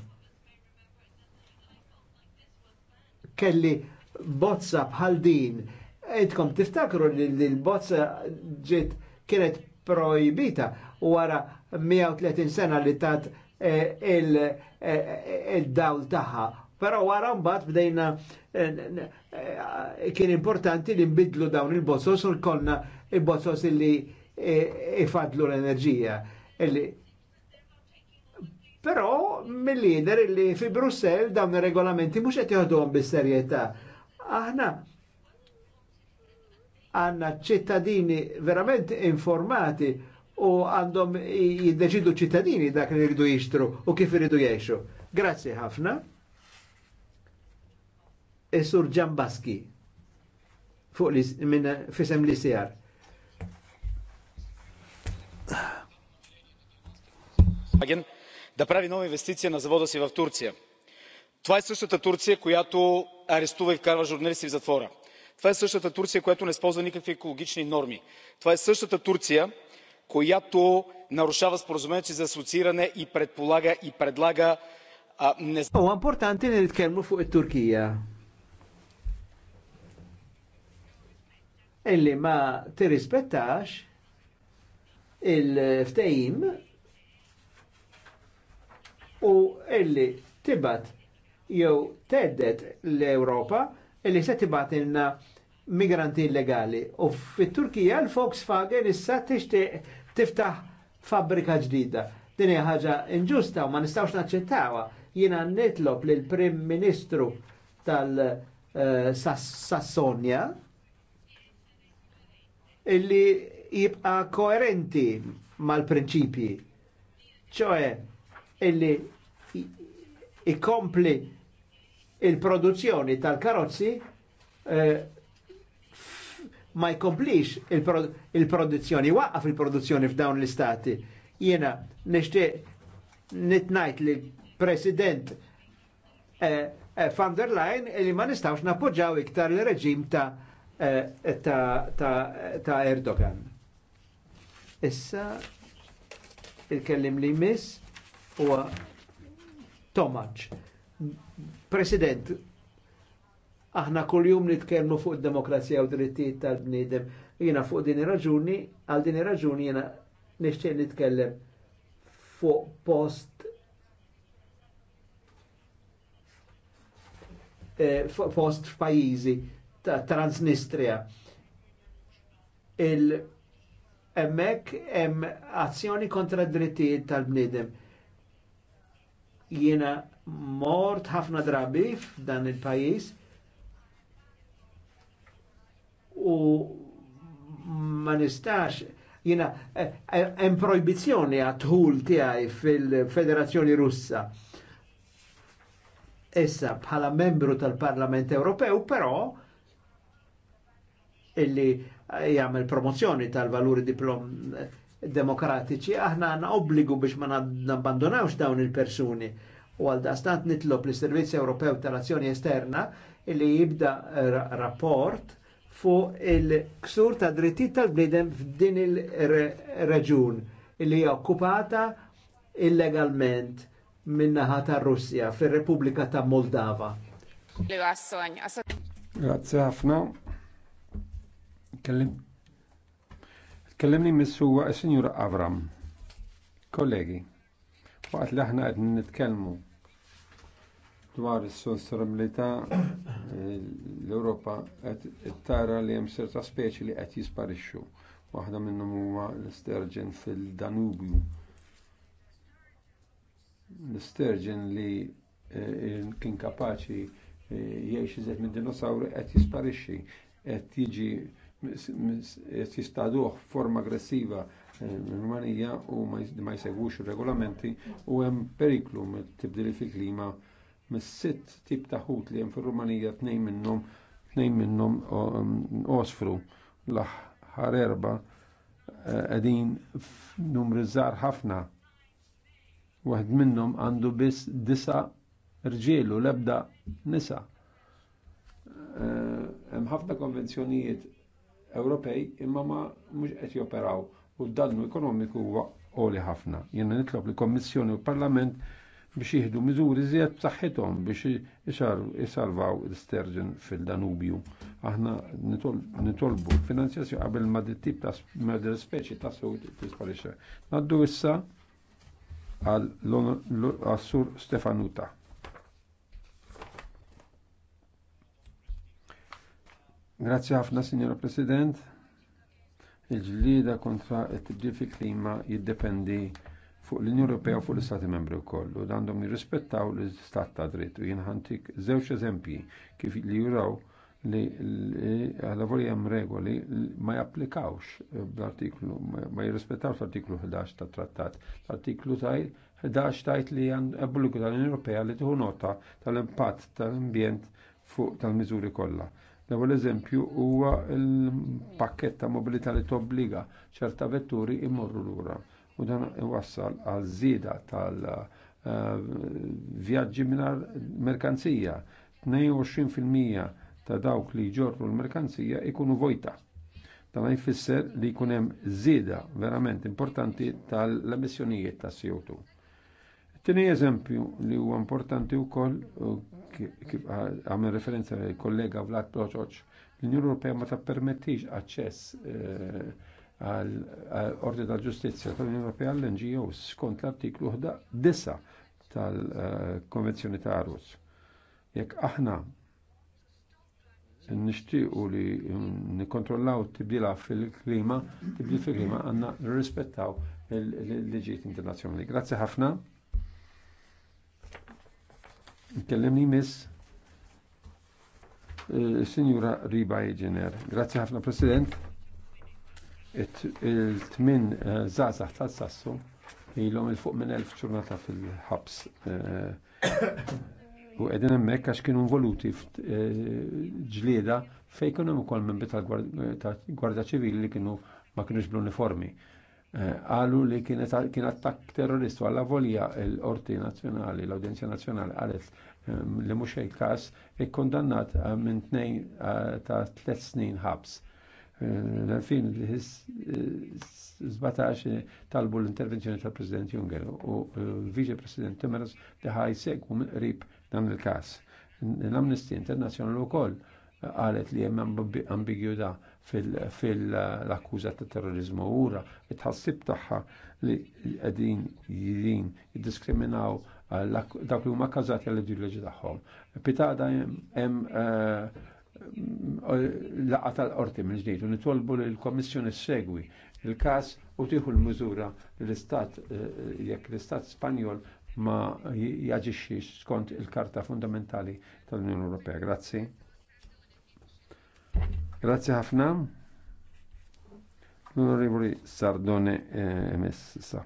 kelli bozza bħal din. Għedkom tiftakru li l-bozza ġiet kienet projbita wara 130 sena li tat eh, eh, eh, il-dawl taħħa Pero għara mbagħad bdejna eh, eh, kien importanti li nbidlu dawn il bozzos u kolna il bozzos li eh, ifadlu l-enerġija. Pero mill-lider li fi Brussel dawn il regolamenti mhux qed joħduhom bis-serjetà. Aħna għanna ċittadini verament informati u għandhom jiddeċidu ċittadini dak li rridu jixtru u kif rridu jiexu. Grazie ħafna. Isur Ġambaski fuq li minn fisem li sejar. Аген, да прави нова инвестиция на завода
си в Турция. Това е същата Турция, която арестува и вкарва журналисти в затвора. Това е същата Турция, която не спазва никакви екологични норми. Това е същата Турция, която нарушава споразумението си за асоцииране и предполага и предлага.
А, не... О, importanti li nitkellmu fuq it-Turkija. illi ma tirrispettax il-ftejim u illi tibat jew teddet l-Europa illi se tibat inna migranti illegali. U fit-Turkija l-Volkswagen issa tixtieq tiftaħ fabbrika ġdida. Din hija ħaġa inġusta u ma nistgħux naċċettawha. Jiena nitlob lill-Prim Ministru tal-Sassonja, eh, illi jibqa koerenti mal-prinċipji. ċoħe, illi ikompli il-produzzjoni tal-karozzi eh, ma jkomplix il-produzzjoni, waqqaf il-produzzjoni f'dawn l-istati. Jena nishtiq nitnajt li president eh, eh, van der Leyen li ma nistawx nappoġġaw iktar l-reġim ta' Eh, ta' Erdogan. Issa il-kellim li miss u Tomac. President, aħna kull-jum nitkellmu fuq id-demokrazija u drittijiet tal-bniedem. Jiena fuq din raġuni għal din ir-raġuni jiena nixtieq nitkellem fuq post eh, fost f'pajjiżi ta' Transnistria. Il emmek hemm azzjoni kontra drittijiet tal bnidem Jiena mort ħafna drabi f'dan il-pajis u ma nistax jiena eh, eh, hemm projbizzjoni għat-tħul tiegħi fil-Federazzjoni Russa. Issa bħala membru tal-Parlament Ewropew, però illi jagħmel promozzjoni tal-valuri diplom demokratiċi, aħna għanna obbligu biex ma nabbandonawx dawn il-persuni. U għal dastant nitlob l servizzi Ewropew tal-Azzjoni Esterna illi jibda rapport fuq il-ksur ta' dritti tal bliden f'din il-reġun illi hija okkupata illegalment minnaħa ta' Russja fir-Repubblika ta' Moldava.
Grazie
ħafna. Kellim. Kellimni Tkellimni missuwa il-Sinjura Avram. Kollegi, waqt li aħna qed nitkellmu dwar is-sostenibilità l-Ewropa qed tara li hemm serta speċi li qed jisparixxu. Waħda minnhom huwa l-isterġen fil-Danubju. L-isterġen li eh, kien kapaċi eh, jgħix iżed minn dinosawri qed jisparixxi qed jiġi jistaduħ forma aggressiva l-Rumanija eh, u ma jisegwux il regolamenti u hemm periklu tibdili fil-klima mis-sitt tip ta' ħut li hemm fir-Rumanija tnejn minnhom tnejn minnhom mm, osfru l-aħħar erba eh, qegħdin numri żgħar ħafna. Waħed minnhom għandu biss disa rġielu lebda nisa. Eh, hemm ħafna konvenzjonijiet Ewropej imma ma mhux qed joperaw u d-dannu ekonomiku huwa qoli ħafna. Jiena nitlob li kommissjoni u parlament biex jihdu miżuri zjed b'saħħithom biex isalvaw l sterġen fil-Danubju. Aħna nitolbu finanzjazzju qabel ma tip ta' merdel speċi ta' sew tisparixxa. Naddu issa għal l-assur Stefanuta. Grazzi ħafna, Signora President. Il-ġlida kontra it-tibdil klima jiddependi fuq l-Unjoni Ewropea u fuq l-Istati Membri wkoll u għandhom jirrispettaw l-Istat ta' dritt u jinħantik żewġ eżempji kif li juraw li għal-lavori jem regoli ma japplikawx bl-artiklu, ma jirrispettawx l-artiklu 11 ta' trattat. L-artiklu ta' 11 tajt li għand obbligu tal-Unjoni Ewropea li tuħu nota tal-impatt tal-ambjent fuq tal-miżuri kollha L-ewwel eżempju huwa l-pakket ta' mobilità li tobbliga ċerta vetturi immorru lura u dan iwassal għal żieda tal eh, vjaġġi mingħajr merkanzija. 22% ta' dawk li jġorru l-merkanzija ikunu vojta. Dan jfisser li jkun hemm żieda verament importanti tal-emissjonijiet ta' CO2. Tini eżempju li huwa importanti wkoll koll, għamil referenza li kollega Vlad Broċoċ, l-Unjoni Ewropea ma ta permettix aċċess eh, għal ordi tal-ġustizja tal-Unjoni Ewropea għall-NGOs skont l-artiklu 9 tal-Konvenzjoni eh, ta' Arus. Jekk aħna nishtiqu li mm, nikontrollaw tibdila fil-klima, tibdil fil-klima għanna rispettaw l-liġijiet internazzjonali. Grazie ħafna. Kellimni miss eh, Signora Riba Eġener. Grazie ħafna President. Il-tmin eh, zazax ta' sassu ilhom il-fuq minn elf ġurnata fil-ħabs. Eh, u qegħdin hemmhekk għax kienu involuti ġlieda fejn kienu ukoll membri tal-Gwardja Ċivili li kienu ma kienux bl-uniformi. Eh, għalu li kien attak terroristu għalla volja l-Orti Nazjonali, l audienzja Nazjonali għalet ehm, li mux il-kas, kondannat eh, minn tnejn eh, ta' tlet snin ħabs. L-fin li 17 talbu l-intervenzjoni tal-President Juncker u l-Vice President Timmermans li ħajseg u rib dan il-kas. L-Amnesty International u koll għalet li jem ambigjuda fil-akkuża ta' terrorizmu ura it-ħassib tagħha li qegħdin jirin jiddiskriminaw dak li huma kkażati għal ideoloġi tagħhom. Pitada hemm eh, laqa tal-qorti minn ġdid u nitolbu li l-Kommissjoni segwi il-każ u tieħu l-miżura li l-Istat eh, jekk l-Istat Spanjol ma jaġixxi skont il-Karta Fundamentali tal-Unjoni Ewropea. Grazzi. Grazie ħafna. L-Onorevoli Sardone eh, Messa.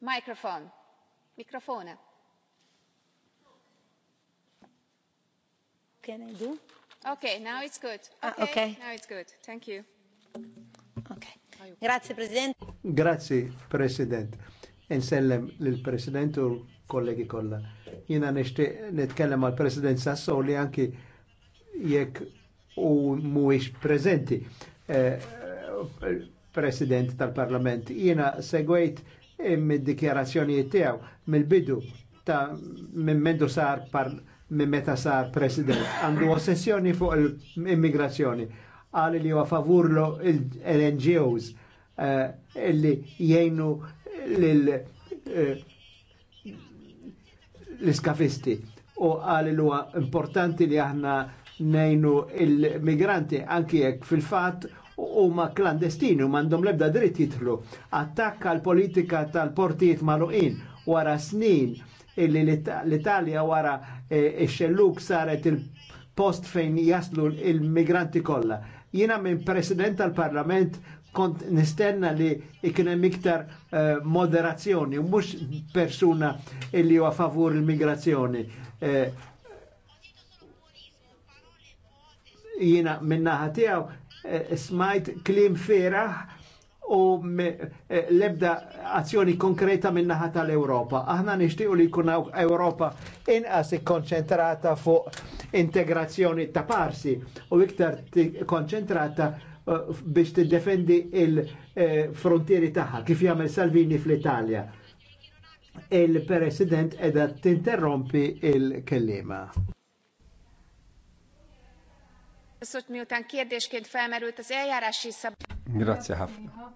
Microphone. Microfone. Can I do? Okay, now it's good. Ah, okay, ah, okay. now it's good. Thank you. Okay. Grazie Presidente.
Grazie Presidente nsellem lill-President u l-kollegi kollha. Jina nixtieq nitkellem għall president li anki jekk u mhuwiex preżenti eh, President tal-Parlament. Jiena segwejt mid-dikjarazzjonijiet tiegħu mill-bidu ta' minn mendu sar par minn meta sar president. Għandu ossessjoni fuq l-immigrazzjoni. għal li huwa favurlo l-NGOs eh, illi jgħinu Eh, l-iskafisti u għal li importanti li aħna nejnu il-migranti anki jekk fil-fat u ma klandestini u mandom lebda dritt jitlu. Attakka l-politika tal-portijiet maluqin wara snin illi l-Italja wara eh, ix-xelluk saret il-post fejn jaslu il-migranti kollha. Jina minn President tal-Parlament kont nistenna li ikna miktar uh, eh, moderazzjoni, mux persuna illi huwa favur il-migrazzjoni. Uh, eh, jina minnaħa tijaw uh, eh, smajt klim feraħ u me, uh, lebda azzjoni konkreta minnaħa tal-Europa. Aħna nishtiqu li jkun Europa inqas ikkonċentrata fuq integrazzjoni ta' parsi u iktar konċentrata Eh, biex tiddefendi il-frontieri tagħha kif jagħmel Salvini fl-Italja. Il-President edha tinterrompi il-kellima.
felmerült az eljárási szab...
Grazie, Hafna.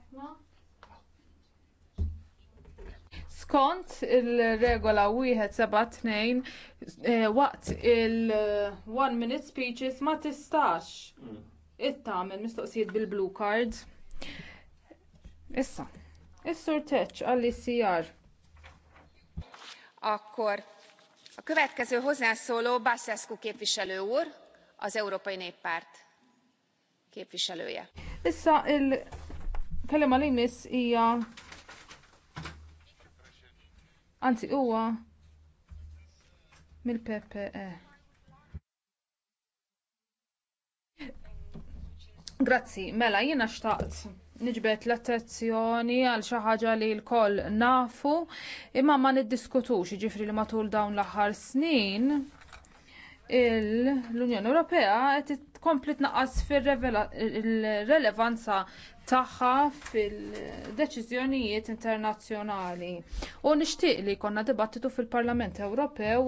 Skont il-regola 172 eh, waqt il-1 eh, minute speeches ma tistax. Mm it-tagħmel mistoqsijiet bil-blue cards. Issa, is sorteċ għalli
s-sijar. Akkor a következő hozzászóló Basescu képviselő úr, az Európai Néppárt képviselője.
Issa il-kelema li miss ija anzi uwa mil ppe Grazzi, mela jiena xtaqt niġbet l-attenzjoni għal xi ħaġa li lkoll nafu imma ma niddiskutux jiġifieri li matul dawn l-aħħar snin l-Unjoni Ewropea qed tkompli tnaqqas fir-relevanza tagħha fil-deċiżjonijiet internazzjonali. U nixtieq li jkollna dibattitu fil-Parlament Ewropew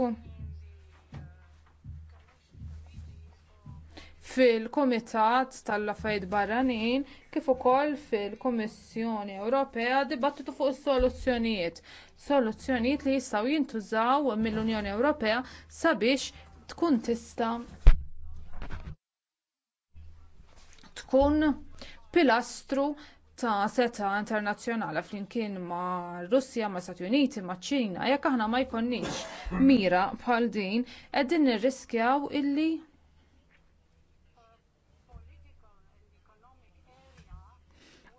fil-Kumitat tal-Affarijiet Barranin kif ukoll fil-Kummissjoni Ewropea dibattitu fuq is-soluzzjonijiet. Soluzzjonijiet li jistgħu jintużaw mill-Unjoni Ewropea sabiex tkun tista' tkun pilastru ta' seta' internazzjonali flimkien ma' Russja, ma' Stati Uniti, ma' Ċina, jekk aħna ma' jkonniex mira bħal din, qegħdin nirriskjaw illi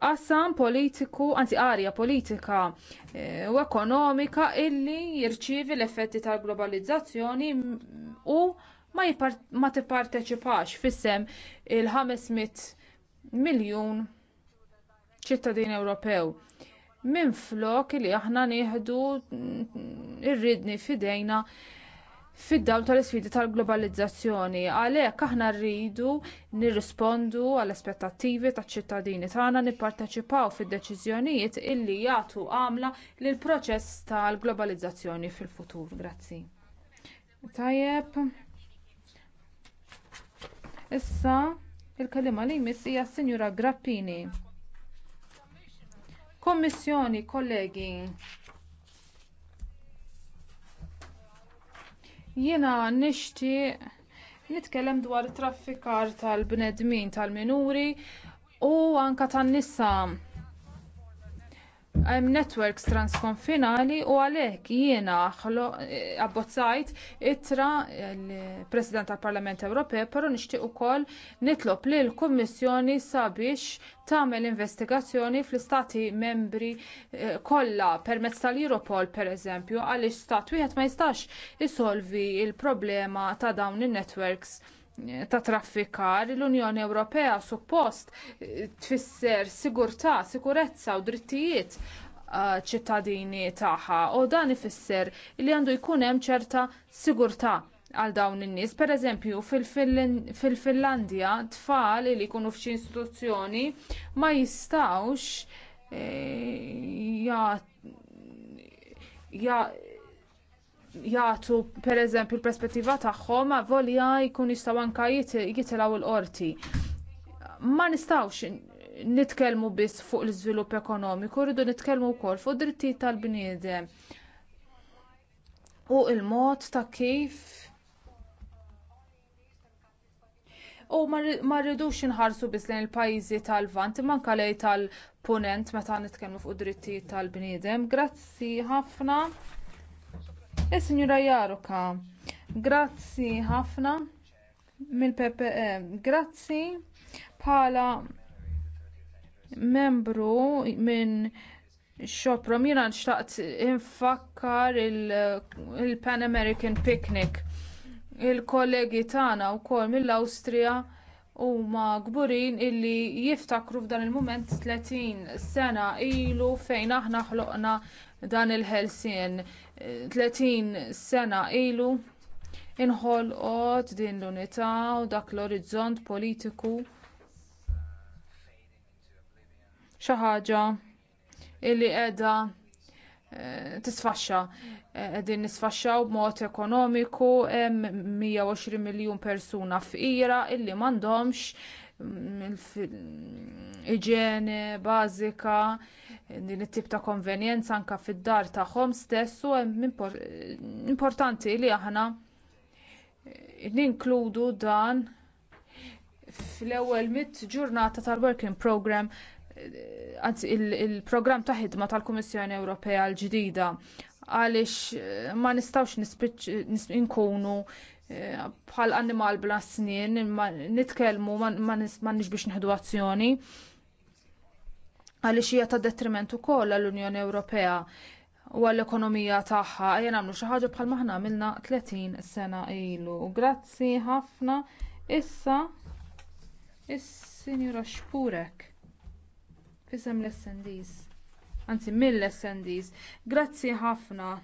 qasam politiku, anzi arja politika eh, u ekonomika illi jirċievi l-effetti tal-globalizzazzjoni u ma tipparteċipax fis-sem il-500 miljun ċittadin Ewropew. Minflok li aħna nieħdu mm, rridni f'idejna fid-dawl tal-isfidi tal-globalizzazzjoni għalhekk aħna rridu nirrispondu għall-aspettattivi taċ-ċittadini tagħna nipparteċipaw fid-deċiżjonijiet illi jagħtu għamla lill proċess tal-globalizzazzjoni fil-futur. Grazzi. Tajjeb. Issa il-kelima li jmiss hija s Grappini. Kommissjoni, kollegi, Jiena nixtieq nitkellem dwar traffikar tal-bnedmin tal-minuri u anke tan-nisa hemm netwerks transkonfinali u għalhekk jiena abbozzajt ittra l-President tal-Parlament Ewropej però nixtieq ukoll nitlob lill kummissjoni sabiex tagħmel investigazzjoni fl-istati membri eh, kollha permezz tal-Europol pereżempju għaliex stat wieħed ma jistax isolvi l problema ta' dawn in-netwerks ta' traffikar l-Unjoni Ewropea suppost eh, tfisser sigurtà, sikurezza u drittijiet eh, ċittadini tagħha u dan ifisser li għandu jkun hemm ċerta sigurtà għal dawn in-nies. Pereżempju fil-Finlandja tfal li jkunu f'xi istituzzjoni ma jistgħux eh, ja, ja per pereżempju l-perspettiva tagħhom volja jkun jistgħu anke jitilgħu l-qorti. Ma nistgħux nitkellmu biss fuq l-iżvilupp ekonomiku, rridu nitkellmu wkoll fuq drittijiet tal-bniedem u l-mod ta' kif u ma rridux inħarsu biss lejn il-pajjiżi tal vant imma anke lejn tal-punent meta nitkellmu fuq drittijiet tal-bniedem. Grazzi ħafna. Is-Sinjura eh, Jaruka, grazzi ħafna mill-PPE, grazzi bħala membru minn xoprom jiena nxtaqt infakkar il-Pan American Picnic. Il-kollegi tagħna wkoll mill-Awstrija huma kburin illi jiftakru f'dan il mument 30 sena ilu fejn aħna ħloqna dan il-ħelsien. 30 sena ilu inħolqot din l-unità u dak l-orizzont politiku xi ħaġa li qiegħda eh, tisfaxxa eh, qegħdin nisfaxxaw b'mod ekonomiku hemm 120 miljun persuna fqira illi m'għandhomx mm, iġene bażika din it-tip ta' konvenjenza anke fid-dar tagħhom stess u hemm importanti li aħna ninkludu dan fl-ewwel mitt ġurnata tal-working programme anzi il-programm ta' ħidma tal-Kummissjoni Ewropea l-ġdida għaliex eh, ma nistgħux nkunu eh, bħal annimal bla snin nitkellmu ma nix biex nħedu azzjoni għaliex hija ta' detriment ukoll għall-Unjoni Ewropea u għall-ekonomija tagħha ejja nagħmlu xi ħaġa bħal maħna għamilna 30 sena ilu. Grazzi ħafna. Issa is-Sinjura Xpurek fisem l-SNDs. Anzi mill-SNDs. Grazzi ħafna.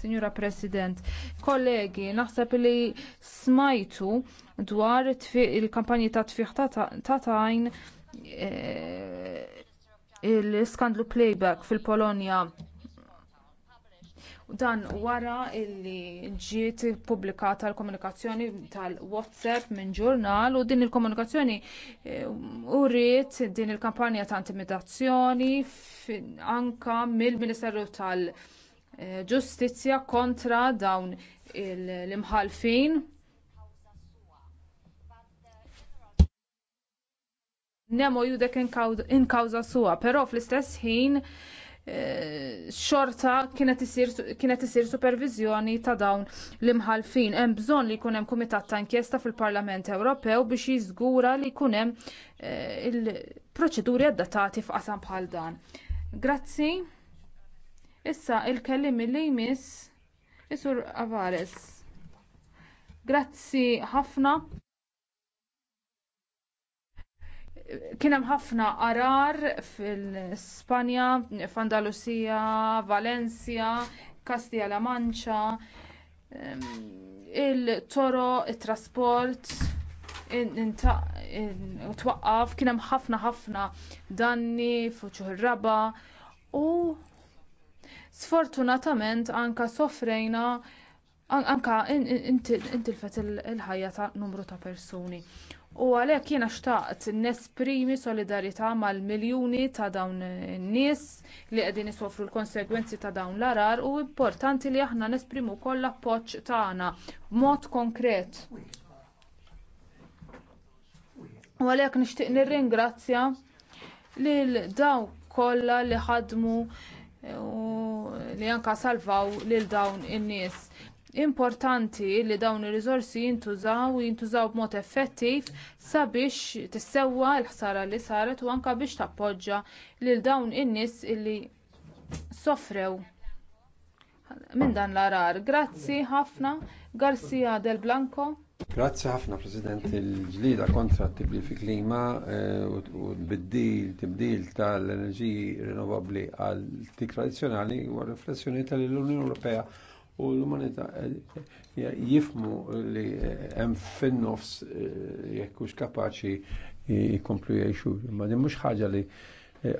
Signora President, kollegi, naħseb li smajtu dwar il-kampanji ta' tfiħ ta' tajn eh, l-iskandlu playback fil-Polonja dan wara li ġiet ippubblikata l-komunikazzjoni tal-WhatsApp minn ġurnal u din il-komunikazzjoni eh, uriet din il-kampanja ta' intimidazzjoni anke mill-Ministeru tal-Ġustizzja eh, kontra dawn l-imħalfin nemo judek inkawza suwa, però fl-istess ħin eh, xorta kienet isir superviżjoni ta' dawn l-imħalfin. Hemm bżonn li jkun hemm kumitat ta' inkjesta fil-Parlament Ewropew biex jiżgura li jkun hemm eh, il-proċeduri adattati f'qasam bħal dan. Grazzi. Issa il-kellim li jmiss Isur Avares. Grazzi ħafna. Kien hemm ħafna arar fil-Spanja, f'Andalusija, Valencia, Kastija La Mancha, il-toro, it-trasport, twaqqaf, kien hemm ħafna ħafna danni fuq raba u sfortunatament anke sofrejna anke intilfet il-ħajja ta' numru ta' persuni u għalhekk jiena xtaqt nesprimi solidarjetà mal-miljuni ta' dawn in-nies li qegħdin isofru l-konsegwenzi ta' dawn l-arar u importanti li aħna nesprimu wkoll l-appoġġ tagħna b'mod konkret. U għalhekk nixtieq nirringrazzja lil dawk kollha li ħadmu u li anke salvaw lil dawn in-nies importanti li dawn ir-riżorsi jintużaw u jintużaw b'mod effettiv sabiex tissewwa l-ħsara li saret u anke biex tappoġġja lil dawn in-nies li sofrew minn dan l-arar. Grazzi ħafna Garcia del Blanco.
Grazzi ħafna President il-ġlida kontra t-tibdil fi klima eh, u t-biddil, tibdil tal-enerġiji rinnovabli għal tik tradizjonali u riflessjoni tal-Unjoni Ewropea u l-umanità eh, eh, jifmu li eh, hemm fin-nofs jekk hux kapaċi jkomplu jgħixu. Ma din mhux ħaġa li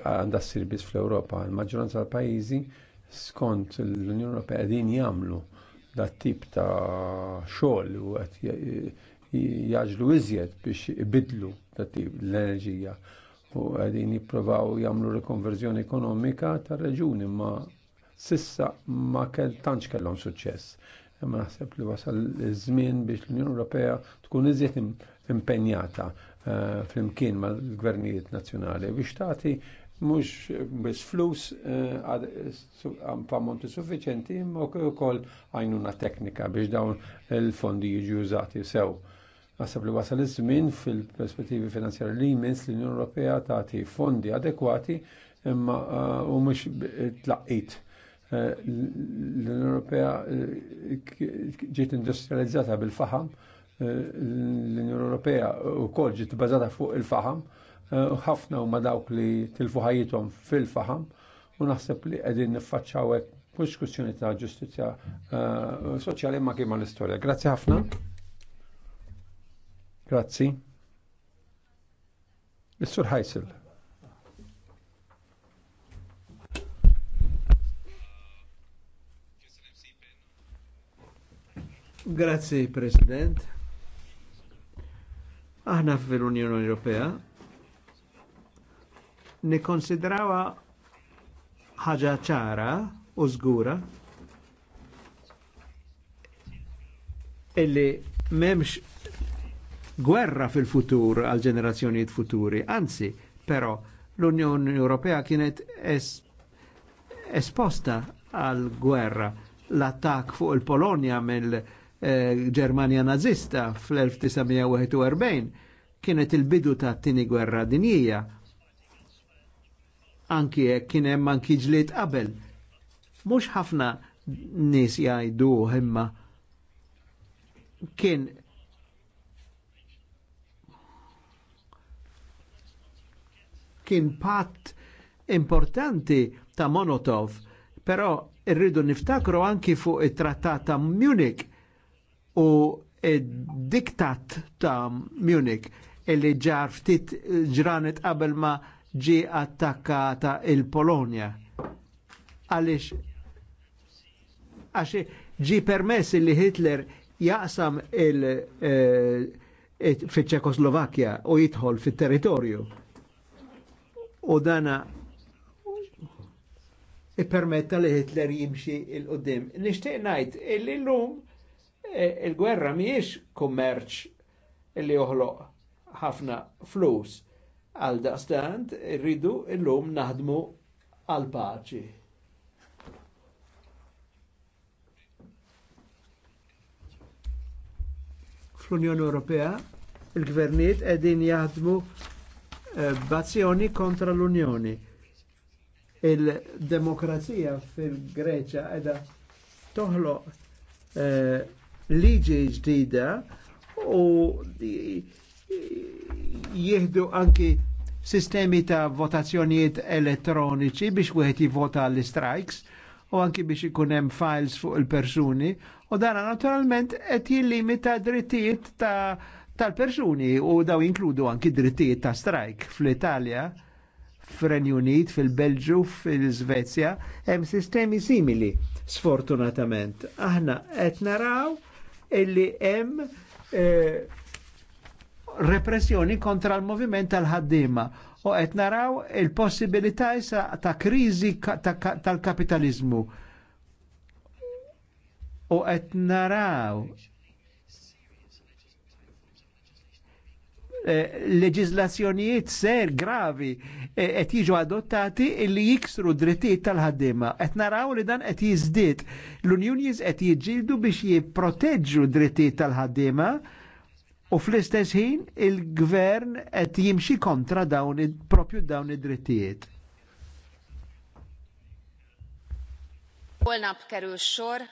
għandha ssir biss fl-Ewropa. Il-maġġoranza tal-pajjiżi skont l-Unjoni Ewropea qegħdin jagħmlu dat tip ta' xogħol u qed jaġlu iżjed biex ibidlu dat tip l-enerġija u qegħdin jipprovaw jagħmlu rekonverżjoni ekonomika tar reġuni ma sissa ma kell tantx kellhom suċċess. Imma naħseb li wasal iż-żmien biex l-Unjoni Ewropea tkun iżjed impenjata eh, flimkien mal-gvernijiet nazzjonali biex tagħti mhux bis flus eh, ammonti suffiċenti imma wkoll għajnuna teknika biex dawn il-fondi jiġu użati sew. Naħseb li wasal iż-żmien fil-perspettivi finanzjarji li jmiss l-Unjoni Ewropea tagħti fondi adekwati imma eh, u mhux tlaqqit Eh, l-Unjoni Ewropea eh, ġiet industrializzata bil-faħam, eh, l-Unjoni Ewropea wkoll ġiet bbażata fuq il-faħam, ħafna huma dawk li tilfu ħajjithom fil-faħam u naħseb li qegħdin niffaċċaw hekk mhux kwistjoni ta' ġustizzja soċjali ma kien l-istorja. Grazzi ħafna. Grazzi. Is-Sur Ħajsil.
Grazzi, President. Aħna fil-Unjoni Ewropea nikkonsidrawha ħaġa ċara u żgura illi m'hemmx gwerra fil-futur għal ġenerazzjonijiet futuri, anzi, però l-Unjoni Ewropea kienet es esposta għal gwerra l-attak fuq il-Polonja mill- Ġermanja eh, nazista fl-1941 kienet il-bidu ta' tini gwerra dinjija. Anki kien hemm anki ġlied qabel. Mhux ħafna nies jgħidu imma kien kien patt importanti ta' Monotov, però irridu niftakru anki fuq it-trattat ta' Munich u diktat ta' Munich illi ġar ftit ġranet qabel ma ġi attakkata il polonia Għalix għaxi ġi permess li Hitler jaqsam il e, fi ċekoslovakkja u jitħol fit territorju U dana i permetta li Hitler jimxi il-qoddim. Nishtiq najt, il-lum Eh, il-gwerra miex kummerċ li joħloq ħafna flus għal daqstant rridu illum naħdmu għal paċi. Fl-Unjoni Ewropea il-gvernijiet edin jaħdmu eh, bazzjoni kontra l-Unjoni. Il-demokrazija fil-Greċja edha toħloq eh, liġi ġdida u jieħdu anki sistemi ta' votazzjonijiet elettroniċi biex wieħed jivvota l-strikes u anki biex ikun hemm files fuq il-persuni u dana naturalment qed jillimita drittijiet ta' tal-persuni u daw inkludu anki drittijiet ta' strike fl-Italja, fir-Renju Unit, fil-Belġu, fil-Svezja, hemm sistemi simili sfortunatament. Aħna qed naraw illi hemm eh, repressjoni kontra l-moviment tal-ħaddima u qed naraw il-possibilità issa ta' kriżi tal-kapitalizmu. u qed naraw Eh, leġizlazzjonijiet ser gravi eh, qed jiġu adottati li jiksru drittijiet tal-ħaddiema. Qed naraw li dan qed jiżdied. L-Unjunies qed jiġġieldu biex jipproteġġu drittijiet tal-ħaddiema u fl-istess ħin il-gvern qed jimxi kontra dawn propju dawn id-drittijiet.
Holnap kerül sor